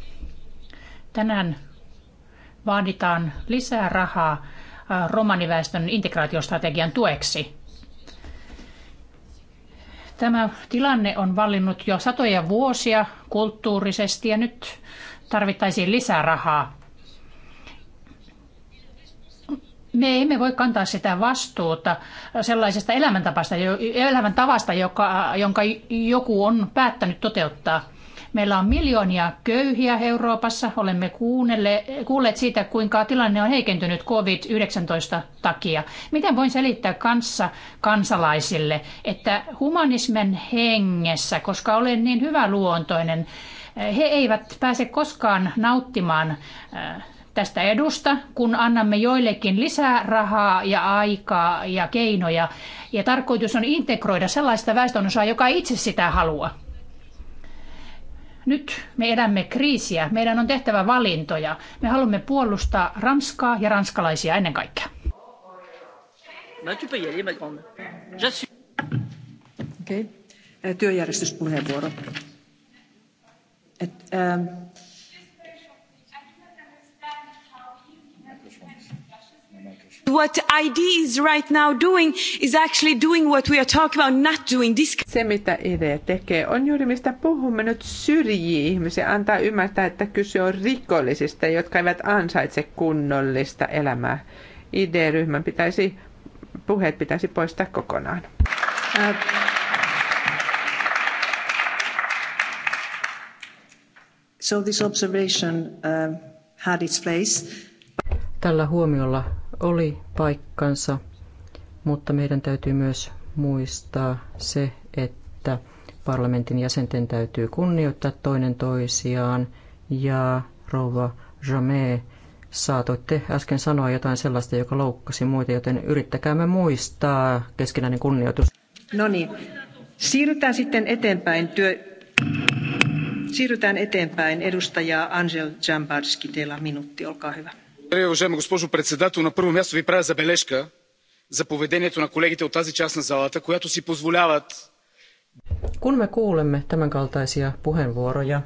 tänään vaaditaan lisää rahaa romaniväestön integraatiostrategian tueksi. Tämä tilanne on vallinnut jo satoja vuosia kulttuurisesti ja nyt tarvittaisiin lisää rahaa. Me emme voi kantaa sitä vastuuta sellaisesta elämäntavasta, elämäntavasta joka, jonka joku on päättänyt toteuttaa – Meillä on miljoonia köyhiä Euroopassa. Olemme kuulleet siitä, kuinka tilanne on heikentynyt COVID-19 takia. Miten voin selittää kanssa kansalaisille, että humanismen hengessä, koska olen niin hyvä luontoinen, he eivät pääse koskaan nauttimaan äh, tästä edusta, kun annamme joillekin lisää rahaa ja aikaa ja keinoja. Ja tarkoitus on integroida sellaista väestönosaa, joka itse sitä haluaa. Nyt me elämme kriisiä. Meidän on tehtävä valintoja. Me haluamme puolustaa Ranskaa ja ranskalaisia ennen kaikkea. No, okay. Työjärjestyspuheenvuoro. Et, ähm, what ID is right now doing is actually doing what we are talking about not doing this. Se mitä ID tekee on juuri mistä puhumme nyt syrjii ihmisiä, antaa ymmärtää, että kyse on rikollisista, jotka eivät ansaitse kunnollista elämää. ID-ryhmän pitäisi, puheet pitäisi poistaa kokonaan. Ä So this observation uh, had its place. Tällä huomiolla oli paikkansa, mutta meidän täytyy myös muistaa se, että parlamentin jäsenten täytyy kunnioittaa toinen toisiaan ja rouva Jame, saatoitte äsken sanoa jotain sellaista, joka loukkasi muita, joten yrittäkäämme muistaa keskinäinen kunnioitus. No niin, siirrytään sitten eteenpäin. Työ... Siirrytään eteenpäin. Edustaja Angel Jambarski, teillä on minuutti, olkaa hyvä уважаема госпожо председател. на първо място ви правя забележка за поведението на колегите от тази част на залата, която си позволяват. Kun me kuulemme tämänkaltaisia puheenvuoroja,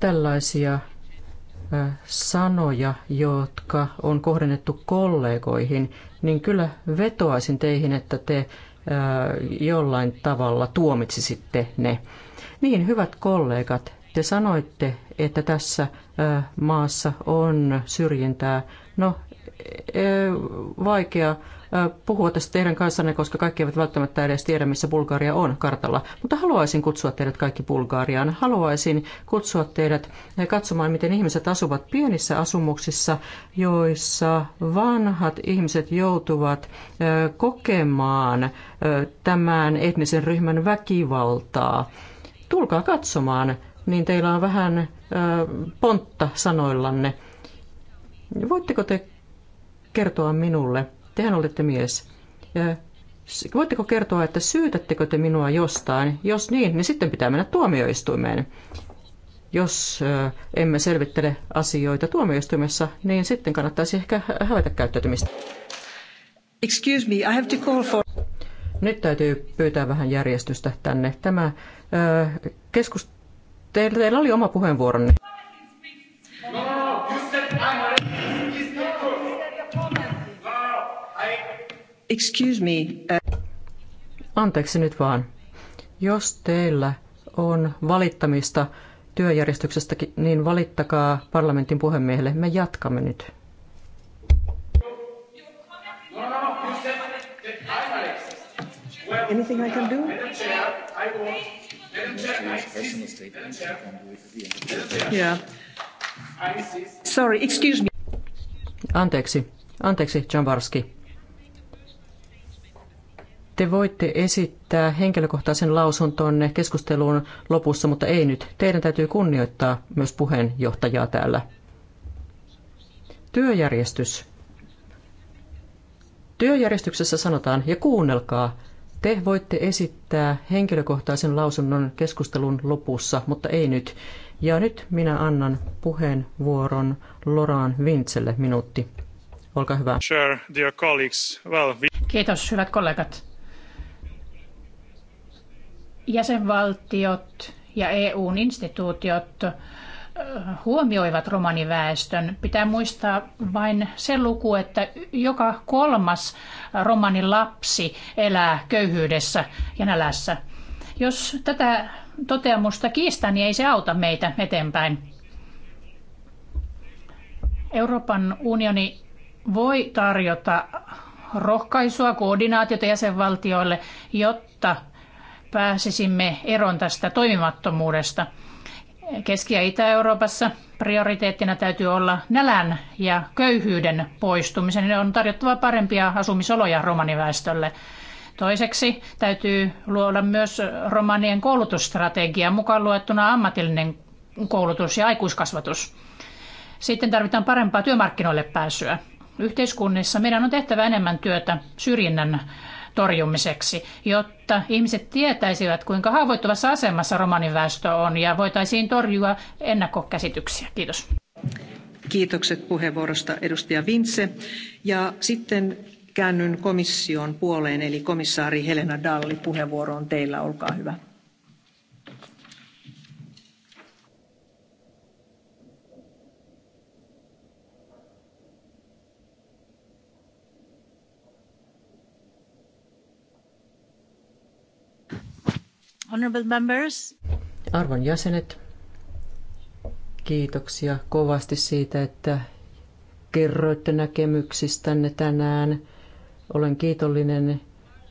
tällaisia sanoja, jotka on kohdennettu kollegoihin, niin kyllä vetoaisin teihin, että te jollain tavalla tuomitsisitte ne. Niin, hyvät kollegat, te sanoitte, että tässä maassa on syrjintää. No, e, vaikea puhua tästä teidän kanssanne, koska kaikki eivät välttämättä edes tiedä, missä Bulgaria on kartalla. Mutta haluaisin kutsua teidät kaikki Bulgariaan. Haluaisin kutsua teidät e, katsomaan, miten ihmiset asuvat pienissä asumuksissa, joissa vanhat ihmiset joutuvat e, kokemaan tämän etnisen ryhmän väkivaltaa. Tulkaa katsomaan niin teillä on vähän pontta sanoillanne. Voitteko te kertoa minulle, tehän olette mies, voitteko kertoa, että syytättekö te minua jostain? Jos niin, niin sitten pitää mennä tuomioistuimeen. Jos emme selvittele asioita tuomioistuimessa, niin sitten kannattaisi ehkä hävetä käyttäytymistä. Excuse me, I have to call for... Nyt täytyy pyytää vähän järjestystä tänne. Tämä keskustelu Teillä, teillä oli oma puheenvuoronne. Excuse me. Uh, Anteeksi nyt vaan. Jos teillä on valittamista työjärjestyksestäkin, niin valittakaa parlamentin puhemiehelle. Me jatkamme nyt. No, no, no, Anything I can do? Yeah. Sorry, excuse me. Anteeksi, anteeksi, Jambarski. Te voitte esittää henkilökohtaisen lausuntonne keskustelun lopussa, mutta ei nyt. Teidän täytyy kunnioittaa myös puheenjohtajaa täällä. Työjärjestys. Työjärjestyksessä sanotaan, ja kuunnelkaa, te voitte esittää henkilökohtaisen lausunnon keskustelun lopussa, mutta ei nyt. Ja nyt minä annan puheenvuoron Loraan Vintselle minuutti. Olkaa hyvä. Sure, dear colleagues. Well, we... Kiitos, hyvät kollegat. Jäsenvaltiot ja EUn instituutiot huomioivat romaniväestön. Pitää muistaa vain se luku, että joka kolmas romanin lapsi elää köyhyydessä ja nälässä. Jos tätä toteamusta kiistää, niin ei se auta meitä eteenpäin. Euroopan unioni voi tarjota rohkaisua, koordinaatiota jäsenvaltioille, jotta pääsisimme eroon tästä toimimattomuudesta – Keski- ja Itä-Euroopassa prioriteettina täytyy olla nälän ja köyhyyden poistumisen. Ne on tarjottava parempia asumisoloja romaniväestölle. Toiseksi täytyy luoda myös romanien koulutusstrategia, mukaan luettuna ammatillinen koulutus ja aikuiskasvatus. Sitten tarvitaan parempaa työmarkkinoille pääsyä. Yhteiskunnissa meidän on tehtävä enemmän työtä syrjinnän torjumiseksi, jotta ihmiset tietäisivät, kuinka haavoittuvassa asemassa romaniväestö on ja voitaisiin torjua ennakkokäsityksiä. Kiitos. Kiitokset puheenvuorosta edustaja Vince Ja sitten käännyn komission puoleen, eli komissaari Helena Dalli, puheenvuoro on teillä, olkaa hyvä. Honorable members. Arvon jäsenet, kiitoksia kovasti siitä, että kerroitte näkemyksistänne tänään. Olen kiitollinen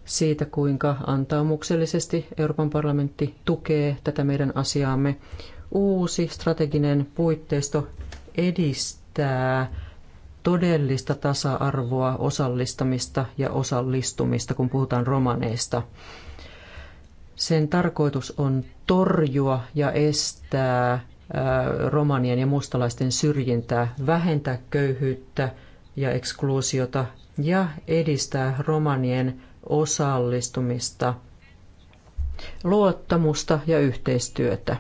siitä, kuinka antaumuksellisesti Euroopan parlamentti tukee tätä meidän asiaamme. Uusi strateginen puitteisto edistää todellista tasa-arvoa, osallistamista ja osallistumista, kun puhutaan romaneista. Sen tarkoitus on torjua ja estää äh, romanien ja mustalaisten syrjintää, vähentää köyhyyttä ja eksklusiota ja edistää romanien osallistumista, luottamusta ja yhteistyötä.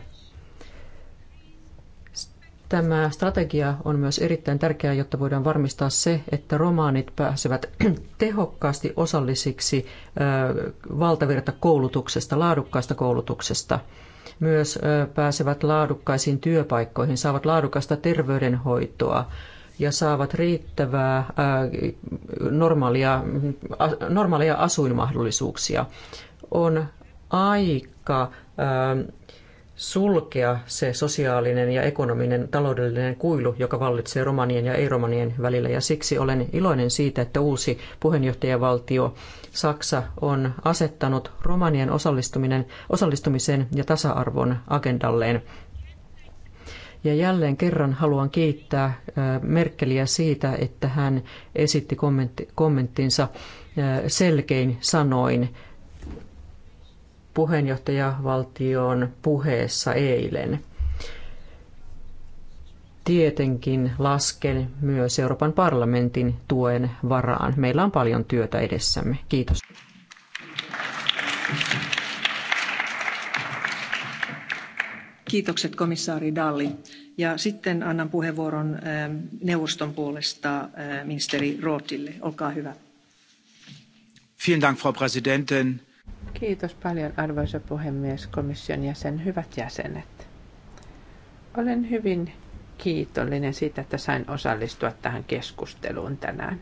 Tämä strategia on myös erittäin tärkeää, jotta voidaan varmistaa se, että romaanit pääsevät tehokkaasti osallisiksi valtavirta koulutuksesta, laadukkaasta koulutuksesta. Myös pääsevät laadukkaisiin työpaikkoihin, saavat laadukasta terveydenhoitoa ja saavat riittävää normaalia, normaalia asuinmahdollisuuksia. On aika sulkea se sosiaalinen ja ekonominen taloudellinen kuilu, joka vallitsee romanien ja ei-romanien välillä. Ja siksi olen iloinen siitä, että uusi puheenjohtajavaltio Saksa on asettanut romanien osallistuminen, osallistumisen ja tasa-arvon agendalleen. Ja jälleen kerran haluan kiittää Merkeliä siitä, että hän esitti kommentti, kommenttinsa selkein sanoin – puheenjohtajavaltion puheessa eilen. Tietenkin lasken myös Euroopan parlamentin tuen varaan. Meillä on paljon työtä edessämme. Kiitos. Kiitokset komissaari Dalli. Ja sitten annan puheenvuoron ähm, neuvoston puolesta äh, ministeri Rothille. Olkaa hyvä. Vielen Dank, Frau Präsidentin Kiitos paljon arvoisa puhemies, komission jäsen, hyvät jäsenet. Olen hyvin kiitollinen siitä, että sain osallistua tähän keskusteluun tänään.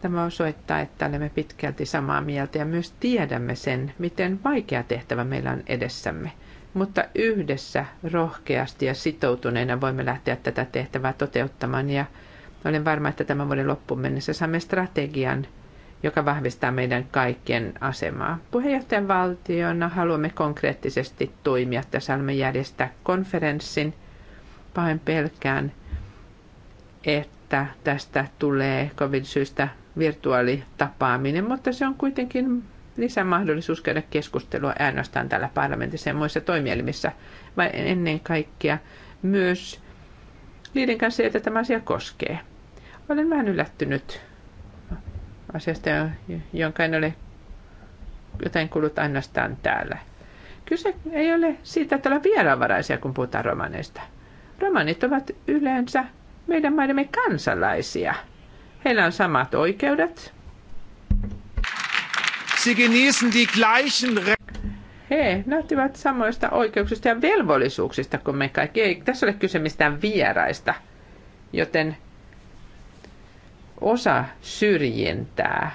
Tämä osoittaa, että olemme pitkälti samaa mieltä ja myös tiedämme sen, miten vaikea tehtävä meillä on edessämme. Mutta yhdessä, rohkeasti ja sitoutuneena voimme lähteä tätä tehtävää toteuttamaan ja olen varma, että tämän vuoden loppuun mennessä saamme strategian – joka vahvistaa meidän kaikkien asemaa. Puheenjohtajan valtiona haluamme konkreettisesti toimia. Tässä haluamme järjestää konferenssin. Pahoin pelkään, että tästä tulee covid-syystä virtuaalitapaaminen, mutta se on kuitenkin lisämahdollisuus käydä keskustelua ainoastaan täällä parlamentissa ja muissa toimielimissä, vai ennen kaikkea myös niiden kanssa, että tämä asia koskee. Olen vähän yllättynyt asiasta, jonka en ole joten kuulut ainoastaan täällä. Kyse ei ole siitä, että ollaan vieraanvaraisia, kun puhutaan romaneista. Romanit ovat yleensä meidän maidemme kansalaisia. Heillä on samat oikeudet. Sie genießen die gleichen he nauttivat samoista oikeuksista ja velvollisuuksista kuin me kaikki. Ei tässä ole kyse mistään vieraista, joten osa syrjintää,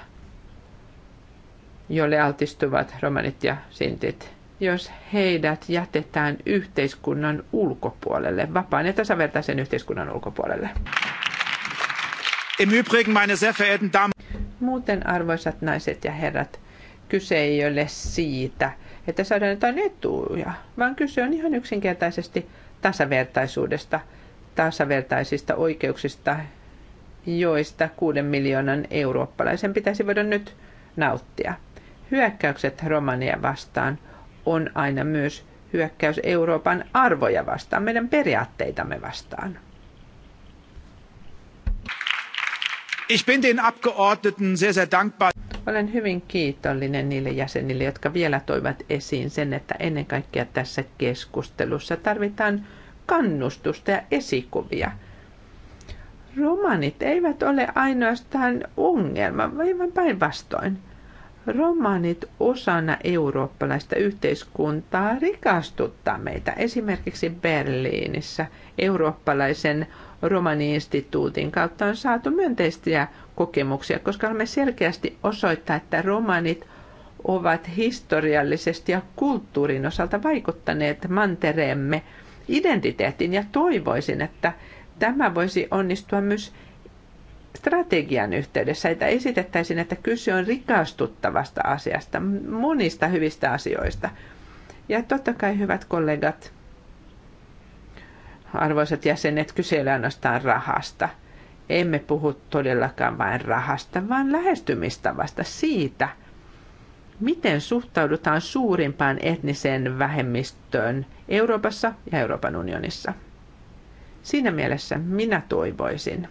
jolle altistuvat romanit ja sintit, jos heidät jätetään yhteiskunnan ulkopuolelle, vapaan ja tasavertaisen yhteiskunnan ulkopuolelle. Im Übrigen, meine sehr verehrten Damen. Muuten, arvoisat naiset ja herrat, kyse ei ole siitä, että saadaan jotain etuja, vaan kyse on ihan yksinkertaisesti tasavertaisuudesta, tasavertaisista oikeuksista joista kuuden miljoonan eurooppalaisen pitäisi voida nyt nauttia. Hyökkäykset Romania vastaan on aina myös hyökkäys Euroopan arvoja vastaan, meidän periaatteitamme vastaan. Ich bin den Abgeordneten sehr, sehr dankbar. Olen hyvin kiitollinen niille jäsenille, jotka vielä toivat esiin sen, että ennen kaikkea tässä keskustelussa tarvitaan kannustusta ja esikuvia – romanit eivät ole ainoastaan ongelma, vaan päinvastoin. Romanit osana eurooppalaista yhteiskuntaa rikastuttaa meitä. Esimerkiksi Berliinissä eurooppalaisen romaniinstituutin kautta on saatu myönteisiä kokemuksia, koska me selkeästi osoittaa, että romanit ovat historiallisesti ja kulttuurin osalta vaikuttaneet mantereemme identiteettiin ja toivoisin, että Tämä voisi onnistua myös strategian yhteydessä, että esitettäisiin, että kyse on rikastuttavasta asiasta, monista hyvistä asioista. Ja totta kai, hyvät kollegat, arvoisat jäsenet, kyse ei ainoastaan rahasta. Emme puhu todellakaan vain rahasta, vaan lähestymistavasta siitä, miten suhtaudutaan suurimpaan etniseen vähemmistöön Euroopassa ja Euroopan unionissa – Siinä mielessä minä toivoisin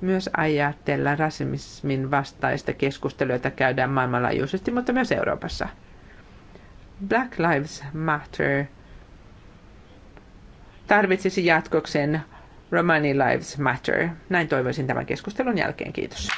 myös ajatella rasismin vastaista keskustelua, jota käydään maailmanlaajuisesti, mutta myös Euroopassa. Black Lives Matter tarvitsisi jatkokseen Romani Lives Matter. Näin toivoisin tämän keskustelun jälkeen. Kiitos.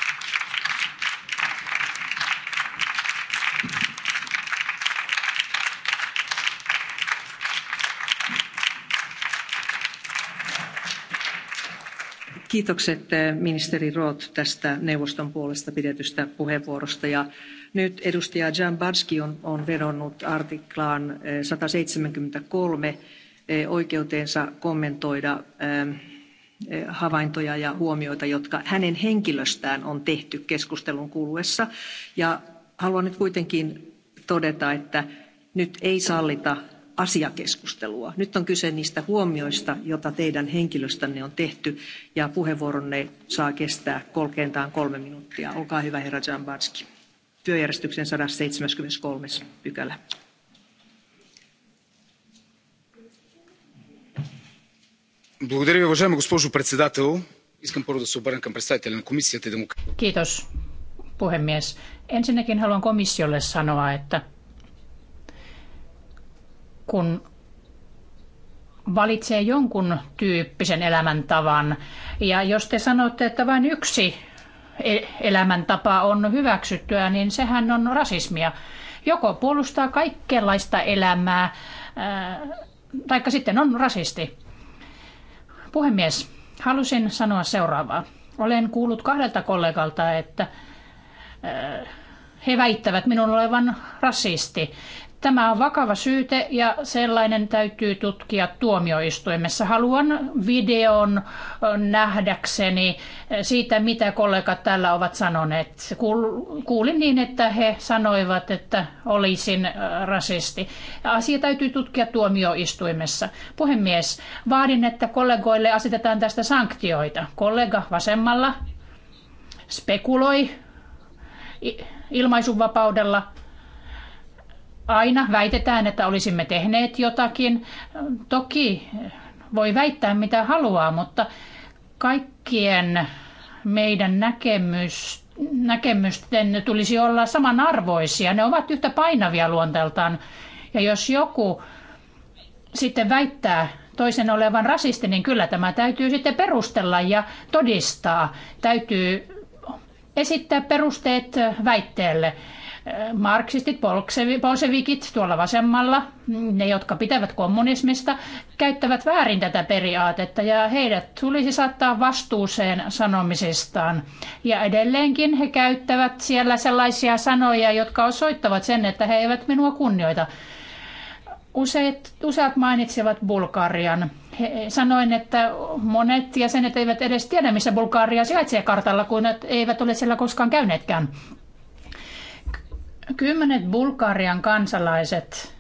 kiitokset eh, ministeri roth tästä neuvoston puolesta pidetystä puheenvuorosta ja nyt edustaja dzhambazki on, on vedonnut artiklaan eh, sataseitsemänkymmentäkolme eh, oikeuteensa kommentoida havaintoja ja huomioita jotka hänen henkilöstään on tehty keskustelun kuluessa ja haluan nyt kuitenkin todeta että nyt ei sallita asiakeskustelua. Nyt on kyse niistä huomioista, joita teidän henkilöstänne on tehty, ja puheenvuoronne saa kestää kolkeintaan kolme minuuttia. Olkaa hyvä, herra Jambatski. Työjärjestyksen 173. pykälä. Благодаря ви, уважаема госпожо председател. Искам първо да се обърна към представителя на комисията и да му... Kiitos, puhemies. Ensinnäkin haluan komissiolle sanoa, että kun valitsee jonkun tyyppisen elämäntavan. Ja jos te sanotte, että vain yksi e- elämäntapa on hyväksyttyä, niin sehän on rasismia. Joko puolustaa kaikenlaista elämää, tai sitten on rasisti. Puhemies, halusin sanoa seuraavaa. Olen kuullut kahdelta kollegalta, että he väittävät minun olevan rasisti. Tämä on vakava syyte ja sellainen täytyy tutkia tuomioistuimessa. Haluan videon nähdäkseni siitä, mitä kollegat täällä ovat sanoneet. Kuulin niin, että he sanoivat, että olisin rasisti. Asia täytyy tutkia tuomioistuimessa. Puhemies, vaadin, että kollegoille asetetaan tästä sanktioita. Kollega vasemmalla spekuloi ilmaisunvapaudella – aina väitetään, että olisimme tehneet jotakin. Toki voi väittää mitä haluaa, mutta kaikkien meidän näkemys, näkemysten tulisi olla samanarvoisia. Ne ovat yhtä painavia luonteeltaan. Ja jos joku sitten väittää toisen olevan rasisti, niin kyllä tämä täytyy sitten perustella ja todistaa. Täytyy esittää perusteet väitteelle marksistit, bolsevikit tuolla vasemmalla, ne jotka pitävät kommunismista, käyttävät väärin tätä periaatetta ja heidät tulisi saattaa vastuuseen sanomisistaan. Ja edelleenkin he käyttävät siellä sellaisia sanoja, jotka osoittavat sen, että he eivät minua kunnioita. Useat, useat mainitsivat Bulgarian. He, sanoin, että monet jäsenet eivät edes tiedä, missä Bulgaria sijaitsee kartalla, kun eivät ole siellä koskaan käyneetkään. Kymmenet Bulgarian kansalaiset,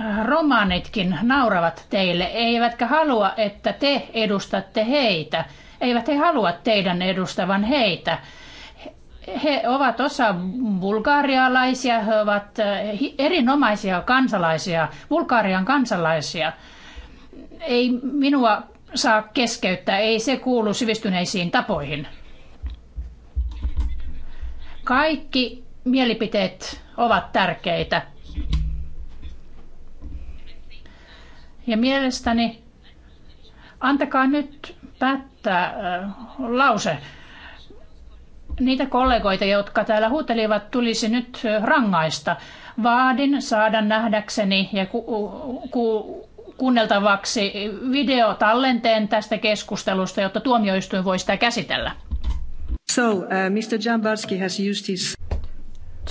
äh, romaanitkin nauravat teille, eivätkä halua, että te edustatte heitä. Eivät he halua teidän edustavan heitä. He ovat osa bulgarialaisia, he ovat äh, erinomaisia kansalaisia, Bulgarian kansalaisia. Ei minua saa keskeyttää, ei se kuulu sivistyneisiin tapoihin. Kaikki mielipiteet ovat tärkeitä. Ja mielestäni antakaa nyt päättää lause. Niitä kollegoita, jotka täällä huutelivat, tulisi nyt rangaista. Vaadin saada nähdäkseni ja ku- ku- kuunneltavaksi videotallenteen tästä keskustelusta, jotta tuomioistuin voi sitä käsitellä. So, uh, Mr. Jambarski has used his...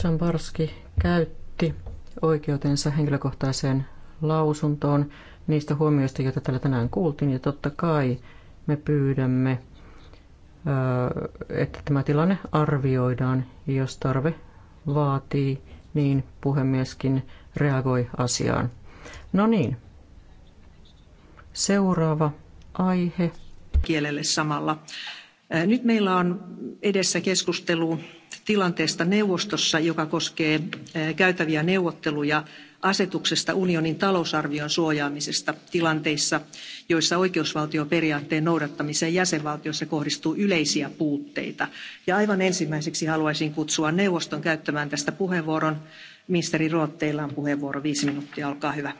Jambarski käytti oikeutensa henkilökohtaiseen lausuntoon niistä huomioista, joita täällä tänään kuultiin. Ja totta kai me pyydämme, äh, että tämä tilanne arvioidaan. Jos tarve vaatii, niin puhemieskin reagoi asiaan. No niin, seuraava aihe. Kielelle samalla nyt meillä on edessä keskustelu tilanteesta neuvostossa joka koskee käytäviä neuvotteluja asetuksesta unionin talousarvion suojaamisesta tilanteissa joissa oikeusvaltioperiaatteen noudattamiseen jäsenvaltioissa kohdistuu yleisiä puutteita. Ja aivan ensimmäiseksi haluaisin kutsua neuvoston käyttämään tästä puheenvuoron. ministeri roth teillä on puheenvuoro viisi minuuttia olkaa hyvä.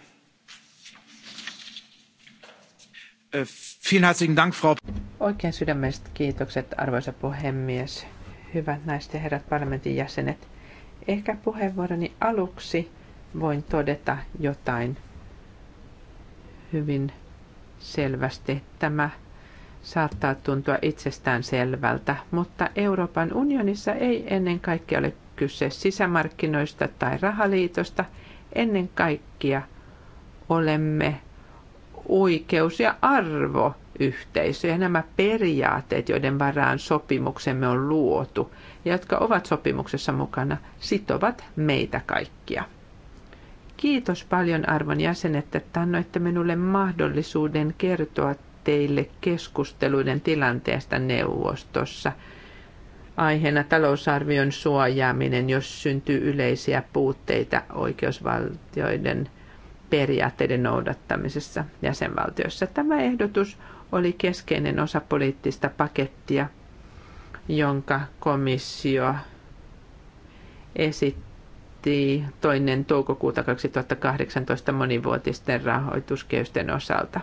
Vielen herzlichen Dank, Frau. Oikein sydämestä kiitokset, arvoisa puhemies. Hyvät naiset ja herrat parlamentin jäsenet. Ehkä puheenvuoroni aluksi voin todeta jotain hyvin selvästi. Tämä saattaa tuntua itsestään selvältä, mutta Euroopan unionissa ei ennen kaikkea ole kyse sisämarkkinoista tai rahaliitosta. Ennen kaikkea olemme oikeus- ja arvoyhteisö ja nämä periaatteet, joiden varaan sopimuksemme on luotu ja jotka ovat sopimuksessa mukana, sitovat meitä kaikkia. Kiitos paljon arvon jäsenet, että annoitte minulle mahdollisuuden kertoa teille keskusteluiden tilanteesta neuvostossa. Aiheena talousarvion suojaaminen, jos syntyy yleisiä puutteita oikeusvaltioiden – periaatteiden noudattamisessa jäsenvaltioissa. Tämä ehdotus oli keskeinen osa poliittista pakettia, jonka komissio esitti toinen toukokuuta 2018 monivuotisten rahoituskehysten osalta.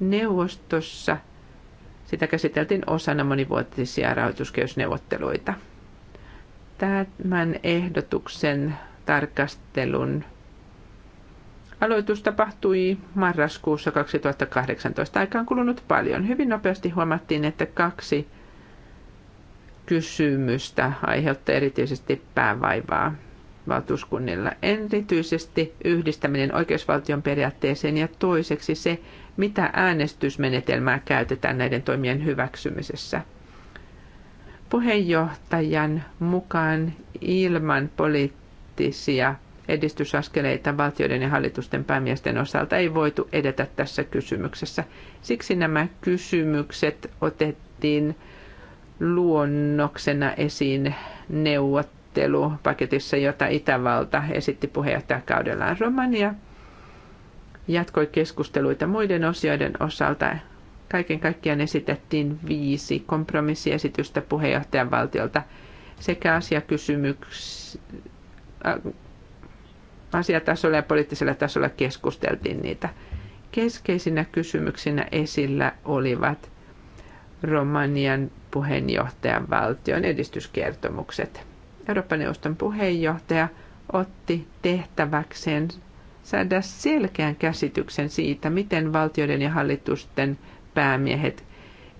Neuvostossa sitä käsiteltiin osana monivuotisia rahoituskehysneuvotteluita. Tämän ehdotuksen tarkastelun Aloitus tapahtui marraskuussa 2018. Aika on kulunut paljon. Hyvin nopeasti huomattiin, että kaksi kysymystä aiheuttaa erityisesti päävaivaa valtuuskunnilla. Erityisesti yhdistäminen oikeusvaltion periaatteeseen ja toiseksi se, mitä äänestysmenetelmää käytetään näiden toimien hyväksymisessä. Puheenjohtajan mukaan ilman poliittisia edistysaskeleita valtioiden ja hallitusten päämiesten osalta ei voitu edetä tässä kysymyksessä. Siksi nämä kysymykset otettiin luonnoksena esiin neuvottelupaketissa, jota Itävalta esitti puheenjohtajakaudellaan Romania. Jatkoi keskusteluita muiden osioiden osalta. Kaiken kaikkiaan esitettiin viisi kompromissiesitystä puheenjohtajan valtiolta sekä asiakysymyksiä asiatasolla ja poliittisella tasolla keskusteltiin niitä. Keskeisinä kysymyksinä esillä olivat Romanian puheenjohtajan valtion edistyskertomukset. Euroopan neuvoston puheenjohtaja otti tehtäväkseen saada selkeän käsityksen siitä, miten valtioiden ja hallitusten päämiehet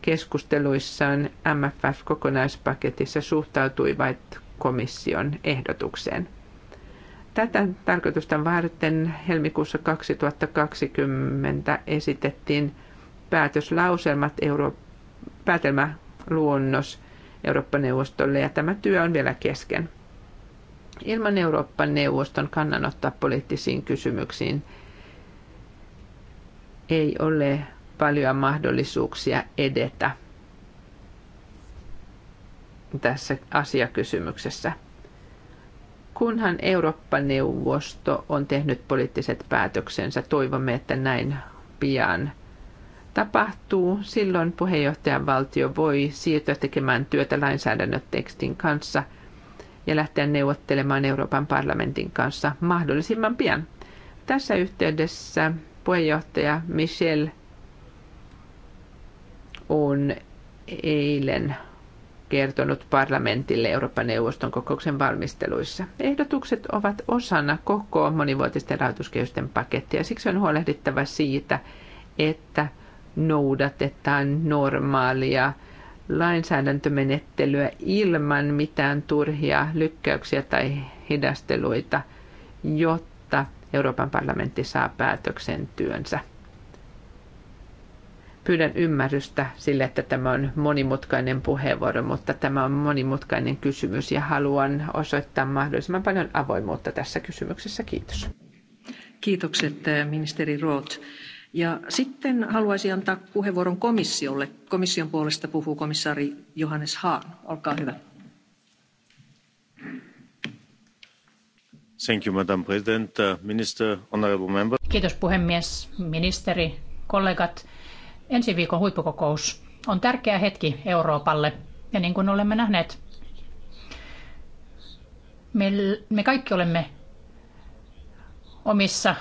keskusteluissaan MFF-kokonaispaketissa suhtautuivat komission ehdotukseen. Tätä tarkoitusta varten helmikuussa 2020 esitettiin päätöslauselmat, euro, päätelmäluonnos Eurooppa-neuvostolle ja tämä työ on vielä kesken. Ilman Eurooppa-neuvoston kannanottaa poliittisiin kysymyksiin ei ole paljon mahdollisuuksia edetä tässä asiakysymyksessä kunhan Eurooppa-neuvosto on tehnyt poliittiset päätöksensä. Toivomme, että näin pian tapahtuu. Silloin puheenjohtajan valtio voi siirtyä tekemään työtä lainsäädännötekstin kanssa ja lähteä neuvottelemaan Euroopan parlamentin kanssa mahdollisimman pian. Tässä yhteydessä puheenjohtaja Michel on eilen kertonut parlamentille Euroopan neuvoston kokouksen valmisteluissa. Ehdotukset ovat osana koko monivuotisten rahoituskehysten pakettia. Siksi on huolehdittava siitä, että noudatetaan normaalia lainsäädäntömenettelyä ilman mitään turhia lykkäyksiä tai hidasteluita, jotta Euroopan parlamentti saa päätöksen työnsä pyydän ymmärrystä sille, että tämä on monimutkainen puheenvuoro, mutta tämä on monimutkainen kysymys ja haluan osoittaa mahdollisimman paljon avoimuutta tässä kysymyksessä. Kiitos. Kiitokset eh, ministeri Roth. Ja sitten haluaisin antaa puheenvuoron komissiolle. Komission puolesta puhuu komissaari Johannes Hahn. Olkaa hyvä. Thank you, Madam President, uh, Minister, Honorable Member. Kiitos puhemies, ministeri, kollegat. Ensi viikon huippukokous on tärkeä hetki Euroopalle. Ja niin kuin olemme nähneet, me, kaikki olemme omissa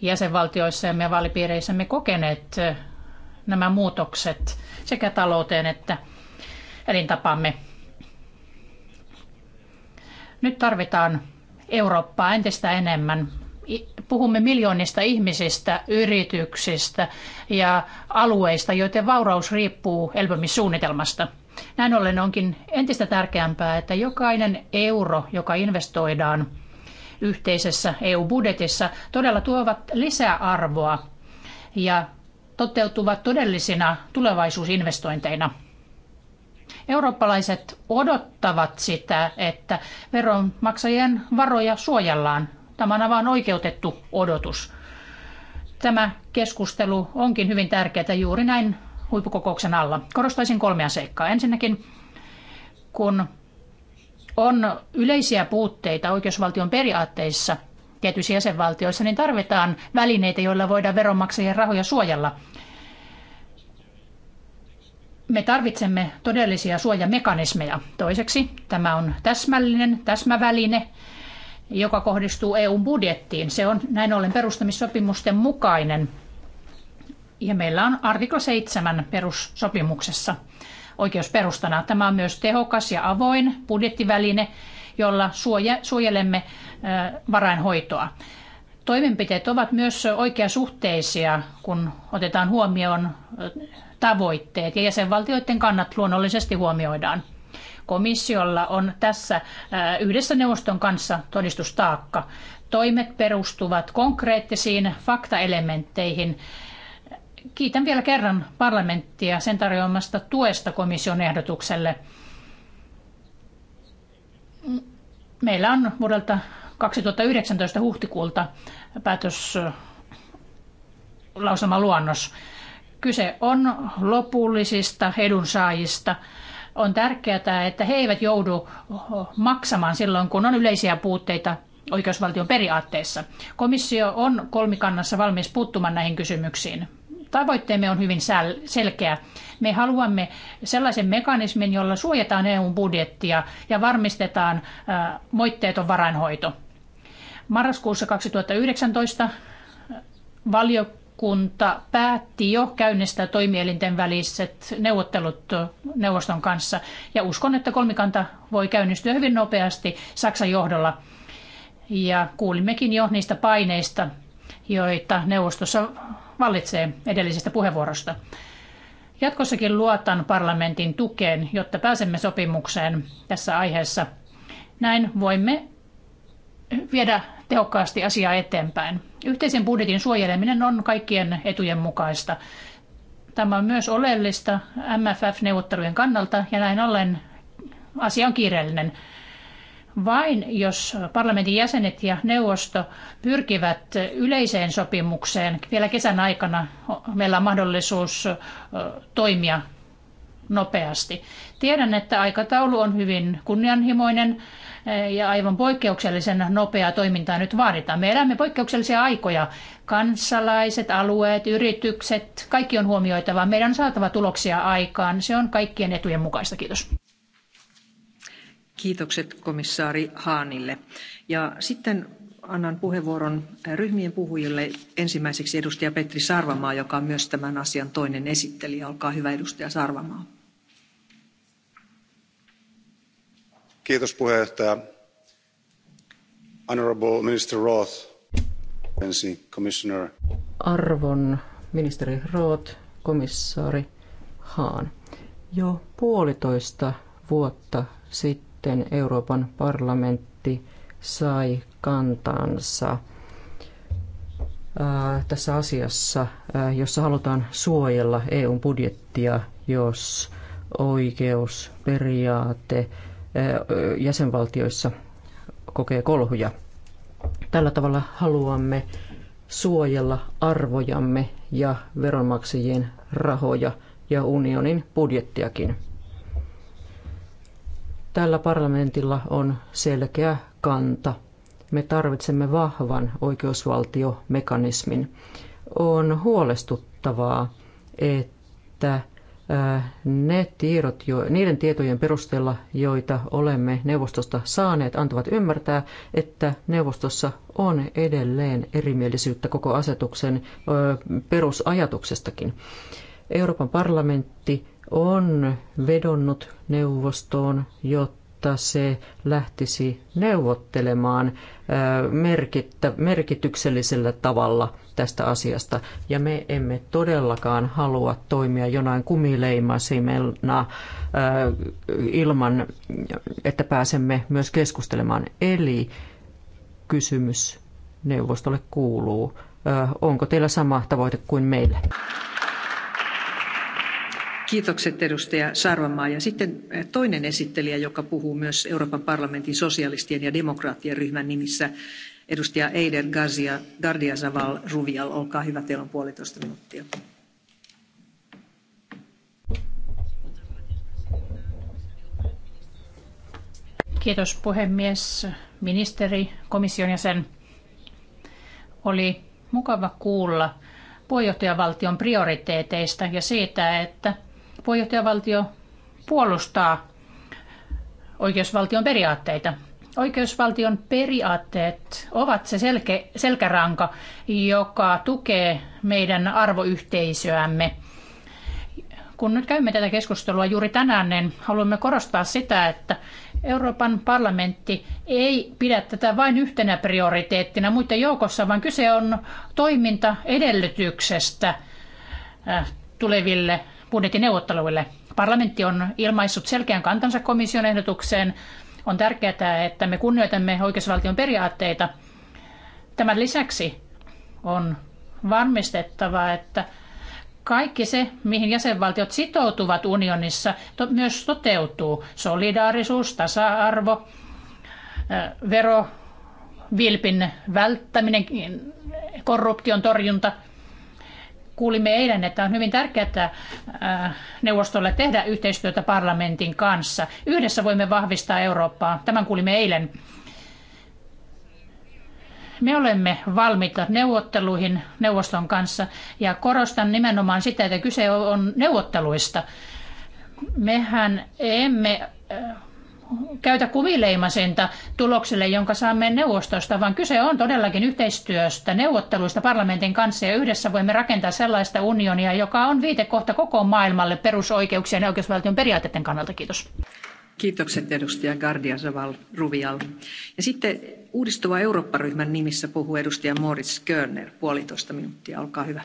jäsenvaltioissamme ja vaalipiireissämme kokeneet eh, nämä muutokset sekä talouteen että elintapamme. Nyt tarvitaan Eurooppaa entistä enemmän puhumme miljoonista ihmisistä, yrityksistä ja alueista, joiden vauraus riippuu elpymissuunnitelmasta. Näin ollen onkin entistä tärkeämpää, että jokainen euro, joka investoidaan yhteisessä EU-budjetissa, todella tuovat lisäarvoa ja toteutuvat todellisina tulevaisuusinvestointeina. Eurooppalaiset odottavat sitä, että veronmaksajien varoja suojellaan Tämä on aivan oikeutettu odotus. Tämä keskustelu onkin hyvin tärkeää juuri näin huippukokouksen alla. Korostaisin kolmea seikkaa. Ensinnäkin, kun on yleisiä puutteita oikeusvaltion periaatteissa tietyissä jäsenvaltioissa, niin tarvitaan välineitä, joilla voidaan veronmaksajien rahoja suojella. Me tarvitsemme todellisia suojamekanismeja. Toiseksi tämä on täsmällinen, täsmäväline, joka kohdistuu EUn budjettiin. Se on näin ollen perustamissopimusten mukainen. Ja meillä on artikla 7 perussopimuksessa oikeusperustana. Tämä on myös tehokas ja avoin budjettiväline, jolla suojelemme varainhoitoa. Toimenpiteet ovat myös oikeasuhteisia, kun otetaan huomioon tavoitteet ja jäsenvaltioiden kannat luonnollisesti huomioidaan. Komissiolla on tässä äh, yhdessä neuvoston kanssa todistustaakka. Toimet perustuvat konkreettisiin faktaelementteihin. Kiitän vielä kerran parlamenttia sen tarjoamasta tuesta komission ehdotukselle. Meillä on vuodelta 2019 huhtikuulta päätös luonnos. Kyse on lopullisista edunsaajista on tärkeää, että he eivät joudu maksamaan silloin, kun on yleisiä puutteita oikeusvaltion periaatteessa. Komissio on kolmikannassa valmis puuttumaan näihin kysymyksiin. Tavoitteemme on hyvin selkeä. Me haluamme sellaisen mekanismin, jolla suojataan eu budjettia ja varmistetaan moitteeton varainhoito. Marraskuussa 2019 valiokunta valiokunta päätti jo käynnistää toimielinten väliset neuvottelut neuvoston kanssa. Ja uskon, että kolmikanta voi käynnistyä hyvin nopeasti Saksan johdolla. Ja kuulimmekin jo niistä paineista, joita neuvostossa vallitsee edellisestä puheenvuorosta. Jatkossakin luotan parlamentin tukeen, jotta pääsemme sopimukseen tässä aiheessa. Näin voimme viedä tehokkaasti asiaa eteenpäin. Yhteisen budjetin suojeleminen on kaikkien etujen mukaista. Tämä on myös oleellista MFF-neuvottelujen kannalta ja näin ollen asia on kiireellinen. Vain jos parlamentin jäsenet ja neuvosto pyrkivät yleiseen sopimukseen vielä kesän aikana, meillä on mahdollisuus toimia nopeasti. Tiedän, että aikataulu on hyvin kunnianhimoinen ja aivan poikkeuksellisen nopeaa toimintaa nyt vaaditaan. Me elämme poikkeuksellisia aikoja. Kansalaiset, alueet, yritykset, kaikki on huomioitava. Meidän on saatava tuloksia aikaan. Se on kaikkien etujen mukaista. Kiitos. Kiitokset komissaari Haanille. Ja sitten annan puheenvuoron ryhmien puhujille. Ensimmäiseksi edustaja Petri Sarvamaa, joka on myös tämän asian toinen esittelijä. Olkaa hyvä edustaja Sarvamaa. Kiitos puheenjohtaja. Honorable Minister Roth, Commissioner. Arvon ministeri Roth, komissaari Hahn. Jo puolitoista vuotta sitten Euroopan parlamentti sai kantansa äh, tässä asiassa, äh, jossa halutaan suojella EUn budjettia, jos oikeusperiaate jäsenvaltioissa kokee kolhuja. Tällä tavalla haluamme suojella arvojamme ja veronmaksajien rahoja ja unionin budjettiakin. Tällä parlamentilla on selkeä kanta. Me tarvitsemme vahvan oikeusvaltiomekanismin. On huolestuttavaa, että Äh, ne tiedot, jo, niiden tietojen perusteella, joita olemme neuvostosta saaneet, antavat ymmärtää, että neuvostossa on edelleen erimielisyyttä koko asetuksen perusajatuksestakin. Euroopan parlamentti on vedonnut neuvostoon, jotta se lähtisi neuvottelemaan merkityksellisellä tavalla – tästä asiasta. Ja me emme todellakaan halua toimia jonain kumileimasimena äh, ilman, että pääsemme myös keskustelemaan. Eli kysymys neuvostolle kuuluu. Äh, onko teillä sama tavoite kuin meillä? Kiitokset edustaja Sarvamaa. Ja sitten äh, toinen esittelijä, joka puhuu myös Euroopan parlamentin sosialistien ja demokraattien ryhmän nimissä, Edustaja Eider Garcia, Gardia Zaval Ruvial, olkaa hyvä, teillä on puolitoista minuuttia. Kiitos puhemies, ministeri, komission jäsen. Oli mukava kuulla puheenjohtajavaltion prioriteeteista ja siitä, että puheenjohtajavaltio puolustaa oikeusvaltion periaatteita. Oikeusvaltion periaatteet ovat se selke, selkäranka, joka tukee meidän arvoyhteisöämme. Kun nyt käymme tätä keskustelua juuri tänään, niin haluamme korostaa sitä, että Euroopan parlamentti ei pidä tätä vain yhtenä prioriteettina muiden joukossa, vaan kyse on toimintaedellytyksestä äh, tuleville budjettineuvotteluille. Parlamentti on ilmaissut selkeän kantansa komission ehdotukseen on tärkeää, että me kunnioitamme oikeusvaltion periaatteita. Tämän lisäksi on varmistettava, että kaikki se, mihin jäsenvaltiot sitoutuvat unionissa, to, myös toteutuu. Solidaarisuus, tasa-arvo, verovilpin välttäminen, korruption torjunta – kuulimme eilen, että on hyvin tärkeää äh, neuvostolle tehdä yhteistyötä parlamentin kanssa. Yhdessä voimme vahvistaa Eurooppaa. Tämän kuulimme eilen. Me olemme valmiita neuvotteluihin neuvoston kanssa ja korostan nimenomaan sitä, että kyse on neuvotteluista. Mehän emme äh, käytä kuvileimasinta tulokselle, jonka saamme neuvostosta, vaan kyse on todellakin yhteistyöstä, neuvotteluista parlamentin kanssa ja yhdessä voimme rakentaa sellaista unionia, joka on viitekohta koko maailmalle perusoikeuksien ja oikeusvaltion periaatteiden kannalta. Kiitos. Kiitokset edustaja Gardia Zaval Ruvial. Ja sitten uudistuva Eurooppa-ryhmän nimissä puhuu edustaja Moritz Körner puolitoista minuuttia. Olkaa hyvä.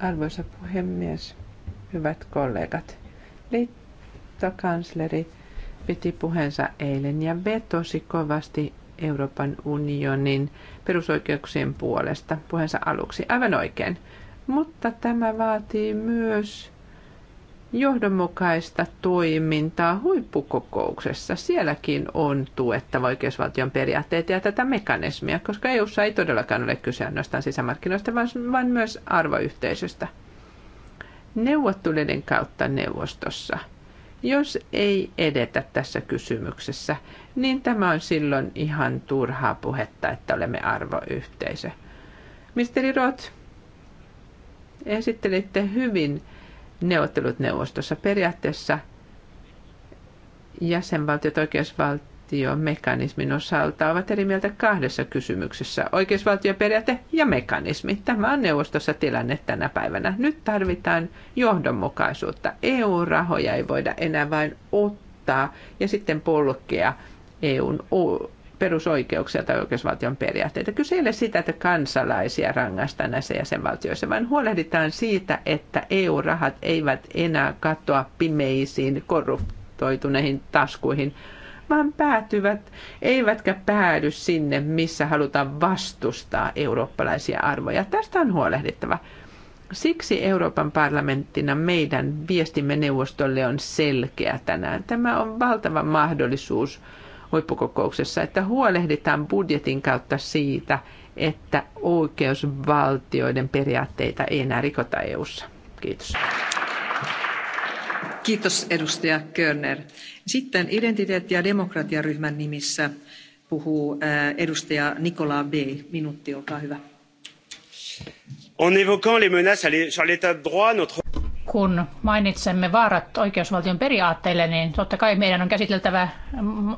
Arvoisa puhemies, hyvät kollegat. Liittokansleri piti puheensa eilen ja vetosi kovasti Euroopan unionin perusoikeuksien puolesta puheensa aluksi. Aivan oikein. Mutta tämä vaatii myös johdonmukaista toimintaa huippukokouksessa. Sielläkin on tuettava oikeusvaltion periaatteita ja tätä mekanismia, koska EUssa ei todellakaan ole kyse ainoastaan sisämarkkinoista, vaan myös arvoyhteisöstä – neuvotteluiden kautta neuvostossa. Jos ei edetä tässä kysymyksessä, niin tämä on silloin ihan turhaa puhetta, että olemme arvoyhteisö. Misteri Roth, esittelitte hyvin neuvottelut neuvostossa. Periaatteessa jäsenvaltiot, oikeusvaltiot, oikeusvaltiomekanismin osalta ovat eri mieltä kahdessa kysymyksessä. Oikeusvaltioperiaate ja mekanismi. Tämä on neuvostossa tilanne tänä päivänä. Nyt tarvitaan johdonmukaisuutta. EU-rahoja ei voida enää vain ottaa ja sitten polkea EUn perusoikeuksia tai oikeusvaltion periaatteita. Kyse ei ole sitä, että kansalaisia rangaistaan näissä jäsenvaltioissa, vaan huolehditaan siitä, että EU-rahat eivät enää katoa pimeisiin korruptoituneihin taskuihin, vaan päätyvät, eivätkä päädy sinne, missä halutaan vastustaa eurooppalaisia arvoja. Tästä on huolehdittava. Siksi Euroopan parlamenttina meidän viestimme neuvostolle on selkeä tänään. Tämä on valtava mahdollisuus huippukokouksessa, että huolehditaan budjetin kautta siitä, että oikeusvaltioiden periaatteita ei enää rikota EU:ssa. Kiitos. Kiitos edustaja Sitten identiteetti- ja demokratiaryhmän nimissä puhuu äh, edustaja Nicolas B. Minuutti, olkaa hyvä. En évoquant les menaces sur l'état de droit, notre... Kun mainitsemme vaarat oikeusvaltion periaatteille, niin totta kai meidän on käsiteltävä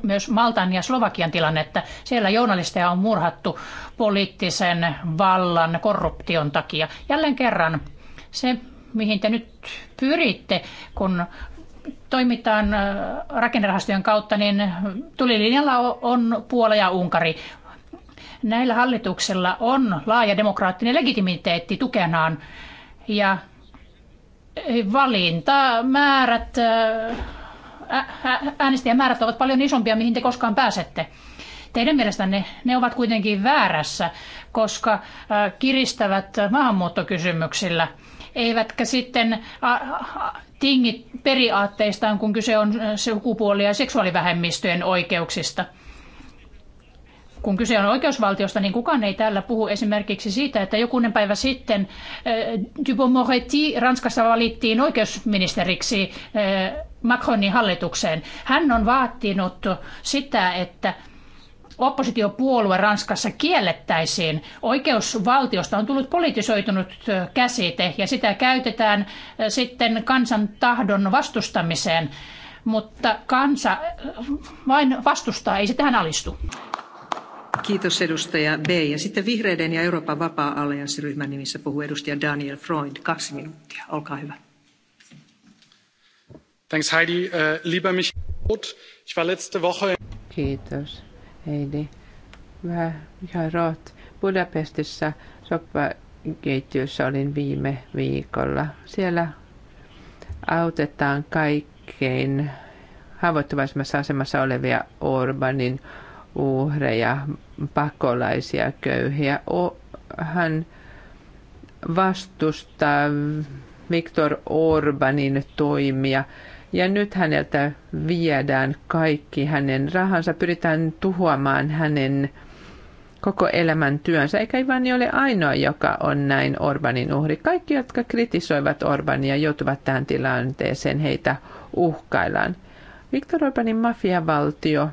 myös Maltan ja Slovakian tilannetta. Siellä journalisteja on murhattu poliittisen vallan korruption takia. Jälleen kerran se mihin te nyt pyritte, kun toimitaan rakennerahastojen kautta, niin tulilinjalla on Puola ja Unkari. Näillä hallituksella on laaja demokraattinen legitimiteetti tukenaan ja valintamäärät, äänestäjämäärät ovat paljon isompia, mihin te koskaan pääsette teidän mielestänne ne ovat kuitenkin väärässä, koska kiristävät maahanmuuttokysymyksillä eivätkä sitten tingi periaatteistaan, kun kyse on sukupuoli- ja seksuaalivähemmistöjen oikeuksista. Kun kyse on oikeusvaltiosta, niin kukaan ei täällä puhu esimerkiksi siitä, että jokunen päivä sitten Dupont Moretti Ranskassa valittiin oikeusministeriksi Macronin hallitukseen. Hän on vaatinut sitä, että oppositiopuolue Ranskassa kiellettäisiin. Oikeusvaltiosta on tullut politisoitunut käsite ja sitä käytetään sitten kansan tahdon vastustamiseen, mutta kansa vain vastustaa, ei se tähän alistu. Kiitos edustaja B. Ja sitten vihreiden ja Euroopan vapaa-allianssiryhmän nimissä puhuu edustaja Daniel Freund. Kaksi minuuttia, olkaa hyvä. Thanks Heidi. Äh, lieber Michael ich war letzte Woche... Kiitos. Heidi. Vähän ihan root. Budapestissa soppakeittiössä olin viime viikolla. Siellä autetaan kaikkein haavoittuvaisemmassa asemassa olevia Orbanin uhreja, pakolaisia, köyhiä. hän vastustaa Viktor Orbanin toimia ja nyt häneltä viedään kaikki hänen rahansa, pyritään tuhoamaan hänen koko elämän työnsä. Eikä Ivani ole ainoa, joka on näin Orbanin uhri. Kaikki, jotka kritisoivat Orbania, joutuvat tähän tilanteeseen, heitä uhkaillaan. Viktor Orbanin mafiavaltio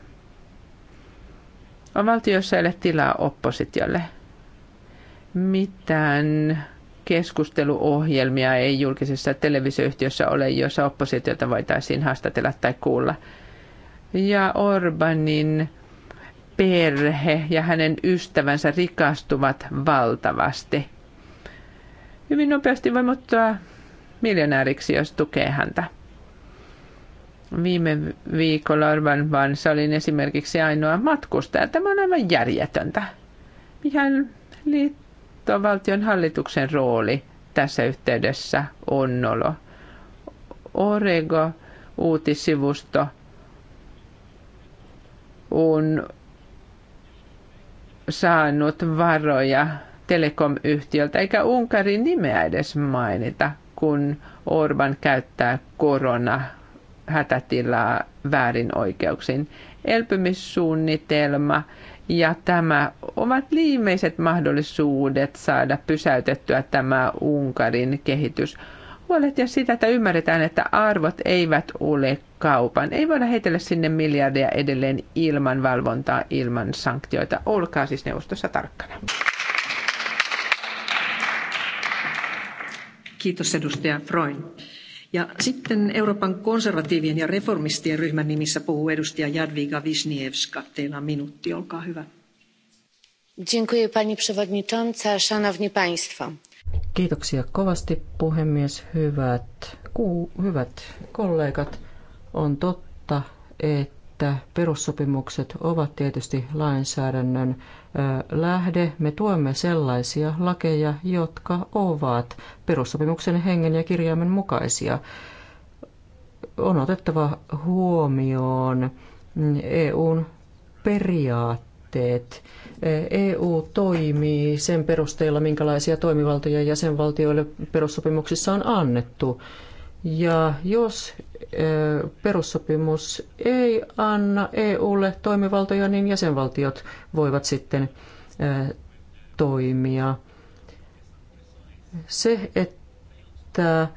on valtio, jossa ei ole tilaa oppositiolle. Mitään keskusteluohjelmia ei julkisessa televisioyhtiössä ole, jossa oppositiota voitaisiin haastatella tai kuulla. Ja Orbanin perhe ja hänen ystävänsä rikastuvat valtavasti. Hyvin nopeasti voi muuttua miljonääriksi, jos tukee häntä. Viime viikolla Orban Vans olin esimerkiksi ainoa matkustaja. Tämä on aivan järjetöntä. Mihän liittyy tuo valtion hallituksen rooli tässä yhteydessä onnolo. Orego uutissivusto on saanut varoja telekomyhtiöltä, eikä Unkarin nimeä edes mainita, kun Orban käyttää korona hätätilaa väärin oikeuksiin. Elpymissuunnitelma ja tämä ovat viimeiset mahdollisuudet saada pysäytettyä tämä Unkarin kehitys. Huolehtia sitä, että ymmärretään, että arvot eivät ole kaupan. Ei voida heitellä sinne miljardia edelleen ilman valvontaa, ilman sanktioita. Olkaa siis neuvostossa tarkkana. Kiitos edustaja Freund. Ja sitten Euroopan konservatiivien ja reformistien ryhmän nimissä puhuu edustaja Jadwiga Wisniewska. Teillä on minuutti, olkaa hyvä. Dziękuję pani przewodnicząca, szanowni państwo. Kiitoksia kovasti puhemies, hyvät, ku, hyvät kollegat. On totta, että perussopimukset ovat tietysti lainsäädännön lähde. Me tuemme sellaisia lakeja, jotka ovat perussopimuksen hengen ja kirjaimen mukaisia. On otettava huomioon EUn periaatteet. EU toimii sen perusteella, minkälaisia toimivaltoja jäsenvaltioille perussopimuksissa on annettu. Ja jos perussopimus ei anna EUlle toimivaltoja, niin jäsenvaltiot voivat sitten toimia. Se, että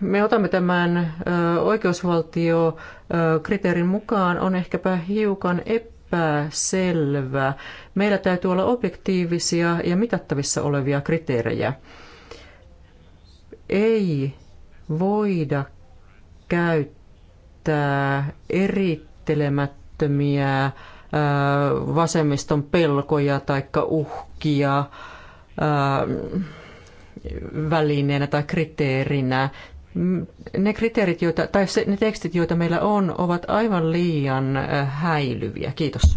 me otamme tämän oikeusvaltiokriteerin mukaan, on ehkäpä hiukan epäselvä. Meillä täytyy olla objektiivisia ja mitattavissa olevia kriteerejä ei voida käyttää erittelemättömiä vasemmiston pelkoja tai uhkia välineenä tai kriteerinä. Ne kriteerit, joita, tai se, ne tekstit, joita meillä on, ovat aivan liian häilyviä. Kiitos.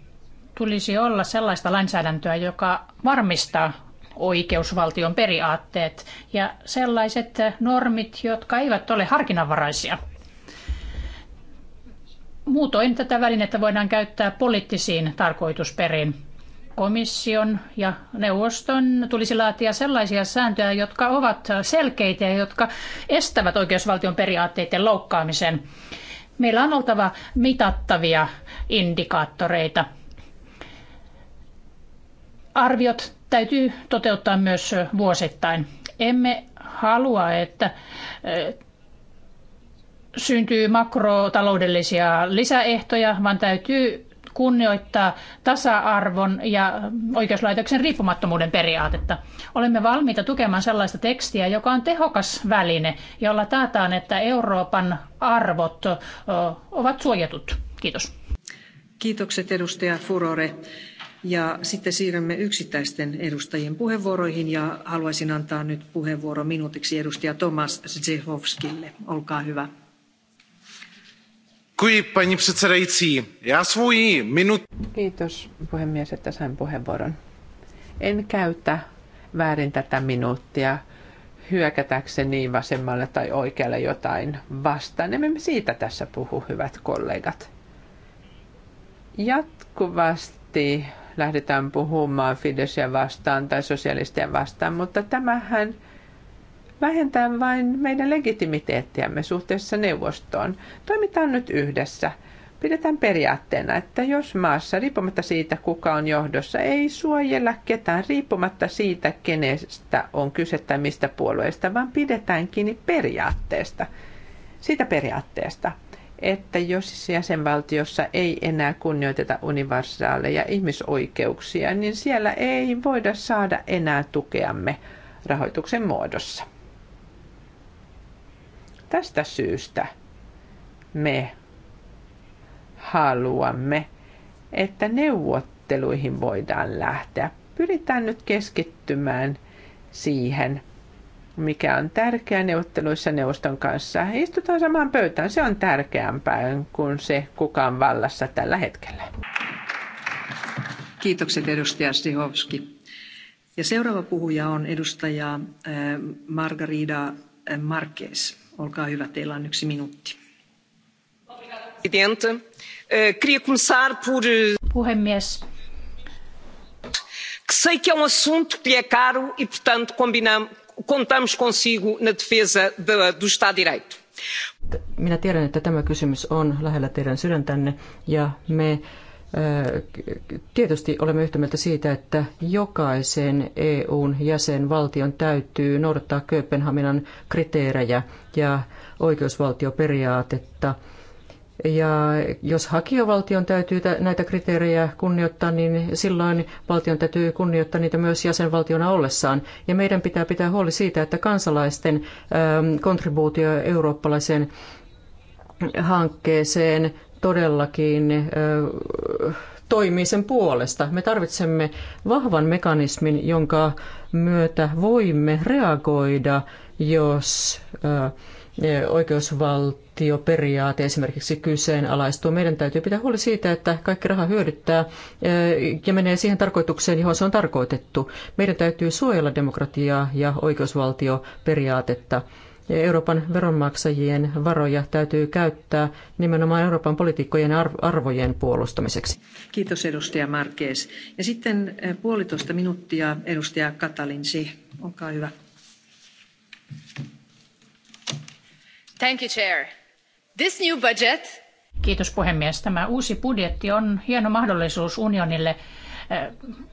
tulisi olla sellaista lainsäädäntöä, joka varmistaa oikeusvaltion periaatteet ja sellaiset normit, jotka eivät ole harkinnanvaraisia. Muutoin tätä välinettä voidaan käyttää poliittisiin tarkoitusperiin. Komission ja neuvoston tulisi laatia sellaisia sääntöjä, jotka ovat selkeitä ja jotka estävät oikeusvaltion periaatteiden loukkaamisen. Meillä on oltava mitattavia indikaattoreita – arviot täytyy toteuttaa myös vuosittain. Emme halua, että eh, syntyy makrotaloudellisia lisäehtoja, vaan täytyy kunnioittaa tasa-arvon ja oikeuslaitoksen riippumattomuuden periaatetta. Olemme valmiita tukemaan sellaista tekstiä, joka on tehokas väline, jolla taataan, että Euroopan arvot eh, ovat suojatut. Kiitos. Kiitokset edustaja Furore. Ja sitten siirrymme yksittäisten edustajien puheenvuoroihin ja haluaisin antaa nyt puheenvuoron minuutiksi edustaja Tomas Zehovskille. Olkaa hyvä. Paní předsedající, Kiitos puhemies, että sain puheenvuoron. En käytä väärin tätä minuuttia hyökätäkseni vasemmalle tai oikealle jotain vastaan. Emme siitä tässä puhu, hyvät kollegat. Jatkuvasti lähdetään puhumaan Fideszia vastaan tai sosialistia vastaan, mutta tämähän vähentää vain meidän legitimiteettiämme suhteessa neuvostoon. Toimitaan nyt yhdessä. Pidetään periaatteena, että jos maassa, riippumatta siitä kuka on johdossa, ei suojella ketään, riippumatta siitä kenestä on kyse tai mistä puolueesta, vaan pidetään kiinni periaatteesta. Siitä periaatteesta – että jos jäsenvaltiossa ei enää kunnioiteta universaaleja ihmisoikeuksia, niin siellä ei voida saada enää tukeamme rahoituksen muodossa. Tästä syystä me haluamme, että neuvotteluihin voidaan lähteä. Pyritään nyt keskittymään siihen – mikä on tärkeää neuvotteluissa neuvoston kanssa. Istutaan samaan pöytään, se on tärkeämpää kuin se, kuka on vallassa tällä hetkellä. Kiitokset edustaja Sihovski. Ja seuraava puhuja on edustaja eh, Margarida eh, Marquez. Olkaa hyvä, teillä on yksi minuutti. Eh, Puhemies, que sei que é um assunto que lhe é caro e, portanto, combinamos, contamos consigo na defesa do Estado de Direito. Minä tiedän, että tämä kysymys on lähellä teidän sydäntänne ja me äh, Tietysti olemme yhtä mieltä siitä, että jokaisen EUn jäsenvaltion täytyy noudattaa Kööpenhaminan kriteerejä ja oikeusvaltioperiaatetta – ja jos hakijavaltion täytyy näitä kriteerejä kunnioittaa, niin silloin valtion täytyy kunnioittaa niitä myös jäsenvaltiona ollessaan. Ja meidän pitää pitää huoli siitä, että kansalaisten ähm, kontribuutio eurooppalaiseen hankkeeseen todellakin äh, toimii sen puolesta. Me tarvitsemme vahvan mekanismin, jonka myötä voimme reagoida, jos äh, oikeusvaltioperiaate esimerkiksi kyseenalaistuu. Meidän täytyy pitää huoli siitä, että kaikki raha hyödyttää ja menee siihen tarkoitukseen, johon se on tarkoitettu. Meidän täytyy suojella demokratiaa ja oikeusvaltioperiaatetta. Euroopan veronmaksajien varoja täytyy käyttää nimenomaan Euroopan poliitikkojen arvojen puolustamiseksi. Kiitos edustaja Markees. Ja sitten puolitoista minuuttia edustaja Katalin Olkaa hyvä. Kiitos puhemies. Tämä uusi budjetti on hieno mahdollisuus unionille eh,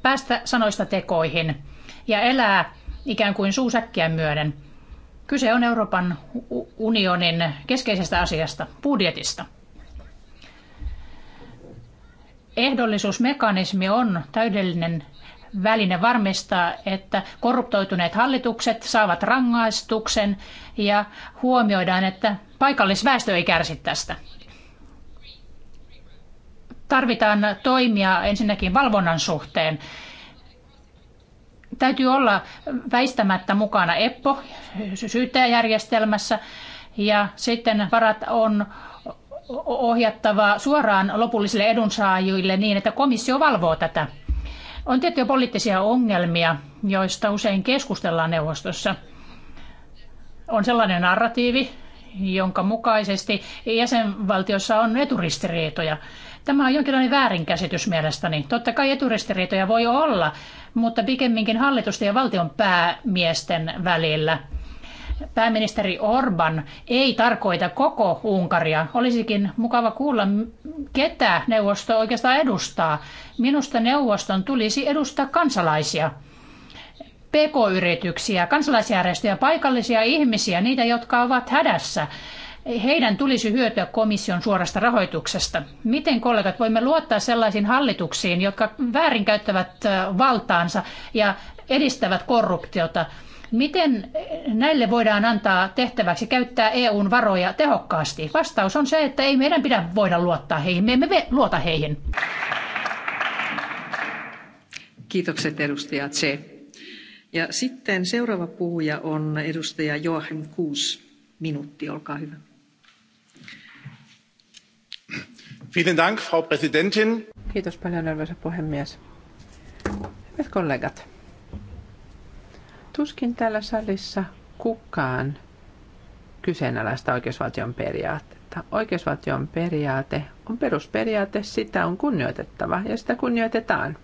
päästä sanoista tekoihin ja elää ikään kuin suusäkkiä myöden. Kyse on Euroopan unionin keskeisestä asiasta, budjetista. Ehdollisuusmekanismi on täydellinen väline varmistaa, että korruptoituneet hallitukset saavat rangaistuksen ja huomioidaan, että paikallisväestö ei kärsi tästä. Tarvitaan toimia ensinnäkin valvonnan suhteen. Täytyy olla väistämättä mukana EPPO syyttäjäjärjestelmässä ja sitten varat on ohjattava suoraan lopullisille edunsaajille niin, että komissio valvoo tätä. On tiettyjä poliittisia ongelmia, joista usein keskustellaan neuvostossa. On sellainen narratiivi, jonka mukaisesti jäsenvaltiossa on eturistiriitoja. Tämä on jonkinlainen väärinkäsitys mielestäni. Totta kai eturistiriitoja voi olla, mutta pikemminkin hallitusten ja valtion päämiesten välillä – pääministeri Orban ei tarkoita koko Unkaria. Olisikin mukava kuulla, ketä neuvosto oikeastaan edustaa. Minusta neuvoston tulisi edustaa kansalaisia. PK-yrityksiä, kansalaisjärjestöjä, paikallisia ihmisiä, niitä, jotka ovat hädässä. Heidän tulisi hyötyä komission suorasta rahoituksesta. Miten kollegat voimme luottaa sellaisiin hallituksiin, jotka väärinkäyttävät valtaansa ja edistävät korruptiota? Miten näille voidaan antaa tehtäväksi käyttää EUn varoja tehokkaasti? Vastaus on se, että ei meidän pidä voida luottaa heihin. Me emme luota heihin. Kiitokset edustaja C. Ja sitten seuraava puhuja on edustaja Joachim Kuus. Minuutti, olkaa hyvä. Vielen Dank, Frau Präsidentin. Kiitos paljon, arvoisa puhemies. Hyvät kollegat, Tuskin täällä salissa kukaan kyseenalaista oikeusvaltion periaatetta. Oikeusvaltion periaate on perusperiaate, sitä on kunnioitettava ja sitä kunnioitetaan.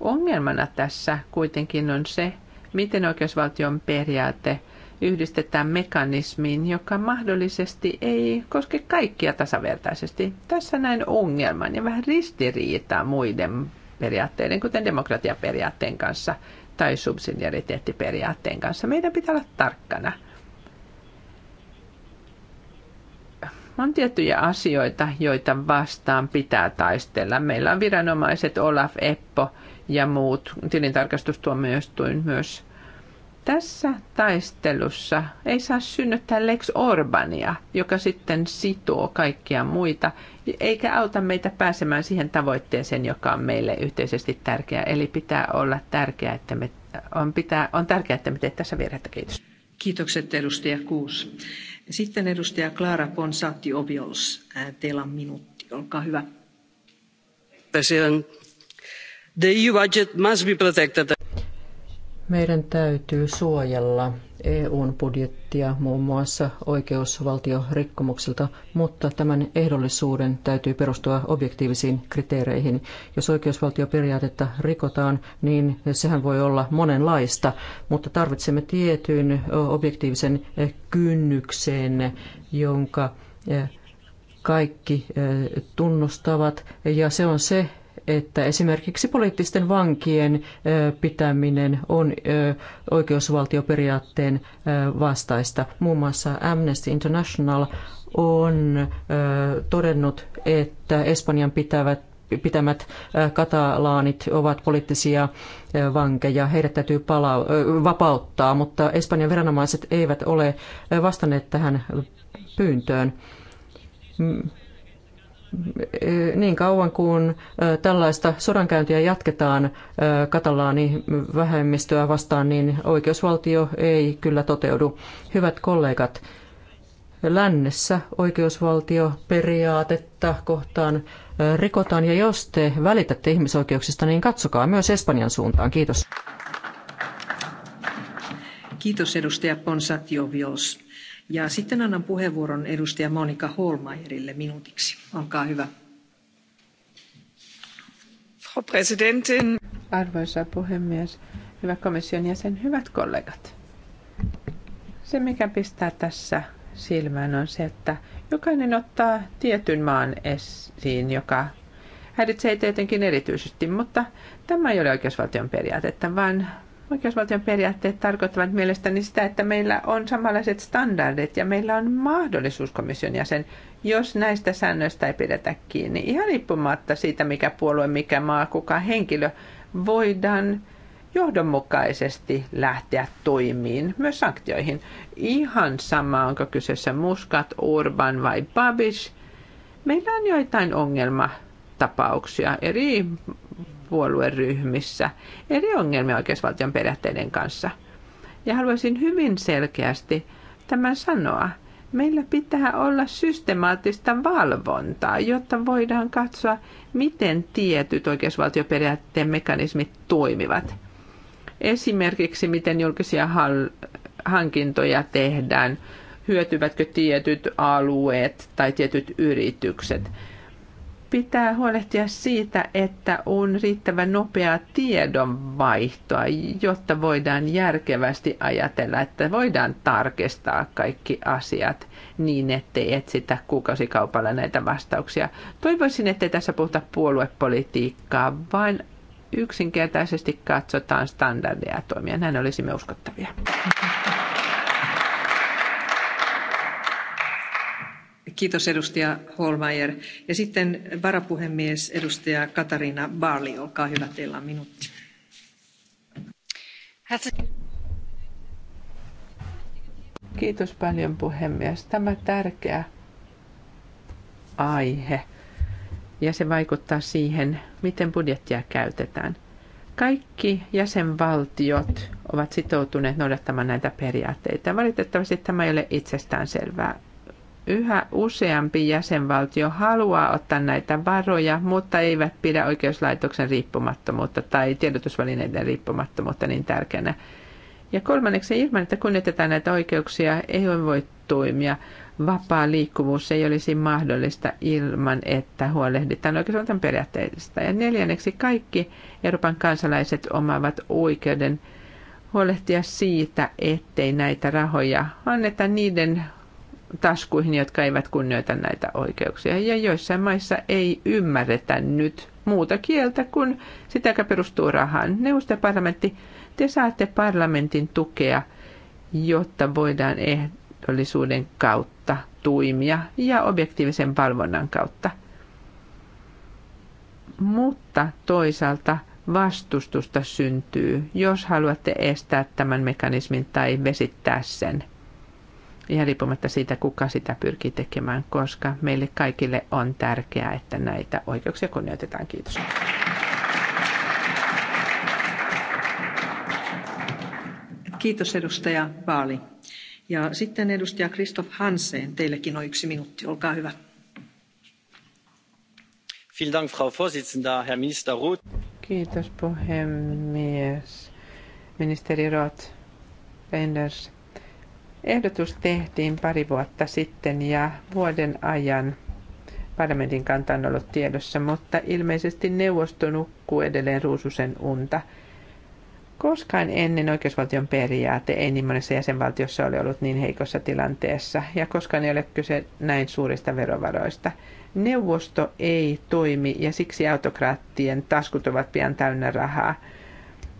Ongelmana tässä kuitenkin on se, miten oikeusvaltion periaate yhdistetään mekanismiin, joka mahdollisesti ei koske kaikkia tasavertaisesti. Tässä näin ongelman ja vähän ristiriitaa muiden periaatteiden, kuten demokratiaperiaatteen kanssa – tai subsidiariteettiperiaatteen kanssa. Meidän pitää olla tarkkana. On tiettyjä asioita, joita vastaan pitää taistella. Meillä on viranomaiset Olaf, Eppo ja muut, tilintarkastustuomioistuin myös tässä taistelussa ei saa synnyttää Lex Orbania, joka sitten sitoo kaikkia muita, eikä auta meitä pääsemään siihen tavoitteeseen, joka on meille yhteisesti tärkeä. Eli pitää olla tärkeää, että me, on, pitää, on tärkeää, että me teet tässä virhettä. Kiitos. Kiitokset edustaja Kuus. Sitten edustaja Clara Ponsatti Obiols. Teillä on minuutti, olkaa hyvä. President, the EU budget must be protected. Meidän täytyy suojella EUn budjettia muun muassa oikeusvaltiorikkomuksilta, mutta tämän ehdollisuuden täytyy perustua objektiivisiin kriteereihin. Jos oikeusvaltioperiaatetta rikotaan, niin sehän voi olla monenlaista, mutta tarvitsemme tietyn objektiivisen kynnyksen, jonka kaikki tunnustavat, ja se on se että esimerkiksi poliittisten vankien pitäminen on oikeusvaltioperiaatteen vastaista. Muun muassa Amnesty International on todennut, että Espanjan pitävät pitämät katalaanit ovat poliittisia vankeja. Heidät täytyy pala- vapauttaa, mutta Espanjan viranomaiset eivät ole vastanneet tähän pyyntöön niin kauan kuin tällaista sodankäyntiä jatketaan katalaani vähemmistöä vastaan, niin oikeusvaltio ei kyllä toteudu. Hyvät kollegat, lännessä oikeusvaltioperiaatetta kohtaan rikotaan, ja jos te välitätte ihmisoikeuksista, niin katsokaa myös Espanjan suuntaan. Kiitos. Kiitos edustaja Ponsatiovios. Ja sitten annan puheenvuoron edustaja Monika Holmeierille minuutiksi. Olkaa hyvä. Frau Präsidentin. Arvoisa puhemies, hyvä komission jäsen, hyvät kollegat. Se, mikä pistää tässä silmään, on se, että jokainen ottaa tietyn maan esiin, joka häiritsee tietenkin erityisesti, mutta tämä ei ole oikeusvaltion periaatetta, vaan Oikeusvaltion periaatteet tarkoittavat mielestäni sitä, että meillä on samanlaiset standardit ja meillä on mahdollisuus komission jäsen, jos näistä säännöistä ei pidetä kiinni. Ihan riippumatta siitä, mikä puolue, mikä maa, kuka henkilö, voidaan johdonmukaisesti lähteä toimiin, myös sanktioihin. Ihan sama, onko kyseessä Muskat, Urban vai Babish. Meillä on joitain ongelmatapauksia eri puolueryhmissä eri ongelmia oikeusvaltion periaatteiden kanssa. Ja haluaisin hyvin selkeästi tämän sanoa. Meillä pitää olla systemaattista valvontaa, jotta voidaan katsoa, miten tietyt oikeusvaltioperiaatteen mekanismit toimivat. Esimerkiksi, miten julkisia hankintoja tehdään, hyötyvätkö tietyt alueet tai tietyt yritykset pitää huolehtia siitä, että on riittävän nopeaa tiedonvaihtoa, jotta voidaan järkevästi ajatella, että voidaan tarkistaa kaikki asiat niin, ettei etsitä kuukausikaupalla näitä vastauksia. Toivoisin, ettei tässä puhuta puoluepolitiikkaa, vaan yksinkertaisesti katsotaan standardeja toimia. Näin olisimme uskottavia. Kiitos edustaja Holmeier. Ja sitten varapuhemies edustaja Katarina Barley, olkaa hyvä, teillä on minuutti. Kiitos paljon puhemies. Tämä tärkeä aihe ja se vaikuttaa siihen, miten budjettia käytetään. Kaikki jäsenvaltiot ovat sitoutuneet noudattamaan näitä periaatteita. Valitettavasti tämä ei ole itsestään selvää yhä useampi jäsenvaltio haluaa ottaa näitä varoja, mutta eivät pidä oikeuslaitoksen riippumattomuutta tai tiedotusvälineiden riippumattomuutta niin tärkeänä. Ja kolmanneksi, ilman että kunnioitetaan näitä oikeuksia, ei voi toimia. Vapaa liikkuvuus ei olisi mahdollista ilman, että huolehditaan oikeusvaltion periaatteista. Ja neljänneksi, kaikki Euroopan kansalaiset omaavat oikeuden huolehtia siitä, ettei näitä rahoja anneta niiden taskuihin, jotka eivät kunnioita näitä oikeuksia. Ja joissain maissa ei ymmärretä nyt muuta kieltä kuin sitä, joka perustuu rahaan. Neuvosto parlamentti, te saatte parlamentin tukea, jotta voidaan ehdollisuuden kautta tuimia ja objektiivisen valvonnan kautta. Mutta toisaalta vastustusta syntyy, jos haluatte estää tämän mekanismin tai vesittää sen – ihan riippumatta siitä, kuka sitä pyrkii tekemään, koska meille kaikille on tärkeää, että näitä oikeuksia kunnioitetaan. Kiitos. Kiitos edustaja Vaali. Ja sitten edustaja Kristoff Hansen, teillekin on yksi minuutti, olkaa hyvä. Kiitos puhemies. Ministeri Roth, Enders, Ehdotus tehtiin pari vuotta sitten ja vuoden ajan parlamentin kanta on ollut tiedossa, mutta ilmeisesti neuvosto nukkuu edelleen ruususen unta. Koskaan ennen oikeusvaltion periaate ei niin monessa jäsenvaltiossa ole ollut niin heikossa tilanteessa, ja koskaan ei ole kyse näin suurista verovaroista. Neuvosto ei toimi, ja siksi autokraattien taskut ovat pian täynnä rahaa.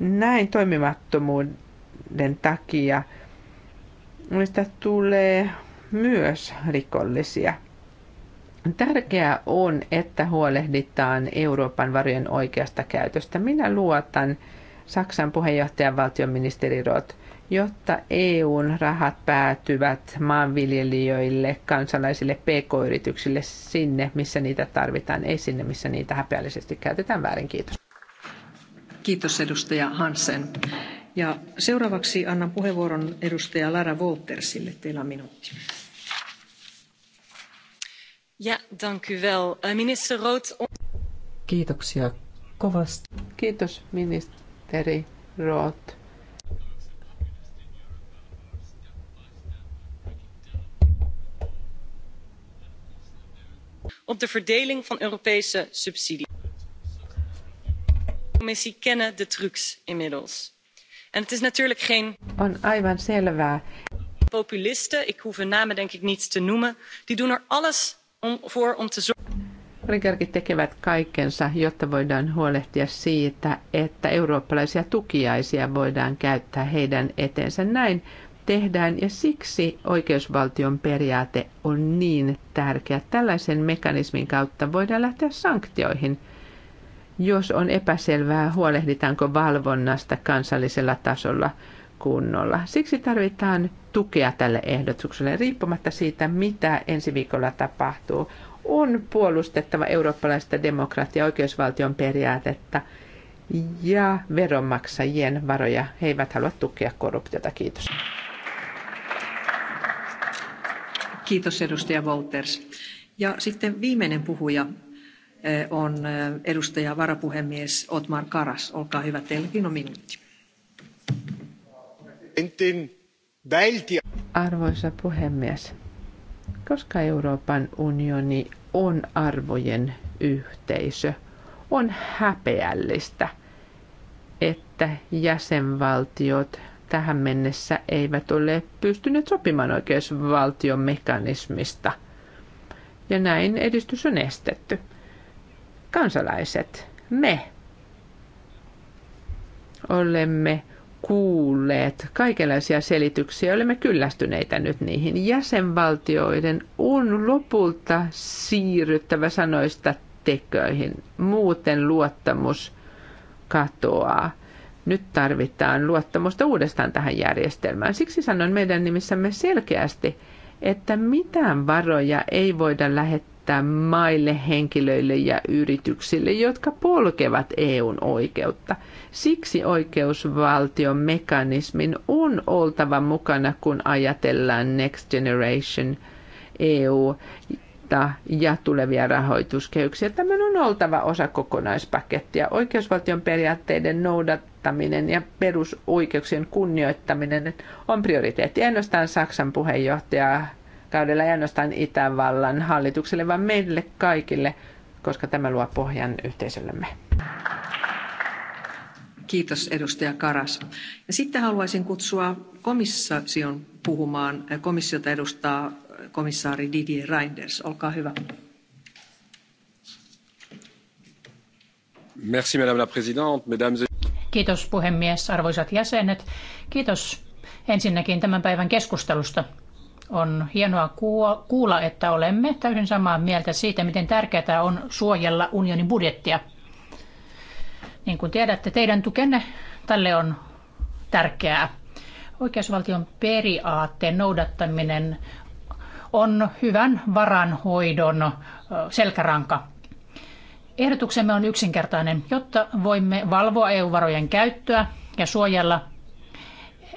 Näin toimimattomuuden takia – mistä tulee myös rikollisia. Tärkeää on, että huolehditaan Euroopan varojen oikeasta käytöstä. Minä luotan Saksan puheenjohtajan valtionministeri Roth, jotta EUn rahat päätyvät maanviljelijöille, kansalaisille, pk-yrityksille sinne, missä niitä tarvitaan, ei sinne, missä niitä häpeällisesti käytetään väärin. Kiitos. Kiitos edustaja Hansen. Ja seuraavaksi annan puheenvuoron edustaja Lara Woltersille. Teillä on minuutti. Ja, eh, Kiitoksia kovasti. Kiitos ministeri Roth. op de verdeling van Europese subsidies. De commissie kennen de trucs inmiddels en het is natuurlijk geen... On aivan selvää. Populisten, ik hoef hun namen denk ik niet te noemen, die doen er alles om, voor om te zorgen... Oligarkit tekevät kaikkensa, jotta voidaan huolehtia siitä, että eurooppalaisia tukiaisia voidaan käyttää heidän eteensä. Näin tehdään ja siksi oikeusvaltion periaate on niin tärkeä. Tällaisen mekanismin kautta voidaan lähteä sanktioihin – jos on epäselvää, huolehditaanko valvonnasta kansallisella tasolla kunnolla. Siksi tarvitaan tukea tälle ehdotukselle, riippumatta siitä, mitä ensi viikolla tapahtuu. On puolustettava eurooppalaista demokratiaa, oikeusvaltion periaatetta ja veronmaksajien varoja. He eivät halua tukea korruptiota. Kiitos. Kiitos edustaja Wolters. Ja sitten viimeinen puhuja Eh, on eh, edustaja varapuhemies Otmar Karas. Olkaa hyvä, teilläkin on minuutti. Arvoisa puhemies, koska Euroopan unioni on arvojen yhteisö, on häpeällistä, että jäsenvaltiot tähän mennessä eivät ole pystyneet sopimaan oikeusvaltion mekanismista. Ja näin edistys on estetty kansalaiset, me, olemme kuulleet kaikenlaisia selityksiä, olemme kyllästyneitä nyt niihin. Jäsenvaltioiden on lopulta siirryttävä sanoista teköihin, muuten luottamus katoaa. Nyt tarvitaan luottamusta uudestaan tähän järjestelmään. Siksi sanon meidän nimissämme selkeästi, että mitään varoja ei voida lähettää näyttää maille, henkilöille ja yrityksille, jotka polkevat EUn oikeutta. Siksi oikeusvaltion mekanismin on oltava mukana, kun ajatellaan Next Generation EU ja tulevia rahoituskehyksiä. Tämän on oltava osa kokonaispakettia. Oikeusvaltion periaatteiden noudattaminen ja perusoikeuksien kunnioittaminen on prioriteetti. Ainoastaan Saksan puheenjohtaja kaudella, ei ainoastaan Itävallan hallitukselle, vaan meille kaikille, koska tämä luo pohjan yhteisöllemme. Kiitos edustaja Karas. Ja sitten haluaisin kutsua komission puhumaan. Komissiota edustaa komissaari Didier Reinders. Olkaa hyvä. Merci, madame la présidente, mesdames... Kiitos puhemies, arvoisat jäsenet. Kiitos ensinnäkin tämän päivän keskustelusta. On hienoa kuulla, että olemme täysin samaa mieltä siitä, miten tärkeää on suojella unionin budjettia. Niin kuin tiedätte, teidän tukenne tälle on tärkeää. Oikeusvaltion periaatteen noudattaminen on hyvän varanhoidon selkäranka. Ehdotuksemme on yksinkertainen, jotta voimme valvoa EU-varojen käyttöä ja suojella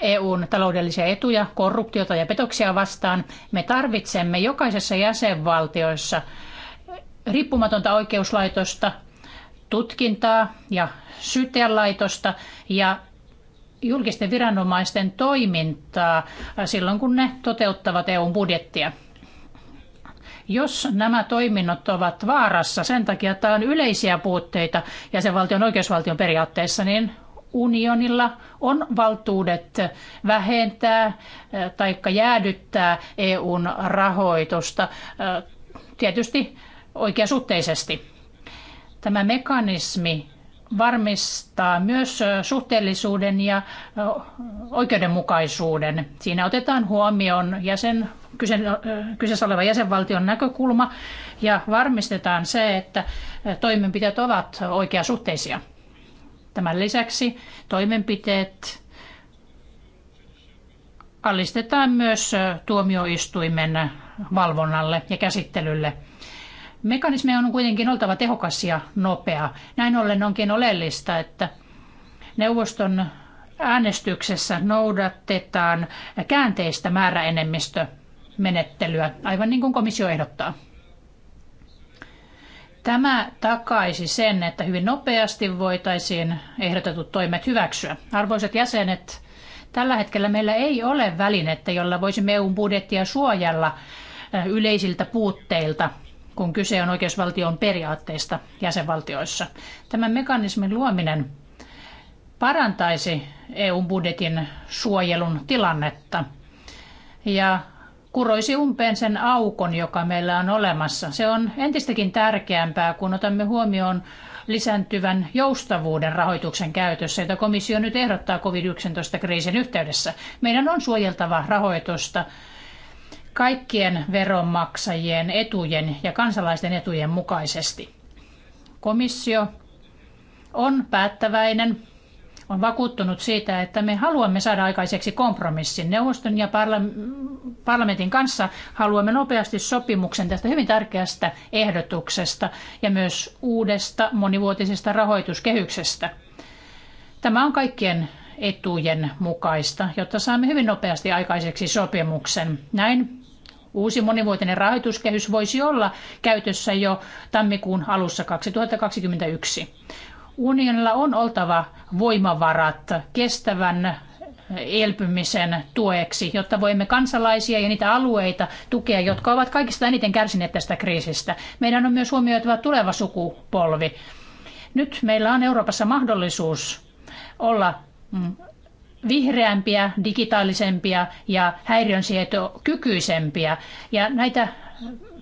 EUn taloudellisia etuja, korruptiota ja petoksia vastaan. Me tarvitsemme jokaisessa jäsenvaltioissa riippumatonta oikeuslaitosta, tutkintaa ja syyttäjälaitosta ja julkisten viranomaisten toimintaa silloin, kun ne toteuttavat EUn budjettia. Jos nämä toiminnot ovat vaarassa sen takia, että on yleisiä puutteita jäsenvaltion oikeusvaltion periaatteessa, niin unionilla on valtuudet vähentää eh, tai jäädyttää EUn rahoitusta, eh, tietysti oikeasuhteisesti. Tämä mekanismi varmistaa myös eh, suhteellisuuden ja oikeudenmukaisuuden. Siinä otetaan huomioon jäsen, kyseessä oleva jäsenvaltion näkökulma ja varmistetaan se, että toimenpiteet ovat oikeasuhteisia. Tämän lisäksi toimenpiteet alistetaan myös tuomioistuimen valvonnalle ja käsittelylle. Mekanismi on kuitenkin oltava tehokas ja nopea. Näin ollen onkin oleellista, että neuvoston äänestyksessä noudatetaan käänteistä määräenemmistömenettelyä, aivan niin kuin komissio ehdottaa. Tämä takaisi sen, että hyvin nopeasti voitaisiin ehdotetut toimet hyväksyä. Arvoisat jäsenet, tällä hetkellä meillä ei ole välinettä, jolla voisimme EUn budjettia suojella äh, yleisiltä puutteilta, kun kyse on oikeusvaltion periaatteista jäsenvaltioissa. Tämän mekanismin luominen parantaisi EUn budjetin suojelun tilannetta ja kuroisi umpeen sen aukon, joka meillä on olemassa. Se on entistäkin tärkeämpää, kun otamme huomioon lisääntyvän joustavuuden rahoituksen käytössä, jota komissio nyt ehdottaa COVID-19-kriisin yhteydessä. Meidän on suojeltava rahoitusta kaikkien veronmaksajien etujen ja kansalaisten etujen mukaisesti. Komissio on päättäväinen on vakuuttunut siitä, että me haluamme saada aikaiseksi kompromissin neuvoston ja parlamentin kanssa. Haluamme nopeasti sopimuksen tästä hyvin tärkeästä ehdotuksesta ja myös uudesta monivuotisesta rahoituskehyksestä. Tämä on kaikkien etujen mukaista, jotta saamme hyvin nopeasti aikaiseksi sopimuksen. Näin Uusi monivuotinen rahoituskehys voisi olla käytössä jo tammikuun alussa 2021. Unionilla on oltava voimavarat kestävän elpymisen tueksi, jotta voimme kansalaisia ja niitä alueita tukea, jotka ovat kaikista eniten kärsineet tästä kriisistä. Meidän on myös huomioitava tuleva sukupolvi. Nyt meillä on Euroopassa mahdollisuus olla mm, vihreämpiä, digitaalisempia ja häiriönsieto kykyisempiä Ja näitä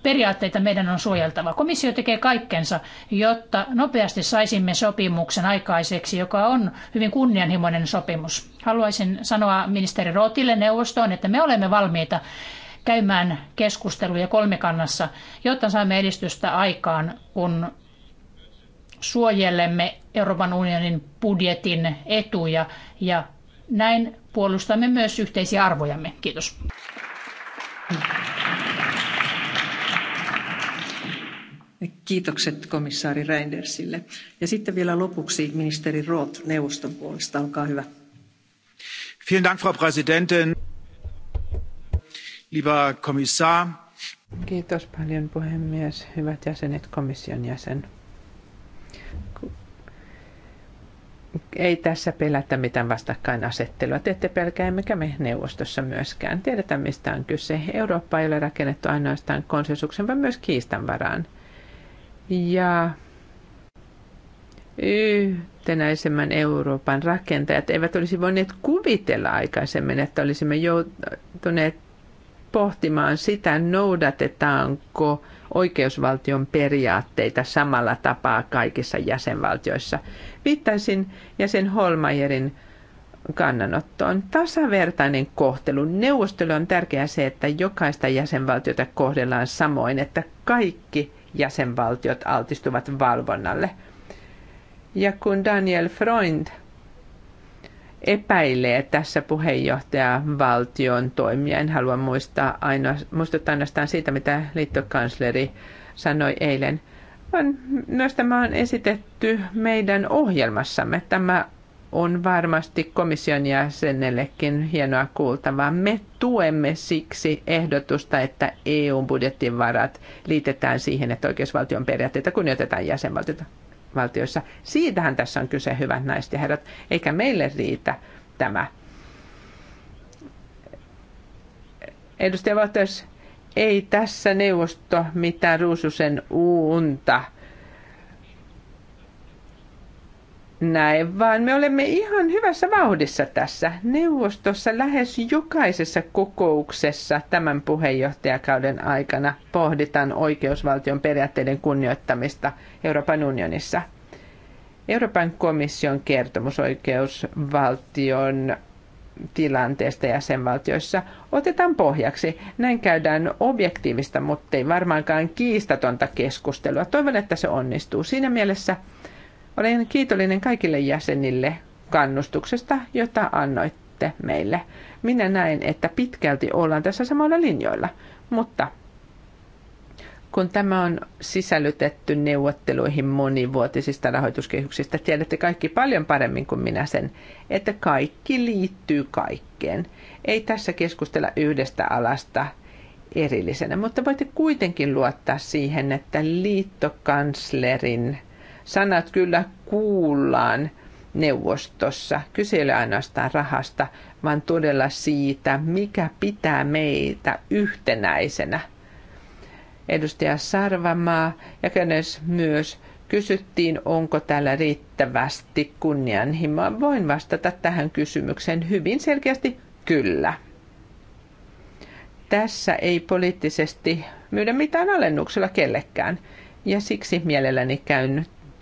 periaatteita meidän on suojeltava. Komissio tekee kaikkensa, jotta nopeasti saisimme sopimuksen aikaiseksi, joka on hyvin kunnianhimoinen sopimus. Haluaisin sanoa ministeri Rotille neuvostoon, että me olemme valmiita käymään keskusteluja kolmikannassa, jotta saamme edistystä aikaan, kun suojelemme Euroopan unionin budjetin etuja ja näin puolustamme myös yhteisiä arvojamme. Kiitos. Kiitokset komissaari Reindersille. Ja sitten vielä lopuksi ministeri Roth neuvoston puolesta. Olkaa hyvä. Vielen Dank, Frau Präsidentin. Lieber Kommissar. Kiitos paljon puhemies, hyvät jäsenet, komission jäsen. Ei tässä pelätä mitään vastakkainasettelua. Te ette pelkää, emmekä me neuvostossa myöskään. Tiedetään, mistä on kyse. Eurooppa ei ole rakennettu ainoastaan konsensuksen, vaan myös kiistan varaan ja yhtenäisemmän Euroopan rakentajat eivät olisi voineet kuvitella aikaisemmin, että olisimme joutuneet pohtimaan sitä, noudatetaanko oikeusvaltion periaatteita samalla tapaa kaikissa jäsenvaltioissa. Viittaisin jäsen Holmajerin kannanottoon. Tasavertainen kohtelu. Neuvostolle on tärkeää se, että jokaista jäsenvaltiota kohdellaan samoin, että kaikki jäsenvaltiot altistuvat valvonnalle. Ja kun Daniel Freund epäilee tässä puheenjohtajavaltion toimia, en halua muistaa ainoa, muistuttaa ainoastaan siitä, mitä liittokansleri sanoi eilen, vaan myös tämä on esitetty meidän ohjelmassamme. Tämä on varmasti komission jäsenellekin hienoa kuultavaa. Me tuemme siksi ehdotusta, että EU-budjetin varat liitetään siihen, että oikeusvaltion periaatteita kunnioitetaan jäsenvaltioissa. Siitähän tässä on kyse, hyvät naiset ja herrat, eikä meille riitä tämä. Edustaja Valters, ei tässä neuvosto mitään ruususen uunta näin, vaan me olemme ihan hyvässä vauhdissa tässä neuvostossa lähes jokaisessa kokouksessa tämän puheenjohtajakauden aikana pohditaan oikeusvaltion periaatteiden kunnioittamista Euroopan unionissa. Euroopan komission kertomus oikeusvaltion tilanteesta jäsenvaltioissa otetaan pohjaksi. Näin käydään objektiivista, mutta ei varmaankaan kiistatonta keskustelua. Toivon, että se onnistuu. Siinä mielessä olen kiitollinen kaikille jäsenille kannustuksesta, jota annoitte meille. Minä näen, että pitkälti ollaan tässä samalla linjoilla, mutta kun tämä on sisällytetty neuvotteluihin monivuotisista rahoituskehyksistä, tiedätte kaikki paljon paremmin kuin minä sen, että kaikki liittyy kaikkeen. Ei tässä keskustella yhdestä alasta erillisenä, mutta voitte kuitenkin luottaa siihen, että liittokanslerin – sanat kyllä kuullaan neuvostossa. Kyse ei ole ainoastaan rahasta, vaan todella siitä, mikä pitää meitä yhtenäisenä. Edustaja Sarvamaa ja Könes myös kysyttiin, onko täällä riittävästi kunnianhimoa. Voin vastata tähän kysymykseen hyvin selkeästi kyllä. Tässä ei poliittisesti myydä mitään alennuksella kellekään, ja siksi mielelläni käyn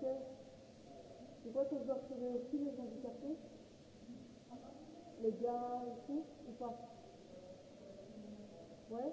handicapés. Je crois que je dois retrouver aussi les handicapés. Les gars et tout, ou pas Ouais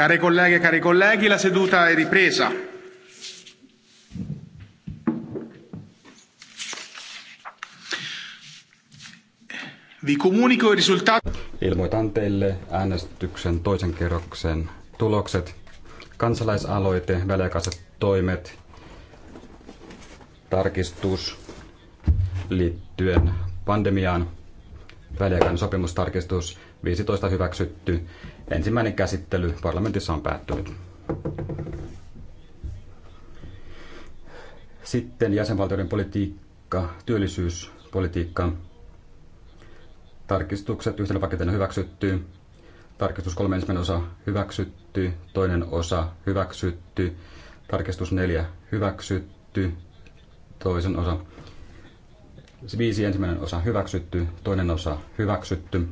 Care colleghe e cari colleghi, la seduta è ripresa. Vi comunico il risultato. Ilmoitan teille äänestyksen toisen kerroksen tulokset. Kansalaisaloite, väliaikaiset toimet, tarkistus liittyen pandemiaan, väliaikainen sopimustarkistus, 15 hyväksytty, Ensimmäinen käsittely parlamentissa on päättynyt. Sitten jäsenvaltioiden politiikka, työllisyyspolitiikka. Tarkistukset yhtenä paketina hyväksytty. Tarkistus kolme ensimmäinen osa hyväksytty, toinen osa hyväksytty, tarkistus neljä hyväksytty, toisen osa viisi ensimmäinen osa hyväksytty, toinen osa hyväksytty,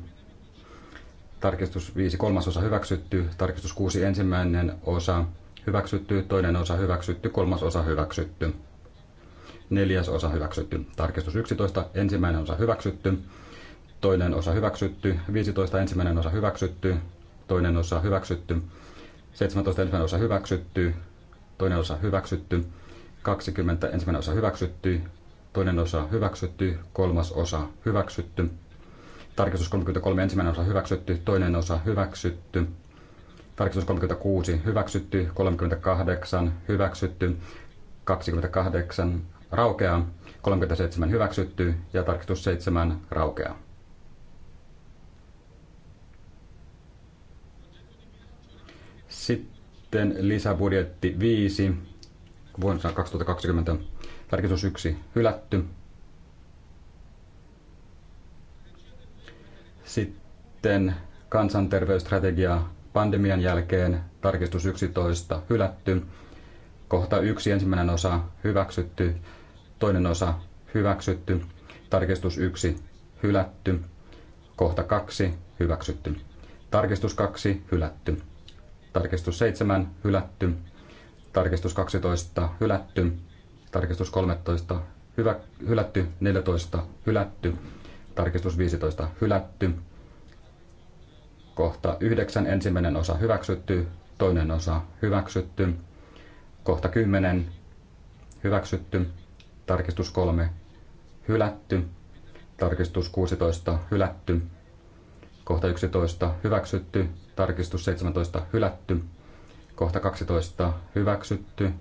tarkistus 5 kolmasosa hyväksytty, tarkistus 6 ensimmäinen osa hyväksytty, toinen osa hyväksytty, kolmas osa hyväksytty, neljäs osa hyväksytty, tarkistus 11 ensimmäinen osa hyväksytty, toinen osa hyväksytty, 15 ensimmäinen osa hyväksytty, toinen osa hyväksytty, 17 ensimmäinen osa hyväksytty, toinen osa hyväksytty, 20 ensimmäinen osa hyväksytty, toinen osa hyväksytty, kolmas osa hyväksytty, Tarkistus 33 ensimmäinen osa hyväksytty, toinen osa hyväksytty. Tarkistus 36 hyväksytty, 38 hyväksytty, 28 raukeaa, 37 hyväksytty ja tarkistus 7 raukeaa. Sitten lisäbudjetti 5 vuonna 2020. Tarkistus 1 hylätty, Sitten kansanterveysstrategia pandemian jälkeen, tarkistus 11 hylätty. Kohta 1, ensimmäinen osa hyväksytty, toinen osa hyväksytty, tarkistus 1 hylätty, kohta 2 hyväksytty, tarkistus 2 hylätty, tarkistus 7 hylätty, tarkistus 12 hylätty, tarkistus 13 hyvä, hylätty, 14 hylätty, tarkistus 15 hylätty. Kohta 9 ensimmäinen osa hyväksytty, toinen osa hyväksytty. Kohta 10 hyväksytty, tarkistus 3 hylätty, tarkistus 16 hylätty, kohta 11 hyväksytty, tarkistus 17 hylätty, kohta 12 hyväksytty,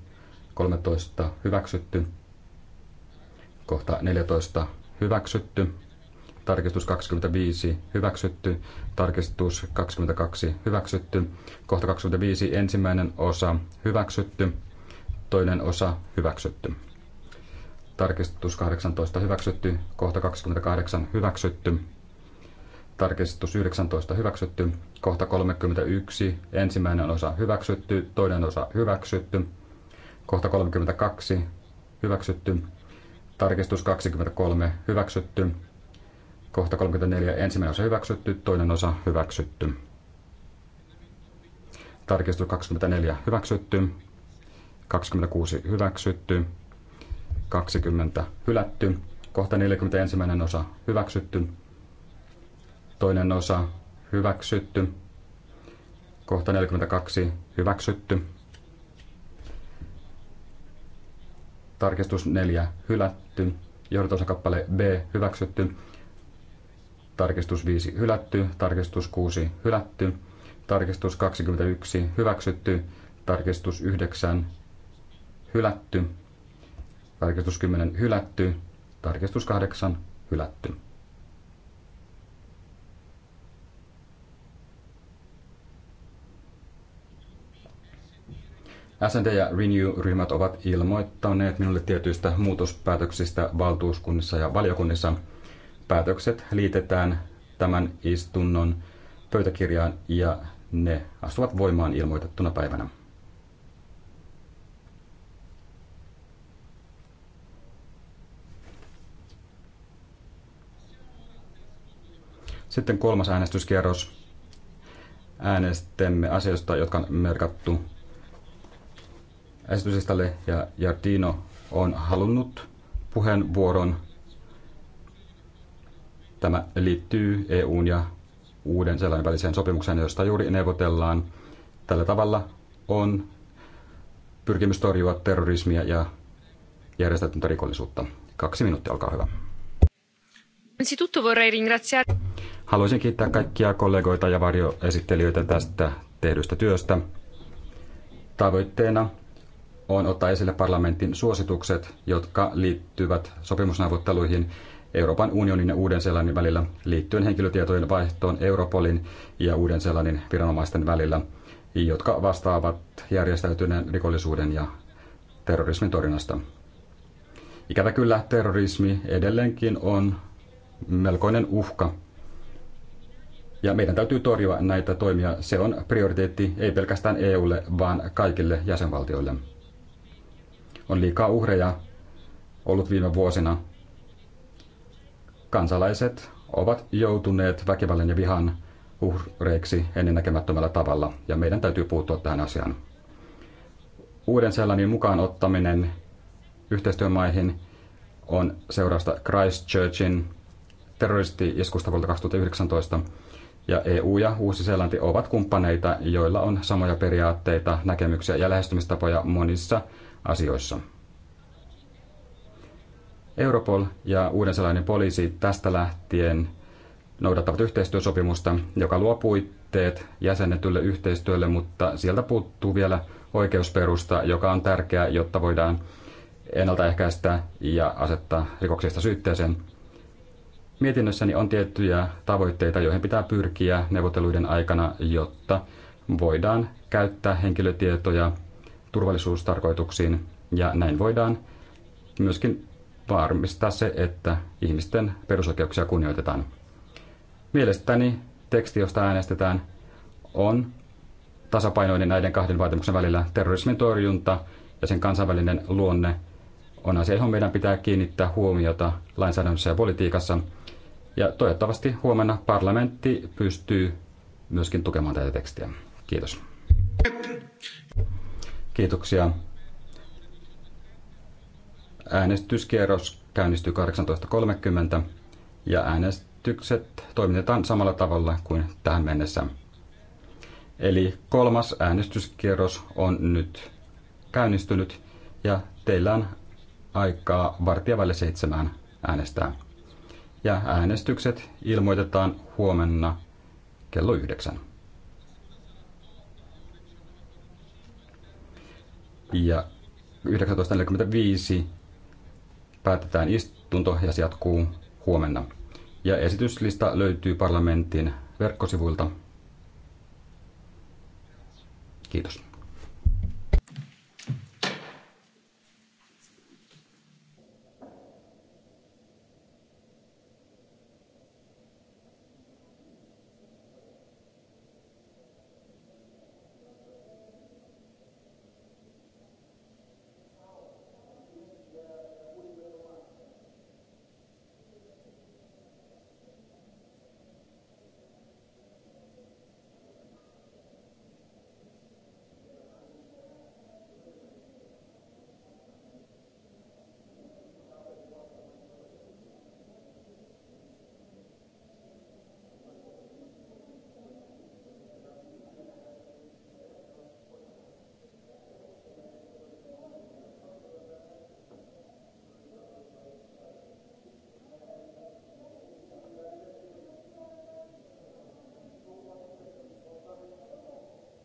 13 hyväksytty, kohta 14 hyväksytty, tarkistus 25 hyväksytty, tarkistus 22 hyväksytty, kohta 25 ensimmäinen osa hyväksytty, toinen osa hyväksytty. Tarkistus 18 hyväksytty, kohta 28 hyväksytty, tarkistus 19 hyväksytty, kohta 31 ensimmäinen osa hyväksytty, toinen osa hyväksytty, kohta 32 hyväksytty, tarkistus 23 hyväksytty, Kohta 34. Ensimmäinen osa hyväksytty, toinen osa hyväksytty. Tarkistus 24 hyväksytty. 26 hyväksytty. 20 hylätty. Kohta 41. osa hyväksytty. Toinen osa hyväksytty. Kohta 42 hyväksytty. Tarkistus 4 hylätty. Johdatusosakappale B hyväksytty tarkistus 5 hylätty, tarkistus 6 hylätty, tarkistus 21 hyväksytty, tarkistus 9 hylätty, tarkistus 10 hylätty, tarkistus 8 hylätty. SND ja Renew-ryhmät ovat ilmoittaneet minulle tietyistä muutospäätöksistä valtuuskunnissa ja valiokunnissa – päätökset liitetään tämän istunnon pöytäkirjaan ja ne astuvat voimaan ilmoitettuna päivänä. Sitten kolmas äänestyskierros. Äänestämme asioista, jotka on merkattu esityslistalle ja Jardino on halunnut puheenvuoron Tämä liittyy EUn ja uuden sellainen väliseen sopimukseen, josta juuri neuvotellaan. Tällä tavalla on pyrkimys torjua terrorismia ja järjestäytyntä rikollisuutta. Kaksi minuuttia, olkaa hyvä. Haluaisin kiittää kaikkia kollegoita ja varjoesittelijöitä tästä tehdystä työstä. Tavoitteena on ottaa esille parlamentin suositukset, jotka liittyvät sopimusneuvotteluihin Euroopan unionin ja Uuden-Seelannin välillä liittyen henkilötietojen vaihtoon Europolin ja Uuden-Seelannin viranomaisten välillä, jotka vastaavat järjestäytyneen rikollisuuden ja terrorismin torjunnasta. Ikävä kyllä terrorismi edelleenkin on melkoinen uhka. Ja meidän täytyy torjua näitä toimia. Se on prioriteetti ei pelkästään EUlle, vaan kaikille jäsenvaltioille. On liikaa uhreja ollut viime vuosina kansalaiset ovat joutuneet väkivallan ja vihan uhreiksi ennennäkemättömällä tavalla, ja meidän täytyy puuttua tähän asiaan. Uuden sellainen mukaan ottaminen yhteistyömaihin on seurausta Christchurchin terroristi-iskusta vuodelta 2019, ja EU ja Uusi-Seelanti ovat kumppaneita, joilla on samoja periaatteita, näkemyksiä ja lähestymistapoja monissa asioissa. Europol ja uudensalainen poliisi tästä lähtien noudattavat yhteistyösopimusta, joka luo puitteet jäsennetylle yhteistyölle, mutta sieltä puuttuu vielä oikeusperusta, joka on tärkeä, jotta voidaan ennaltaehkäistä ja asettaa rikoksista syytteeseen. Mietinnössäni on tiettyjä tavoitteita, joihin pitää pyrkiä neuvotteluiden aikana, jotta voidaan käyttää henkilötietoja turvallisuustarkoituksiin ja näin voidaan myöskin varmistaa se, että ihmisten perusoikeuksia kunnioitetaan. Mielestäni teksti, josta äänestetään, on tasapainoinen näiden kahden vaatimuksen välillä. Terrorismin torjunta ja sen kansainvälinen luonne on asia, johon meidän pitää kiinnittää huomiota lainsäädännössä ja politiikassa. Ja toivottavasti huomenna parlamentti pystyy myöskin tukemaan tätä tekstiä. Kiitos. Kiitoksia. Äänestyskierros käynnistyy 18.30 ja äänestykset toimitetaan samalla tavalla kuin tähän mennessä. Eli kolmas äänestyskierros on nyt käynnistynyt ja teillä on aikaa vartia välillä seitsemään äänestää. Ja äänestykset ilmoitetaan huomenna kello yhdeksän. Ja 19.45 päätetään istunto ja se jatkuu huomenna. Ja esityslista löytyy parlamentin verkkosivuilta. Kiitos.